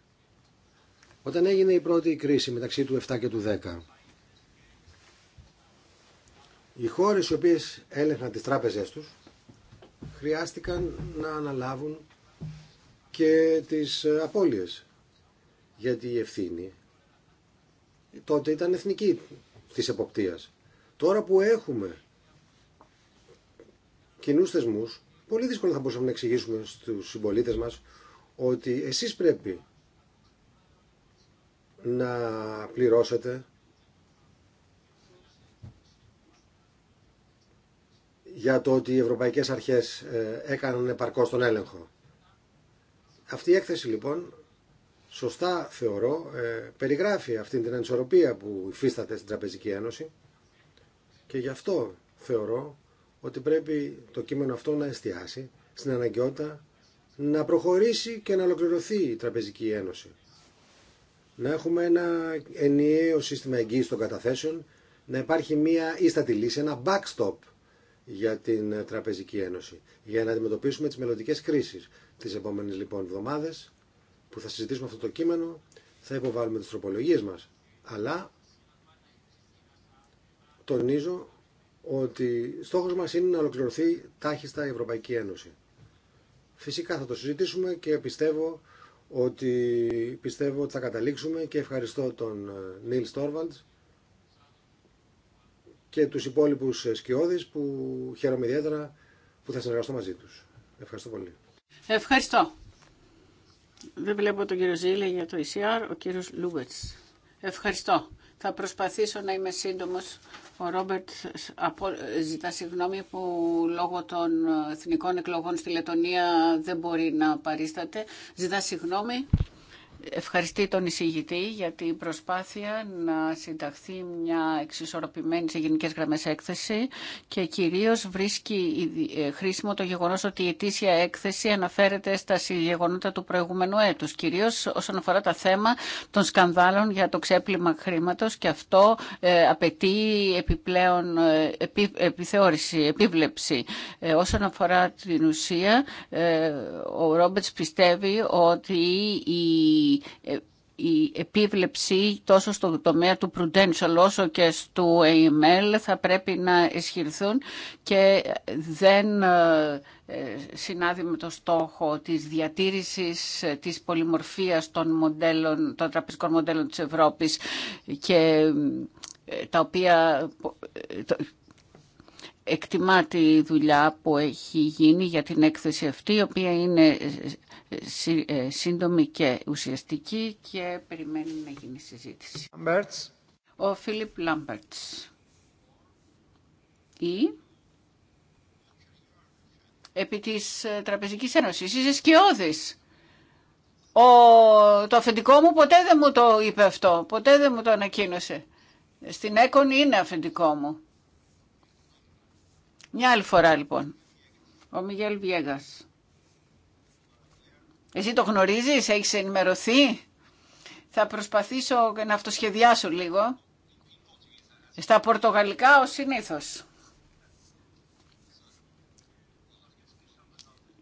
Όταν έγινε η πρώτη κρίση μεταξύ του 7 και του 10 οι χώρες οι οποίες έλεγχαν τις τράπεζές τους χρειάστηκαν να αναλάβουν και τις απώλειες. Γιατί η ευθύνη τότε ήταν εθνική της εποπτείας. Τώρα που έχουμε κοινού θεσμού, πολύ δύσκολο θα μπορούσαμε να εξηγήσουμε στους συμπολίτε μας ότι εσείς πρέπει να πληρώσετε για το ότι οι ευρωπαϊκές αρχές ε, έκαναν επαρκώς τον έλεγχο. Αυτή η έκθεση λοιπόν, σωστά θεωρώ, ε, περιγράφει αυτή την ανισορροπία που υφίσταται στην Τραπεζική Ένωση και γι' αυτό θεωρώ ότι πρέπει το κείμενο αυτό να εστιάσει στην αναγκαιότητα να προχωρήσει και να ολοκληρωθεί η Τραπεζική Ένωση. Να έχουμε ένα ενιαίο σύστημα εγγύησης των καταθέσεων, να υπάρχει μία ίστατη λύση, ένα backstop για την ε, Τραπεζική Ένωση, για να αντιμετωπίσουμε τις μελλοντικέ κρίσεις. Τις επόμενε λοιπόν εβδομάδες που θα συζητήσουμε αυτό το κείμενο, θα υποβάλουμε τις τροπολογίες μας, αλλά τονίζω ότι στόχος μας είναι να ολοκληρωθεί τάχιστα η Ευρωπαϊκή Ένωση. Φυσικά θα το συζητήσουμε και πιστεύω ότι, πιστεύω ότι θα καταλήξουμε και ευχαριστώ τον ε, Νίλ Στόρβαλτς και τους υπόλοιπους σκιώδεις που χαίρομαι ιδιαίτερα που θα συνεργαστώ μαζί τους. Ευχαριστώ πολύ. Ευχαριστώ. Δεν βλέπω τον κύριο Ζήλε για το ECR, ο κύριος Λούβετς. Ευχαριστώ. Θα προσπαθήσω να είμαι σύντομος. Ο Ρόμπερτ ε, ε, ζητά συγγνώμη που λόγω των εθνικών εκλογών στη Λετωνία δεν μπορεί να παρίσταται. Ζητά συγγνώμη ευχαριστεί τον εισηγητή για την προσπάθεια να συνταχθεί μια εξισορροπημένη σε γενικέ γραμμέ έκθεση και κυρίω βρίσκει ε, χρήσιμο το γεγονό ότι η ετήσια έκθεση αναφέρεται στα συγγεγονότα του προηγούμενου έτου, κυρίω όσον αφορά τα θέμα των σκανδάλων για το ξέπλυμα χρήματο και αυτό ε, απαιτεί επιπλέον ε, επιθεώρηση, επίβλεψη. όσον αφορά την ουσία, ο Ρόμπετ πιστεύει ότι η ε, η επίβλεψη τόσο στο τομέα του Prudential όσο και στο AML θα πρέπει να ισχυρθούν και δεν ε, ε, συνάδει με το στόχο της διατήρησης της πολυμορφίας των, μοντέλων, των τραπεζικών μοντέλων της Ευρώπης και τα οποία εκτιμά τη δουλειά που έχει γίνει για την έκθεση αυτή, η οποία είναι ε, ε, σύντομη και ουσιαστική και περιμένει να γίνει συζήτηση. Ο Φίλιπ Λάμπερτς. Ή επί της ε, Τραπεζικής Ένωσης. Είσαι σκιώδης. Ο, το αφεντικό μου ποτέ δεν μου το είπε αυτό. Ποτέ δεν μου το ανακοίνωσε. Στην ΕΚΟΝ είναι αφεντικό μου. Μια άλλη φορά λοιπόν. Ο Μιγέλ Βιέγα. Εσύ το γνωρίζει, έχει ενημερωθεί. Θα προσπαθήσω να αυτοσχεδιάσω λίγο. Στα πορτογαλικά ο συνήθως.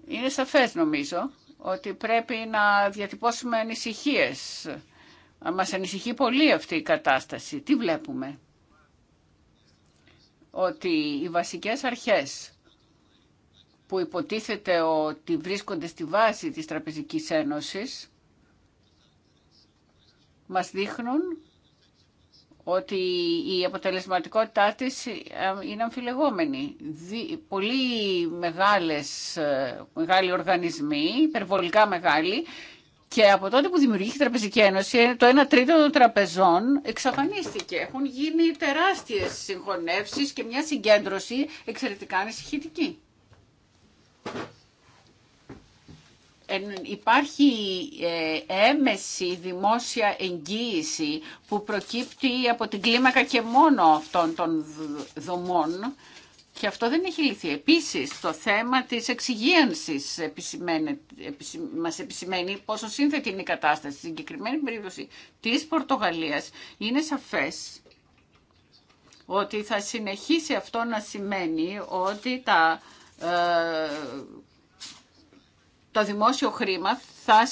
Είναι σαφές νομίζω ότι πρέπει να διατυπώσουμε ανησυχίες. Μας ανησυχεί πολύ αυτή η κατάσταση. Τι βλέπουμε ότι οι βασικές αρχές που υποτίθεται ότι βρίσκονται στη βάση της Τραπεζικής Ένωσης μας δείχνουν ότι η αποτελεσματικότητά της ε, είναι αμφιλεγόμενη. Πολύ μεγάλες, ε, μεγάλοι οργανισμοί, υπερβολικά μεγάλοι, και από τότε που δημιουργήθηκε η Τραπεζική Ένωση, το 1 τρίτο των τραπεζών εξαφανίστηκε. Έχουν γίνει τεράστιες συγχωνεύσει και μια συγκέντρωση εξαιρετικά ανησυχητική. Υπάρχει ε, έμεση δημόσια εγγύηση που προκύπτει από την κλίμακα και μόνο αυτών των δομών και αυτό δεν έχει λυθεί. Επίσης, το θέμα της εξυγίανση μας επισημαίνει πόσο σύνθετη είναι η κατάσταση. Στην συγκεκριμένη περίπτωση της Πορτογαλίας είναι σαφές ότι θα συνεχίσει αυτό να σημαίνει ότι τα, ε, το δημόσιο χρήμα θα,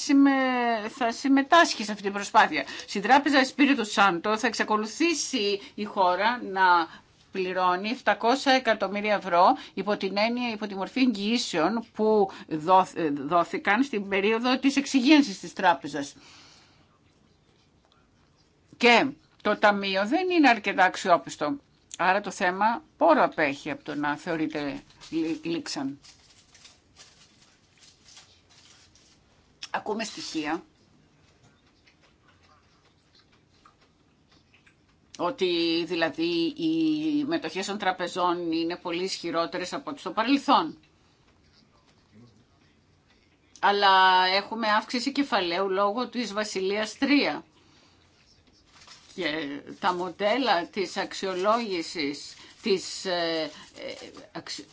συμμετάσχει σε αυτή την προσπάθεια. Στην τράπεζα Espírito Santo θα εξακολουθήσει η χώρα να πληρώνει 700 εκατομμύρια ευρώ υπό την έννοια, υπό τη μορφή εγγυήσεων που δόθηκαν στην περίοδο της εξυγένσης της τράπεζας. Και το ταμείο δεν είναι αρκετά αξιόπιστο. Άρα το θέμα πόρο απέχει από το να θεωρείται λήξαν. Ακούμε στοιχεία ότι δηλαδή οι μετοχές των τραπεζών είναι πολύ ισχυρότερε από ό,τι στο παρελθόν. Αλλά έχουμε αύξηση κεφαλαίου λόγω της Βασιλείας 3. Και τα μοντέλα της αξιολόγησης της ε, ε,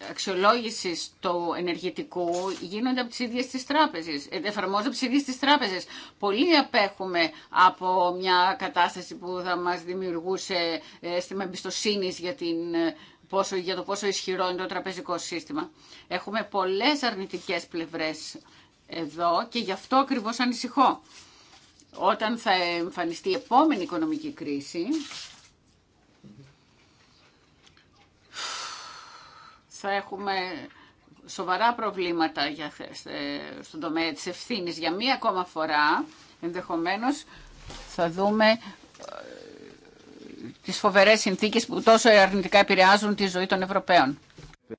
αξιολόγησης του ενεργητικού γίνονται από τις ίδιες τις τράπεζες, ε, εφαρμόζονται από τις τράπεζες. Πολύ απέχουμε από μια κατάσταση που θα μας δημιουργούσε αίσθημα εμπιστοσύνη για την πόσο, για το πόσο ισχυρό είναι το τραπεζικό σύστημα. Έχουμε πολλές αρνητικές πλευρές εδώ και γι' αυτό ακριβώς ανησυχώ. Όταν θα εμφανιστεί η επόμενη οικονομική κρίση, θα έχουμε σοβαρά προβλήματα για, ε, στον τομέα της ευθύνη για μία ακόμα φορά. Ενδεχομένως θα δούμε ε, τις φοβερές συνθήκες που τόσο αρνητικά επηρεάζουν τη ζωή των Ευρωπαίων.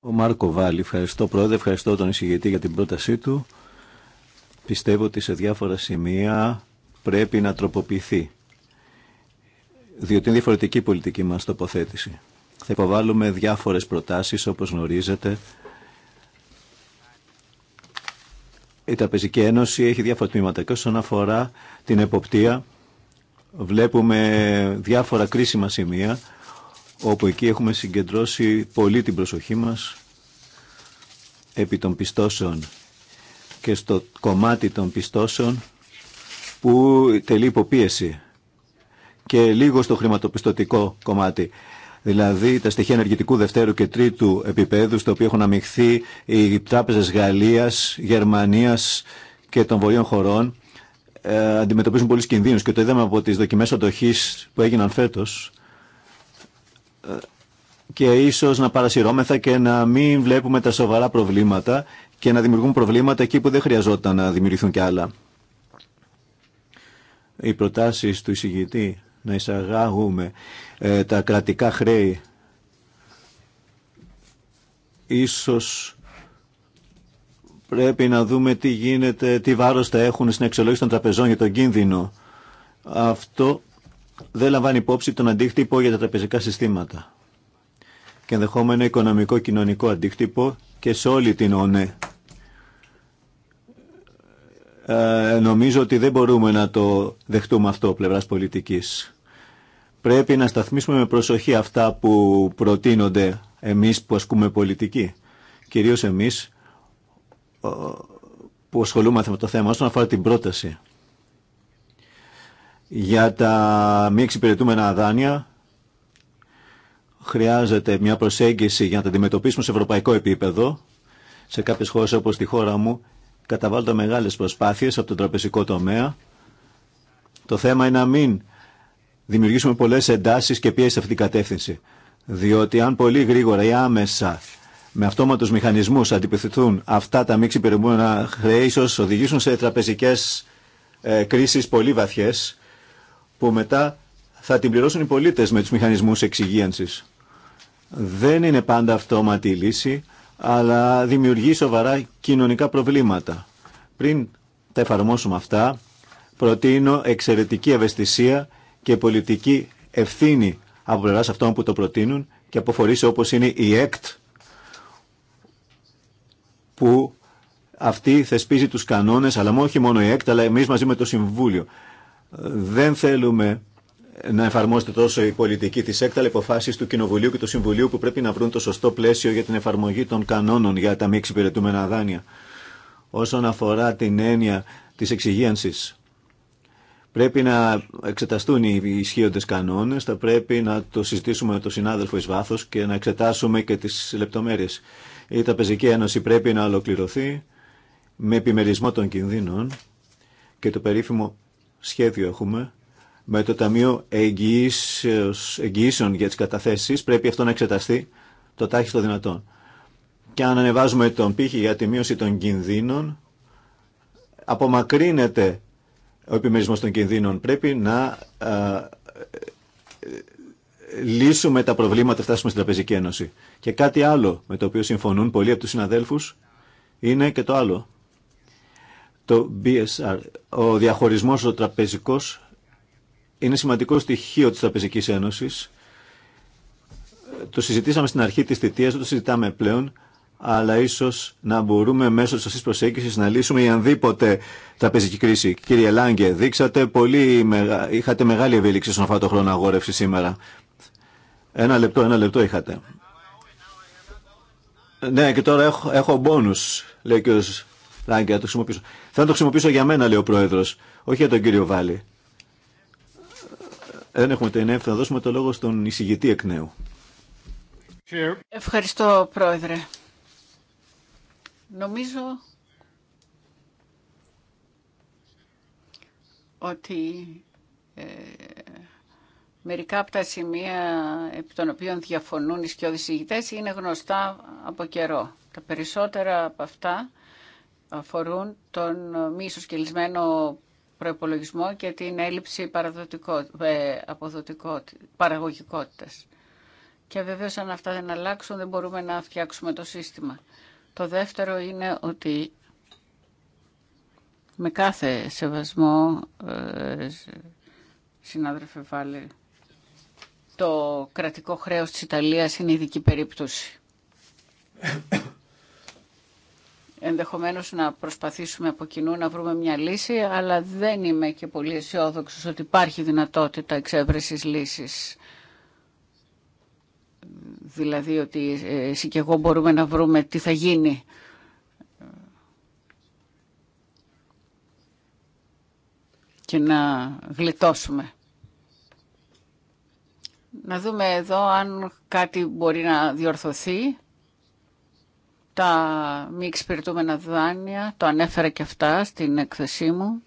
Ο Μάρκο Βάλλη, ευχαριστώ πρόεδρε, ευχαριστώ τον εισηγητή για την πρότασή του. Πιστεύω ότι σε διάφορα σημεία πρέπει να τροποποιηθεί, διότι είναι διαφορετική η πολιτική μας τοποθέτηση. Θα υποβάλουμε διάφορες προτάσεις όπως γνωρίζετε. Η Τραπεζική Ένωση έχει διάφορα τμήματα και όσον αφορά την εποπτεία βλέπουμε διάφορα κρίσιμα σημεία όπου εκεί έχουμε συγκεντρώσει πολύ την προσοχή μας επί των πιστώσεων και στο κομμάτι των πιστώσεων που τελεί υποπίεση και λίγο στο χρηματοπιστωτικό κομμάτι δηλαδή τα στοιχεία ενεργητικού δευτέρου και τρίτου επίπεδου, στο οποίο έχουν αμειχθεί οι τράπεζε Γαλλία, Γερμανία και των βορείων χωρών, ε, αντιμετωπίζουν πολλού κινδύνου. και το είδαμε από τι δοκιμέ αντοχή που έγιναν φέτος ε, και ίσω να παρασυρώμεθα και να μην βλέπουμε τα σοβαρά προβλήματα και να δημιουργούν προβλήματα εκεί που δεν χρειαζόταν να δημιουργηθούν κι άλλα. Οι προτάσεις του εισηγητή να εισαγάγουμε ε, τα κρατικά χρέη. Ίσως πρέπει να δούμε τι γίνεται, τι βάρος θα έχουν στην εξολόγηση των τραπεζών για τον κίνδυνο. Αυτό δεν λαμβάνει υπόψη τον αντίκτυπο για τα τραπεζικά συστήματα και ενδεχόμενο οικονομικό κοινωνικό αντίκτυπο και σε όλη την ΩΝΕ. Ε, νομίζω ότι δεν μπορούμε να το δεχτούμε αυτό πλευράς πολιτικής. Πρέπει να σταθμίσουμε με προσοχή αυτά που προτείνονται εμείς που ασκούμε πολιτική. Κυρίως εμείς ε, που ασχολούμαστε με το θέμα όσον αφορά την πρόταση για τα μη εξυπηρετούμενα δάνεια χρειάζεται μια προσέγγιση για να τα αντιμετωπίσουμε σε ευρωπαϊκό επίπεδο. Σε κάποιες χώρες όπως τη χώρα μου καταβάλλονται μεγάλες προσπάθειες από τον τραπεζικό τομέα. Το θέμα είναι να μην δημιουργήσουμε πολλέ εντάσει και πίεση σε αυτή την κατεύθυνση. Διότι αν πολύ γρήγορα ή άμεσα με αυτόματου μηχανισμού αντιπιθυθούν αυτά τα μη ξυπηρεμούμενα χρέη, ίσω οδηγήσουν σε τραπεζικέ ε, κρίσεις πολύ βαθιές, που μετά θα την πληρώσουν οι πολίτες με του μηχανισμού εξυγίανση. Δεν είναι πάντα αυτόματη η λύση, αλλά δημιουργεί σοβαρά κοινωνικά προβλήματα. Πριν τα εφαρμόσουμε αυτά, προτείνω εξαιρετική ευαισθησία και πολιτική ευθύνη από πλευρά αυτών που το προτείνουν και από φορείς όπως είναι η ΕΚΤ που αυτή θεσπίζει τους κανόνες, αλλά όχι μόνο η ΕΚΤ, αλλά εμείς μαζί με το Συμβούλιο. Δεν θέλουμε να εφαρμόσετε τόσο η πολιτική της ΕΚΤ, αλλά υποφάσεις του Κοινοβουλίου και του Συμβουλίου που πρέπει να βρουν το σωστό πλαίσιο για την εφαρμογή των κανόνων για τα μη εξυπηρετούμενα δάνεια. Όσον αφορά την έννοια της εξυγίανσης, Πρέπει να εξεταστούν οι ισχύοντε κανόνε, θα πρέπει να το συζητήσουμε με τον συνάδελφο ει βάθος και να εξετάσουμε και τις λεπτομέρειες. Η Ταπεζική Ένωση πρέπει να ολοκληρωθεί με επιμερισμό των κινδύνων και το περίφημο σχέδιο έχουμε με το Ταμείο Εγγυήσεων για τις καταθέσεις πρέπει αυτό να εξεταστεί το τάχιστο δυνατόν. Και αν ανεβάζουμε τον πύχη για τη μείωση των κινδύνων απομακρύνεται ο επιμερισμός των κινδύνων. Πρέπει να λύσουμε τα προβλήματα, φτάσουμε στην Τραπεζική Ένωση. Και κάτι άλλο με το οποίο συμφωνούν πολλοί από τους συναδέλφους είναι και το άλλο. Το BSR, ο διαχωρισμός ο τραπεζικός είναι σημαντικό στοιχείο της Τραπεζικής Ένωσης. Το συζητήσαμε στην αρχή της θητείας, το συζητάμε πλέον αλλά ίσω να μπορούμε μέσω σωστή προσέγγιση να λύσουμε η ανδήποτε τραπεζική κρίση. Κύριε Λάγκε, δείξατε πολύ, είχατε μεγάλη ευέλιξη στον αυτό το χρόνο αγόρευση σήμερα. Ένα λεπτό, ένα λεπτό είχατε. Ναι, και τώρα έχω, έχω μπόνους, λέει ο Λάγκε, θα το χρησιμοποιήσω. Θα το χρησιμοποιήσω για μένα, λέει ο πρόεδρο. όχι για τον κύριο Βάλλη. Ε, δεν έχουμε την ενέργεια, θα δώσουμε το λόγο στον εισηγητή εκ νέου. Ευχαριστώ, πρόεδρε. Νομίζω ότι ε, μερικά από τα σημεία επί των οποίων διαφωνούν οι σκιώδεις είναι γνωστά από καιρό. Τα περισσότερα από αυτά αφορούν τον μη ισοσκελισμένο προπολογισμό και την έλλειψη ε, παραγωγικότητας. Και βεβαίως αν αυτά δεν αλλάξουν δεν μπορούμε να φτιάξουμε το σύστημα. Το δεύτερο είναι ότι με κάθε σεβασμό, ε, συνάδελφε Βάλε, το κρατικό χρέος της Ιταλίας είναι ειδική περίπτωση. Ενδεχομένως να προσπαθήσουμε από κοινού να βρούμε μια λύση, αλλά δεν είμαι και πολύ αισιόδοξο ότι υπάρχει δυνατότητα εξέβρεσης λύσης δηλαδή ότι ε, εσύ και εγώ μπορούμε να βρούμε τι θα γίνει. και να γλιτώσουμε. Να δούμε εδώ αν κάτι μπορεί να διορθωθεί. Τα μη εξυπηρετούμενα δάνεια, το ανέφερα και αυτά στην έκθεσή μου.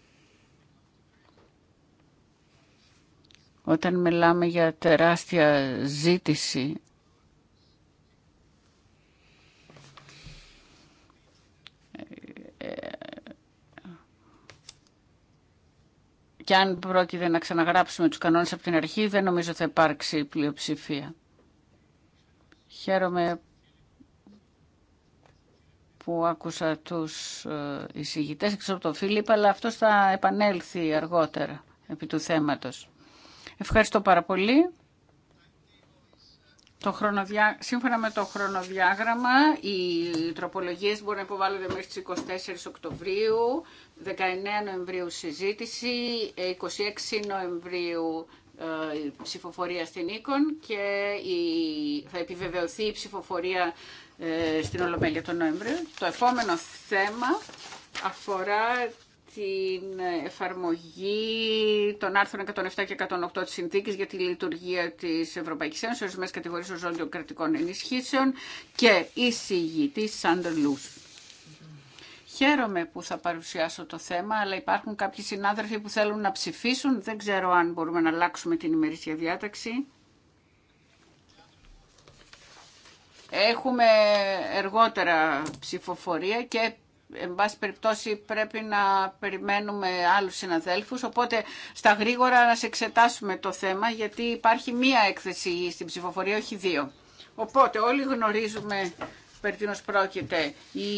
Όταν μιλάμε για τεράστια ζήτηση και αν πρόκειται να ξαναγράψουμε τους κανόνες από την αρχή, δεν νομίζω θα υπάρξει πλειοψηφία. Χαίρομαι που άκουσα τους ε, εισηγητές, εξω από τον Φίλιπ, αλλά αυτός θα επανέλθει αργότερα επί του θέματος. Ευχαριστώ πάρα πολύ. Το χρονοδιά... Σύμφωνα με το χρονοδιάγραμμα, οι τροπολογίε μπορούν να υποβάλλονται μέχρι τι 24 Οκτωβρίου, 19 Νοεμβρίου συζήτηση, 26 Νοεμβρίου ε, ψηφοφορία στην Ίκον και η, θα επιβεβαιωθεί η ψηφοφορία ε, στην Ολομέλεια τον Νοέμβριο. Το επόμενο θέμα αφορά την εφαρμογή των άρθρων 107 και 108 της Συνθήκης για τη λειτουργία της Ευρωπαϊκής Ένωσης, ορισμένες κατηγορίες οριζόντιων κρατικών ενισχύσεων και εισηγητή Σάντερ Λούς. Χαίρομαι που θα παρουσιάσω το θέμα, αλλά υπάρχουν κάποιοι συνάδελφοι που θέλουν να ψηφίσουν. Δεν ξέρω αν μπορούμε να αλλάξουμε την ημερήσια διάταξη. Έχουμε εργότερα ψηφοφορία και Εν πάση περιπτώσει πρέπει να περιμένουμε άλλους συναδέλφους, οπότε στα γρήγορα να σε εξετάσουμε το θέμα, γιατί υπάρχει μία έκθεση στην ψηφοφορία, όχι δύο. Οπότε όλοι γνωρίζουμε περί τίνος πρόκειται. Η,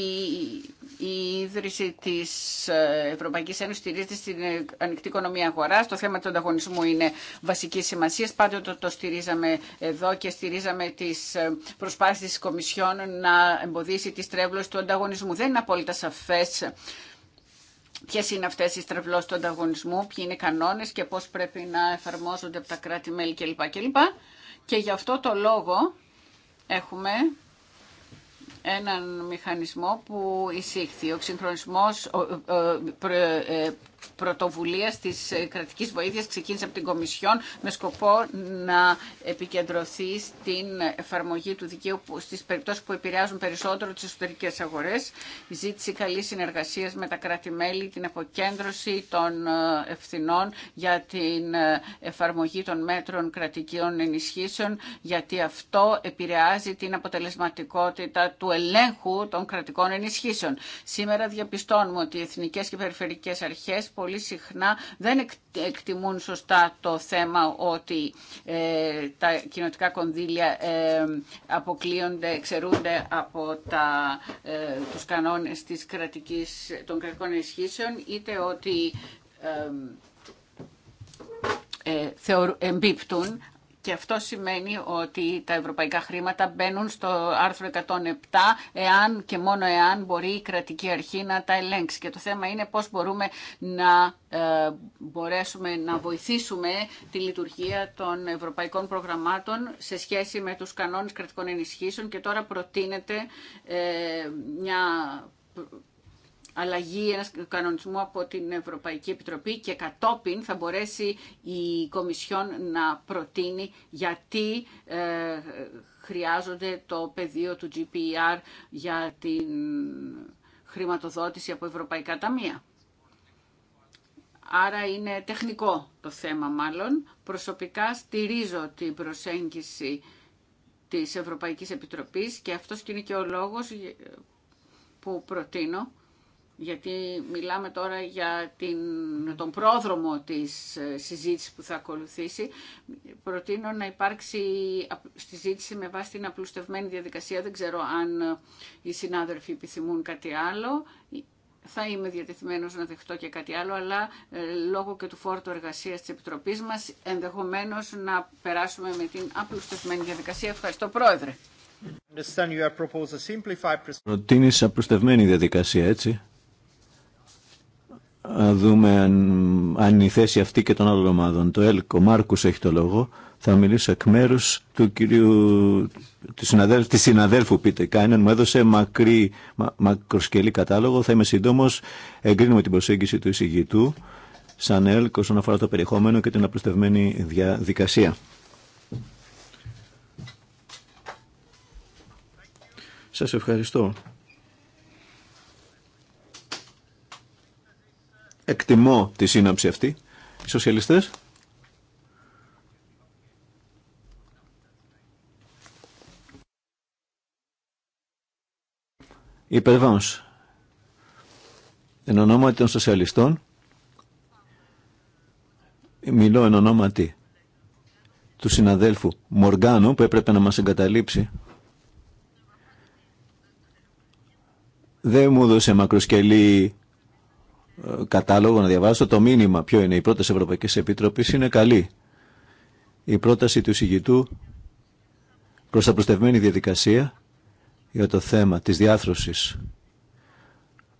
η ίδρυση της ε, Ευρωπαϊκής Ένωσης στηρίζεται στην ε, ανοιχτή οικονομία αγορά. Το θέμα του ανταγωνισμού είναι βασική σημασία. Πάντοτε το στηρίζαμε εδώ και στηρίζαμε τις ε, προσπάθειες της Κομισιόν να εμποδίσει τη τρέβλες του ανταγωνισμού. Δεν είναι απόλυτα σαφές Ποιε είναι αυτέ οι στρεβλώσει του ανταγωνισμού, ποιοι είναι οι κανόνε και πώ πρέπει να εφαρμόζονται από τα κράτη-μέλη κλπ. Και γι' αυτό το λόγο έχουμε έναν μηχανισμό που εισήχθη. Ο εξυγχρονισμός ε, ε, πρωτοβουλία της ε, κρατικής βοήθειας ξεκίνησε από την Κομισιόν με σκοπό να επικεντρωθεί στην εφαρμογή του δικαίου στις περιπτώσεις που επηρεάζουν περισσότερο τις εσωτερικές αγορές, η ζήτηση καλή συνεργασίας με τα κράτη-μέλη, την αποκέντρωση των ε, ευθυνών για την ε, εφαρμογή των μέτρων κρατικών ενισχύσεων, γιατί αυτό επηρεάζει την αποτελεσματικότητα του ελέγχου των κρατικών ενισχύσεων. Σήμερα διαπιστώνουμε ότι οι εθνικές και περιφερειακές αρχές πολύ συχνά δεν εκτιμούν σωστά το θέμα ότι ε, τα κοινοτικά κονδύλια ε, αποκλείονται, εξαιρούνται από τα, ε, τους κανόνες της κρατικής, των κρατικών ενισχύσεων, είτε ότι ε, ε εμπίπτουν και αυτό σημαίνει ότι τα ευρωπαϊκά χρήματα μπαίνουν στο άρθρο 107 εάν και μόνο εάν μπορεί η κρατική αρχή να τα ελέγξει. Και το θέμα είναι πώς μπορούμε να ε, μπορέσουμε να βοηθήσουμε τη λειτουργία των ευρωπαϊκών προγραμμάτων σε σχέση με τους κανόνες κρατικών ενισχύσεων και τώρα προτείνεται ε, μια αλλαγή ένας κανονισμού από την Ευρωπαϊκή Επιτροπή και κατόπιν θα μπορέσει η Κομισιόν να προτείνει γιατί ε, χρειάζονται το πεδίο του GPR για την χρηματοδότηση από Ευρωπαϊκά Ταμεία. Άρα είναι τεχνικό το θέμα μάλλον. Προσωπικά στηρίζω την προσέγγιση της Ευρωπαϊκής Επιτροπής και αυτός και είναι και ο λόγος που προτείνω γιατί μιλάμε τώρα για την, τον πρόδρομο της ε, συζήτησης που θα ακολουθήσει, προτείνω να υπάρξει συζήτηση με βάση την απλουστευμένη διαδικασία. Δεν ξέρω αν ε, οι συνάδελφοι επιθυμούν κάτι άλλο. Ε, θα είμαι διατεθειμένος να δεχτώ και κάτι άλλο, αλλά λόγω και του φόρτου εργασίας της Επιτροπής μας, ενδεχομένως να περάσουμε με την απλουστευμένη διαδικασία. Ευχαριστώ, Πρόεδρε. Προτείνεις απλουστευμένη διαδικασία, έτσι δούμε αν, αν η θέση αυτή και των άλλων ομάδων. Το ΕΛΚ, ο Μάρκο, έχει το λόγο. Θα μιλήσω εκ μέρου του κυρίου, του συναδέλφου, της συναδέλφου πείτε. Κάινεν. Μου έδωσε μακρύ, μακροσκελή κατάλογο. Θα είμαι σύντομο. Εγκρίνουμε την προσέγγιση του εισηγητού σαν ΕΛΚ όσον αφορά το περιεχόμενο και την απλουστευμένη διαδικασία. Σας ευχαριστώ. Εκτιμώ τη σύναψη αυτή. Οι σοσιαλιστές. Υπερβάνς. Εν ονόματι των σοσιαλιστών. Μιλώ εν ονόματι του συναδέλφου Μοργάνου που έπρεπε να μας εγκαταλείψει. Δεν μου έδωσε μακροσκελή κατάλογο να διαβάσω το μήνυμα ποιο είναι η πρόταση Ευρωπαϊκής Επιτροπής είναι καλή. Η πρόταση του συγητού προς τα προστευμένη διαδικασία για το θέμα της διάθρωσης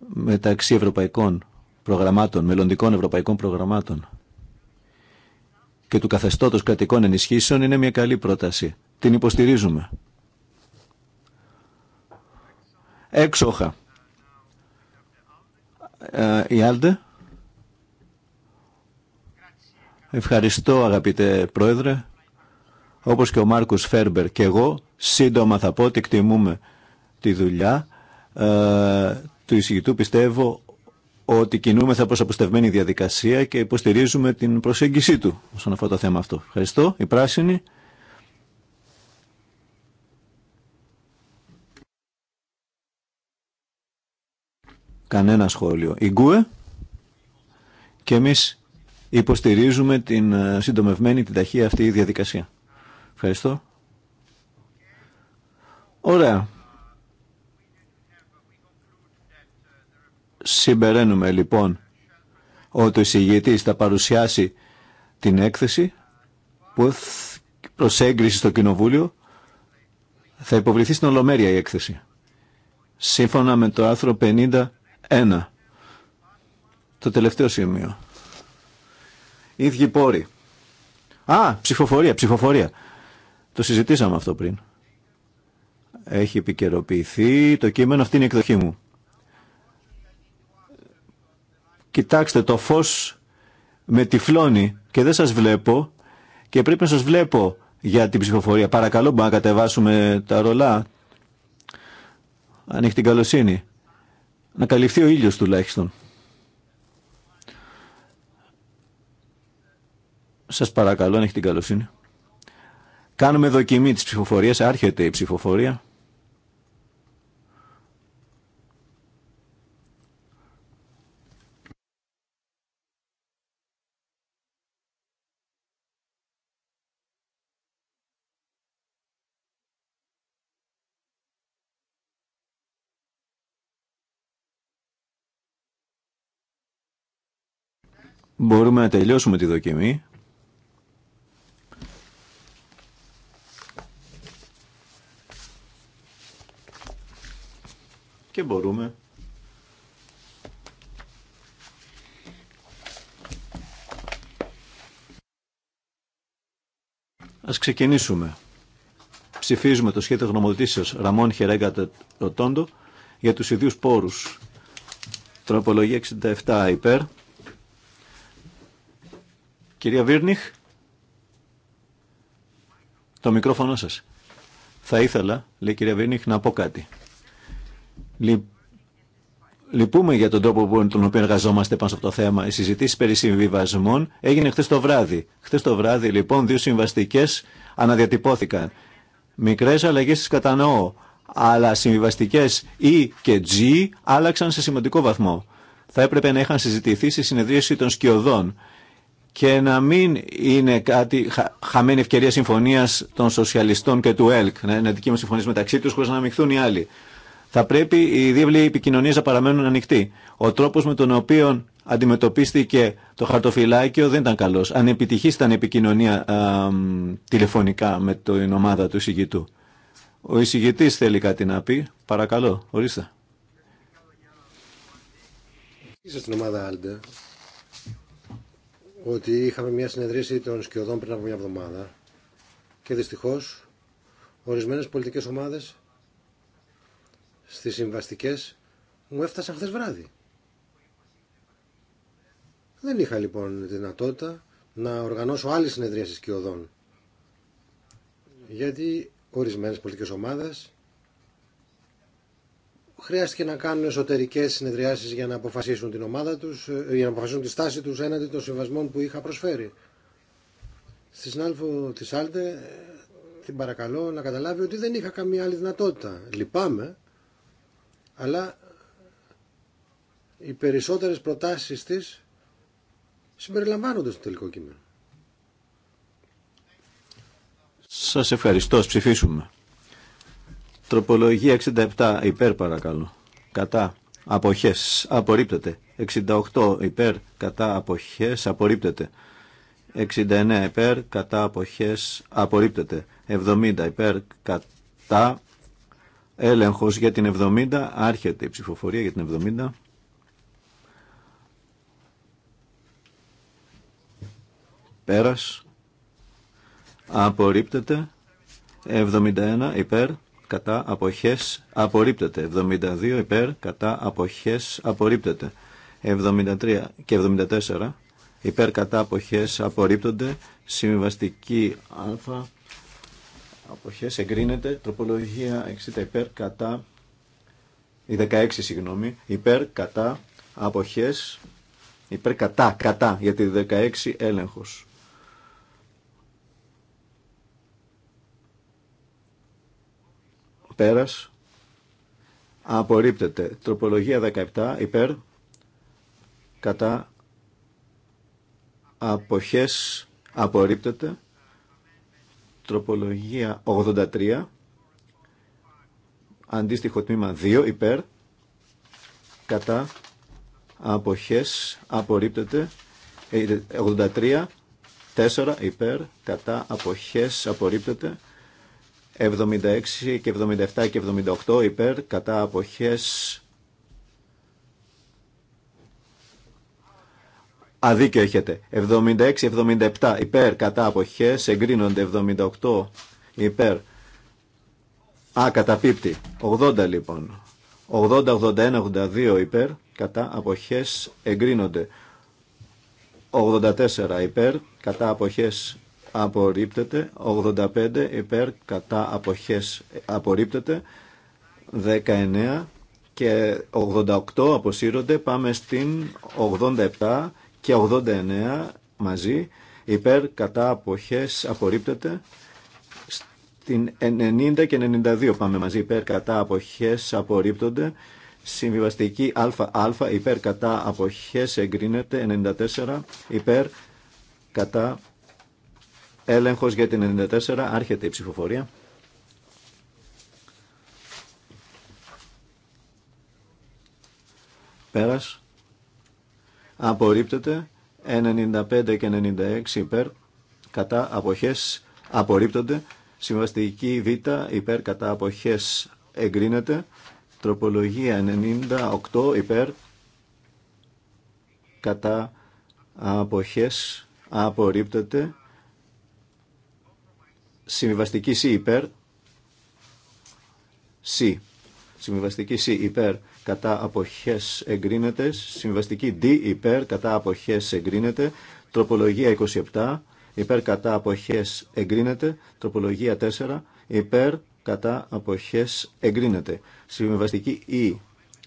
μεταξύ ευρωπαϊκών προγραμμάτων, μελλοντικών ευρωπαϊκών προγραμμάτων και του καθεστώτος κρατικών ενισχύσεων είναι μια καλή πρόταση. Την υποστηρίζουμε. Έξοχα. Ε, η Άλντε. Ευχαριστώ αγαπητέ Πρόεδρε. Όπως και ο Μάρκους Φέρμπερ και εγώ, σύντομα θα πω ότι εκτιμούμε τη δουλειά ε, του εισηγητού. Πιστεύω ότι κινούμεθα προς αποστευμένη διαδικασία και υποστηρίζουμε την προσέγγιση του όσον αφορά το θέμα αυτό. Ευχαριστώ. Η πράσινη. Κανένα σχόλιο. Η Γκουε και εμείς υποστηρίζουμε την ε, συντομευμένη, την ταχεία αυτή η διαδικασία. Ευχαριστώ. Ωραία. Συμπεραίνουμε λοιπόν ότι ο εισηγητής θα παρουσιάσει την έκθεση που προς έγκριση στο Κοινοβούλιο θα υποβληθεί στην Ολομέρεια η έκθεση. Σύμφωνα με το άρθρο 50 ένα. Το τελευταίο σημείο. Ίδιοι πόροι. Α, ψηφοφορία, ψηφοφορία. Το συζητήσαμε αυτό πριν. Έχει επικαιροποιηθεί το κείμενο, αυτή είναι η εκδοχή μου. Κοιτάξτε, το φως με τυφλώνει και δεν σας βλέπω και πρέπει να σας βλέπω για την ψηφοφορία. Παρακαλώ, μπορούμε να κατεβάσουμε τα ρολά. Αν την καλοσύνη να καλυφθεί ο ήλιος τουλάχιστον. Σας παρακαλώ, αν έχει την καλοσύνη. Κάνουμε δοκιμή της ψηφοφορίας, άρχεται η ψηφοφορία. Μπορούμε να τελειώσουμε τη δοκιμή. Και μπορούμε Ας ξεκινήσουμε. Ψηφίζουμε το σχέδιο γνωμοδοτήσεως Ραμόν Χερέγκα Τόντο για τους ιδίους πόρους. Τροπολογία 67 υπέρ. Κυρία Βίρνιχ, το μικρόφωνο σας. Θα ήθελα, λέει η κυρία Βίρνιχ, να πω κάτι. Λυπούμε για τον τρόπο που τον οποίο εργαζόμαστε πάνω σε αυτό το θέμα. Οι συζητήσει περί συμβιβασμών έγινε χθε το βράδυ. Χθε το βράδυ, λοιπόν, δύο συμβαστικέ αναδιατυπώθηκαν. Μικρέ αλλαγέ τι κατανοώ. Αλλά συμβιβαστικέ E και G άλλαξαν σε σημαντικό βαθμό. Θα έπρεπε να είχαν συζητηθεί στη συνεδρίαση των σκιωδών και να μην είναι κάτι χαμένη ευκαιρία συμφωνία των σοσιαλιστών και του ΕΛΚ, να είναι αντικείμενο συμφωνία μεταξύ του χωρί να αμυχθούν οι άλλοι. Θα πρέπει οι δίβλοι επικοινωνία να παραμένουν ανοιχτοί. Ο τρόπο με τον οποίο αντιμετωπίστηκε το χαρτοφυλάκιο δεν ήταν καλό. Ανεπιτυχή ήταν η επικοινωνία τηλεφωνικά με την ομάδα του εισηγητού. Ο εισηγητή θέλει κάτι να πει. Παρακαλώ, ορίστε. Είσαι στην ομάδα ότι είχαμε μια συνεδρίαση των σκιωδών πριν από μια εβδομάδα και δυστυχώς ορισμένες πολιτικές ομάδες στις συμβαστικές μου έφτασαν χθες βράδυ. Δεν είχα λοιπόν τη δυνατότητα να οργανώσω άλλη συνεδρίαση σκιωδών γιατί ορισμένες πολιτικές ομάδες χρειάστηκε να κάνουν εσωτερικές συνεδριάσεις για να αποφασίσουν την ομάδα τους, ε, για να αποφασίσουν τη στάση τους έναντι των συμβασμών που είχα προσφέρει. Στη συνάδελφο της Άλτε ε, την παρακαλώ να καταλάβει ότι δεν είχα καμία άλλη δυνατότητα. Λυπάμαι, αλλά οι περισσότερες προτάσεις της συμπεριλαμβάνονται στο τελικό κείμενο. Σας ευχαριστώ. Ας ψηφίσουμε. Τροπολογία 67 υπέρ παρακαλώ. Κατά. Αποχές. Απορρίπτεται. 68 υπέρ. Κατά. Αποχές. Απορρίπτεται. 69 υπέρ. Κατά. Αποχές. Απορρίπτεται. 70 υπέρ. Κατά. Έλεγχος για την 70. Άρχεται η ψηφοφορία για την 70. Πέρας. Απορρίπτεται. 71 υπέρ κατά αποχές απορρίπτεται. 72 υπέρ κατά αποχές απορρίπτεται. 73 και 74 υπέρ κατά αποχές απορρίπτονται. Συμβαστική α αποχές εγκρίνεται. Τροπολογία 60 υπέρ κατά η 16 συγγνώμη υπέρ κατά αποχές υπέρ κατά κατά για τη 16 έλεγχος. Πέρας. Απορρίπτεται. Τροπολογία 17 υπέρ. Κατά. Αποχές. Απορρίπτεται. Τροπολογία 83. Αντίστοιχο τμήμα 2 υπέρ. Κατά. Αποχές. Απορρίπτεται. 83. Ε, 4 υπέρ. Κατά. Αποχές. Απορρίπτεται. 76 και 77 και 78 υπέρ κατά αποχές Αδίκιο έχετε. 76-77 υπέρ κατά αποχές εγκρίνονται 78 υπέρ. Α, καταπίπτει. 80 λοιπόν. 80-81-82 υπέρ κατά αποχές εγκρίνονται. 84 υπέρ κατά αποχές απορρίπτεται, 85 υπέρ κατά αποχές απορρίπτεται, 19 και 88 αποσύρονται, πάμε στην 87 και 89 μαζί, υπέρ κατά αποχές απορρίπτεται, στην 90 και 92 πάμε μαζί, υπέρ κατά αποχές απορρίπτονται, συμβιβαστική ΑΑ υπέρ κατά αποχές εγκρίνεται, 94 υπέρ κατά Έλεγχος για την 94. Άρχεται η ψηφοφορία. Πέρας. Απορρίπτεται. 95 και 96 υπέρ. Κατά αποχές απορρίπτονται. Συμβαστική Β υπέρ κατά αποχές εγκρίνεται. Τροπολογία 98 υπέρ κατά αποχές απορρίπτεται. Συμβιβαστική C υπέρ. C. Συμβιβαστική C υπέρ κατά αποχές εγκρίνεται. Συμβιβαστική D υπέρ κατά αποχές εγκρίνεται. Τροπολογία 27 υπέρ κατά αποχές εγκρίνεται. Τροπολογία 4 υπέρ κατά αποχές εγκρίνεται. Συμβιβαστική E.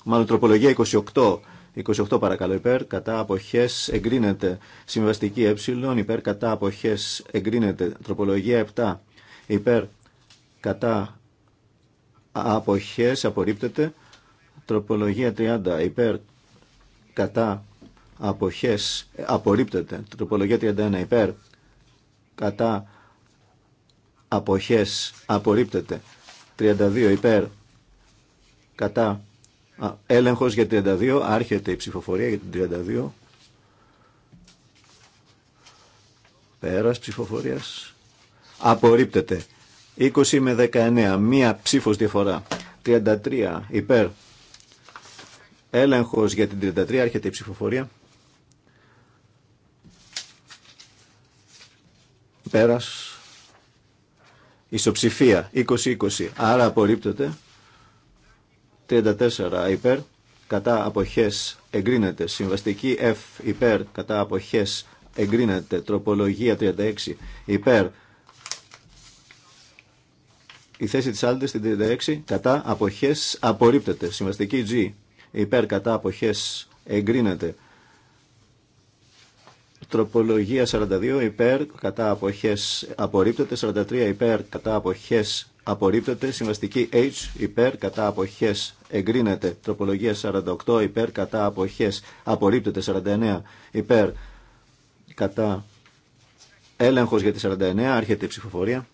Μάλλον τροπολογία 28 28 παρακαλώ υπέρ, κατά αποχές εγκρίνεται. Συμβαστική ε, υπέρ, κατά αποχές εγκρίνεται. Τροπολογία 7 υπέρ, κατά αποχές απορρίπτεται. Τροπολογία 30 υπέρ, κατά αποχές απορρίπτεται. Τροπολογία 31 υπέρ, κατά αποχές απορρίπτεται. 32 υπέρ, κατά Α, έλεγχος για 32, άρχεται η ψηφοφορία για την 32. Πέρας ψηφοφορίας. Απορρίπτεται. 20 με 19, μία ψήφος διαφορά. 33, υπέρ. Έλεγχος για την 33, άρχεται η ψηφοφορία. Πέρας. Ισοψηφία, 20-20, άρα απορρίπτεται. 34 υπέρ κατά αποχές εγκρίνεται. Συμβαστική F υπέρ κατά αποχές εγκρίνεται. Τροπολογία 36 υπέρ. Η θέση της άλλης στην 36 κατά αποχές απορρίπτεται. Συμβαστική G υπέρ κατά αποχές εγκρίνεται. Τροπολογία 42 υπέρ κατά αποχές απορρίπτεται. 43 υπέρ κατά αποχές απορρίπτεται. Συμβαστική H υπέρ κατά αποχές εγκρίνεται. Τροπολογία 48 υπέρ κατά αποχές απορρίπτεται. 49 υπέρ κατά έλεγχος για τη 49. Άρχεται η ψηφοφορία.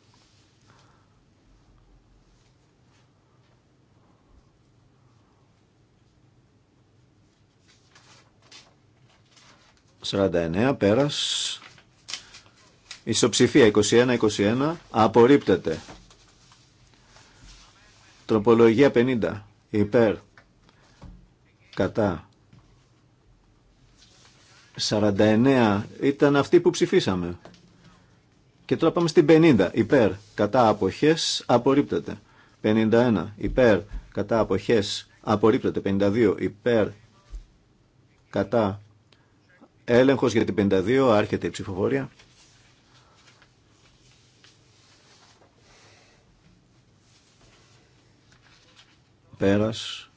«49, πέρας, ισοψηφία 21-21, απορρίπτεται». Τροπολογία 50. Υπέρ. Κατά. 49 ήταν αυτή που ψηφίσαμε. Και τώρα πάμε στην 50. Υπέρ. Κατά αποχές. Απορρίπτεται. 51. Υπέρ. Κατά αποχές. Απορρίπτεται. 52. Υπέρ. Κατά. Έλεγχος για την 52. Άρχεται η ψηφοφορία. πέρας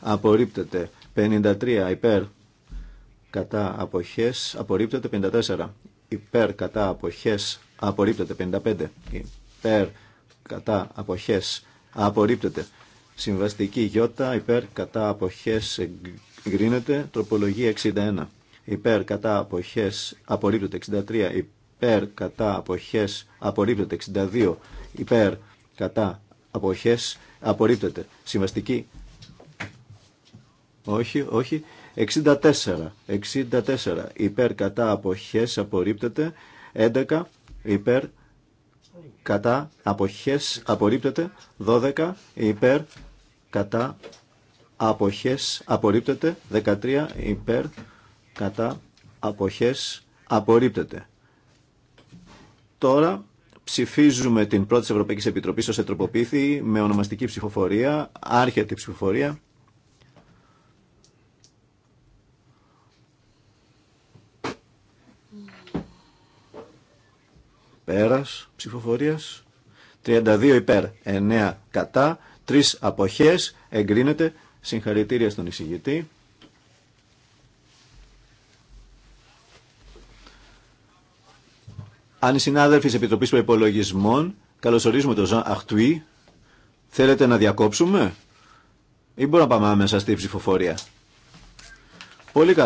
απορρίπτεται 53 υπέρ κατά αποχές απορρίπτεται 54 υπέρ κατά αποχές απορρίπτεται 55 υπέρ κατά αποχές απορρίπτεται συμβαστική γιώτα υπέρ κατά αποχές εγκρίνεται τροπολογία 61 υπέρ κατά αποχές απορρίπτεται 63 υπέρ κατά αποχές απορρίπτεται 62 υπέρ κατά αποχές απορρίπτεται. Συμβαστική. Όχι, όχι. 64. 64. Υπέρ κατά αποχές απορρίπτεται. 11. Υπέρ κατά αποχές απορρίπτεται. 12. Υπέρ κατά αποχές απορρίπτεται. 13. Υπέρ κατά αποχές απορρίπτεται. Τώρα Ψηφίζουμε την πρώτη Ευρωπαϊκή Επιτροπή ω ετροποποίηθη με ονομαστική ψηφοφορία. Άρχεται η ψηφοφορία. Πέρας ψηφοφορίας. 32 υπέρ, 9 κατά, 3 αποχές, εγκρίνεται. Συγχαρητήρια στον εισηγητή. Αν οι συνάδελφοι τη Επιτροπή Προπολογισμών, καλωσορίζουμε τον Ζαν Αχτουί, θέλετε να διακόψουμε ή μπορούμε να πάμε άμεσα στη ψηφοφορία. Πολύ καλά.